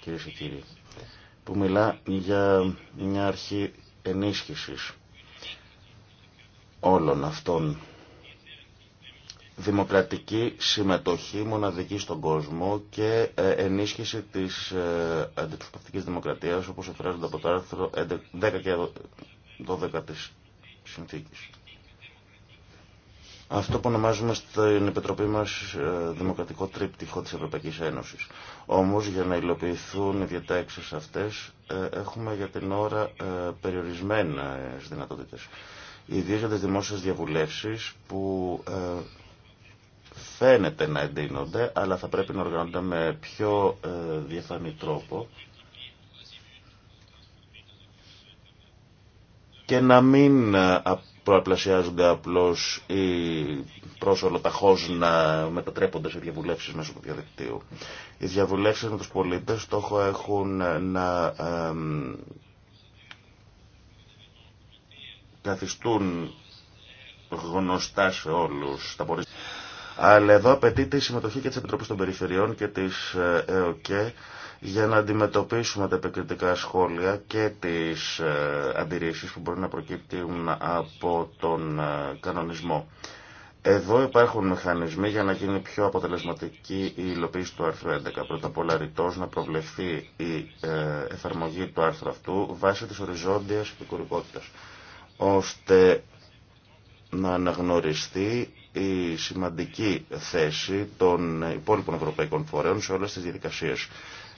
κυρίες και κύριοι, που μιλά για μια αρχή ενίσχυσης όλων αυτών δημοκρατική συμμετοχή μοναδική στον κόσμο και ε, ενίσχυση της ε, δημοκρατίας όπως από το άρθρο 10 και 12 της συνθήκης. Αυτό που ονομάζουμε στην Επιτροπή μας ε, Δημοκρατικό Τρίπτυχο της Ευρωπαϊκής Ένωσης. Όμως για να υλοποιηθούν οι διατάξεις αυτές ε, έχουμε για την ώρα ε, περιορισμένες δυνατότητες. Ιδίω για τις δημόσιες διαβουλεύσεις που ε, φαίνεται να εντείνονται αλλά θα πρέπει να οργανώνονται με πιο διαφανή τρόπο και να μην προαπλασιάζονται απλώς ή ταχώς να μετατρέπονται σε διαβουλεύσεις μέσω του διαδικτύου. Οι διαβουλεύσεις με τους πολίτες στόχο έχουν να καθιστούν γνωστά σε όλους τα Αλλά εδώ απαιτείται η συμμετοχή και της Επιτροπής των Περιφερειών και της ε, ΕΟΚΕ για να αντιμετωπίσουμε τα επικριτικά σχόλια και τις ε, αντιρρήσεις που μπορεί να προκύπτουν από τον ε, κανονισμό. Εδώ υπάρχουν μηχανισμοί για να γίνει πιο αποτελεσματική η υλοποίηση του άρθρου 11. Πρώτα απ' όλα ρητός να προβλεφθεί η ε, εφαρμογή του άρθρου αυτού βάσει της οριζόντιας επικουρικότητας, ώστε να αναγνωριστεί η σημαντική θέση των υπόλοιπων ευρωπαϊκών φορέων σε όλες τις διαδικασίες.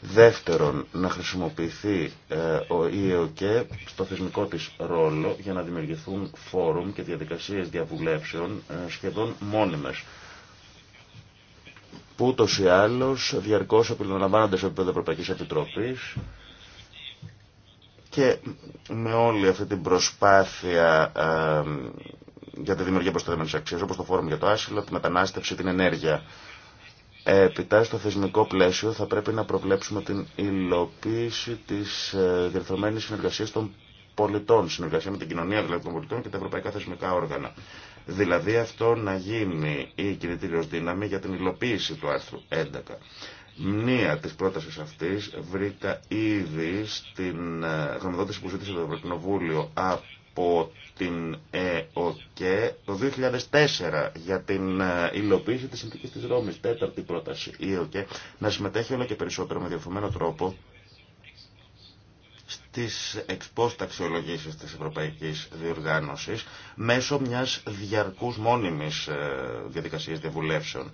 Δεύτερον, να χρησιμοποιηθεί ε, ο ΙΕΟΚΕ στο θεσμικό της ρόλο για να δημιουργηθούν φόρουμ και διαδικασίες διαβουλεύσεων ε, σχεδόν μόνιμες που ούτως ή άλλως διαρκώς επιλαμβάνονται σε επίπεδο Ευρωπαϊκής Επιτροπής και με όλη αυτή την προσπάθεια ε, για τη δημιουργία προστατευμένης αξίας, όπως το Φόρουμ για το Άσυλο, τη μετανάστευση, την ενέργεια. Επιτά, στο θεσμικό πλαίσιο θα πρέπει να προβλέψουμε την υλοποίηση της ε, διερθωμένης συνεργασίας των πολιτών, συνεργασία με την κοινωνία δηλαδή των πολιτών και τα ευρωπαϊκά θεσμικά όργανα. Δηλαδή αυτό να γίνει η κινητήριος δύναμη για την υλοποίηση του άρθρου 11. Μία της πρότασης αυτής βρήκα ήδη στην ε, γνωμοδότηση που ζήτησε το Ευρωκοινοβούλιο από από την ΕΟΚΕ το 2004 για την ε, υλοποίηση της συνθήκης της Ρώμης. Τέταρτη πρόταση η ΕΟΚΕ να συμμετέχει όλο και περισσότερο με διαφορεμένο τρόπο στις εξπόστα αξιολογήσεις της Ευρωπαϊκής Διοργάνωσης μέσω μιας διαρκούς μόνιμης ε, διαδικασίας διαβουλεύσεων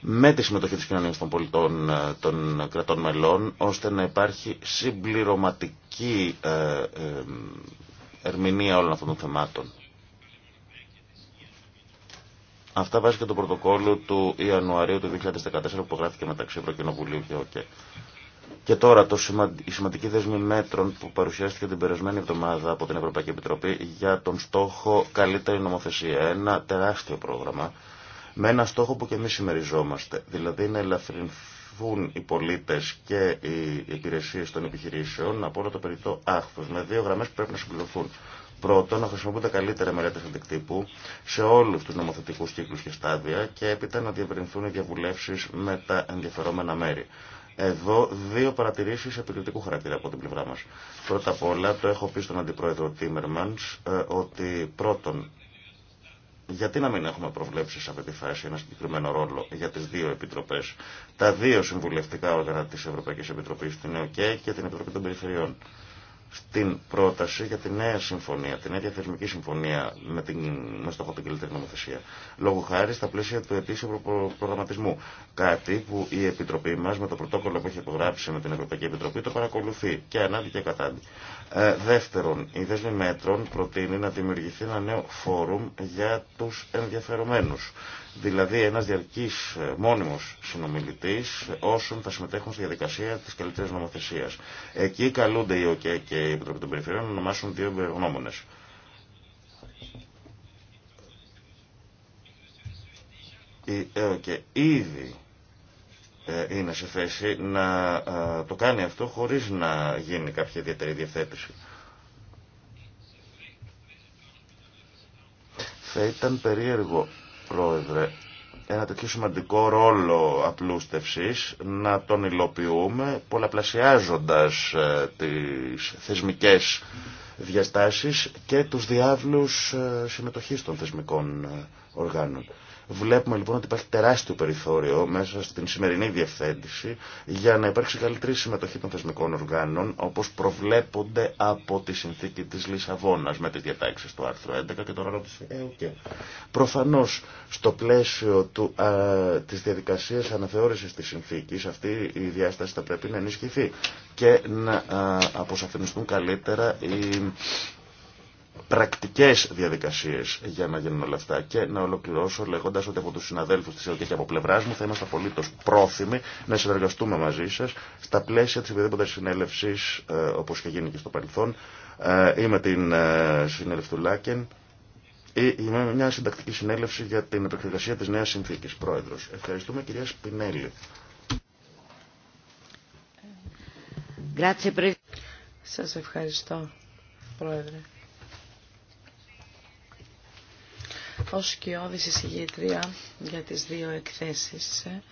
με τη συμμετοχή της κοινωνίας των πολιτών ε, των κρατών μελών, ώστε να υπάρχει συμπληρωματική ερμηνεία όλων αυτών των θεμάτων. Αυτά βάζει και το πρωτοκόλλο του Ιανουαρίου του 2014 που υπογράφηκε μεταξύ Ευρωκοινοβουλίου και ΟΚΕ. Και τώρα το σημα... η σημαντική δεσμή μέτρων που παρουσιάστηκε την περασμένη εβδομάδα από την Ευρωπαϊκή Επιτροπή για τον στόχο καλύτερη νομοθεσία. Ένα τεράστιο πρόγραμμα με ένα στόχο που και εμεί συμμεριζόμαστε. Δηλαδή να ελαφρυνθεί καλυφθούν οι πολίτες και οι υπηρεσίες των επιχειρήσεων από όλο το περιττό άχθος με δύο γραμμές που πρέπει να συμπληρωθούν. Πρώτον, να χρησιμοποιούνται καλύτερα μελέτε αντικτύπου σε όλου του νομοθετικού κύκλου και στάδια και έπειτα να διευρυνθούν οι διαβουλεύσει με τα ενδιαφερόμενα μέρη. Εδώ δύο παρατηρήσεις επικριτικού χαρακτήρα από την πλευρά μας. Πρώτα απ' όλα το έχω πει στον Αντιπρόεδρο Τίμερμανς ε, ότι πρώτον γιατί να μην έχουμε προβλέψει σε αυτή τη φάση ένα συγκεκριμένο ρόλο για τι δύο επιτροπέ, τα δύο συμβουλευτικά όργανα τη Ευρωπαϊκή Επιτροπή, την ΕΟΚΕ και την Επιτροπή των Περιφερειών. Στην πρόταση για τη νέα συμφωνία, τη νέα διαθεσμική συμφωνία με, την, με στόχο την καλύτερη νομοθεσία. Λόγω χάρη στα πλαίσια του ετήσιου προγραμματισμού. Κάτι που η Επιτροπή μα με το πρωτόκολλο που έχει υπογράψει με την Ευρωπαϊκή Επιτροπή το παρακολουθεί και ανάδει και κατάδει. Ε, δεύτερον, η δέσμη μέτρων προτείνει να δημιουργηθεί ένα νέο φόρουμ για τους ενδιαφερομένους. Δηλαδή ένας διαρκής ε, μόνιμος συνομιλητής όσων θα συμμετέχουν στη διαδικασία της καλύτερης νομοθεσίας. Εκεί καλούνται οι ΟΚΕ και οι Επιτροπή των Περιφερειών να ονομάσουν δύο εμπειρογνώμονες. Οι ΕΟΚΕ ήδη ε, είναι σε θέση να ε, το κάνει αυτό χωρίς να γίνει κάποια ιδιαίτερη διευθέτηση. Θα ήταν περίεργο, Πρόεδρε, ένα τέτοιο σημαντικό ρόλο απλούστευσης να τον υλοποιούμε πολλαπλασιάζοντας ε, τις θεσμικές διαστάσεις και τους διάβλους συμμετοχής των θεσμικών οργάνων. Βλέπουμε λοιπόν ότι υπάρχει τεράστιο περιθώριο μέσα στην σημερινή διευθέντηση για να υπάρξει καλύτερη συμμετοχή των θεσμικών οργάνων όπως προβλέπονται από τη συνθήκη της Λισαβόνας με τις διατάξεις του άρθρου 11 και ρόλο της ΕΟΚΕ. Και... Προφανώς στο πλαίσιο του, διαδικασία της διαδικασίας αναθεώρησης της συνθήκης αυτή η διάσταση θα πρέπει να ενισχυθεί και να αποσαφινιστούν καλύτερα οι πρακτικές διαδικασίες για να γίνουν όλα αυτά. Και να ολοκληρώσω λέγοντας ότι από τους συναδέλφους της ΕΟΚΕ και από πλευράς μου θα είμαστε απολύτως πρόθυμοι να συνεργαστούμε μαζί σας στα πλαίσια της οποιαδήποτε συνέλευσης, ε, όπως και γίνει και στο παρελθόν, ή με την ε, συνέλευση του Λάκεν, ή με μια συντακτική συνέλευση για την επεξεργασία της νέας συνθήκης. Πρόεδρος, ευχαριστούμε κυρία Σπινέλη. Σας ευχαριστώ, Πρόεδρε. Ως σκιώδης συγγήτρια για τις δύο εκθέσεις, ε,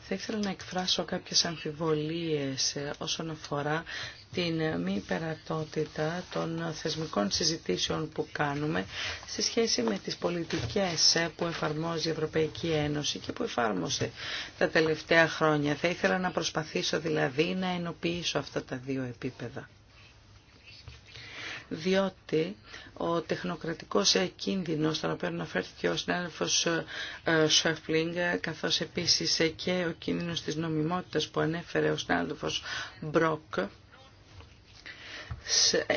θα ήθελα να εκφράσω κάποιες αμφιβολίες ε, όσον αφορά την μη περατότητα των θεσμικών συζητήσεων που κάνουμε σε σχέση με τις πολιτικές ε, που εφαρμόζει η Ευρωπαϊκή Ένωση και που εφάρμοσε τα τελευταία χρόνια. Θα ήθελα να προσπαθήσω δηλαδή να ενοποιήσω αυτά τα δύο επίπεδα διότι ο τεχνοκρατικός κίνδυνος τον οποίο αναφέρθηκε ο συνάδελφος Σεφλίνγκ ε, καθώς επίσης και ο κίνδυνος της νομιμότητας που ανέφερε ο συνάδελφος Μπρόκ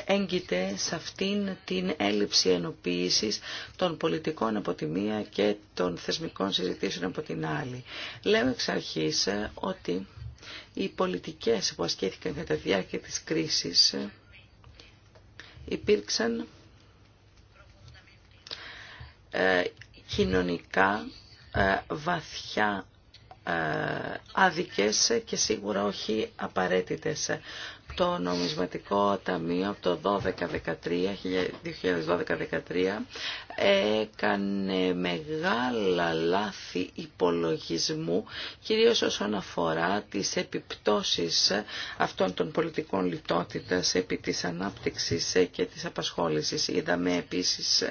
έγκυται σε αυτήν την έλλειψη ενοποίησης των πολιτικών από τη μία και των θεσμικών συζητήσεων από την άλλη. Λέω εξ αρχής ότι οι πολιτικές που ασκήθηκαν κατά τη διάρκεια της κρίσης υπήρξαν ε, κοινωνικά ε, βαθιά ε, άδικες και σίγουρα όχι απαραίτητες το νομισματικό ταμείο από το 2012-2013 έκανε μεγάλα λάθη υπολογισμού κυρίως όσον αφορά τις επιπτώσεις αυτών των πολιτικών λιτότητας επί της ανάπτυξης και της απασχόλησης. Είδαμε επίσης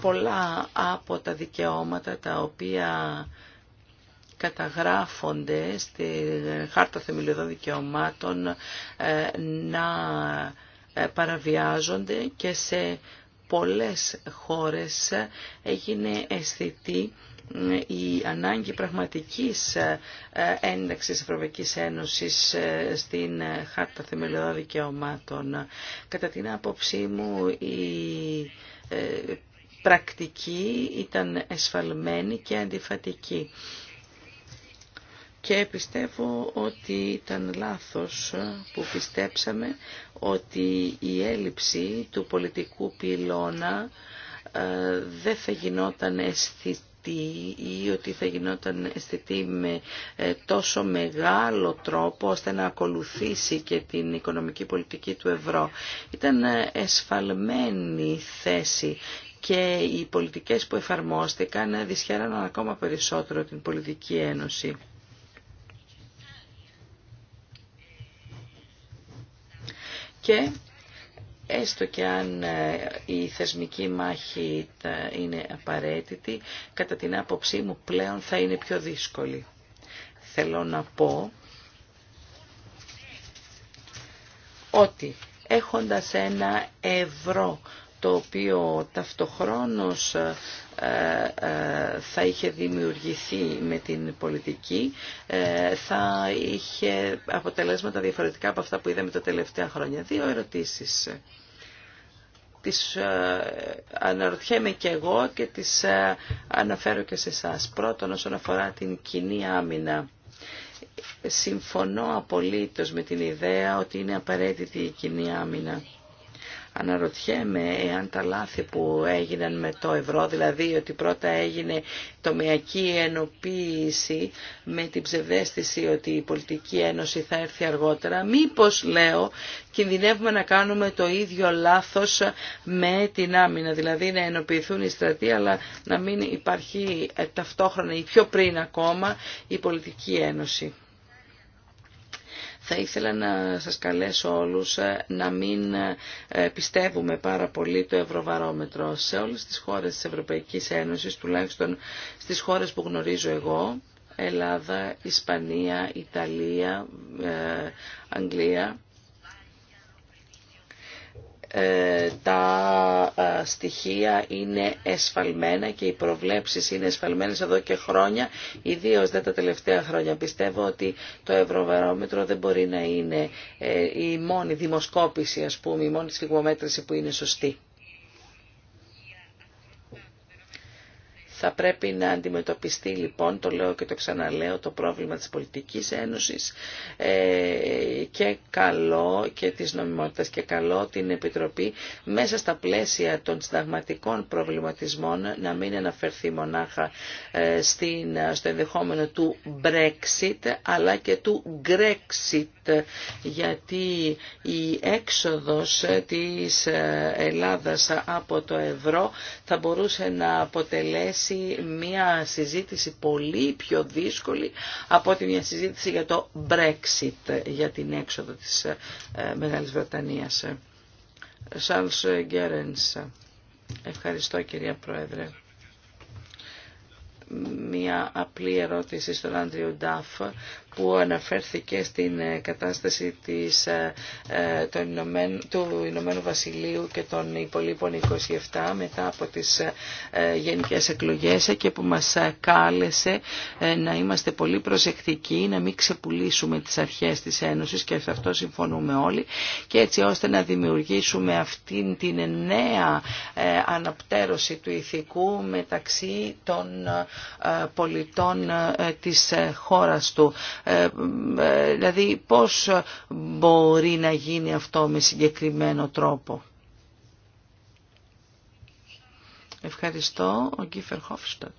πολλά από τα δικαιώματα τα οποία καταγράφονται στη Χάρτα Θεμελιωδών Δικαιωμάτων ε, να ε, παραβιάζονται και σε πολλές χώρες έγινε αισθητή ε, η ανάγκη πραγματικής ένταξης Ευρωπαϊκής Ένωσης στην Χάρτα Θεμελιωδών Δικαιωμάτων. Κατά την άποψή μου η πρακτική ήταν εσφαλμένη και αντιφατική και πιστεύω ότι ήταν λάθος που πιστέψαμε ότι η έλλειψη του πολιτικού πυλώνα ε, δεν θα γινόταν αισθητή ή ότι θα γινόταν αισθητή με ε, τόσο μεγάλο τρόπο ώστε να ακολουθήσει και την οικονομική πολιτική του ευρώ. Ήταν ε, εσφαλμένη θέση και οι πολιτικές που εφαρμόστηκαν δυσχέραναν ακόμα περισσότερο την πολιτική ένωση. και έστω και αν ε, η θεσμική μάχη είναι απαραίτητη, κατά την άποψή μου πλέον θα είναι πιο δύσκολη. Θέλω να πω ότι έχοντας ένα ευρώ το οποίο ταυτοχρόνως ε, ε, θα είχε δημιουργηθεί με την πολιτική ε, θα είχε αποτελέσματα διαφορετικά από αυτά που είδαμε τα τελευταία χρόνια. Δύο ερωτήσεις. Τις αναρωτιέμαι και εγώ και τις αναφέρω και σε εσά. Πρώτον όσον αφορά την κοινή άμυνα. Συμφωνώ απολύτως με την ιδέα ότι είναι απαραίτητη η κοινή άμυνα Αναρωτιέμαι εάν τα λάθη που έγιναν με το ευρώ, δηλαδή ότι πρώτα έγινε τομεακή ενοποίηση με την ψευδέστηση ότι η πολιτική ένωση θα έρθει αργότερα, μήπως λέω κινδυνεύουμε να κάνουμε το ίδιο λάθος με την άμυνα, δηλαδή να ενοποιηθούν οι στρατοί αλλά να μην υπάρχει ε, ταυτόχρονα ή πιο πριν ακόμα η πολιτική ένωση. Θα ήθελα να σας καλέσω όλους ε, να μην ε, πιστεύουμε πάρα πολύ το ευρωβαρόμετρο. Σε όλες τις χώρες της Ευρωπαϊκής Ένωσης, τουλάχιστον στις χώρες που γνωρίζω εγώ, Ελλάδα, Ισπανία, Ιταλία, ε, Αγγλία, ε, τα ε, στοιχεία είναι εσφαλμένα και οι προβλέψεις είναι εσφαλμένες εδώ και χρόνια, ιδίως δεν τα τελευταία χρόνια. Πιστεύω ότι το ευρωβαρόμετρο δεν μπορεί να είναι ε, η μόνη δημοσκόπηση, ας πούμε, η μόνη σφιγμομέτρηση που είναι σωστή. Θα πρέπει να αντιμετωπιστεί λοιπόν, το λέω και το ξαναλέω, το πρόβλημα της πολιτικής ένωσης ε, και καλό και της νομιμότητας και καλό την Επιτροπή μέσα στα πλαίσια των συνταγματικών προβληματισμών να μην αναφερθεί μονάχα ε, στην, στο ενδεχόμενο του Brexit αλλά και του Grexit γιατί η έξοδος ε, της Ελλάδας από το ευρώ θα μπορούσε να αποτελέσει μια συζήτηση πολύ πιο δύσκολη από ότι μια συζήτηση για το Brexit, για την έξοδο της ε, Μεγάλης Βρετανίας. Σάλς Γκέρενς. Ευχαριστώ κυρία Πρόεδρε. Μία απλή ερώτηση στον Άντριο Ντάφ που αναφέρθηκε στην ε, κατάσταση της, ε, ε, του Ηνωμένου Βασιλείου και των υπολείπων 27 μετά από τις γενικές εκλογές και που μας κάλεσε να είμαστε πολύ προσεκτικοί, να μην ξεπουλήσουμε τις αρχές της Ένωσης και σε αυτό συμφωνούμε όλοι και έτσι ώστε να δημιουργήσουμε αυτήν την νέα αναπτέρωση του ηθικού μεταξύ των πολιτών της χώρας του ε, ε, δηλαδή πώς μπορεί να γίνει αυτό με συγκεκριμένο τρόπο. Ευχαριστώ, ο Γκίφερ Χόφστατ.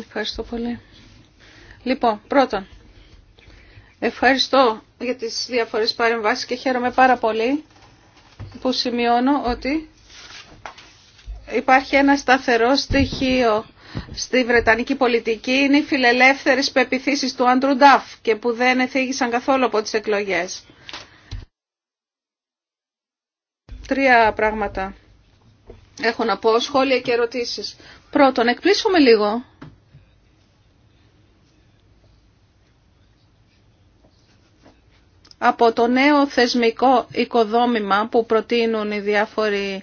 Ευχαριστώ πολύ. Λοιπόν, πρώτον, ευχαριστώ για τις διαφορές παρεμβάσεις και χαίρομαι πάρα πολύ που σημειώνω ότι υπάρχει ένα σταθερό στοιχείο στη Βρετανική πολιτική είναι οι φιλελεύθερες πεπιθήσεις του Άντρου Νταφ και που δεν εθίγησαν καθόλου από τις εκλογές. Τρία πράγματα έχω να πω, σχόλια και ερωτήσεις. Πρώτον, εκπλήσουμε λίγο. Από το νέο θεσμικό οικοδόμημα που προτείνουν οι διάφοροι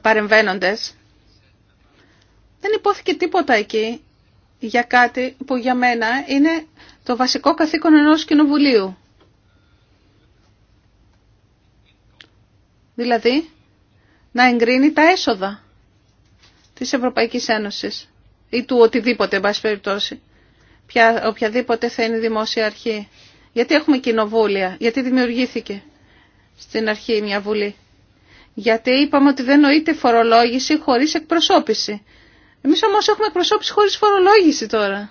παρεμβαίνοντες, δεν υπόθηκε τίποτα εκεί για κάτι που για μένα είναι το βασικό καθήκον ενός κοινοβουλίου. Δηλαδή, να εγκρίνει τα έσοδα της Ευρωπαϊκής Ένωσης ή του οτιδήποτε, εν πάση περιπτώσει. Ποια, οποιαδήποτε θα είναι η δημόσια αρχή. Γιατί έχουμε κοινοβούλια, γιατί δημιουργήθηκε στην αρχή μια βουλή. Γιατί είπαμε ότι δεν νοείται φορολόγηση χωρίς εκπροσώπηση. Εμείς όμως έχουμε εκπροσώπηση χωρίς φορολόγηση τώρα.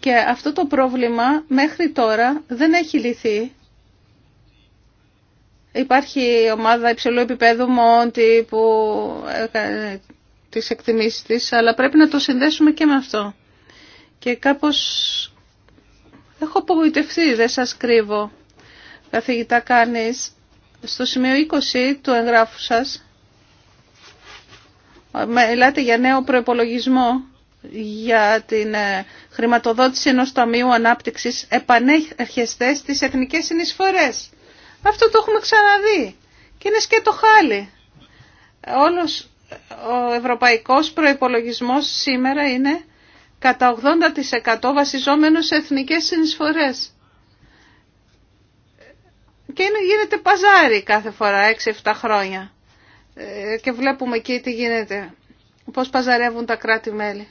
Και αυτό το πρόβλημα μέχρι τώρα δεν έχει λυθεί. Υπάρχει ομάδα υψηλού επίπεδου Μόντι που έκανε τις εκτιμήσεις της, αλλά πρέπει να το συνδέσουμε και με αυτό. Και κάπως έχω απογοητευτεί, δεν σας κρύβω. Καθηγητά κάνεις στο σημείο 20 του εγγράφου σας Μιλάτε για νέο προπολογισμό για την ε, χρηματοδότηση ενός Ταμείου Ανάπτυξης επανέρχεστε στις εθνικές συνεισφορές. Αυτό το έχουμε ξαναδεί και είναι σκέτο χάλι. Όλος ο ευρωπαϊκός προϋπολογισμός σήμερα είναι κατά 80% βασιζόμενος σε εθνικές συνεισφορές. Και είναι, γίνεται παζάρι κάθε φορά 6-7 χρόνια. Ε, και βλέπουμε εκεί τι γίνεται, πώς παζαρεύουν τα κράτη-μέλη.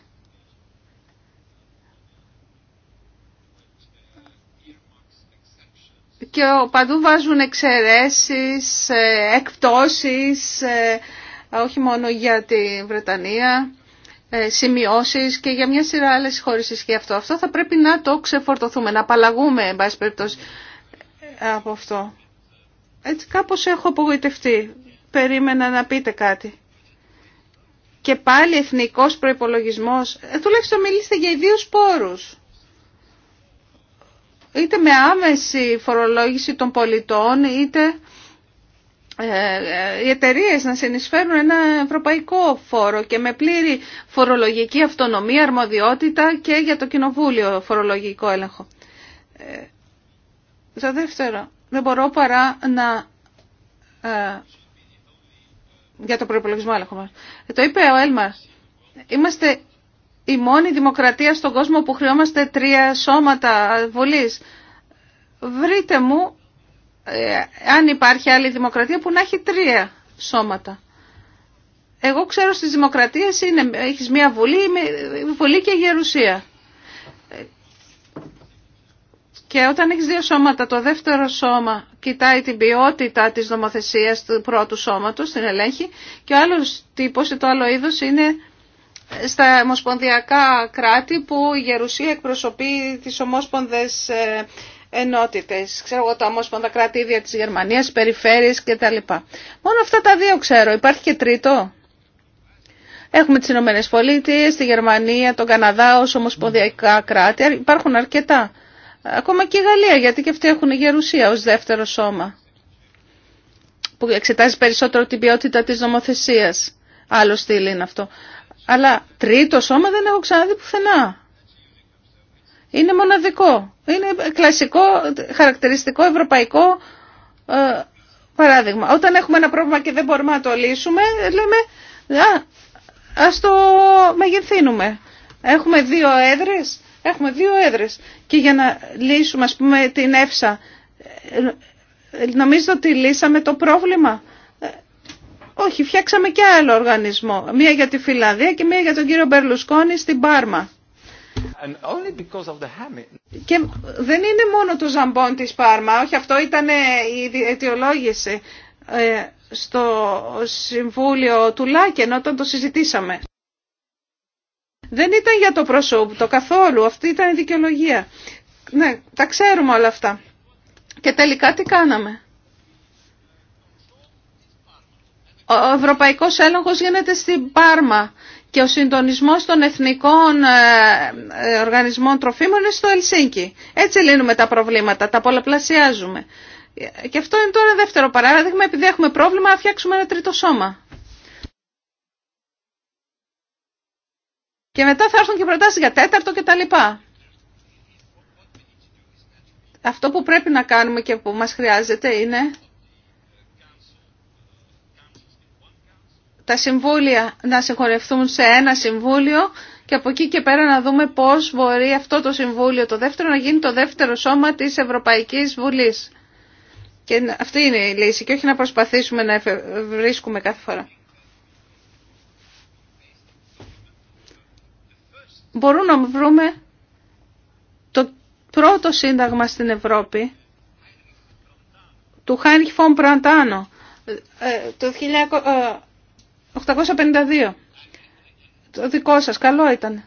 Και παντού βάζουν εξαιρέσεις, ε, εκπτώσεις, ε, όχι μόνο για τη Βρετανία, σημειώσεις και για μια σειρά άλλες χώρες ισχύει αυτό. Αυτό θα πρέπει να το ξεφορτωθούμε, να απαλλαγούμε, εν περιπτώσει, από αυτό. Έτσι κάπως έχω απογοητευτεί περίμενα να πείτε κάτι. Και πάλι εθνικός προϋπολογισμός. Ε, τουλάχιστον μιλήστε για ιδίους πόρους. Είτε με άμεση φορολόγηση των πολιτών, είτε ε, ε, οι εταιρείε να συνεισφέρουν ένα ευρωπαϊκό φόρο και με πλήρη φορολογική αυτονομία, αρμοδιότητα και για το κοινοβούλιο φορολογικό έλεγχο. Στο δεύτερο, δεν μπορώ παρά να για τον προπολογισμό έλεγχο ε, Το είπε ο Έλμαρ. Είμαστε η μόνη δημοκρατία στον κόσμο που χρειόμαστε τρία σώματα βουλής. Βρείτε μου ε, αν υπάρχει άλλη δημοκρατία που να έχει τρία σώματα. Εγώ ξέρω στις δημοκρατίες είναι, έχεις μία βουλή, βουλή και γερουσία. Και όταν έχεις δύο σώματα, το δεύτερο σώμα κοιτάει την ποιότητα της νομοθεσίας του πρώτου σώματος, την ελέγχει, και ο άλλος τύπος ή το άλλο είδος είναι στα ομοσπονδιακά κράτη που η γερουσία εκπροσωπεί τις ομόσπονδες ε, ενότητες. Ξέρω εγώ τα ομόσπονδα κράτη ίδια της Γερμανίας, περιφέρειες κτλ. Μόνο αυτά τα δύο ξέρω. Υπάρχει και τρίτο. Έχουμε τις Ηνωμένε Πολιτείε, τη Γερμανία, τον Καναδά ως ομοσπονδιακά κράτη. Υπάρχουν αρκετά. Ακόμα και η Γαλλία, γιατί και αυτοί έχουν Γερουσία ως δεύτερο σώμα, που εξετάζει περισσότερο την ποιότητα της νομοθεσίας. Άλλο στυλ είναι αυτό. Αλλά τρίτο σώμα δεν έχω ξαναδεί πουθενά. Είναι μοναδικό. Είναι κλασικό, χαρακτηριστικό, ευρωπαϊκό ε, παράδειγμα. Όταν έχουμε ένα πρόβλημα και δεν μπορούμε να το λύσουμε, λέμε α, ας το μεγενθύνουμε. Έχουμε δύο έδρες Έχουμε δύο έδρες. Και για να λύσουμε, ας πούμε, την ΕΦΣΑ, νομίζω ότι λύσαμε το πρόβλημα. Ε, όχι, φτιάξαμε και άλλο οργανισμό. Μία για τη Φιλανδία και μία για τον κύριο Μπερλουσκόνη στην Πάρμα. και δεν είναι μόνο το ζαμπόν της Πάρμα, όχι αυτό ήταν η αιτιολόγηση ε, στο Συμβούλιο του Λάκεν όταν το συζητήσαμε. Δεν ήταν για το πρόσωπο το καθόλου. Αυτή ήταν η δικαιολογία. Ναι, τα ξέρουμε όλα αυτά. Και τελικά τι κάναμε. Ο Ευρωπαϊκός Έλεγχος γίνεται στην Πάρμα και ο συντονισμός των εθνικών ε, ε, οργανισμών τροφίμων είναι στο Ελσίνκι. Έτσι λύνουμε τα προβλήματα, τα πολλαπλασιάζουμε. Και αυτό είναι τώρα δεύτερο παράδειγμα, επειδή έχουμε πρόβλημα να φτιάξουμε ένα τρίτο σώμα. Και μετά θα έρθουν και προτάσει για τέταρτο και τα λοιπά. Αυτό που πρέπει να κάνουμε και που μας χρειάζεται είναι τα συμβούλια να συγχωρευτούν σε ένα συμβούλιο και από εκεί και πέρα να δούμε πώς μπορεί αυτό το συμβούλιο το δεύτερο να γίνει το δεύτερο σώμα της Ευρωπαϊκής Βουλής. Και αυτή είναι η λύση και όχι να προσπαθήσουμε να βρίσκουμε κάθε φορά. μπορούμε να βρούμε το πρώτο σύνταγμα στην Ευρώπη του Χάινριχ Φον Πραντάνο ε, το 1852. Ε, το δικό σας, καλό ήταν.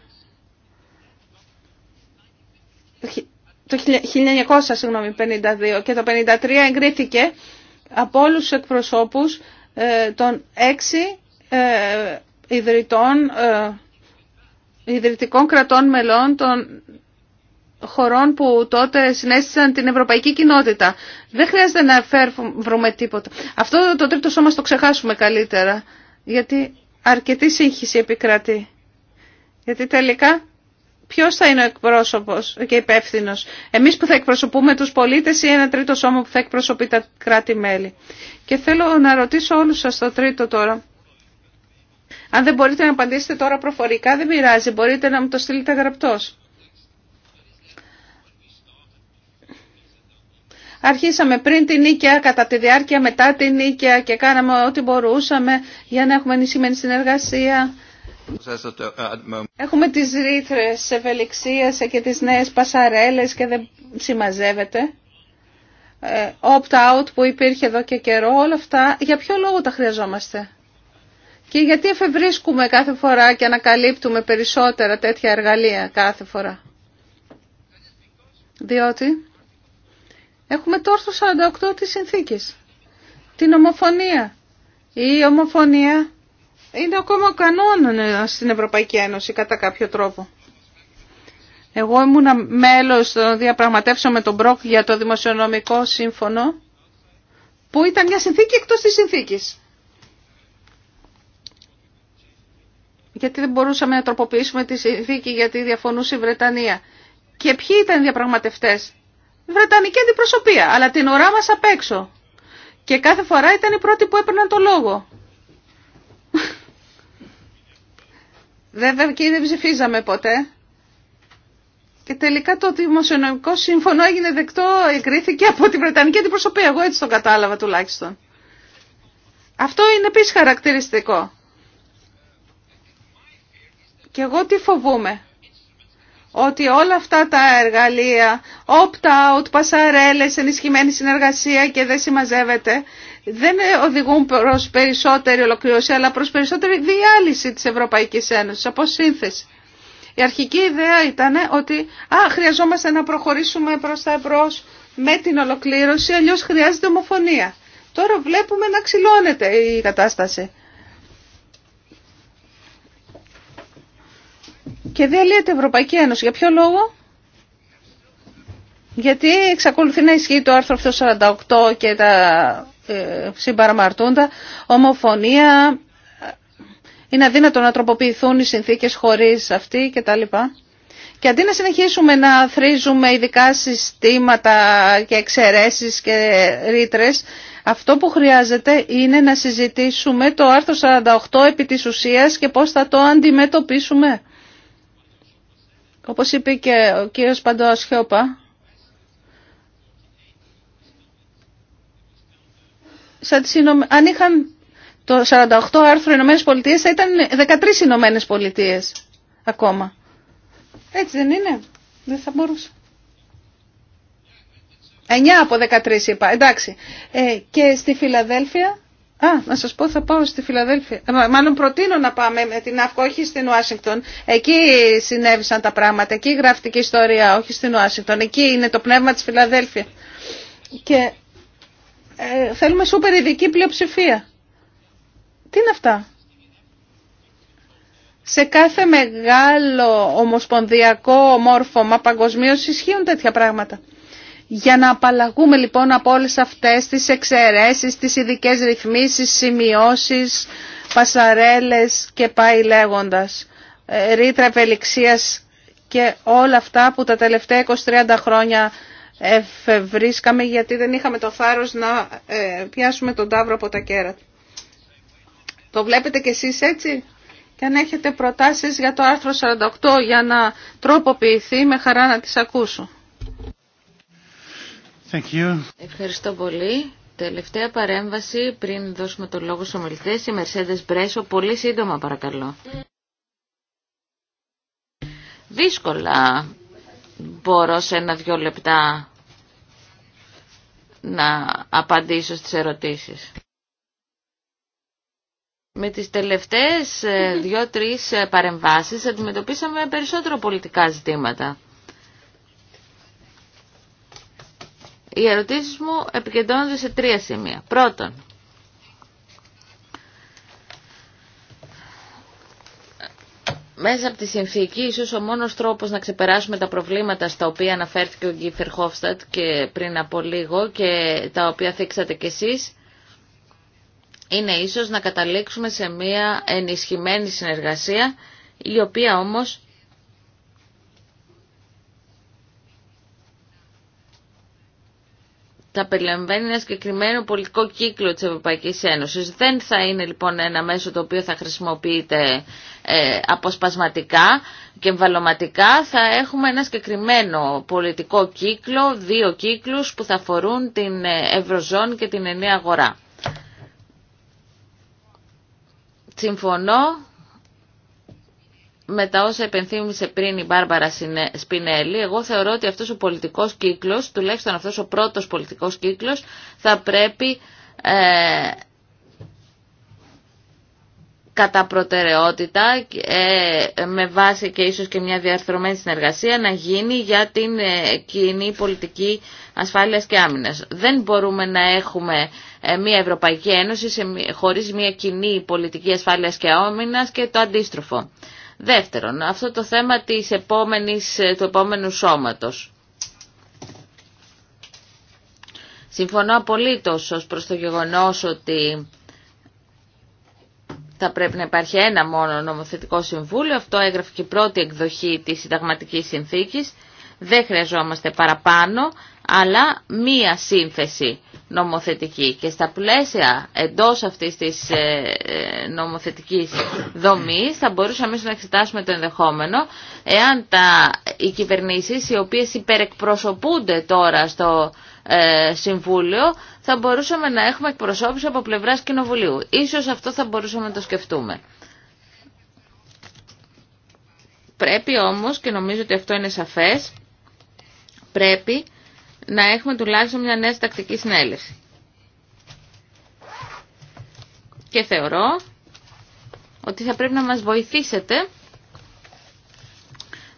Το 1952 και το 1953 εγκρίθηκε από όλους τους εκπροσώπους ε, των έξι ιδρυτών ιδρυτικών κρατών μελών των χωρών που τότε συνέστησαν την ευρωπαϊκή κοινότητα. Δεν χρειάζεται να φέρουμε τίποτα. Αυτό το τρίτο σώμα το ξεχάσουμε καλύτερα, γιατί αρκετή σύγχυση επικρατεί. Γιατί τελικά ποιος θα είναι ο εκπρόσωπος και υπεύθυνο. Εμείς που θα εκπροσωπούμε τους πολίτες ή ένα τρίτο σώμα που θα εκπροσωπεί τα κράτη-μέλη. Και θέλω να ρωτήσω όλους σας το τρίτο τώρα. Αν δεν μπορείτε να απαντήσετε τώρα προφορικά, δεν πειράζει. Μπορείτε να μου το στείλετε γραπτός. Αρχίσαμε πριν την νίκαια, κατά τη διάρκεια μετά την νίκαια και κάναμε ό,τι μπορούσαμε για να έχουμε ενισχυμένη συνεργασία. Έχουμε τις ρήθρες ευελιξίας και τις νέες πασαρέλες και δεν συμμαζεύεται. Ε, opt-out που υπήρχε εδώ και καιρό, όλα αυτά. Για ποιο λόγο τα χρειαζόμαστε. Και γιατί εφευρίσκουμε κάθε φορά και ανακαλύπτουμε περισσότερα τέτοια εργαλεία κάθε φορά. Διότι έχουμε το όρθο 48 της συνθήκης. Την ομοφωνία. Η ομοφωνία είναι ακόμα κανόνα ε, στην Ευρωπαϊκή Ένωση κατά κάποιο τρόπο. Εγώ ήμουν μέλος των διαπραγματεύσεων με τον Μπροκ για το δημοσιονομικό σύμφωνο που ήταν μια συνθήκη εκτός της συνθήκης. γιατί δεν μπορούσαμε να τροποποιήσουμε τη συνθήκη γιατί διαφωνούσε η Βρετανία. Και ποιοι ήταν οι διαπραγματευτές. Βρετανική αντιπροσωπεία, αλλά την ώρα μας απ' έξω. Και κάθε φορά ήταν οι πρώτοι που έπαιρναν το λόγο. [LAUGHS] Βέβαια και δεν ψηφίζαμε ποτέ. Και τελικά το δημοσιονομικό σύμφωνο έγινε δεκτό, εγκρίθηκε από την Βρετανική αντιπροσωπεία. Εγώ έτσι το κατάλαβα τουλάχιστον. Αυτό είναι επίση χαρακτηριστικό. Και εγώ τι φοβούμαι. Ότι όλα αυτά τα εργαλεία, opt-out, πασαρέλες, ενισχυμένη συνεργασία και δεν συμμαζεύεται, δεν οδηγούν προς περισσότερη ολοκλήρωση, αλλά προς περισσότερη διάλυση της Ευρωπαϊκής Ένωσης, από σύνθεση. Η αρχική ιδέα ήταν ότι α, χρειαζόμαστε να προχωρήσουμε προς τα εμπρός με την ολοκλήρωση, αλλιώς χρειάζεται ομοφωνία. Τώρα βλέπουμε να ξυλώνεται η κατάσταση. Και διαλύεται η Ευρωπαϊκή Ένωση. Για ποιο λόγο? Γιατί εξακολουθεί να ισχύει το άρθρο αυτό 48 και τα ε, συμπαραμαρτούντα, ομοφωνία, είναι αδύνατο να τροποποιηθούν οι συνθήκες χωρίς αυτή κτλ. Και αντί να συνεχίσουμε να θρίζουμε ειδικά συστήματα και εξαιρέσει και ρήτρε, αυτό που χρειάζεται είναι να συζητήσουμε το άρθρο 48 επί της ουσίας και πώς θα το αντιμετωπίσουμε. Όπως είπε και ο κύριος Παντώας Χιώπα, σαν τις αν είχαν το 48 άρθρο Ηνωμένες Πολιτείες θα ήταν 13 Ηνωμένες Πολιτείες ακόμα. Έτσι δεν είναι. Δεν θα μπορούσε. 9 από 13 είπα. Εντάξει. Ε, και στη Φιλαδέλφια Α, να σας πω θα πάω στη Φιλαδέλφια. Ε, μάλλον προτείνω να πάμε με την ΑΦΚΟ, όχι στην Ουάσιγκτον. Εκεί συνέβησαν τα πράγματα, εκεί γράφτηκε η ιστορία, όχι στην Ουάσιγκτον. Εκεί είναι το πνεύμα της Φιλαδέλφια. Και ε, θέλουμε σούπερ ειδική πλειοψηφία. Τι είναι αυτά. Σε κάθε μεγάλο ομοσπονδιακό μόρφωμα παγκοσμίω ισχύουν τέτοια πράγματα. Για να απαλλαγούμε λοιπόν από όλες αυτές τις εξαιρέσεις, τις ειδικέ ρυθμίσεις, σημειώσεις, πασαρέλες και πάει λέγοντας, ε, ρήτρα ευελιξίας και όλα αυτά που τα τελευταία 20-30 χρόνια εφευρίσκαμε γιατί δεν είχαμε το θάρρος να ε, πιάσουμε τον τάβρο από τα κέρα. Το βλέπετε κι εσείς έτσι. Και αν έχετε προτάσεις για το άρθρο 48 για να τροποποιηθεί, με χαρά να τις ακούσω. Thank you. Ευχαριστώ πολύ. Τελευταία παρέμβαση πριν δώσουμε το λόγο στους ομιλητές, η Mercedes Μπρέσο, πολύ σύντομα παρακαλώ. Δύσκολα μπορώ σε ένα-δυο λεπτά να απαντήσω στις ερωτήσεις. Με τις τελευταίες ε, [LAUGHS] δύο-τρεις ε, παρεμβάσεις αντιμετωπίσαμε περισσότερο πολιτικά ζητήματα. Οι ερωτήσεις μου επικεντρώνονται σε τρία σημεία. Πρώτον, μέσα από τη συνθήκη ίσως ο μόνος τρόπος να ξεπεράσουμε τα προβλήματα στα οποία αναφέρθηκε ο Γκίφερ Χόφστατ και πριν από λίγο και τα οποία θίξατε κι εσείς είναι ίσως να καταλήξουμε σε μια ενισχυμένη συνεργασία η οποία όμως θα περιλαμβάνει ένα συγκεκριμένο πολιτικό κύκλο της Ευρωπαϊκής Ένωσης. Δεν θα είναι λοιπόν ένα μέσο το οποίο θα χρησιμοποιείται ε, αποσπασματικά και εμβαλωματικά. Θα έχουμε ένα συγκεκριμένο πολιτικό κύκλο, δύο κύκλους που θα αφορούν την ε, Ευρωζώνη και την ενία αγορά. Συμφωνώ με τα όσα επενθύμησε πριν η Μπάρμπαρα Σπινέλη, εγώ θεωρώ ότι αυτός ο πολιτικός κύκλος, τουλάχιστον αυτός ο πρώτος πολιτικός κύκλος, θα πρέπει ε, κατά προτεραιότητα ε, με βάση και ίσως και μια διαρθρωμένη συνεργασία να γίνει για την ε, κοινή πολιτική ασφάλειας και άμυνας. Δεν μπορούμε να έχουμε ε, μια Ευρωπαϊκή Ένωση σε, χωρίς μια κοινή πολιτική ασφάλειας και άμυνας και το αντίστροφο. Δεύτερον, αυτό το θέμα της επόμενης, του επόμενου σώματος. Συμφωνώ απολύτως ως προς το γεγονός ότι θα πρέπει να υπάρχει ένα μόνο νομοθετικό συμβούλιο. Αυτό έγραφε και η πρώτη εκδοχή της συνταγματικής συνθήκης. Δεν χρειαζόμαστε παραπάνω, αλλά μία σύνθεση νομοθετική και στα πλαίσια εντός αυτής της ε, ε, νομοθετικής δομής θα μπορούσαμε να εξετάσουμε το ενδεχόμενο εάν τα, οι κυβερνήσεις οι οποίες υπερεκπροσωπούνται τώρα στο ε, Συμβούλιο θα μπορούσαμε να έχουμε εκπροσώπηση από πλευράς Κοινοβουλίου. Ίσως αυτό θα μπορούσαμε να το σκεφτούμε. Πρέπει όμως, και νομίζω ότι αυτό είναι σαφές, πρέπει να έχουμε τουλάχιστον μια νέα συντακτική συνέλευση. Και θεωρώ ότι θα πρέπει να μας βοηθήσετε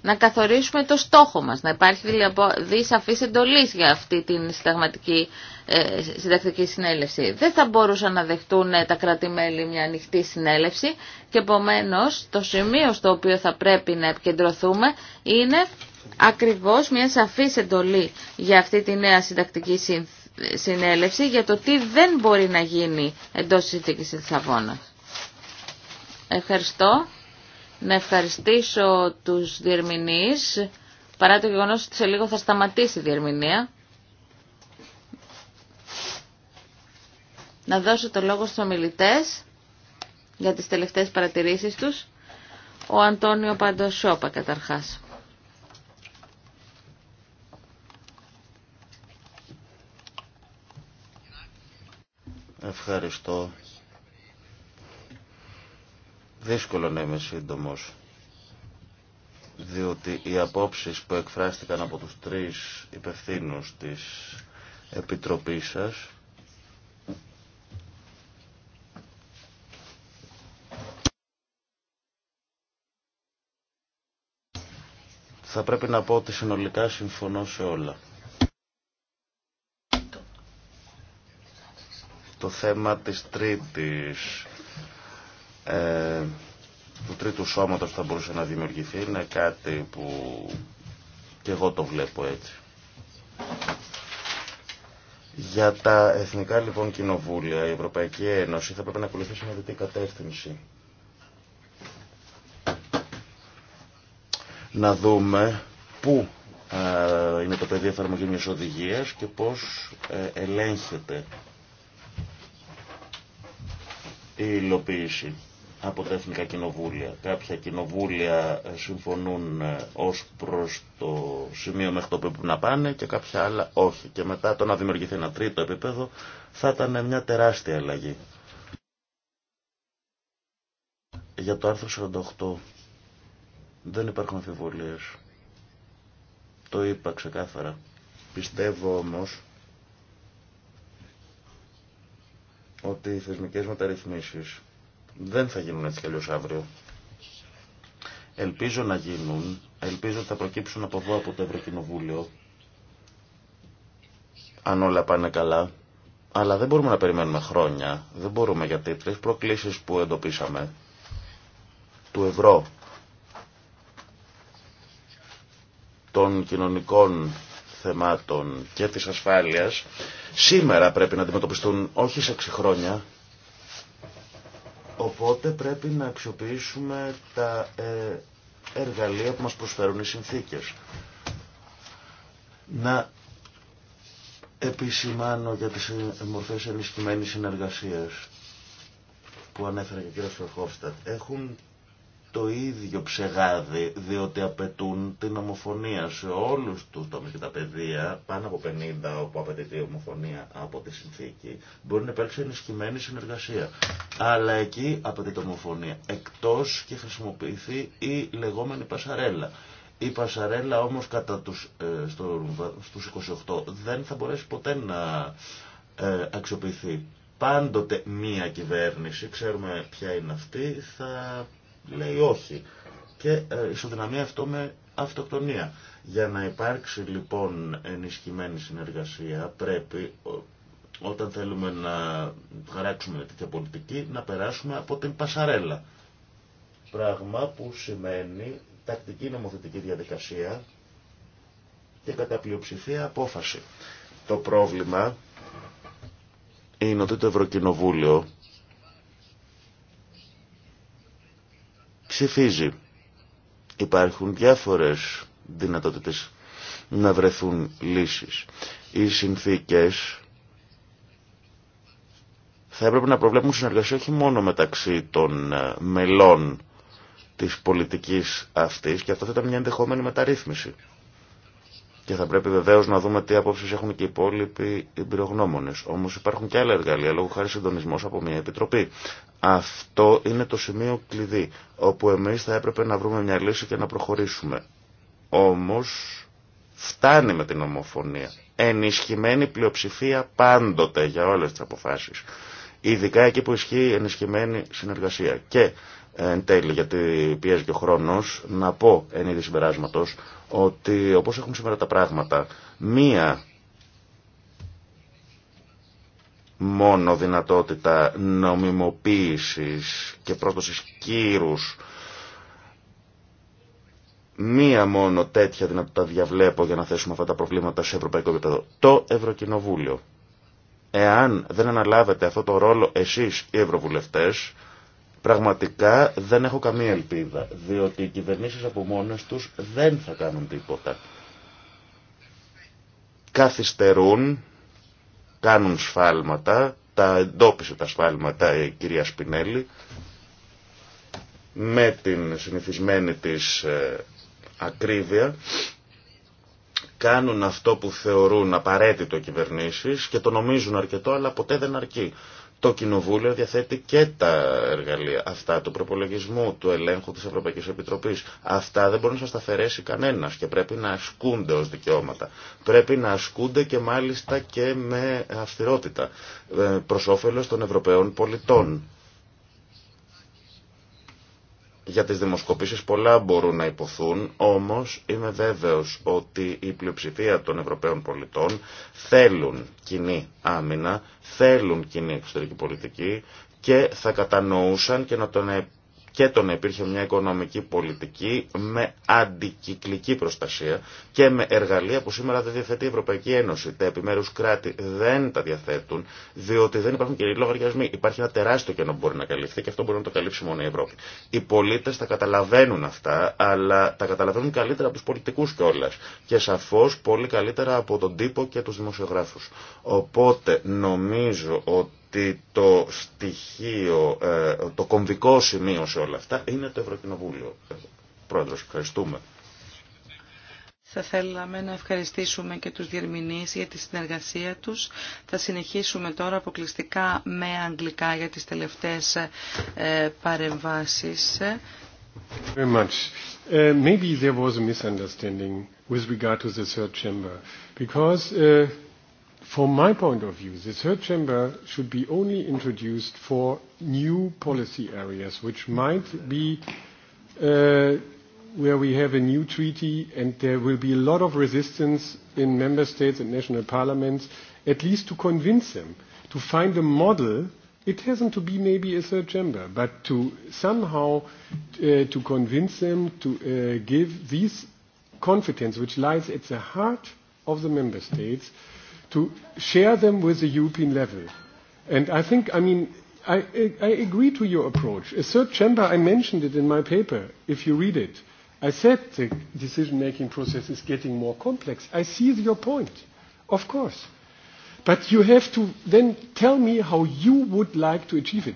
να καθορίσουμε το στόχο μας, να υπάρχει δηλαδή σαφής εντολής για αυτή την συνταγματική ε, συντακτική συνέλευση. Δεν θα μπορούσαν να δεχτούν ε, τα κρατη μια ανοιχτή συνέλευση και επομένως το σημείο στο οποίο θα πρέπει να επικεντρωθούμε είναι ακριβώς μια σαφής εντολή για αυτή τη νέα συντακτική συνέλευση για το τι δεν μπορεί να γίνει εντός της συνθήκης Ευχαριστώ. Να ευχαριστήσω τους διερμηνείς, παρά το γεγονός ότι σε λίγο θα σταματήσει η διερμηνία. Να δώσω το λόγο στους ομιλητές για τις τελευταίες παρατηρήσεις τους. Ο Αντώνιο Παντοσόπα καταρχάς. Ευχαριστώ. Δύσκολο να είμαι σύντομο. Διότι οι απόψεις που εκφράστηκαν από τους τρεις υπευθύνους της Επιτροπής σας θα πρέπει να πω ότι συνολικά συμφωνώ σε όλα. το θέμα της τρίτης, ε, του τρίτου σώματος που θα μπορούσε να δημιουργηθεί είναι κάτι που και εγώ το βλέπω έτσι. Για τα εθνικά λοιπόν κοινοβούλια, η Ευρωπαϊκή Ένωση θα πρέπει να ακολουθήσει μια δυτή κατεύθυνση. Να δούμε πού ε, είναι το πεδίο εφαρμογή μιας οδηγίας και πώς ε, ελέγχεται η υλοποίηση από τα εθνικά κοινοβούλια. Κάποια κοινοβούλια ε, συμφωνούν ε, ως προς το σημείο μέχρι το οποίο πρέπει να πάνε και κάποια άλλα όχι. Και μετά το να δημιουργηθεί ένα τρίτο επίπεδο θα ήταν μια τεράστια αλλαγή. Για το άρθρο 48 δεν υπάρχουν αμφιβολίες. Το είπα ξεκάθαρα. Πιστεύω όμως ότι οι θεσμικές μεταρρυθμίσεις δεν θα γίνουν έτσι κι αύριο. Ελπίζω να γίνουν, ελπίζω ότι θα προκύψουν από εδώ από το Ευρωκοινοβούλιο, αν όλα πάνε καλά, αλλά δεν μπορούμε να περιμένουμε χρόνια, δεν μπορούμε γιατί τρει προκλήσεις που εντοπίσαμε, του ευρώ, των κοινωνικών θεμάτων και της ασφάλειας σήμερα πρέπει να αντιμετωπιστούν, όχι σε 6 χρόνια. Οπότε πρέπει να αξιοποιήσουμε τα ε, εργαλεία που μας προσφέρουν οι συνθήκες. Να επισημάνω για τις ε, μορφές ενισχυμένης συνεργασίας που ανέφερε και ο κ. Φερχόφστατ. Έχουν το ίδιο ψεγάδι, διότι απαιτούν την ομοφωνία σε όλους τους τομείς και τα παιδεία, πάνω από 50 όπου απαιτείται η ομοφωνία από τη συνθήκη, μπορεί να υπάρξει ενισχυμένη συνεργασία. Αλλά εκεί απαιτείται ομοφωνία, εκτός και χρησιμοποιηθεί η λεγόμενη πασαρέλα. Η πασαρέλα όμως κατά τους, ε, 28 δεν θα μπορέσει ποτέ να ε, αξιοποιηθεί. Πάντοτε μία κυβέρνηση, ξέρουμε ποια είναι αυτή, θα λέει όχι. Και ε, ισοδυναμεί αυτό με αυτοκτονία. Για να υπάρξει λοιπόν ενισχυμένη συνεργασία πρέπει όταν θέλουμε να χαράξουμε τέτοια πολιτική να περάσουμε από την πασαρέλα. Πράγμα που σημαίνει τακτική νομοθετική διαδικασία και κατά πλειοψηφία απόφαση. Το πρόβλημα είναι ότι το Ευρωκοινοβούλιο ψηφίζει. Υπάρχουν διάφορες δυνατότητες να βρεθούν λύσεις. Οι συνθήκες θα έπρεπε να προβλέπουν συνεργασία όχι μόνο μεταξύ των ε, μελών της πολιτικής αυτής και αυτό θα ήταν μια ενδεχόμενη μεταρρύθμιση. Και θα πρέπει βεβαίω να δούμε τι απόψει έχουν και οι υπόλοιποι εμπειρογνώμονε. Όμω υπάρχουν και άλλα εργαλεία, λόγω χάρη συντονισμό από μια επιτροπή. Αυτό είναι το σημείο κλειδί, όπου εμεί θα έπρεπε να βρούμε μια λύση και να προχωρήσουμε. Όμω φτάνει με την ομοφωνία. Ενισχυμένη πλειοψηφία πάντοτε για όλε τι αποφάσει. Ειδικά εκεί που ισχύει ενισχυμένη συνεργασία. Και εν τέλει, γιατί πιέζει και ο χρόνο, να πω εν είδη συμπεράσματο ότι όπως έχουν σήμερα τα πράγματα, μία μόνο δυνατότητα νομιμοποίησης και πρόσδοσης κύρους μία μόνο τέτοια δυνατότητα διαβλέπω για να θέσουμε αυτά τα προβλήματα σε ευρωπαϊκό επίπεδο. Το Ευρωκοινοβούλιο. Εάν δεν αναλάβετε αυτό το ρόλο εσείς οι ευρωβουλευτές, Πραγματικά δεν έχω καμία ελπίδα, διότι οι κυβερνήσεις από μόνες τους δεν θα κάνουν τίποτα. Καθυστερούν, κάνουν σφάλματα, τα εντόπισε τα σφάλματα η κυρία Σπινέλη, με την συνηθισμένη της ε, ακρίβεια, κάνουν αυτό που θεωρούν απαραίτητο οι κυβερνήσεις και το νομίζουν αρκετό αλλά ποτέ δεν αρκεί το Κοινοβούλιο διαθέτει και τα εργαλεία αυτά του προπολογισμού, του ελέγχου της Ευρωπαϊκής Επιτροπής. Αυτά δεν μπορεί να σας τα κανένας και πρέπει να ασκούνται ως δικαιώματα. Πρέπει να ασκούνται και μάλιστα και με αυστηρότητα ε, προς όφελος των Ευρωπαίων πολιτών. Για τις δημοσκοπήσεις πολλά μπορούν να υποθούν, όμως είμαι βέβαιος ότι η πλειοψηφία των Ευρωπαίων πολιτών θέλουν κοινή άμυνα, θέλουν κοινή εξωτερική πολιτική και θα κατανοούσαν και να τον και το να υπήρχε μια οικονομική πολιτική με αντικυκλική προστασία και με εργαλεία που σήμερα δεν διαθέτει η Ευρωπαϊκή Ένωση. Τα επιμέρου κράτη δεν τα διαθέτουν, διότι δεν υπάρχουν κυρίω λογαριασμοί. Υπάρχει ένα τεράστιο κενό που μπορεί να καλυφθεί και αυτό μπορεί να το καλύψει μόνο η Ευρώπη. Οι πολίτε τα καταλαβαίνουν αυτά, αλλά τα καταλαβαίνουν καλύτερα από του πολιτικού κιόλα. Και σαφώ πολύ καλύτερα από τον τύπο και του δημοσιογράφου. Οπότε νομίζω ότι το στοιχείο, ε, το κομβικό σημείο σε όλα αυτά είναι το Ευρωκοινοβούλιο. Πρόεδρος, ευχαριστούμε. Θα θέλαμε να ευχαριστήσουμε και τους διερμηνείς για τη συνεργασία τους. Θα συνεχίσουμε τώρα αποκλειστικά με αγγλικά για τις τελευταίες ε, παρεμβάσεις. Ε, maybe there was a misunderstanding with regard to the chamber, because ε, From my point of view, the third chamber should be only introduced for new policy areas, which might be where we have a new treaty and there will be a lot of resistance in member states and national parliaments, at least to convince them to find a model. It hasn't to be maybe a third chamber, but to somehow to convince them to give this confidence which lies at the heart of the member states to share them with the European level. And I think, I mean, I, agree to your approach. A third chamber, I mentioned it in my paper, if you read it. I said the decision-making process is getting more complex. I see your point, of course. But you have to then tell me how you would like to achieve it.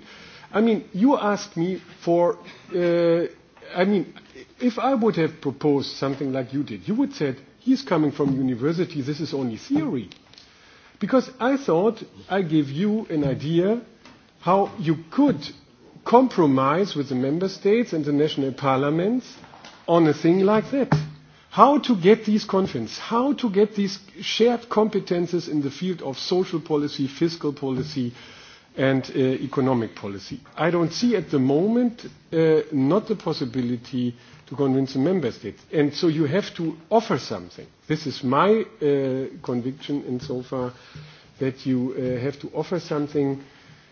I mean, you asked me for, I mean, if I would have proposed something like you did, you would have said, is coming from university, this is only theory. Because I thought I give you an idea how you could compromise with the member states and the national parliaments on a thing like that. How to get these confidence, how to get these shared competences in the field of social policy, fiscal policy, and economic policy. I don't see at the moment not the possibility to convince the member states. And so you have to offer something. This is my conviction far that you have to offer something.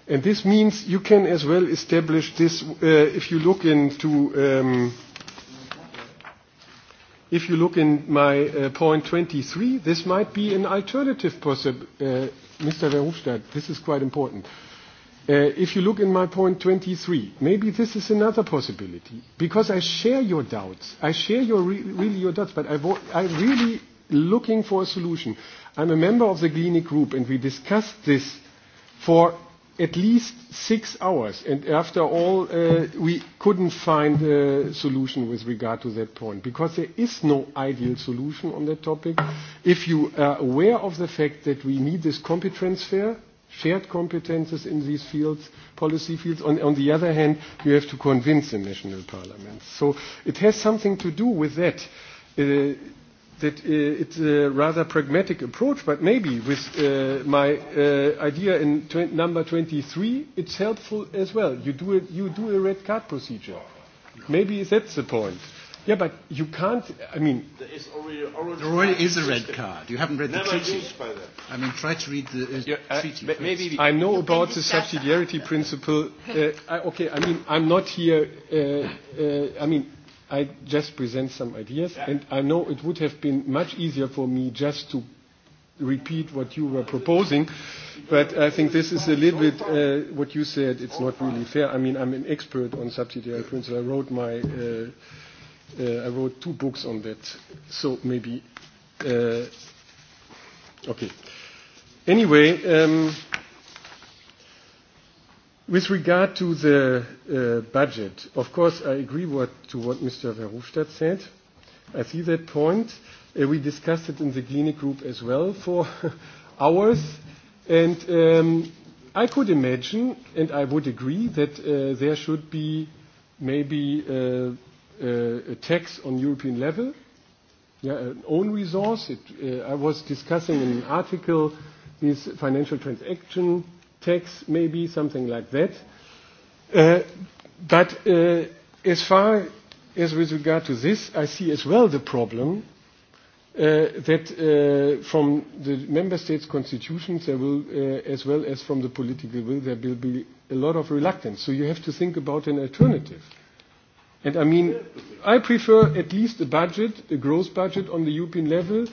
And this means you can as well establish this if you look into if you look in my point 23, this might be an alternative possible. Mr. Verhofstadt, this is quite important. If you look in my point 23, maybe this is another possibility, because I share your doubts. I share your really your doubts, but I I'm really looking for a solution. I'm a member of the Gleanic group, and we discussed this for at least six hours, and after all, we couldn't find a solution with regard to that point, because there is no ideal solution on that topic. If you are aware of the fact that we need this competence transfer, shared competences in these fields, policy fields. On the other hand, you have to convince the national parliaments. So it has something to do with that, that it's a rather pragmatic approach, but maybe with my idea in number 23, it's helpful as well. You do a red card procedure. Maybe that's the point. Yeah, but you can't. I mean, there is already, is a red card. You haven't read the treaty. I mean, try to read the treaty. I know about the subsidiarity principle. okay, I mean, I'm not here. I mean, I just present some ideas, and I know it would have been much easier for me just to repeat what you were proposing, but I think this is a little bit uh, what you said. It's not really fair. I mean, I'm an expert on subsidiarity principle. I wrote my. I wrote two books on that, so maybe. Okay. Anyway, with regard to the budget, of course I agree what to what Mr. Verhofstadt said. I see that point. We discussed it in the clinic group as well for hours, and I could imagine, and I would agree, that there should be maybe a tax on European level, an own resource. I was discussing in an article this financial transaction tax, maybe something like that. But as far as with regard to this, I see as well the problem that from the member states' constitutions, there will, as well as from the political will, there will be a lot of reluctance. So you have to think about an alternative. And I mean, I prefer at least a budget, a growth budget on the European level,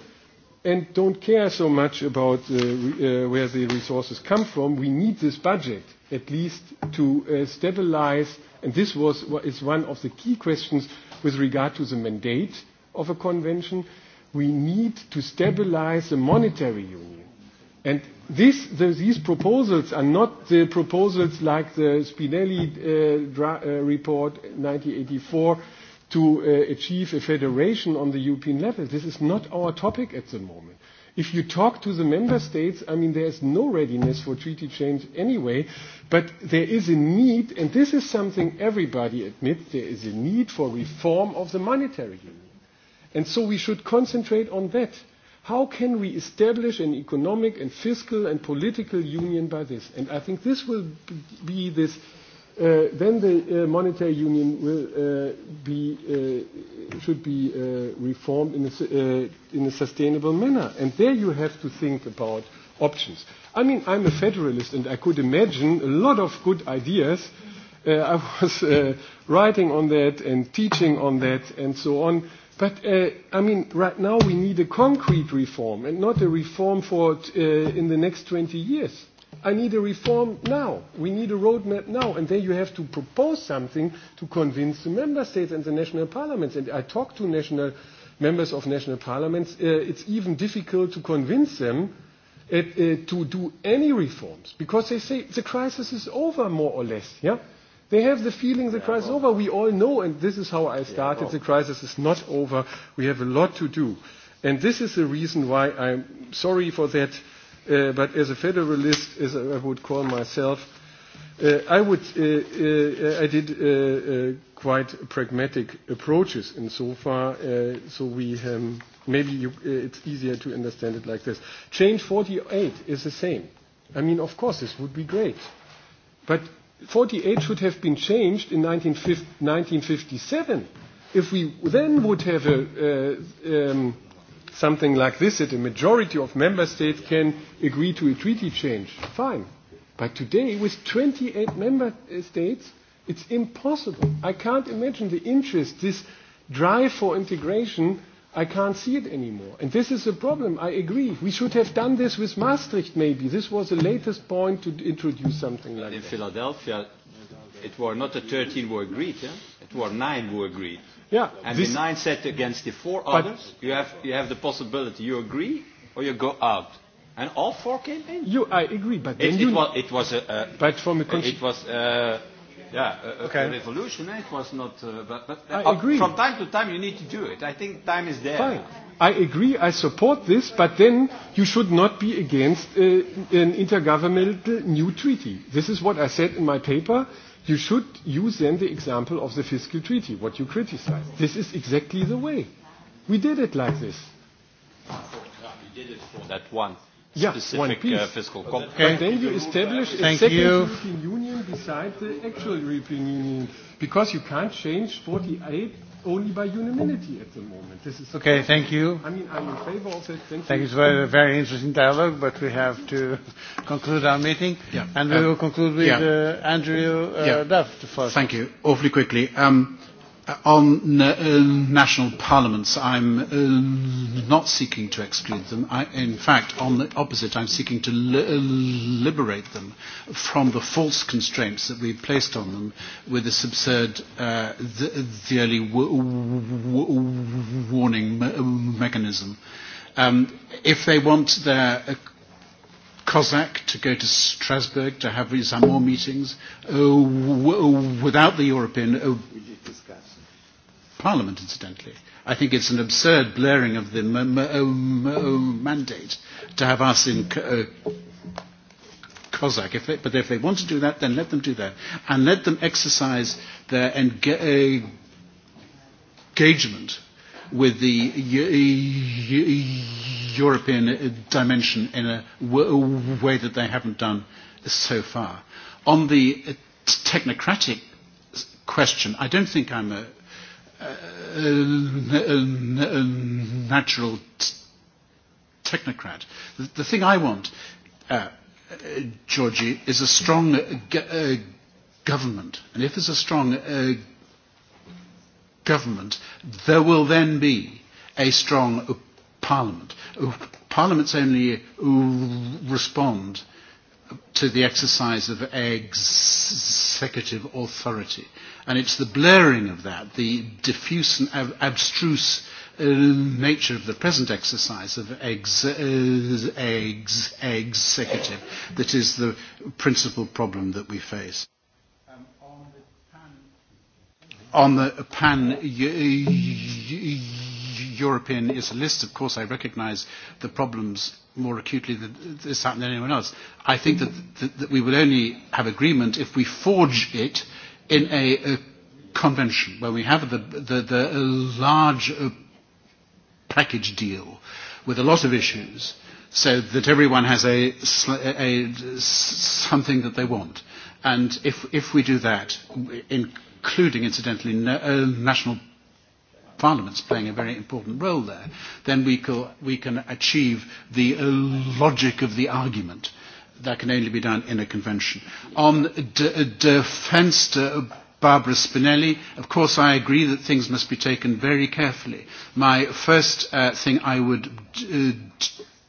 and don't care so much about where the resources come from. We need this budget at least to stabilize, and this was is one of the key questions with regard to the mandate of a convention. We need to stabilize the monetary union. And These proposals are not the proposals like the Spinelli report 1984 to achieve a federation on the European level. This is not our topic at the moment. If you talk to the member states, I mean, there is no readiness for treaty change anyway, but there is a need, and this is something everybody admits, there is a need for reform of the monetary union. And so we should concentrate on that. How can we establish an economic and fiscal and political union by this? And I think this will be this. Then the monetary union will be should be reformed in a in a sustainable manner. And there you have to think about options. I mean, I'm a federalist and I could imagine a lot of good ideas. I was writing on that and teaching on that and so on. But I mean, right now we need a concrete reform and not a reform for in the next 20 years. I need a reform now. We need a roadmap now. And then you have to propose something to convince the member states and the national parliaments. And I talk to national members of national parliaments. It's even difficult to convince them to do any reforms because they say the crisis is over more or less. Yeah. They have the feeling the crisis is over. We all know, and this is how I started, the crisis is not over. We have a lot to do. And this is the reason why I'm sorry for that, but as a federalist, as I would call myself, I would, I did quite pragmatic approaches in so far, so we, maybe it's easier to understand it like this. Change 48 is the same. I mean, of course, this would be great. But 48 should have been changed in 1957. If we then would have a, something like this, that a majority of member states can agree to a treaty change, fine. But today, with 28 member states, it's impossible. I can't imagine the interest, this drive for integration I can't see it anymore. And this is a problem. I agree. We should have done this with Maastricht maybe. This was the latest point to introduce something like that. In Philadelphia, it were not the 13 who agreed. It were nine who agreed. Yeah. And the nine said against the four others, you have, you have the possibility. You agree or you go out. And all four came in. You, I agree, but then it, was, a... but from a... It was... Yeah, a revolution, it was not... But I agree. From time to time you need to do it. I think time is there. Fine. I agree, I support this, but then you should not be against an intergovernmental new treaty. This is what I said in my paper. You should use then the example of the fiscal treaty, what you criticize. This is exactly the way. We did it like this. We did it for that one specific fiscal compact. But then you establish a second European Union beside the actual European Union, because you can't change 48 only by unanimity at the moment. This is okay. Thank you. I mean, I'm in favor of it. Thank, thank you. It's a very interesting dialogue, but we have to conclude our meeting, yeah. and we will conclude with Andrew Duff. Thank you. Awfully quickly. Um, On national parliaments, I'm not seeking to exclude them. In fact, on the opposite, I'm seeking to liberate them from the false constraints that we've placed on them with this absurd early warning mechanism. If they want their Cossack to go to Strasbourg to have some more meetings without the European Parliament, incidentally. I think it's an absurd blurring of the mandate to have us in COSAC. But if they want to do that, then let them do that. And let them exercise their engagement with the European dimension in a way that they haven't done so far. On the technocratic question, I don't think I'm a natural technocrat. The thing I want, Georgie, is a strong government. And if there's a strong government, there will then be a strong parliament. Parliaments only respond to the exercise of executive authority. And it's the blurring of that, the diffuse and abstruse nature of the present exercise of executive that is the principal problem that we face. On the pan-European is a list, of course I recognize the problems more acutely than this than anyone else. I think that we will only have agreement if we forge it in a convention where we have the the large package deal with a lot of issues so that everyone has a something that they want and if if we do that including incidentally national parliaments playing a very important role there then we can achieve the logic of the argument that can only be done in a convention. On defence to Barbara Spinelli, of course I agree that things must be taken very carefully. My first thing I would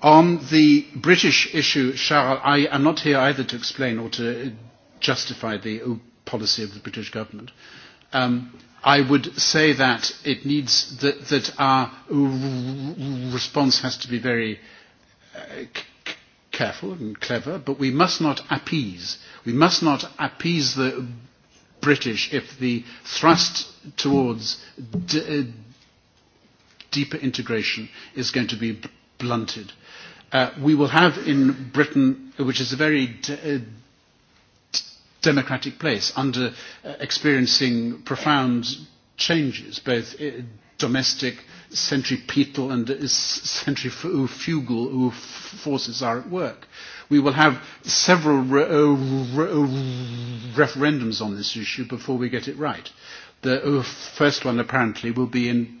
On the British issue, Charles, I am not here either to explain or to justify the policy of the British government. I would say that it needs that our response has to be very careful and clever, but we must not appease. We must not appease the British if the thrust towards deeper integration is going to be blunted we will have in Britain, which is a very democratic place, under experiencing profound changes, both domestic, centripetal and centrifugal forces are at work. We will have several referendums on this issue before we get it right. The first one apparently will be in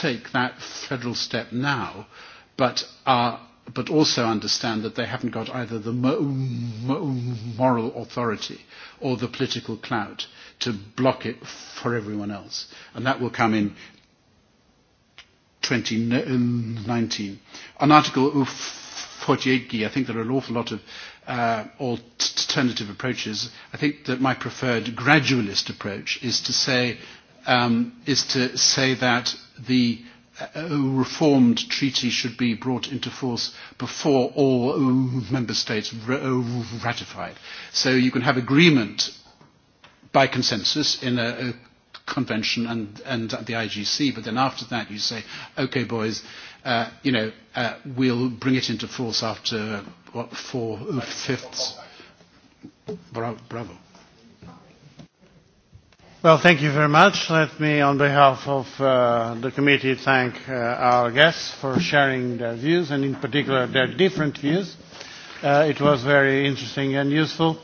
take that federal step now, but but also understand that they haven't got either the moral authority or the political clout to block it for everyone else. And that will come in 2019. On Article 48, I think there are an awful lot of alternative approaches. I think that my preferred gradualist approach is to say is to say that the reformed treaty should be brought into force before all member states ratified. So you can have agreement by consensus in a convention and, and the IGC, but then after that you say, okay, boys, uh, you know, uh, we'll bring it into force after, what, four fifths. Bravo. Well, thank you very much. Let me, on behalf of the committee, thank our guests for sharing their views and, in particular, their different views. It was very interesting and useful.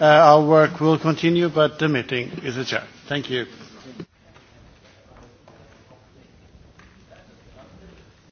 Our work will continue, but the meeting is adjourned. Thank you.